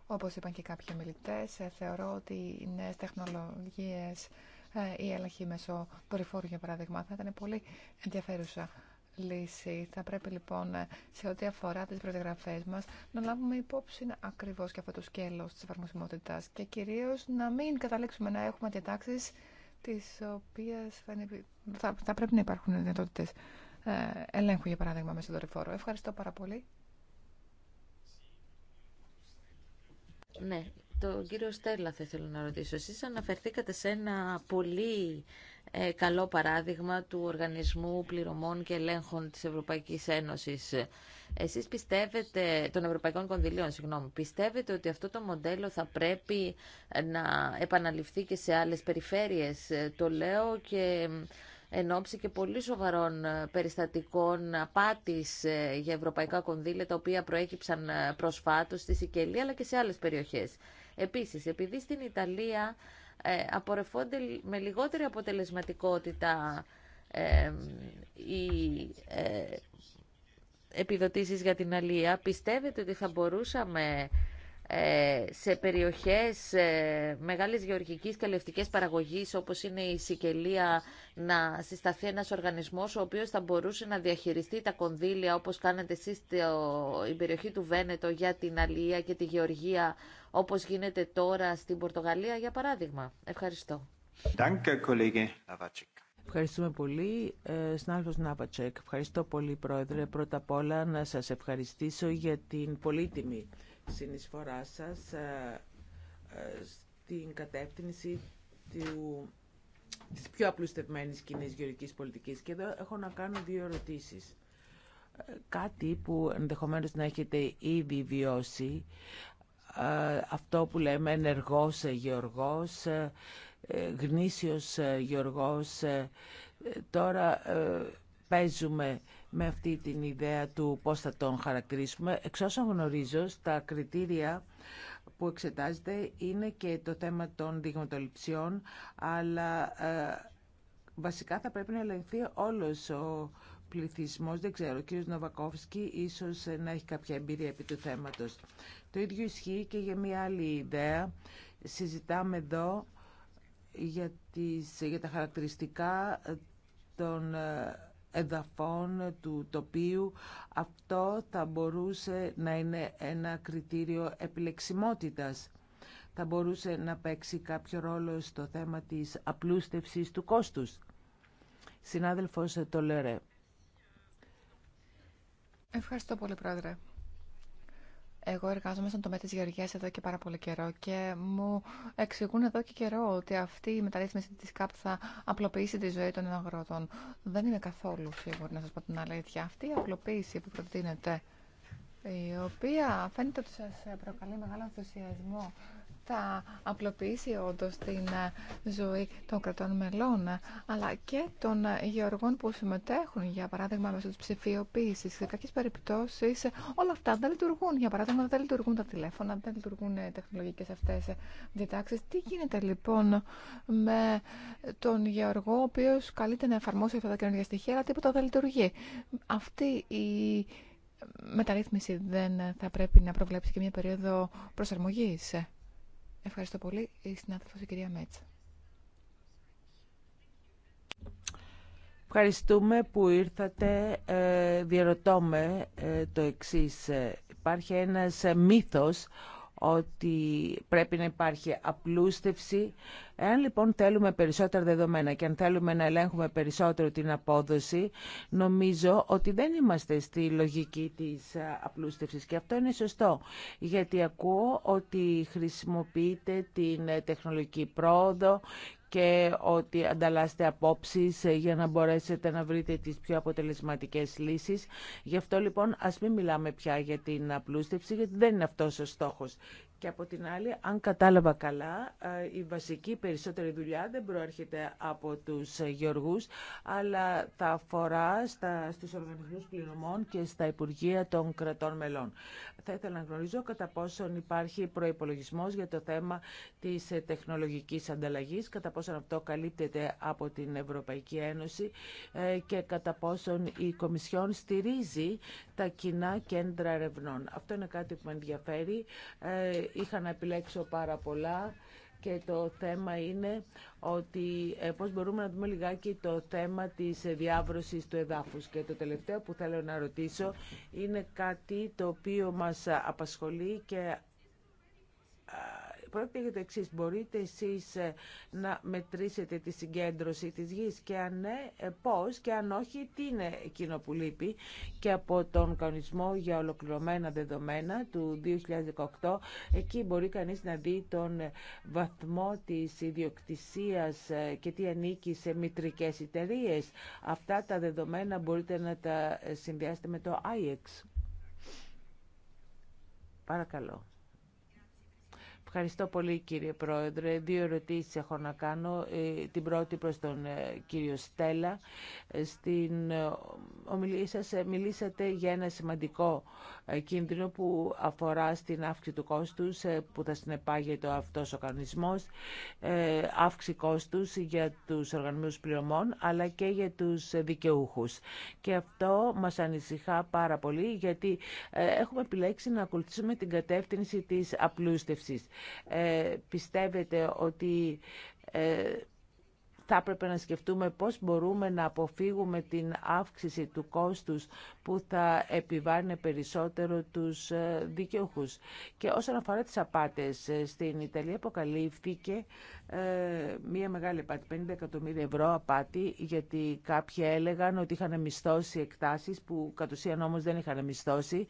Όπως είπαν και κάποιοι μιλητές, ε, θεωρώ ότι οι νέες τεχνολογίες, ε, η έλεγχη μέσω δορυφόρου για παράδειγμα, θα ήταν πολύ ενδιαφέρουσα λύση. Θα πρέπει λοιπόν ε, σε ό,τι αφορά τις προδιαγραφές μας να λάβουμε υπόψη ακριβώς και αυτό το σκέλος της εφαρμοσιμότητας και κυρίως να μην καταλήξουμε να έχουμε διατάξει τις οποίες θα, θα πρέπει να υπάρχουν δυνατότητε ε, ελέγχου, για παράδειγμα, μέσα στον δορυφόρο. Ευχαριστώ πάρα πολύ. Ναι, τον κύριο Στέλλα θα ήθελα να ρωτήσω. Εσείς αναφερθήκατε σε ένα πολύ ε, καλό παράδειγμα του Οργανισμού Πληρωμών και Ελέγχων της Ευρωπαϊκής Ένωσης. Εσείς πιστεύετε, των Ευρωπαϊκών Κονδυλίων, συγγνώμη, πιστεύετε ότι αυτό το μοντέλο θα πρέπει να επαναληφθεί και σε άλλες περιφέρειες. Ε, το λέω και εν ώψη και πολύ σοβαρών ε, περιστατικών απάτης για ευρωπαϊκά κονδύλια, τα οποία προέκυψαν προσφάτως στη Σικελία αλλά και σε άλλες περιοχές. Επίσης, επειδή στην Ιταλία ε, απορρεφώνται με λιγότερη αποτελεσματικότητα οι ε, επιδοτήσεις για την αλία. Πιστεύετε ότι θα μπορούσαμε ε, σε περιοχές μεγάλης γεωργικής και λευτικής παραγωγής όπως είναι η Σικελία να συσταθεί ένας οργανισμός ο οποίος θα μπορούσε να διαχειριστεί τα κονδύλια όπως κάνετε εσείς στην περιοχή του Βένετο για την Αλία και τη Γεωργία όπως γίνεται τώρα στην Πορτογαλία, για παράδειγμα. Ευχαριστώ. Ευχαριστούμε πολύ, ε, συνάδελφος Νάπατσεκ. Ευχαριστώ πολύ, Πρόεδρε. Πρώτα απ' όλα να σας ευχαριστήσω για την πολύτιμη συνεισφορά σας ε, ε, στην κατεύθυνση του, της πιο απλουστευμένης κοινή γεωρικής πολιτικής. Και εδώ έχω να κάνω δύο ερωτήσεις. Ε, κάτι που ενδεχομένως να έχετε ήδη βιώσει, αυτό που λέμε ενεργός ε, γεωργός, ε, ε, γνήσιος γεωργός. Τώρα παίζουμε με αυτή την ιδέα του πώς θα τον χαρακτηρίσουμε. Εξ όσων γνωρίζω, στα κριτήρια που εξετάζεται είναι και το θέμα των δειγματοληψιών, αλλά βασικά θα πρέπει να ελεγχθεί όλος ο πληθυσμός, δεν ξέρω, ο κ. Νοβακόφσκι ίσως ε, να έχει κάποια εμπειρία επί του θέματος. Το ίδιο ισχύει και για μια άλλη ιδέα. Συζητάμε εδώ για, τις, τα χαρακτηριστικά των ε, εδαφών του τοπίου. Αυτό θα μπορούσε να είναι ένα κριτήριο επιλεξιμότητας. Θα μπορούσε να παίξει κάποιο ρόλο στο θέμα της απλούστευσης του κόστους. Συνάδελφος Τολερέ. Ευχαριστώ πολύ, Πρόεδρε. Εγώ εργάζομαι στον τομέα τη γεωργία εδώ και πάρα πολύ καιρό και μου εξηγούν εδώ και καιρό ότι αυτή η μεταρρύθμιση τη ΚΑΠ θα απλοποιήσει τη ζωή των αγροτών. Δεν είμαι καθόλου σίγουρη να σα πω την αλήθεια. Αυτή η απλοποίηση που προτείνεται, η οποία φαίνεται ότι σα προκαλεί μεγάλο ενθουσιασμό θα απλοποιήσει όντω την ε, ζωή των κρατών μελών, αλλά και των ε, γεωργών που συμμετέχουν, για παράδειγμα, μέσω τη ψηφιοποίηση. Σε κάποιε περιπτώσει ε, όλα αυτά δεν λειτουργούν. Για παράδειγμα, δεν λειτουργούν τα τηλέφωνα, δεν λειτουργούν οι τεχνολογικέ αυτέ διατάξει. Τι γίνεται λοιπόν με τον γεωργό, ο οποίο καλείται να εφαρμόσει αυτά τα καινούργια στοιχεία, αλλά τίποτα δεν λειτουργεί. Αυτή η μεταρρύθμιση δεν θα πρέπει να προβλέψει και μια περίοδο προσαρμογής. Ευχαριστώ πολύ. Η συνάδελφο η κυρία Μέτσα. Ευχαριστούμε που ήρθατε. Ε, με ε, το εξής. Ε, υπάρχει ένας μύθος ότι πρέπει να υπάρχει απλούστευση. Εάν λοιπόν θέλουμε περισσότερα δεδομένα και αν θέλουμε να ελέγχουμε περισσότερο την απόδοση, νομίζω ότι δεν είμαστε στη λογική της ε, απλούστευσης και αυτό είναι σωστό, γιατί ακούω ότι χρησιμοποιείτε την ε, τεχνολογική πρόοδο και ότι ανταλλάσσετε απόψεις ε, για να μπορέσετε να βρείτε τις πιο αποτελεσματικές λύσεις. Γι' αυτό λοιπόν ας μην μιλάμε πια για την απλούστευση, γιατί δεν είναι αυτός ο στόχος. Και από την άλλη, αν κατάλαβα καλά, ε, η βασική περισσότερη δουλειά δεν προέρχεται από τους γεωργούς, αλλά θα αφορά στα, στους οργανισμούς πληρωμών και στα Υπουργεία των κρατών μελών. Θα ήθελα να γνωρίζω κατά πόσον υπάρχει προϋπολογισμός για το θέμα της ε, τεχνολογικής ανταλλαγής, κατά πόσον αυτό καλύπτεται από την Ευρωπαϊκή Ένωση ε, και κατά πόσον η Κομισιόν στηρίζει τα κοινά κέντρα ερευνών. Αυτό είναι κάτι που με ενδιαφέρει είχα να επιλέξω πάρα πολλά και το θέμα είναι ότι ε, πώς μπορούμε να δούμε λιγάκι το θέμα της ε, διάβρωσης του εδάφους. Και το τελευταίο που θέλω να ρωτήσω είναι κάτι το οποίο μας ε, απασχολεί και πρόκειται για το εξή. Μπορείτε εσείς ε, να μετρήσετε τη συγκέντρωση της γης και αν ναι, ε, πώς και αν όχι, τι είναι εκείνο που λείπει. Και από τον κανονισμό για ολοκληρωμένα δεδομένα του 2018, εκεί μπορεί κανείς να δει τον ε, βαθμό της ιδιοκτησία και τι ανήκει σε μητρικέ εταιρείε. Αυτά τα δεδομένα μπορείτε να τα συνδυάσετε με το IEX. Παρακαλώ. Ευχαριστώ πολύ κύριε Πρόεδρε. Δύο ερωτήσεις έχω να κάνω. Ε, την πρώτη προς τον ε, κύριο Στέλλα. Ε, στην ομιλία σας μιλήσατε για ένα σημαντικό κίνδυνο που αφορά στην αύξηση του κόστους που θα συνεπάγεται αυτός ο κανονισμός, αύξηση κόστους για τους οργανισμούς πληρωμών αλλά και για τους δικαιούχους. Και αυτό μας ανησυχά πάρα πολύ γιατί έχουμε επιλέξει να ακολουθήσουμε την κατεύθυνση της απλούστευσης. Ε, πιστεύετε ότι ε, θα έπρεπε να σκεφτούμε πώς μπορούμε να αποφύγουμε την αύξηση του κόστους που θα επιβάλλει περισσότερο τους ε, δικαιούχους. Και όσον αφορά τις απάτες, ε, στην Ιταλία αποκαλύφθηκε ε, μία μεγάλη απάτη, 50 εκατομμύρια ευρώ απάτη, γιατί κάποιοι έλεγαν ότι είχαν μισθώσει εκτάσεις που κατ' ουσίαν όμως δεν είχαν μισθώσει.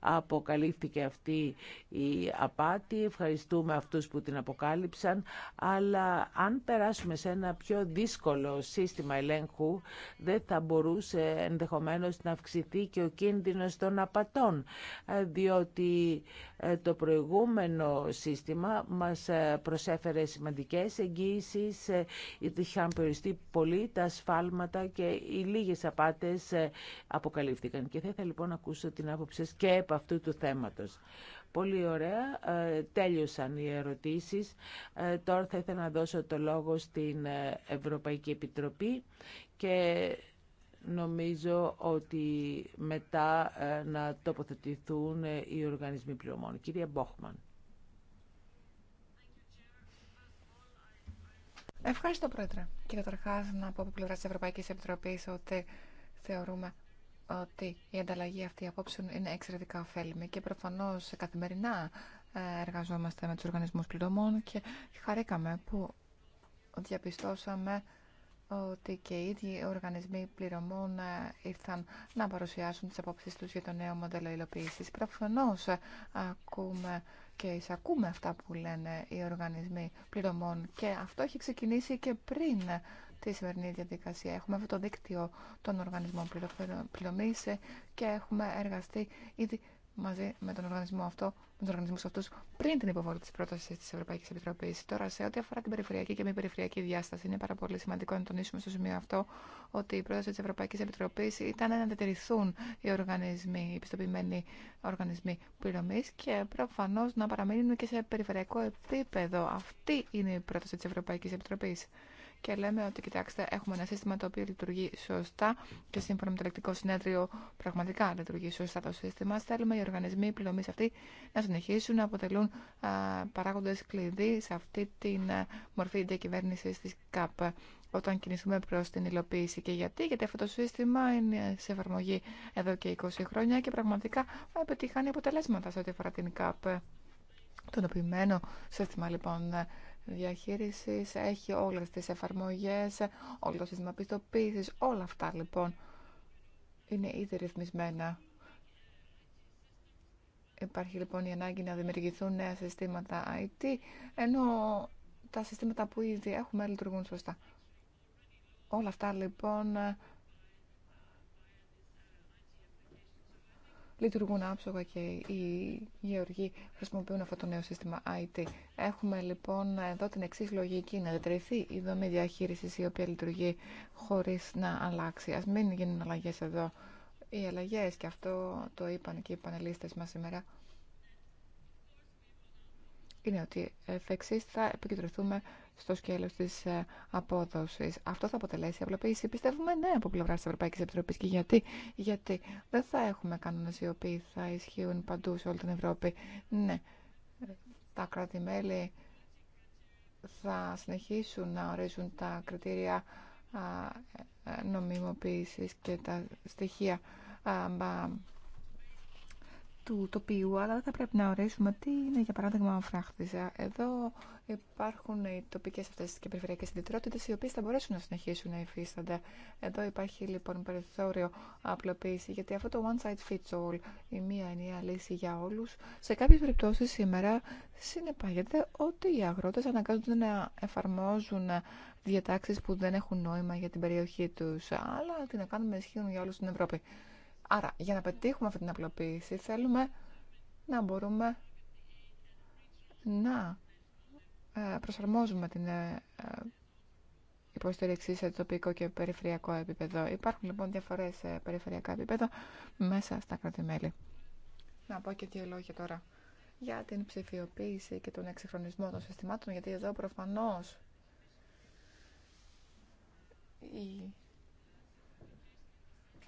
Αποκαλύφθηκε αυτή η απάτη, ευχαριστούμε αυτούς που την αποκάλυψαν, αλλά αν περάσουμε σε ένα πιο δύσκολο σύστημα ελέγχου, δεν θα μπορούσε ενδεχομένως να αυξηθεί και ο κίνδυνος των απατών, ε, διότι ε, το προηγούμενο σύστημα μας ε, προσέφερε σημαντικές εγγύησεις, είχαν περιοριστεί πολύ τα ασφάλματα και οι λίγες απάτες αποκαλύφθηκαν. Και θα ήθελα λοιπόν να ακούσω την άποψη και από αυτού του θέματος. Πολύ ωραία. Τέλειωσαν οι ερωτήσεις. Τώρα θα ήθελα να δώσω το λόγο στην Ευρωπαϊκή Επιτροπή και νομίζω ότι μετά ε, να τοποθετηθούν ε, οι οργανισμοί πληρωμών. Κυρία Μπόχμαν. Ευχαριστώ, Πρόεδρε. Και καταρχά να πω από πλευρά τη Ευρωπαϊκή Επιτροπή ότι θεωρούμε ότι η ανταλλαγή αυτή απόψεων είναι εξαιρετικά ωφέλιμη και προφανώ καθημερινά ε, εργαζόμαστε με του οργανισμού πληρωμών και χαρήκαμε που διαπιστώσαμε ότι και οι ίδιοι οργανισμοί πληρωμών ε, ήρθαν να παρουσιάσουν τις απόψεις τους για το νέο μοντέλο υλοποίησης. Προφανώς ε, ακούμε και εισακούμε αυτά που λένε οι οργανισμοί πληρωμών και αυτό έχει ξεκινήσει και πριν τη σημερινή διαδικασία. Έχουμε αυτό το δίκτυο των οργανισμών πληρωμής ε, και έχουμε εργαστεί ήδη μαζί με τον οργανισμό αυτό, με τους οργανισμούς αυτούς πριν την υποβολή της πρότασης της Ευρωπαϊκής Επιτροπής. Τώρα, σε ό,τι αφορά την περιφερειακή και μη περιφερειακή διάσταση, είναι πάρα πολύ σημαντικό να τονίσουμε στο σημείο αυτό ότι η πρόταση της Ευρωπαϊκής Επιτροπής ήταν να διατηρηθούν οι οργανισμοί, οι πιστοποιημένοι οργανισμοί πληρωμή και προφανώς να παραμείνουν και σε περιφερειακό επίπεδο. Αυτή είναι η πρόταση της Ευρωπαϊκής Επιτροπής και λέμε ότι κοιτάξτε έχουμε ένα σύστημα το οποίο λειτουργεί σωστά και σύμφωνα με το ελεκτικό συνέδριο πραγματικά λειτουργεί σωστά το σύστημα. Θέλουμε οι οργανισμοί πληρωμή αυτοί να συνεχίσουν να αποτελούν παράγοντες κλειδί σε αυτή τη μορφή διακυβέρνηση τη ΚΑΠ όταν κινηθούμε προς την υλοποίηση. Και γιατί, γιατί αυτό το σύστημα είναι σε εφαρμογή εδώ και 20 χρόνια και πραγματικά πετυχάνει αποτελέσματα σε ό,τι αφορά την ΚΑΠ. Το νοποιημένο σύστημα λοιπόν διαχείρισης, έχει όλες τις εφαρμογές, όλο το σύστημα πιστοποίησης, όλα αυτά λοιπόν είναι ήδη ρυθμισμένα. Υπάρχει λοιπόν η ανάγκη να δημιουργηθούν νέα συστήματα IT, ενώ τα συστήματα που ήδη έχουμε λειτουργούν σωστά. Όλα αυτά λοιπόν λειτουργούν άψογα και οι γεωργοί χρησιμοποιούν αυτό το νέο σύστημα IT. Έχουμε λοιπόν εδώ την εξή λογική, να διατηρηθεί η δομή διαχείριση η οποία λειτουργεί χωρί να αλλάξει. Α μην γίνουν αλλαγέ εδώ. Οι αλλαγέ, και αυτό το είπαν και οι πανελίστε μα σήμερα, είναι ότι εφ' θα επικεντρωθούμε στο σκέλος της ε, απόδοση. Αυτό θα αποτελέσει απλοποίηση. Πιστεύουμε ναι από πλευρά τη Ευρωπαϊκή Επιτροπή. και γιατί. Γιατί δεν θα έχουμε κανόνε οι οποίοι θα ισχύουν παντού σε όλη την Ευρώπη. Ναι, τα κράτη-μέλη θα συνεχίσουν να ορίζουν τα κριτήρια ε, νομιμοποίησης και τα στοιχεία του τοπίου, αλλά δεν θα πρέπει να ορίσουμε τι είναι για παράδειγμα φράχτιζα. Εδώ υπάρχουν οι τοπικέ αυτέ και περιφερειακέ ιδιαιτερότητε, οι οποίε θα μπορέσουν να συνεχίσουν να υφίστανται. Εδώ υπάρχει λοιπόν περιθώριο απλοποίηση γιατί αυτό το one side fits all, η μία ενιαία λύση για όλου. σε κάποιε περιπτώσει σήμερα συνεπάγεται ότι οι αγρότε αναγκάζονται να εφαρμόζουν διατάξει που δεν έχουν νόημα για την περιοχή του, αλλά τι να κάνουμε ισχύουν για όλου στην Ευρώπη. Άρα, για να πετύχουμε αυτή την απλοποίηση, θέλουμε να μπορούμε να ε, προσαρμόζουμε την ε, ε, υποστήριξη σε τοπικό και περιφερειακό επίπεδο. Υπάρχουν λοιπόν διαφορές σε περιφερειακά επίπεδα μέσα στα κράτη-μέλη. Να πω και δύο λόγια τώρα για την ψηφιοποίηση και τον εξυγχρονισμό των συστημάτων, γιατί εδώ προφανώς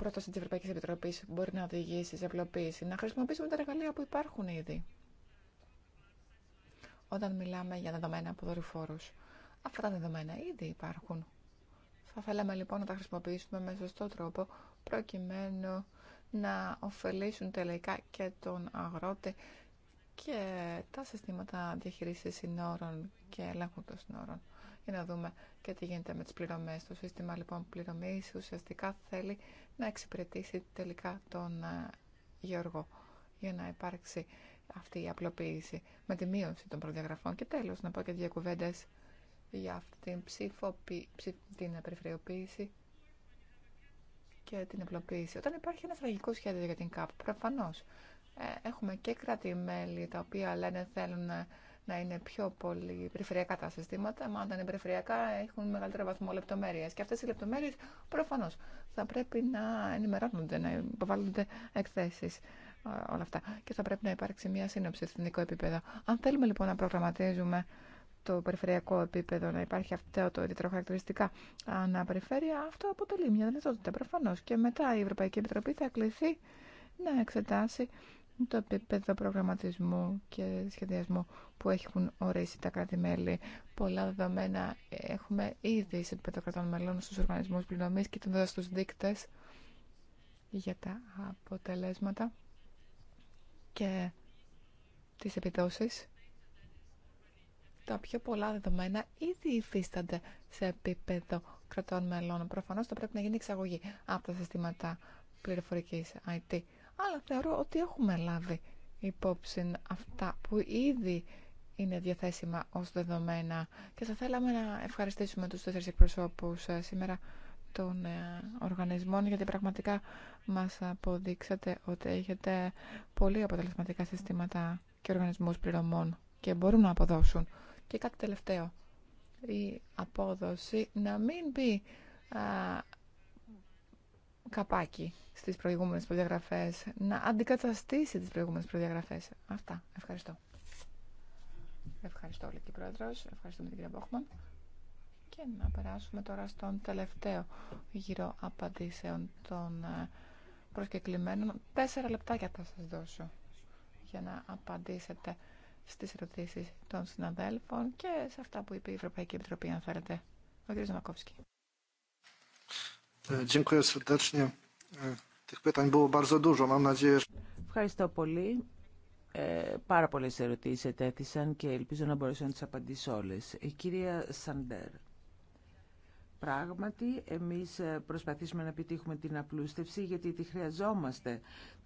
πρόταση τη Ευρωπαϊκή Επιτροπή μπορεί να οδηγήσει σε απλοποίηση, να χρησιμοποιήσουμε τα εργαλεία που υπάρχουν ήδη. Όταν μιλάμε για δεδομένα από δορυφόρου, αυτά τα δεδομένα ήδη υπάρχουν. Θα θέλαμε λοιπόν να τα χρησιμοποιήσουμε με σωστό τρόπο, προκειμένου να ωφελήσουν τελικά και τον αγρότη και τα συστήματα διαχείρισης συνόρων και ελέγχου των συνόρων για να δούμε και τι γίνεται με τις πληρωμές. Το σύστημα λοιπόν πληρωμής ουσιαστικά θέλει να εξυπηρετήσει τελικά τον ε, Γιώργο για να υπάρξει αυτή η απλοποίηση με τη μείωση των προδιαγραφών. Και τέλος, να πω και δύο κουβέντε για αυτή την, την περιφερειοποίηση και την απλοποίηση. Όταν υπάρχει ένα στρατηγικό σχέδιο για την ΚΑΠ, προφανώς ε, έχουμε και κράτη-μέλη τα οποία λένε θέλουν ε, να είναι πιο πολύ περιφερειακά τα συστήματα, μα όταν είναι περιφερειακά έχουν μεγαλύτερο βαθμό λεπτομέρειε. Και αυτέ οι λεπτομέρειε προφανώ θα πρέπει να ενημερώνονται, να υποβάλλονται εκθέσει ε, όλα αυτά. Και θα πρέπει να υπάρξει μια σύνοψη εθνικό επίπεδο. Αν θέλουμε λοιπόν να προγραμματίζουμε το περιφερειακό επίπεδο, να υπάρχει αυτό το ιδιαίτερο χαρακτηριστικά αναπεριφέρεια, αυτό αποτελεί μια δυνατότητα προφανώ. Και μετά η Ευρωπαϊκή Επιτροπή θα κληθεί να εξετάσει το επίπεδο προγραμματισμού και σχεδιασμού που έχουν ορίσει τα κράτη-μέλη. Πολλά δεδομένα έχουμε ήδη σε επίπεδο κρατών μελών στους οργανισμούς τον κοιτώντας στους δείκτες για τα αποτελέσματα και τις επιδόσεις. Τα πιο πολλά δεδομένα ήδη υφίστανται σε επίπεδο κρατών μελών. Προφανώς θα πρέπει να γίνει εξαγωγή από τα συστήματα πληροφορικής IT. Αλλά θεωρώ ότι έχουμε λάβει υπόψη αυτά που ήδη είναι διαθέσιμα ως δεδομένα και θα θέλαμε να ευχαριστήσουμε τους τέσσερις εκπροσώπους ε, σήμερα των ε, οργανισμών γιατί πραγματικά μας αποδείξατε ότι έχετε πολύ αποτελεσματικά συστήματα και οργανισμούς πληρωμών και μπορούν να αποδώσουν. Και κάτι τελευταίο, η απόδοση να μην μπει α, καπάκι στις προηγούμενες προδιαγραφές, να αντικαταστήσει τις προηγούμενες προδιαγραφές. Αυτά. Ευχαριστώ. Ευχαριστώ, την πρόεδρο. Ευχαριστούμε την κυρία Μπόχμαν. Και να περάσουμε τώρα στον τελευταίο γύρο απαντήσεων των ε, προσκεκλημένων. Τέσσερα λεπτάκια θα σας δώσω για να απαντήσετε στις ερωτήσεις των συναδέλφων και σε αυτά που είπε η Ευρωπαϊκή Επιτροπή, αν θέλετε. Ο κ. Ζαμακόφσκι. Ε, ε, Ευχαριστώ πολύ. Ε, πάρα πολλές ερωτήσεις ετέθησαν και ελπίζω να μπορέσω να τις απαντήσω όλες. Η κυρία Σαντέρ. Πράγματι, εμείς ε, προσπαθήσουμε να επιτύχουμε την απλούστευση γιατί τη χρειαζόμαστε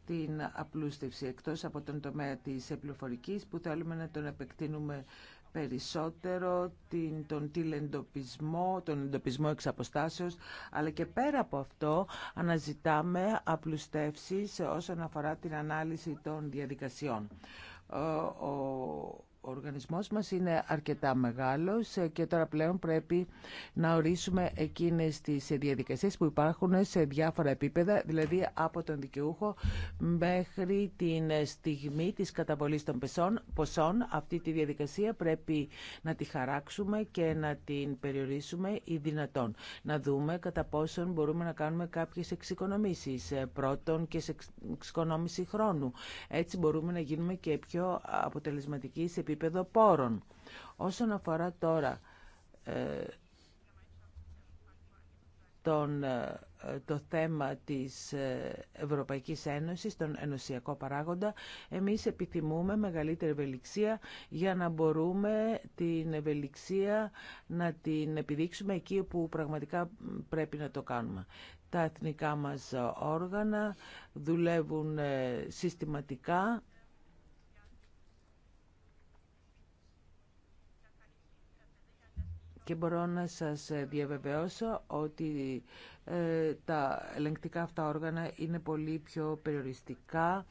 την απλούστευση εκτός από τον τομέα της πληροφορική που θέλουμε να τον επεκτείνουμε περισσότερο την, τον τηλεεντοπισμό, τον εντοπισμό εξ αλλά και πέρα από αυτό αναζητάμε απλουστεύσεις όσον αφορά την ανάλυση των διαδικασιών. Ο οργανισμός μας είναι αρκετά μεγάλος και τώρα πλέον πρέπει να ορίσουμε εκείνες τις διαδικασίες που υπάρχουν σε διάφορα επίπεδα, δηλαδή από τον δικαιούχο μέχρι την στιγμή της καταβολής των ποσών. Αυτή τη διαδικασία πρέπει να τη χαράξουμε και να την περιορίσουμε ή δυνατόν. Να δούμε κατά πόσον μπορούμε να κάνουμε κάποιες εξοικονομήσεις πρώτων και σε εξοικονόμηση χρόνου. Έτσι μπορούμε να γίνουμε και πιο αποτελεσματικοί σε επίπεδο Όσον αφορά τώρα ε, τον, ε, το θέμα της ε, Ευρωπαϊκής Ένωσης, τον ενωσιακό παράγοντα, εμείς επιθυμούμε μεγαλύτερη ευελιξία για να μπορούμε την ευελιξία να την επιδείξουμε εκεί που πραγματικά πρέπει να το κάνουμε. Τα εθνικά μας όργανα δουλεύουν συστηματικά και μπορώ να σας διαβεβαιώσω ότι ε, τα ελεγκτικά αυτά όργανα είναι πολύ πιο περιοριστικά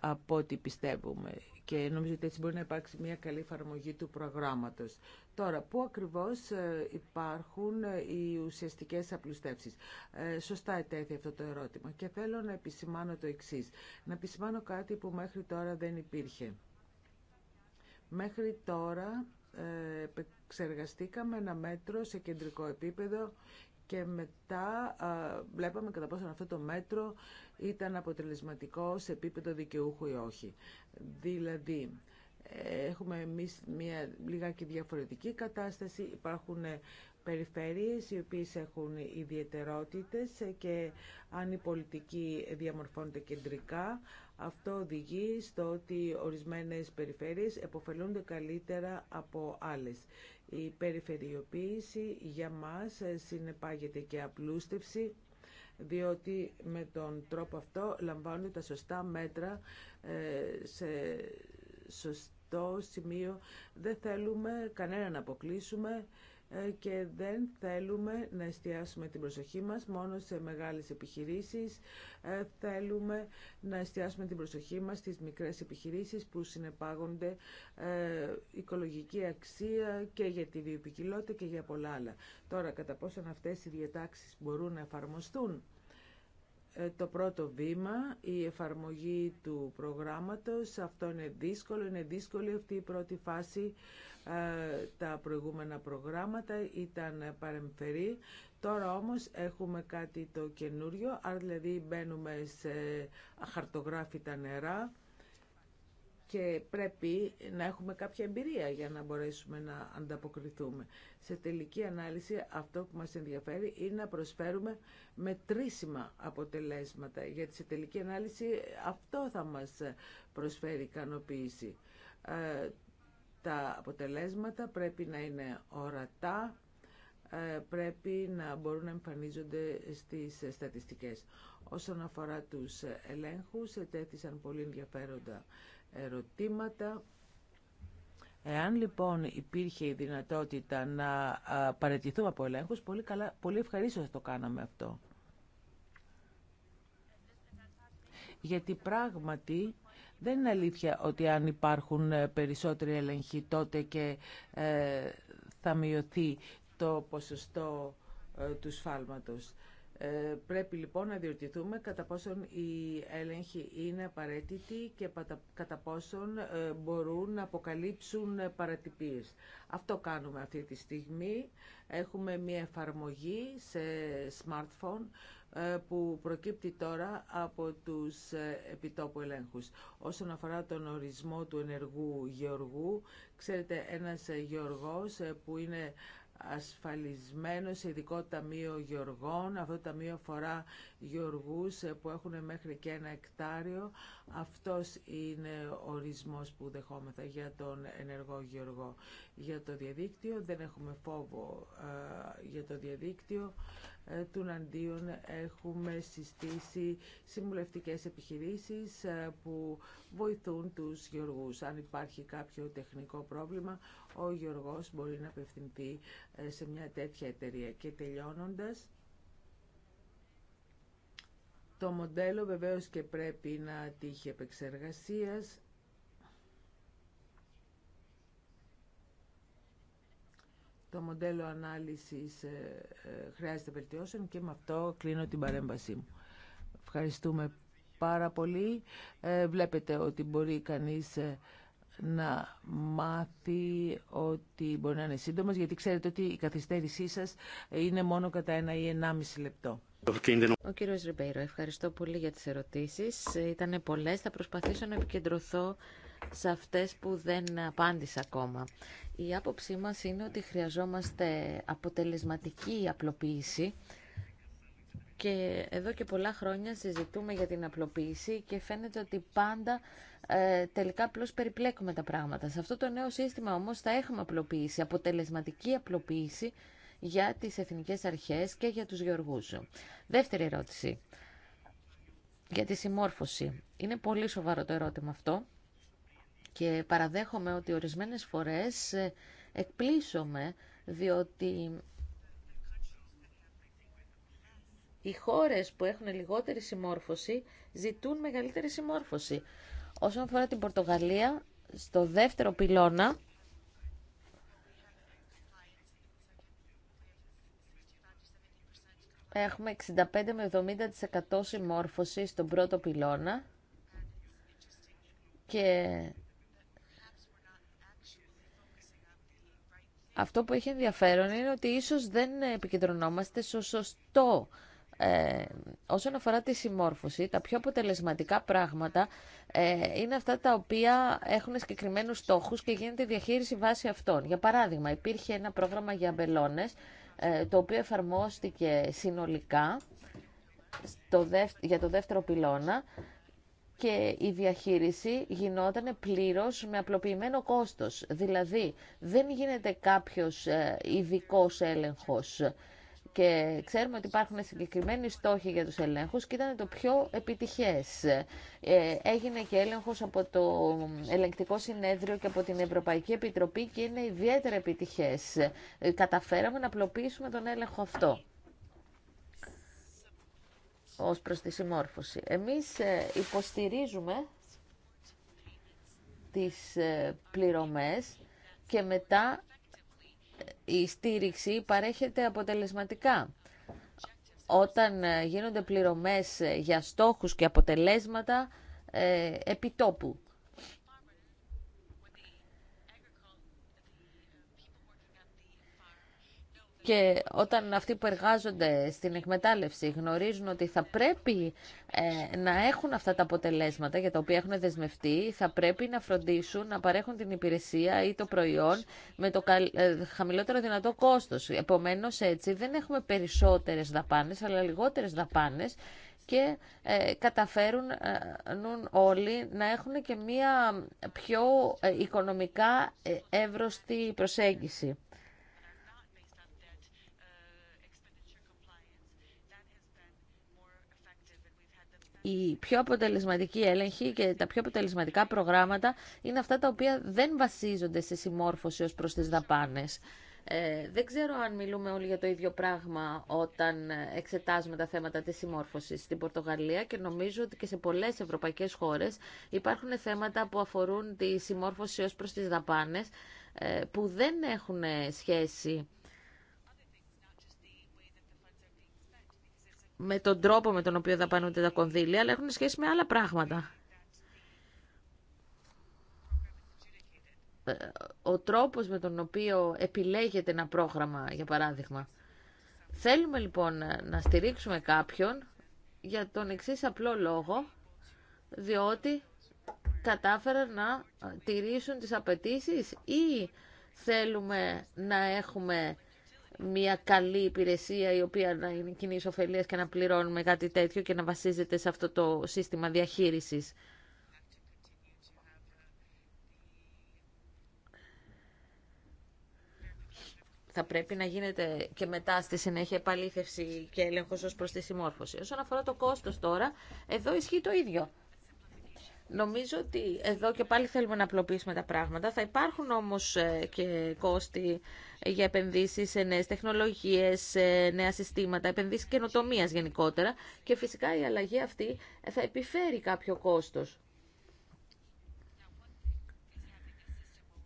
από ό,τι πιστεύουμε και νομίζω ότι έτσι μπορεί να υπάρξει μια καλή εφαρμογή του προγράμματος. Τώρα, πού ακριβώς ε, υπάρχουν ε, οι ουσιαστικές απλουστεύσεις. Ε, σωστά ετέθη αυτό το ερώτημα και θέλω να επισημάνω το εξής. Να επισημάνω κάτι που μέχρι τώρα δεν υπήρχε. Μέχρι τώρα επεξεργαστήκαμε ένα μέτρο σε κεντρικό επίπεδο και μετά βλέπαμε κατά πόσο αυτό το μέτρο ήταν αποτελεσματικό σε επίπεδο δικαιούχου ή όχι. Δηλαδή, έχουμε εμείς μια λιγάκι διαφορετική κατάσταση, υπάρχουν περιφέρειες οι οποίες έχουν ιδιαιτερότητες και αν η πολιτική διαμορφώνεται κεντρικά, αυτό οδηγεί στο ότι ορισμένες περιφέρειες επωφελούνται καλύτερα από άλλες. Η περιφερειοποίηση για μας συνεπάγεται και απλούστευση, διότι με τον τρόπο αυτό λαμβάνονται τα σωστά μέτρα ε, σε σωστό σημείο. Δεν θέλουμε κανέναν να αποκλείσουμε ε, και δεν θέλουμε να εστιάσουμε την προσοχή μας μόνο σε μεγάλες επιχειρήσεις. Ε, θέλουμε να εστιάσουμε την προσοχή μας στις μικρές επιχειρήσεις που συνεπάγονται ε, οικολογική αξία και για τη βιοποικιλότητα και για πολλά άλλα. Τώρα, κατά πόσον αυτές οι διατάξεις μπορούν να εφαρμοστούν, ε, το πρώτο βήμα, η εφαρμογή του προγράμματος. Αυτό είναι δύσκολο, είναι δύσκολη αυτή η πρώτη φάση. Ε, τα προηγούμενα προγράμματα ήταν παρεμφερή. Τώρα όμως έχουμε κάτι το καινούριο, άρα δηλαδή μπαίνουμε σε αχαρτογράφητα νερά και πρέπει να έχουμε κάποια εμπειρία για να μπορέσουμε να ανταποκριθούμε. Σε τελική ανάλυση αυτό που μας ενδιαφέρει είναι να προσφέρουμε μετρήσιμα αποτελέσματα, γιατί σε τελική ανάλυση αυτό θα μας προσφέρει ικανοποίηση. Ε, τα αποτελέσματα πρέπει να είναι ορατά, ε, πρέπει να μπορούν να εμφανίζονται στις στατιστικές. Όσον αφορά τους ελέγχους, τέθησαν πολύ ενδιαφέροντα ερωτήματα. Εάν λοιπόν υπήρχε η δυνατότητα να παρατηθούμε από ελέγχου, πολύ, καλά, πολύ ευχαρίστω το κάναμε αυτό. Γιατί πράγματι δεν είναι αλήθεια ότι αν υπάρχουν ε, περισσότεροι έλεγχοι τότε και ε, θα μειωθεί το ποσοστό ε, του σφάλματος. Ε, πρέπει λοιπόν να διορτηθούμε κατά πόσον οι έλεγχοι είναι απαραίτητοι και κατά πόσον ε, μπορούν να αποκαλύψουν παρατυπίες. Αυτό κάνουμε αυτή τη στιγμή. Έχουμε μια εφαρμογή σε smartphone ε, που προκύπτει τώρα από τους επιτόπου ελέγχους. Όσον αφορά τον ορισμό του ενεργού γεωργού, ξέρετε ένας γεωργός που είναι ασφαλισμένο σε ειδικό ταμείο γεωργών. Αυτό το ταμείο αφορά γεωργούς ε, που έχουν μέχρι και ένα εκτάριο. Αυτός είναι ο ορισμός που δεχόμεθα για τον ενεργό γεωργό. Για το διαδίκτυο δεν έχουμε φόβο ε, για το διαδίκτυο. Ε, Του αντίον έχουμε συστήσει συμβουλευτικές επιχειρήσεις που βοηθούν τους γεωργούς. Αν υπάρχει κάποιο τεχνικό πρόβλημα, ο γεωργός μπορεί να απευθυνθεί σε μια τέτοια εταιρεία. Και τελειώνοντας, το μοντέλο βεβαίως και πρέπει να τύχει επεξεργασίας. Το μοντέλο ανάλυσης ε, ε, χρειάζεται βελτιώσεων και με αυτό κλείνω την παρέμβασή μου. Ευχαριστούμε πάρα πολύ. Ε, βλέπετε ότι μπορεί κανείς να μάθει ότι μπορεί να είναι σύντομος, γιατί ξέρετε ότι η καθυστέρησή σας είναι μόνο κατά ένα ή ενάμιση λεπτό. Ο κύριο Ριμπέιρο, ευχαριστώ πολύ για τι ερωτήσει. Ήταν πολλέ. θα προσπαθήσω να επικεντρωθώ σε αυτέ που δεν απάντησα ακόμα. Η άποψή μα είναι ότι χρειαζόμαστε αποτελεσματική απλοποίηση και εδώ και πολλά χρόνια συζητούμε για την απλοποίηση και φαίνεται ότι πάντα ε, τελικά απλώ περιπλέκουμε τα πράγματα. Σε αυτό το νέο σύστημα όμως θα έχουμε απλοποίηση, αποτελεσματική απλοποίηση για τις εθνικές αρχές και για τους γεωργούς. Δεύτερη ερώτηση. Για τη συμμόρφωση. Είναι πολύ σοβαρό το ερώτημα αυτό και παραδέχομαι ότι ορισμένες φορές ε, εκπλήσωμαι διότι οι χώρες που έχουν λιγότερη συμμόρφωση ζητούν μεγαλύτερη συμμόρφωση. Όσον αφορά την Πορτογαλία, στο δεύτερο πυλώνα έχουμε 65 με 70% συμμόρφωση στον πρώτο πυλώνα και αυτό που έχει ενδιαφέρον είναι ότι ίσως δεν επικεντρωνόμαστε στο σωστό ε, όσον αφορά τη συμμόρφωση, τα πιο αποτελεσματικά πράγματα ε, είναι αυτά τα οποία έχουν συγκεκριμένους στόχους και γίνεται διαχείριση βάσει αυτών. Για παράδειγμα, υπήρχε ένα πρόγραμμα για αμπελώνες, ε, το οποίο εφαρμόστηκε συνολικά στο για το δεύτερο πυλώνα και η διαχείριση γινόταν πλήρως με απλοποιημένο κόστος. Δηλαδή δεν γίνεται κάποιος ε, ειδικό έλεγχος και ξέρουμε ότι υπάρχουν συγκεκριμένοι στόχοι για τους ελέγχους και ήταν το πιο επιτυχές. Ε, έγινε και έλεγχος από το Ελεγκτικό Συνέδριο και από την Ευρωπαϊκή Επιτροπή και είναι ιδιαίτερα επιτυχές. Ε, καταφέραμε να απλοποιήσουμε τον έλεγχο αυτό ως προς τη συμμόρφωση. Εμείς ε, υποστηρίζουμε τις πληρωμές και μετά η στήριξη παρέχεται αποτελεσματικά. Όταν ε, γίνονται πληρωμές ε, για στόχους και αποτελέσματα ε, επιτόπου. και όταν αυτοί που εργάζονται στην εκμετάλλευση γνωρίζουν ότι θα πρέπει ε, να έχουν αυτά τα αποτελέσματα για τα οποία έχουν δεσμευτεί, θα πρέπει να φροντίσουν να παρέχουν την υπηρεσία ή το προϊόν με το ε, χαμηλότερο δυνατό κόστος. Επομένως έτσι δεν έχουμε περισσότερες δαπάνες αλλά λιγότερες δαπάνες και ε, καταφέρουν όλοι να έχουν και μία πιο οικονομικά εύρωστη προσέγγιση. οι πιο αποτελεσματική έλεγχοι και τα πιο αποτελεσματικά προγράμματα είναι αυτά τα οποία δεν βασίζονται σε συμμόρφωση ως προς τις δαπάνες. Ε, δεν ξέρω αν μιλούμε όλοι για το ίδιο πράγμα όταν εξετάζουμε τα θέματα της συμμόρφωσης στην Πορτογαλία και νομίζω ότι και σε πολλές ευρωπαϊκές χώρες υπάρχουν θέματα που αφορούν τη συμμόρφωση ως προς τις δαπάνες ε, που δεν έχουν σχέση με τον τρόπο με τον οποίο δαπανούνται τα κονδύλια, αλλά έχουν σχέση με άλλα πράγματα. Ε, ο τρόπος με τον οποίο επιλέγεται ένα πρόγραμμα, για παράδειγμα. Θέλουμε λοιπόν να στηρίξουμε κάποιον για τον εξής απλό λόγο, διότι κατάφεραν να τηρήσουν τις απαιτήσεις ή θέλουμε να έχουμε μια καλή υπηρεσία η οποία να είναι κοινή ωφελία και να πληρώνουμε κάτι τέτοιο και να βασίζεται σε αυτό το σύστημα διαχείρισης. θα πρέπει να γίνεται και μετά στη συνέχεια επαλήθευση και έλεγχο ω προ τη συμμόρφωση. Όσον αφορά το κόστο τώρα, εδώ ισχύει το ίδιο. Νομίζω ότι εδώ και πάλι θέλουμε να απλοποιήσουμε τα πράγματα. Θα υπάρχουν όμως ε, και κόστη για επενδύσεις σε νέες τεχνολογίες, σε νέα συστήματα, επενδύσεις καινοτομία γενικότερα και φυσικά η αλλαγή αυτή θα επιφέρει κάποιο κόστος.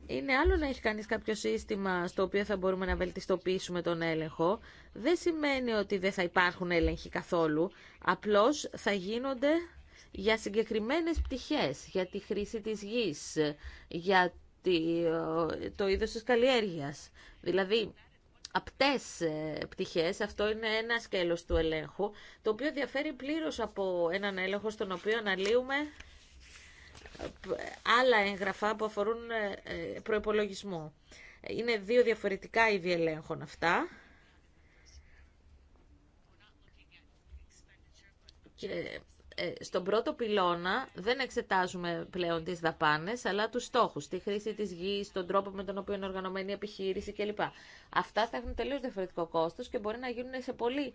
Είναι άλλο να έχει κανείς κάποιο σύστημα στο οποίο θα μπορούμε να βελτιστοποιήσουμε τον έλεγχο. Δεν σημαίνει ότι δεν θα υπάρχουν έλεγχοι καθόλου. Απλώς θα γίνονται για συγκεκριμένες πτυχές, για τη χρήση της γης, για το είδος της καλλιέργειας. Δηλαδή, απτές ε, πτυχές, αυτό είναι ένα σκέλος του ελέγχου, το οποίο διαφέρει πλήρως από έναν έλεγχο στον οποίο αναλύουμε ε, άλλα έγγραφα που αφορούν ε, προϋπολογισμό. Είναι δύο διαφορετικά είδη ελέγχων αυτά. Και ε, στον πρώτο πυλώνα δεν εξετάζουμε πλέον τις δαπάνες, αλλά τους στόχους, τη χρήση της γης, τον τρόπο με τον οποίο είναι οργανωμένη η επιχείρηση κλπ. Αυτά θα έχουν τελείως διαφορετικό κόστος και μπορεί να γίνουν σε πολύ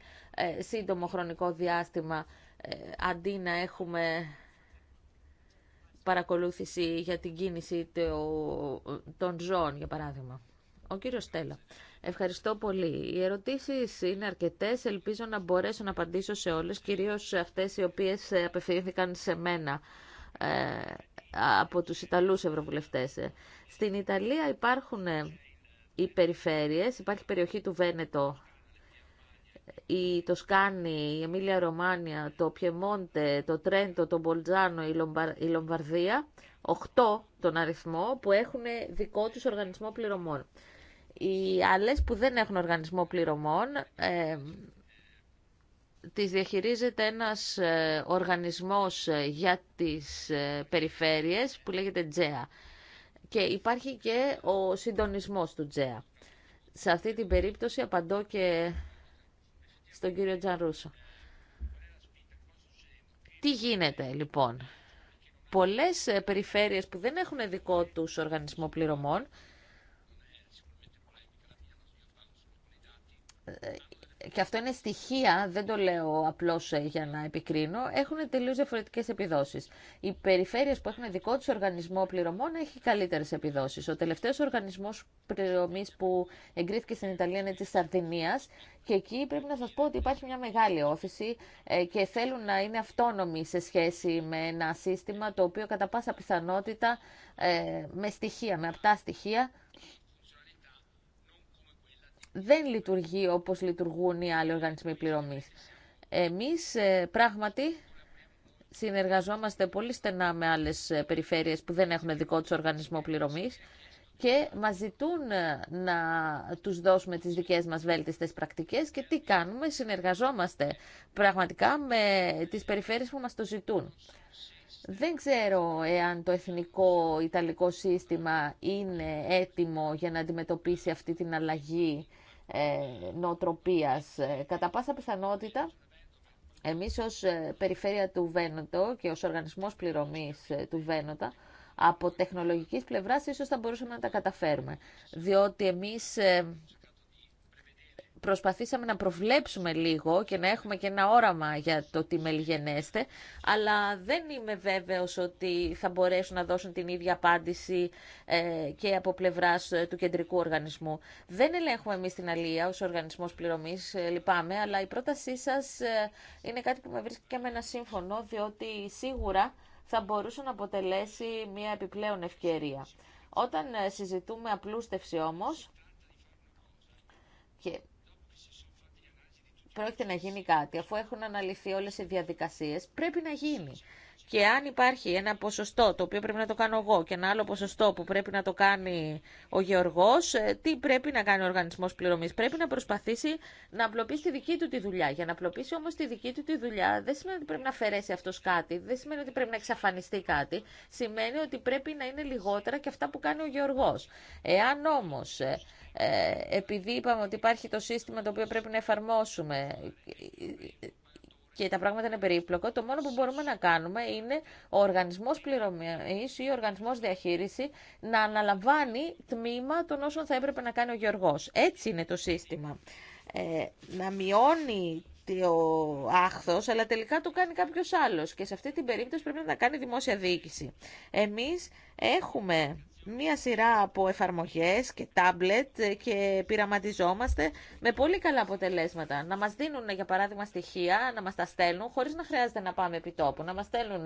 ε, σύντομο χρονικό διάστημα, ε, αντί να έχουμε παρακολούθηση για την κίνηση των ζώων, για παράδειγμα. Ο κύριος Στέλλα. Ευχαριστώ πολύ. Οι ερωτήσεις είναι αρκετές. Ελπίζω να μπορέσω να απαντήσω σε όλες, κυρίως αυτές οι οποίες ε, απευθύνθηκαν σε μένα ε, από τους Ιταλούς Ευρωβουλευτές. Ε, στην Ιταλία υπάρχουν οι περιφέρειες, υπάρχει η περιοχή του Βένετο, η Τοσκάνη, η Εμίλια Ρωμάνια, το Πιεμόντε, το Τρέντο, το Μπολτζάνο, η, Λομβαρδία, 8 τον αριθμό που έχουν δικό τους οργανισμό πληρωμών. Οι άλλες που δεν έχουν οργανισμό πληρωμών ε, τις διαχειρίζεται ένας ε, οργανισμός ε, για τις ε, περιφέρειες που λέγεται Τζέα. Και υπάρχει και ο συντονισμός του Τζέα. Σε αυτή την περίπτωση απαντώ και στον κύριο Τζανρούσο. Τι γίνεται λοιπόν. Πολλές περιφέρειες που δεν έχουν δικό τους οργανισμό πληρωμών και αυτό είναι στοιχεία, δεν το λέω απλώς ε, για να επικρίνω, έχουν τελείως διαφορετικές επιδόσεις. Οι περιφέρειες που έχουν δικό τους οργανισμό πληρωμών έχει καλύτερες επιδόσεις. Ο τελευταίος οργανισμός πληρωμής που εγκρίθηκε στην Ιταλία είναι της Σαρδινίας και εκεί πρέπει να σας πω ότι υπάρχει μια μεγάλη όφηση ε, και θέλουν να είναι αυτόνομοι σε σχέση με ένα σύστημα το οποίο κατά πάσα πιθανότητα ε, με στοιχεία, με απτά στοιχεία δεν λειτουργεί όπως λειτουργούν οι άλλοι οργανισμοί πληρωμής. Εμείς ε, πράγματι συνεργαζόμαστε πολύ στενά με άλλες ε, περιφέρειες που δεν έχουν δικό τους οργανισμό πληρωμής και μας ζητούν ε, να τους δώσουμε τις δικές μας βέλτιστες πρακτικές και τι κάνουμε, συνεργαζόμαστε πραγματικά με τις περιφέρειες που μας το ζητούν. Δεν ξέρω εάν το εθνικό Ιταλικό σύστημα είναι έτοιμο για να αντιμετωπίσει αυτή την αλλαγή ε, νοοτροπίας. Ε, κατά πάσα πιθανότητα, εμείς ως ε, περιφέρεια του Βένοτο και ως οργανισμός πληρωμής του Βένοτα, από τεχνολογικής πλευράς ίσως θα μπορούσαμε να τα καταφέρουμε. Διότι εμείς προσπαθήσαμε να προβλέψουμε λίγο και να έχουμε και ένα όραμα για το τι μελγενέστε, αλλά δεν είμαι βέβαιος ότι θα μπορέσουν να δώσουν την ίδια απάντηση ε, και από πλευράς ε, του κεντρικού οργανισμού. Δεν ελέγχουμε εμείς την αλία ως οργανισμός πληρωμής, ε, λυπάμαι, αλλά η πρότασή σας ε, είναι κάτι που με βρίσκει και με ένα σύμφωνο, διότι σίγουρα θα μπορούσε να αποτελέσει μια επιπλέον ευκαιρία. Όταν συζητούμε απλούστευση όμως, και πρόκειται να γίνει κάτι, αφού έχουν αναλυθεί όλες οι διαδικασίες, πρέπει να γίνει. Και αν υπάρχει ένα ποσοστό το οποίο πρέπει να το κάνω εγώ και ένα άλλο ποσοστό που πρέπει να το κάνει ο γεωργός, ε, τι πρέπει να κάνει ο οργανισμός πληρωμής. Πρέπει να προσπαθήσει να απλοποιήσει τη δική του τη δουλειά. Για να απλοποιήσει όμως τη δική του τη δουλειά δεν σημαίνει ότι πρέπει να αφαιρέσει αυτός κάτι, δεν σημαίνει ότι πρέπει να εξαφανιστεί κάτι. Σημαίνει ότι πρέπει να είναι λιγότερα και αυτά που κάνει ο γεωργός. Εάν όμως ε, ε, επειδή είπαμε ότι υπάρχει το σύστημα το οποίο πρέπει να εφαρμόσουμε και τα πράγματα είναι περίπλοκο, το μόνο που μπορούμε να κάνουμε είναι ο οργανισμός πληρωμής ή ο οργανισμός διαχείριση να αναλαμβάνει τμήμα των όσων θα έπρεπε να κάνει ο Γιώργος Έτσι είναι το σύστημα. Ε, να μειώνει ο άχθος, αλλά τελικά το κάνει κάποιος άλλος και σε αυτή την περίπτωση πρέπει να κάνει δημόσια διοίκηση. Εμείς έχουμε μία σειρά από εφαρμογές και τάμπλετ και πειραματιζόμαστε με πολύ καλά αποτελέσματα. Να μας δίνουν, για παράδειγμα, στοιχεία, να μας τα στέλνουν χωρίς να χρειάζεται να πάμε επί τόπου, να μας στέλνουν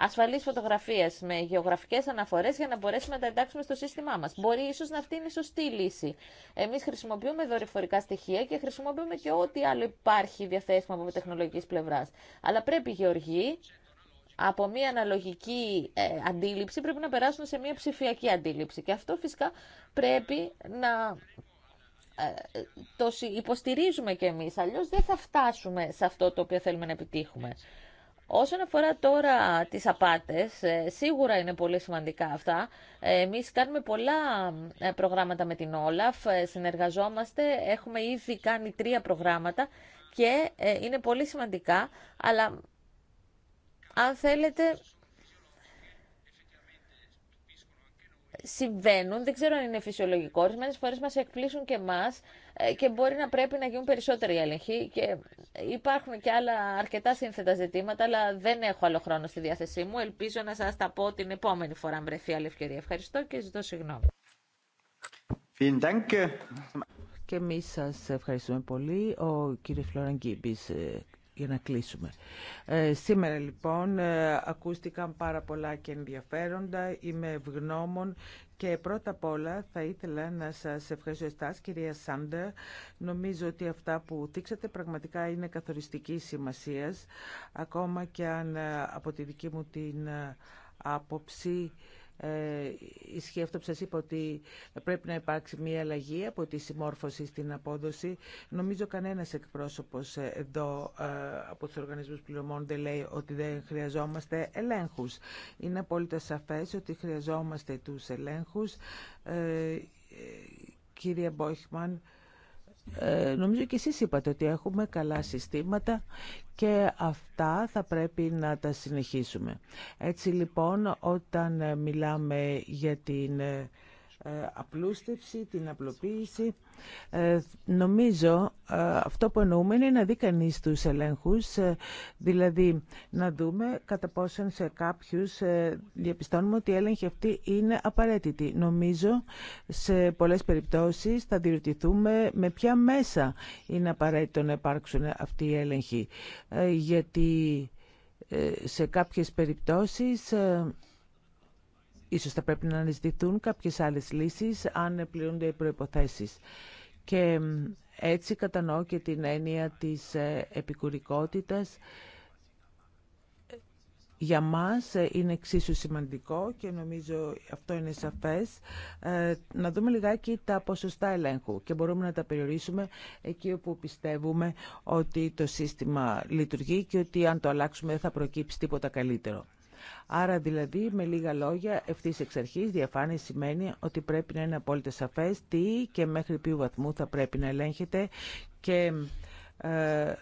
ασφαλείς φωτογραφίες με γεωγραφικές αναφορές για να μπορέσουμε να τα εντάξουμε στο σύστημά μας. Μπορεί ίσως να αυτή είναι η σωστή λύση. Εμείς χρησιμοποιούμε δορυφορικά στοιχεία και χρησιμοποιούμε και ό,τι άλλο υπάρχει διαθέσιμο από τεχνολογικής πλευράς. Αλλά πρέπει οι από μια αναλογική ε, αντίληψη πρέπει να περάσουν σε μια ψηφιακή αντίληψη. Και αυτό φυσικά πρέπει να ε, το υποστηρίζουμε κι εμείς, αλλιώς δεν θα φτάσουμε σε αυτό το οποίο θέλουμε να επιτύχουμε. Όσον αφορά τώρα τις απάτες, ε, σίγουρα είναι πολύ σημαντικά αυτά. Εμείς κάνουμε πολλά προγράμματα με την Όλαφ, συνεργαζόμαστε, έχουμε ήδη κάνει τρία προγράμματα και είναι πολύ σημαντικά, αλλά αν θέλετε, συμβαίνουν. Δεν ξέρω αν είναι φυσιολογικό. Ορισμένε φορέ μα εκπλήσουν και εμά ε, και μπορεί να πρέπει να γίνουν περισσότεροι έλεγχοι. Και υπάρχουν και άλλα αρκετά σύνθετα ζητήματα, αλλά δεν έχω άλλο χρόνο στη διάθεσή μου. Ελπίζω να σα τα πω την επόμενη φορά, αν βρεθεί άλλη ευκαιρία. Ευχαριστώ και ζητώ συγγνώμη. Και εμεί σα ευχαριστούμε πολύ. Ο κύριο για να κλείσουμε. Ε, σήμερα λοιπόν ε, ακούστηκαν πάρα πολλά και ενδιαφέροντα. Είμαι ευγνώμων και πρώτα απ' όλα θα ήθελα να σας ευχαριστώ κυρία Σάντερ. Νομίζω ότι αυτά που δείξατε πραγματικά είναι καθοριστική σημασίας, ακόμα και αν ε, από τη δική μου την άποψη ε, ισχύει αυτό που σας είπα ότι πρέπει να υπάρξει μια αλλαγή από τη συμμόρφωση στην απόδοση. Νομίζω κανένας εκπρόσωπος εδώ ε, από τους οργανισμούς πληρωμών δεν λέει ότι δεν χρειαζόμαστε ελέγχους. Είναι απόλυτα σαφές ότι χρειαζόμαστε τους ελέγχους. Ε, ε κύριε Μπόχμαν, ε, νομίζω και εσείς είπατε ότι έχουμε καλά συστήματα και αυτά θα πρέπει να τα συνεχίσουμε. Έτσι λοιπόν όταν ε, μιλάμε για την ε, ε, απλούστευση, την απλοποίηση. Ε, νομίζω ε, αυτό που εννοούμε είναι να δει κανεί του ελέγχου, δηλαδή να δούμε κατά πόσον σε κάποιου διαπιστώνουμε ότι η έλεγχη αυτή είναι απαραίτητη. Νομίζω σε πολλέ περιπτώσει θα διερωτηθούμε με ποια μέσα είναι απαραίτητο να υπάρξουν αυτοί οι έλεγχοι. Γιατί σε κάποιες περιπτώσεις Ίσως θα πρέπει να αναζητηθούν κάποιες άλλες λύσεις αν πληρούνται οι προϋποθέσεις. Και έτσι κατανοώ και την έννοια της ε, επικουρικότητας. Για μας ε, είναι εξίσου σημαντικό και νομίζω αυτό είναι σαφές ε, να δούμε λιγάκι τα ποσοστά ελέγχου και μπορούμε να τα περιορίσουμε εκεί όπου πιστεύουμε ότι το σύστημα λειτουργεί και ότι αν το αλλάξουμε δεν θα προκύψει τίποτα καλύτερο. Άρα δηλαδή με λίγα λόγια ευθύ εξ αρχή διαφάνεια σημαίνει ότι πρέπει να είναι απόλυτα σαφές τι και μέχρι ποιου βαθμού θα πρέπει να ελέγχεται και ε,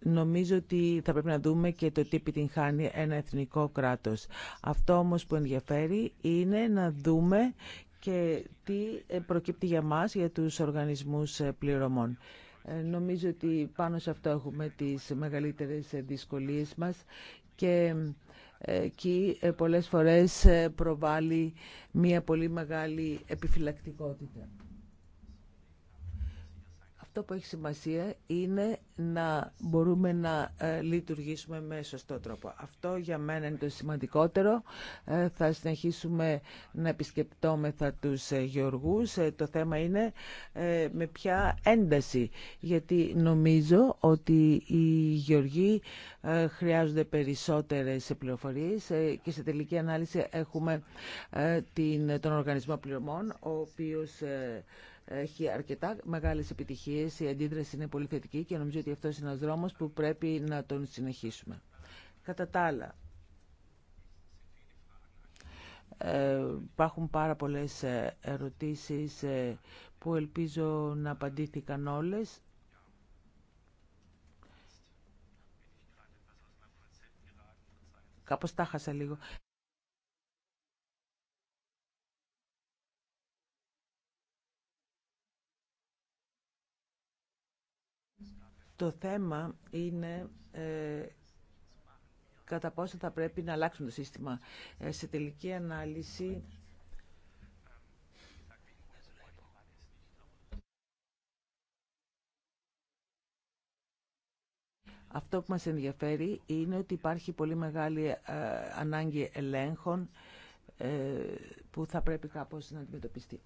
νομίζω ότι θα πρέπει να δούμε και το τι επιτυγχάνει ένα εθνικό κράτος. Αυτό όμως που ενδιαφέρει είναι να δούμε και τι ε, προκύπτει για μας, για τους οργανισμούς ε, πληρωμών. Νομίζω ότι πάνω σε αυτό έχουμε τις μεγαλύτερες δυσκολίες μας και εκεί ε, πολλές φορές ε, προβάλλει μια πολύ μεγάλη επιφυλακτικότητα. Αυτό που έχει σημασία είναι να μπορούμε να ε, λειτουργήσουμε με σωστό τρόπο. Αυτό για μένα είναι το σημαντικότερο. Ε, θα συνεχίσουμε να επισκεπτόμεθα τους ε, γεωργούς. Το θέμα είναι με ποια ένταση. Γιατί νομίζω ότι οι γεωργοί χρειάζονται περισσότερες πληροφορίες και σε τελική ανάλυση έχουμε τον οργανισμό πληρωμών, ο οποίος έχει αρκετά μεγάλες επιτυχίες, η αντίδραση είναι πολύ θετική και νομίζω ότι αυτός είναι ο δρόμος που πρέπει να τον συνεχίσουμε. Κατά τα άλλα, ε, υπάρχουν πάρα πολλές ε, ερωτήσεις ε, που ελπίζω να απαντήθηκαν όλες. Κάπως τα χάσα λίγο. Το θέμα είναι ε, κατά πόσο θα πρέπει να αλλάξουν το σύστημα. Ε, σε τελική ανάλυση... Αυτό που μας ενδιαφέρει είναι ότι υπάρχει πολύ μεγάλη ε, ανάγκη ελέγχων ε, που θα πρέπει κάπως να αντιμετωπιστεί.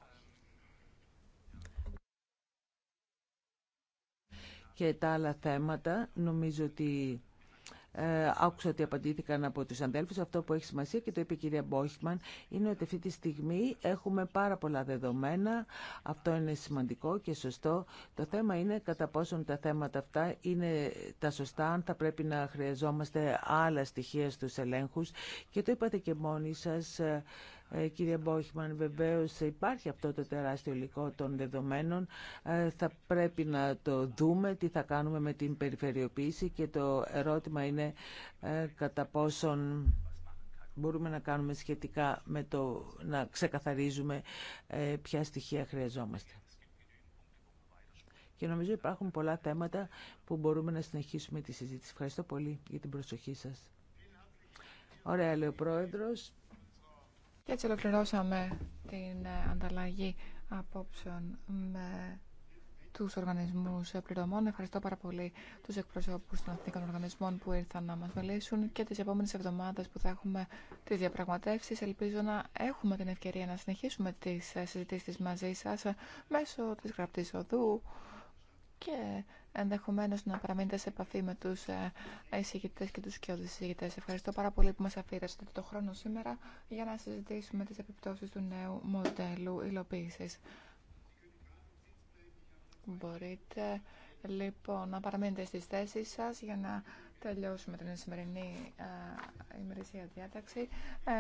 και τα άλλα θέματα νομίζω ότι ε, άκουσα ότι απαντήθηκαν από τους αντέλφους. Αυτό που έχει σημασία και το είπε η κυρία Μπόχημαν είναι ότι αυτή τη στιγμή έχουμε πάρα πολλά δεδομένα. Αυτό είναι σημαντικό και σωστό. Το θέμα είναι κατά πόσον τα θέματα αυτά είναι τα σωστά, αν θα πρέπει να χρειαζόμαστε άλλα στοιχεία στους ελέγχους. Και το είπατε και μόνοι σας, ε, ε, κύριε Μπόχιμαν, βεβαίω υπάρχει αυτό το τεράστιο υλικό των δεδομένων. Ε, θα πρέπει να το δούμε τι θα κάνουμε με την περιφερειοποίηση και το ερώτημα είναι ε, κατά πόσον μπορούμε να κάνουμε σχετικά με το να ξεκαθαρίζουμε ποια στοιχεία χρειαζόμαστε. Και νομίζω υπάρχουν πολλά θέματα που μπορούμε να συνεχίσουμε τη συζήτηση. Ευχαριστώ πολύ για την προσοχή σας. Ωραία, λέει ο Πρόεδρος. Και έτσι ολοκληρώσαμε την ε, ανταλλαγή απόψεων με τους οργανισμούς πληρωμών. Ευχαριστώ πάρα πολύ τους εκπροσώπους των Αθηνικών οργανισμών που ήρθαν να μας μιλήσουν και τις επόμενες εβδομάδες που θα έχουμε τις διαπραγματεύσεις. Ελπίζω να έχουμε την ευκαιρία να συνεχίσουμε τις ε, συζητήσεις μαζί σας ε, μέσω της γραπτής οδού και ενδεχομένω να παραμείνετε σε επαφή με του ε, εισηγητέ και του σκιώδει εισηγητέ. Ευχαριστώ πάρα πολύ που μα αφήρασατε το χρόνο σήμερα για να συζητήσουμε τι επιπτώσει του νέου μοντέλου υλοποίηση. Μπορείτε λοιπόν να παραμείνετε στις θέσεις σας για να τελειώσουμε την σημερινή ημερησία διάταξη. Ε,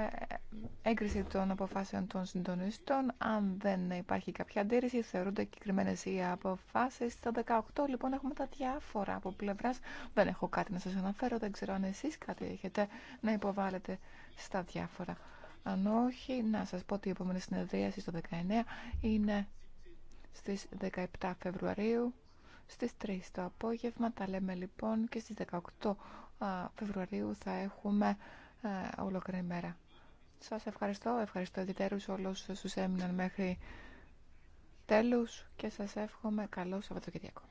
έγκριση των αποφάσεων των συντονιστών. Αν δεν υπάρχει κάποια αντίρρηση, θεωρούνται κεκριμένε οι αποφάσει. Στα 18 λοιπόν έχουμε τα διάφορα από πλευρά. Δεν έχω κάτι να σα αναφέρω. Δεν ξέρω αν εσεί κάτι έχετε να υποβάλλετε στα διάφορα. Αν όχι, να σας πω ότι η επόμενη συνεδρίαση στο 19 είναι στις 17 Φεβρουαρίου στις 3 το απόγευμα. Τα λέμε λοιπόν και στις 18 Φεβρουαρίου θα έχουμε ε, ολόκληρη μέρα. Σας ευχαριστώ, ευχαριστώ ιδιαίτερους όλους όσους έμειναν μέχρι τέλους και σας εύχομαι καλό Σαββατοκυριακό.